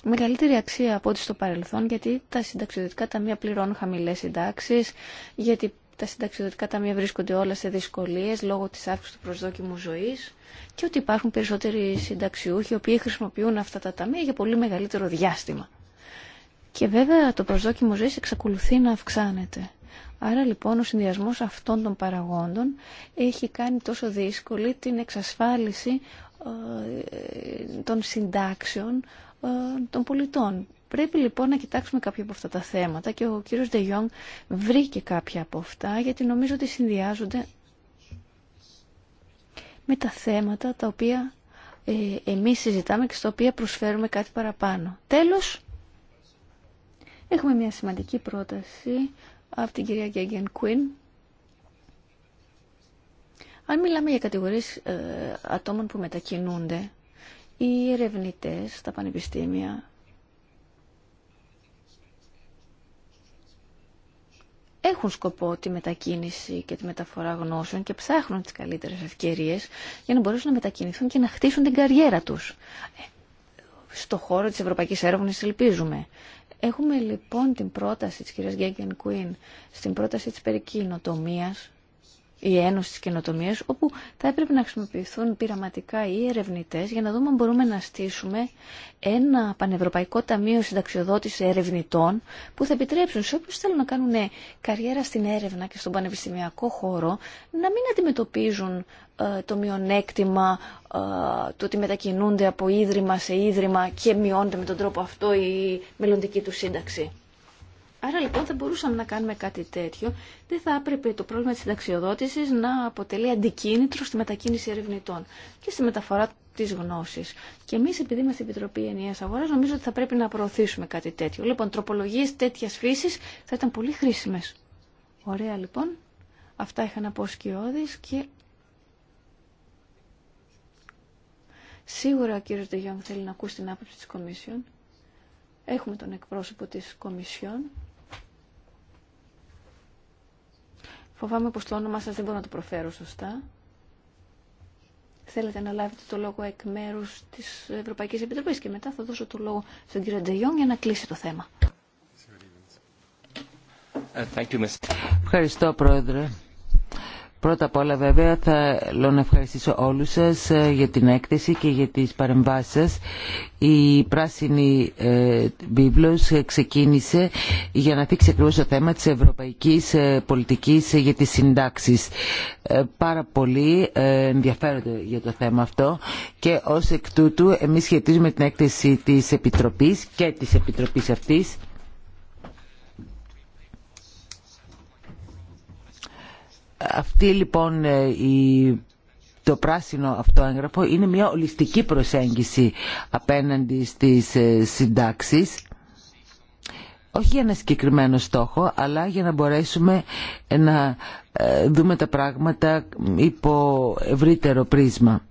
μεγαλύτερη αξία από ό,τι στο παρελθόν γιατί τα συνταξιδοτικά ταμεία πληρώνουν χαμηλέ συντάξει, γιατί τα συνταξιδοτικά ταμεία βρίσκονται όλα σε δυσκολίε λόγω τη αύξηση του προσδόκιμου ζωή και ότι υπάρχουν περισσότεροι συνταξιούχοι οι οποίοι χρησιμοποιούν αυτά τα ταμεία για πολύ μεγαλύτερο διάστημα. Και βέβαια το προσδόκιμο ζωή εξακολουθεί να αυξάνεται. Άρα λοιπόν ο συνδυασμό αυτών των παραγόντων έχει κάνει τόσο δύσκολη την εξασφάλιση ε, των συντάξεων ε, των πολιτών. Πρέπει λοιπόν να κοιτάξουμε κάποια από αυτά τα θέματα και ο κύριος De βρήκε κάποια από αυτά γιατί νομίζω ότι συνδυάζονται με τα θέματα τα οποία ε, εμείς συζητάμε και στα οποία προσφέρουμε κάτι παραπάνω. Τέλος, έχουμε μια σημαντική πρόταση από την κυρία Γκέγγεν Κουίν. Αν μιλάμε για κατηγορίες ε, ατόμων που μετακινούνται, οι ερευνητέ στα πανεπιστήμια έχουν σκοπό τη μετακίνηση και τη μεταφορά γνώσεων και ψάχνουν τις καλύτερες ευκαιρίες για να μπορέσουν να μετακινηθούν και να χτίσουν την καριέρα τους. Ε, στο χώρο της Ευρωπαϊκής Έρευνας ελπίζουμε. Έχουμε λοιπόν την πρόταση της κυρίας Γκέγκεν Κουίν στην πρόταση της περί η Ένωση της Καινοτομίας, όπου θα έπρεπε να χρησιμοποιηθούν πειραματικά οι ερευνητέ, για να δούμε αν μπορούμε να στήσουμε ένα πανευρωπαϊκό ταμείο συνταξιοδότηση ερευνητών που θα επιτρέψουν σε όποιους θέλουν να κάνουν καριέρα στην έρευνα και στον πανεπιστημιακό χώρο να μην αντιμετωπίζουν ε, το μειονέκτημα ε, του ότι μετακινούνται από ίδρυμα σε ίδρυμα και μειώνεται με τον τρόπο αυτό η μελλοντική του σύνταξη. Άρα λοιπόν θα μπορούσαμε να κάνουμε κάτι τέτοιο. Δεν θα έπρεπε το πρόβλημα της συνταξιοδότησης να αποτελεί αντικίνητρο στη μετακίνηση ερευνητών και στη μεταφορά της γνώσης. Και εμεί, επειδή είμαστε Επιτροπή Ενιαίας Αγορά, νομίζω ότι θα πρέπει να προωθήσουμε κάτι τέτοιο. Λοιπόν, τροπολογίε τέτοια φύσης θα ήταν πολύ χρήσιμες. Ωραία λοιπόν. Αυτά είχα να πω σκιώδη και. Σίγουρα ο κύριο Ντεγιόν θέλει να ακούσει την άποψη τη Κομίσιον. Έχουμε τον εκπρόσωπο της Κομισιόν. Φοβάμαι πως το όνομά σας δεν μπορώ να το προφέρω σωστά. Θέλετε να λάβετε το λόγο εκ μέρου της Ευρωπαϊκής Επιτροπής και μετά θα δώσω το λόγο στον κύριο Ντεγιόν για να κλείσει το θέμα. Ευχαριστώ, Πρόεδρε. Πρώτα απ' όλα βέβαια θα λέω να ευχαριστήσω όλους σας ε, για την έκθεση και για τις παρεμβάσεις σας. Η πράσινη ε, βίβλος ξεκίνησε για να θίξει ακριβώς το θέμα της ευρωπαϊκής ε, πολιτικής ε, για τις συντάξεις. πάρα πολύ ενδιαφέρονται για το θέμα αυτό και ως εκ τούτου εμείς σχετίζουμε την έκθεση της Επιτροπής και της Επιτροπής αυτής Αυτή λοιπόν ε, η το πράσινο αυτό έγγραφο είναι μια ολιστική προσέγγιση απέναντι στις ε, συντάξεις όχι για ένα συγκεκριμένο στόχο αλλά για να μπορέσουμε να ε, δούμε τα πράγματα υπό ευρύτερο πρίσμα.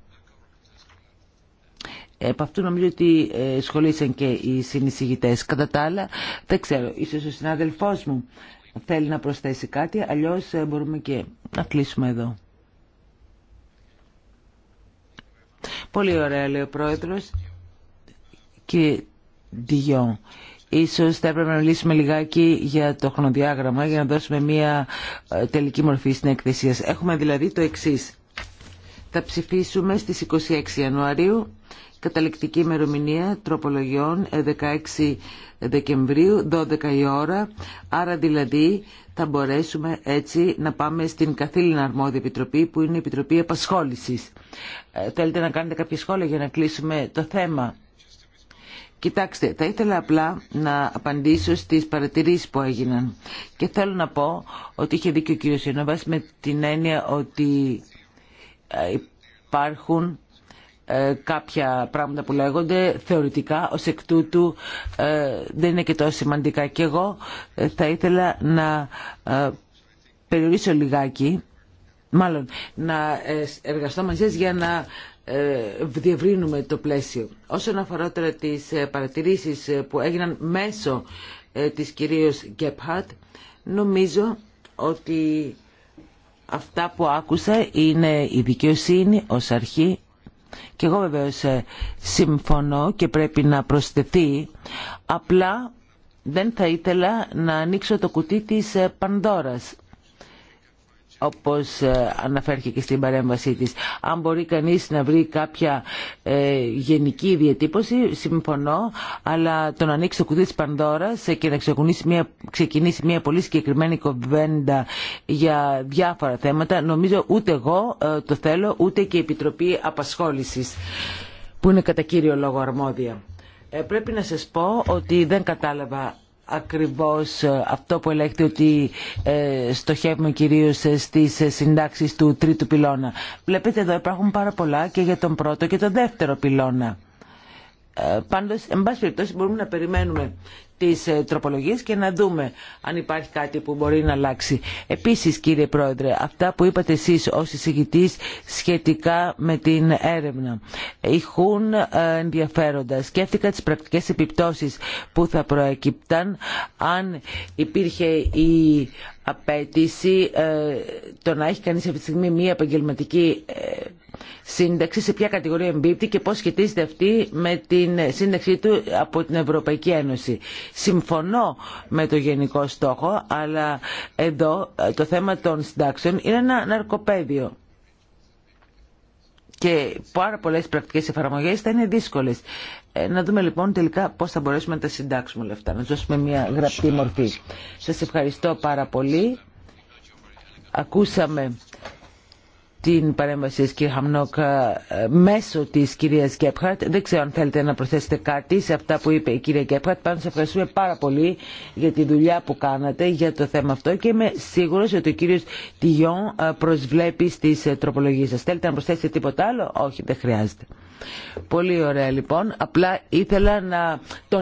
Επ' αυτού νομίζω ότι σχολήσαν και οι συνεισηγητές. Κατά τα άλλα, δεν ξέρω, ίσως ο συνάδελφός μου θέλει να προσθέσει κάτι, αλλιώς ε, μπορούμε και να κλείσουμε εδώ. Πολύ ωραία λέει ο Πρόεδρος και Ντιγιό, Ίσως θα έπρεπε να μιλήσουμε λιγάκι για το χρονοδιάγραμμα για να δώσουμε μια ε, τελική μορφή στην εκθεσία. Έχουμε δηλαδή το εξής. Θα ψηφίσουμε στις 26 Ιανουαρίου Καταληκτική ημερομηνία τροπολογιών 16 ε, Δεκεμβρίου, 12 η ώρα. Άρα δηλαδή θα μπορέσουμε έτσι να πάμε στην καθήλυνα αρμόδια επιτροπή που είναι η Επιτροπή Επασχόλησης. Ε, θέλετε να κάνετε κάποια σχόλια για να κλείσουμε το θέμα. Κοιτάξτε, θα ήθελα απλά να απαντήσω στις παρατηρήσεις που έγιναν. Και θέλω να πω ότι είχε δίκιο ο κύριος Ιωνοβάς με την έννοια ότι ε, υπάρχουν ε, κάποια πράγματα που λέγονται θεωρητικά ως εκ τούτου ε, δεν είναι και τόσο σημαντικά. Και εγώ ε, θα ήθελα να περιορίσω λιγάκι, μάλλον να εργαστώ μαζί για να διευρύνουμε το πλαίσιο. Όσον αφορά τώρα τις παρατηρήσεις που έγιναν μέσω της κυρίως Γκέπχατ, νομίζω ότι αυτά που άκουσα είναι η δικαιοσύνη ως αρχή, και εγώ βεβαίω ε, συμφωνώ και πρέπει να προσθεθεί, απλά δεν θα ήθελα να ανοίξω το κουτί της ε, Πανδώρας όπως ε, αναφέρθηκε και στην παρέμβασή της. Αν μπορεί κανείς να βρει κάποια ε, γενική διατύπωση, συμφωνώ, αλλά το να ανοίξει το κουτί της Πανδώρας ε, και να ξεκινήσει μια, ξεκινήσει μια πολύ συγκεκριμένη κοβέντα για διάφορα θέματα, νομίζω ούτε εγώ το θέλω, ούτε και η Επιτροπή Απασχόλησης, που είναι κατά κύριο λόγο αρμόδια. πρέπει να σας πω ότι δεν κατάλαβα ακριβώς ε, αυτό που ελέγχεται ότι ε, στοχεύουμε κυρίως ε, στις συντάξεις του τρίτου πυλώνα. Βλέπετε εδώ υπάρχουν πάρα πολλά και για τον πρώτο και τον δεύτερο πυλώνα. Ε, πάντως, εν πάση περιπτώσει, μπορούμε να περιμένουμε τις ε, τροπολογίες και να δούμε αν υπάρχει κάτι που μπορεί να αλλάξει. Επίσης, κύριε Πρόεδρε, αυτά που είπατε εσείς ως εισηγητής σχετικά με την έρευνα ηχούν ε, ενδιαφέροντα. Σκέφτηκα τις πρακτικές επιπτώσεις που θα προεκυπταν αν υπήρχε η απέτηση ε, το να έχει κανείς αυτή τη στιγμή μία επαγγελματική ε, σύνταξη, σε ποια κατηγορία εμπίπτει και πώς σχετίζεται αυτή με την σύνταξή του από την Ευρωπαϊκή Ένωση. Συμφωνώ με το γενικό στόχο, αλλά εδώ ε, το θέμα των συντάξεων είναι ένα ναρκοπαίδιο και πάρα πολλές πρακτικές εφαρμογές θα είναι δύσκολες. Ε, να δούμε λοιπόν τελικά πώς θα μπορέσουμε να τα συντάξουμε όλα αυτά, να δώσουμε μια γραπτή μορφή. Σας ευχαριστώ πάρα πολύ. Ακούσαμε την παρέμβαση της κυρία Χαμνόκ ε, μέσω της κυρίας Γκέπχαρτ. Δεν ξέρω αν θέλετε να προσθέσετε κάτι σε αυτά που είπε η κυρία Γκέπχαρτ. Πάντως ευχαριστούμε πάρα πολύ για τη δουλειά που κάνατε για το θέμα αυτό και είμαι σίγουρος ότι ο κύριος Τιγιόν ε, προσβλέπει στις ε, τροπολογίες σας. Θέλετε να προσθέσετε τίποτα άλλο. Όχι, δεν χρειάζεται. Πολύ ωραία λοιπόν. Απλά ήθελα να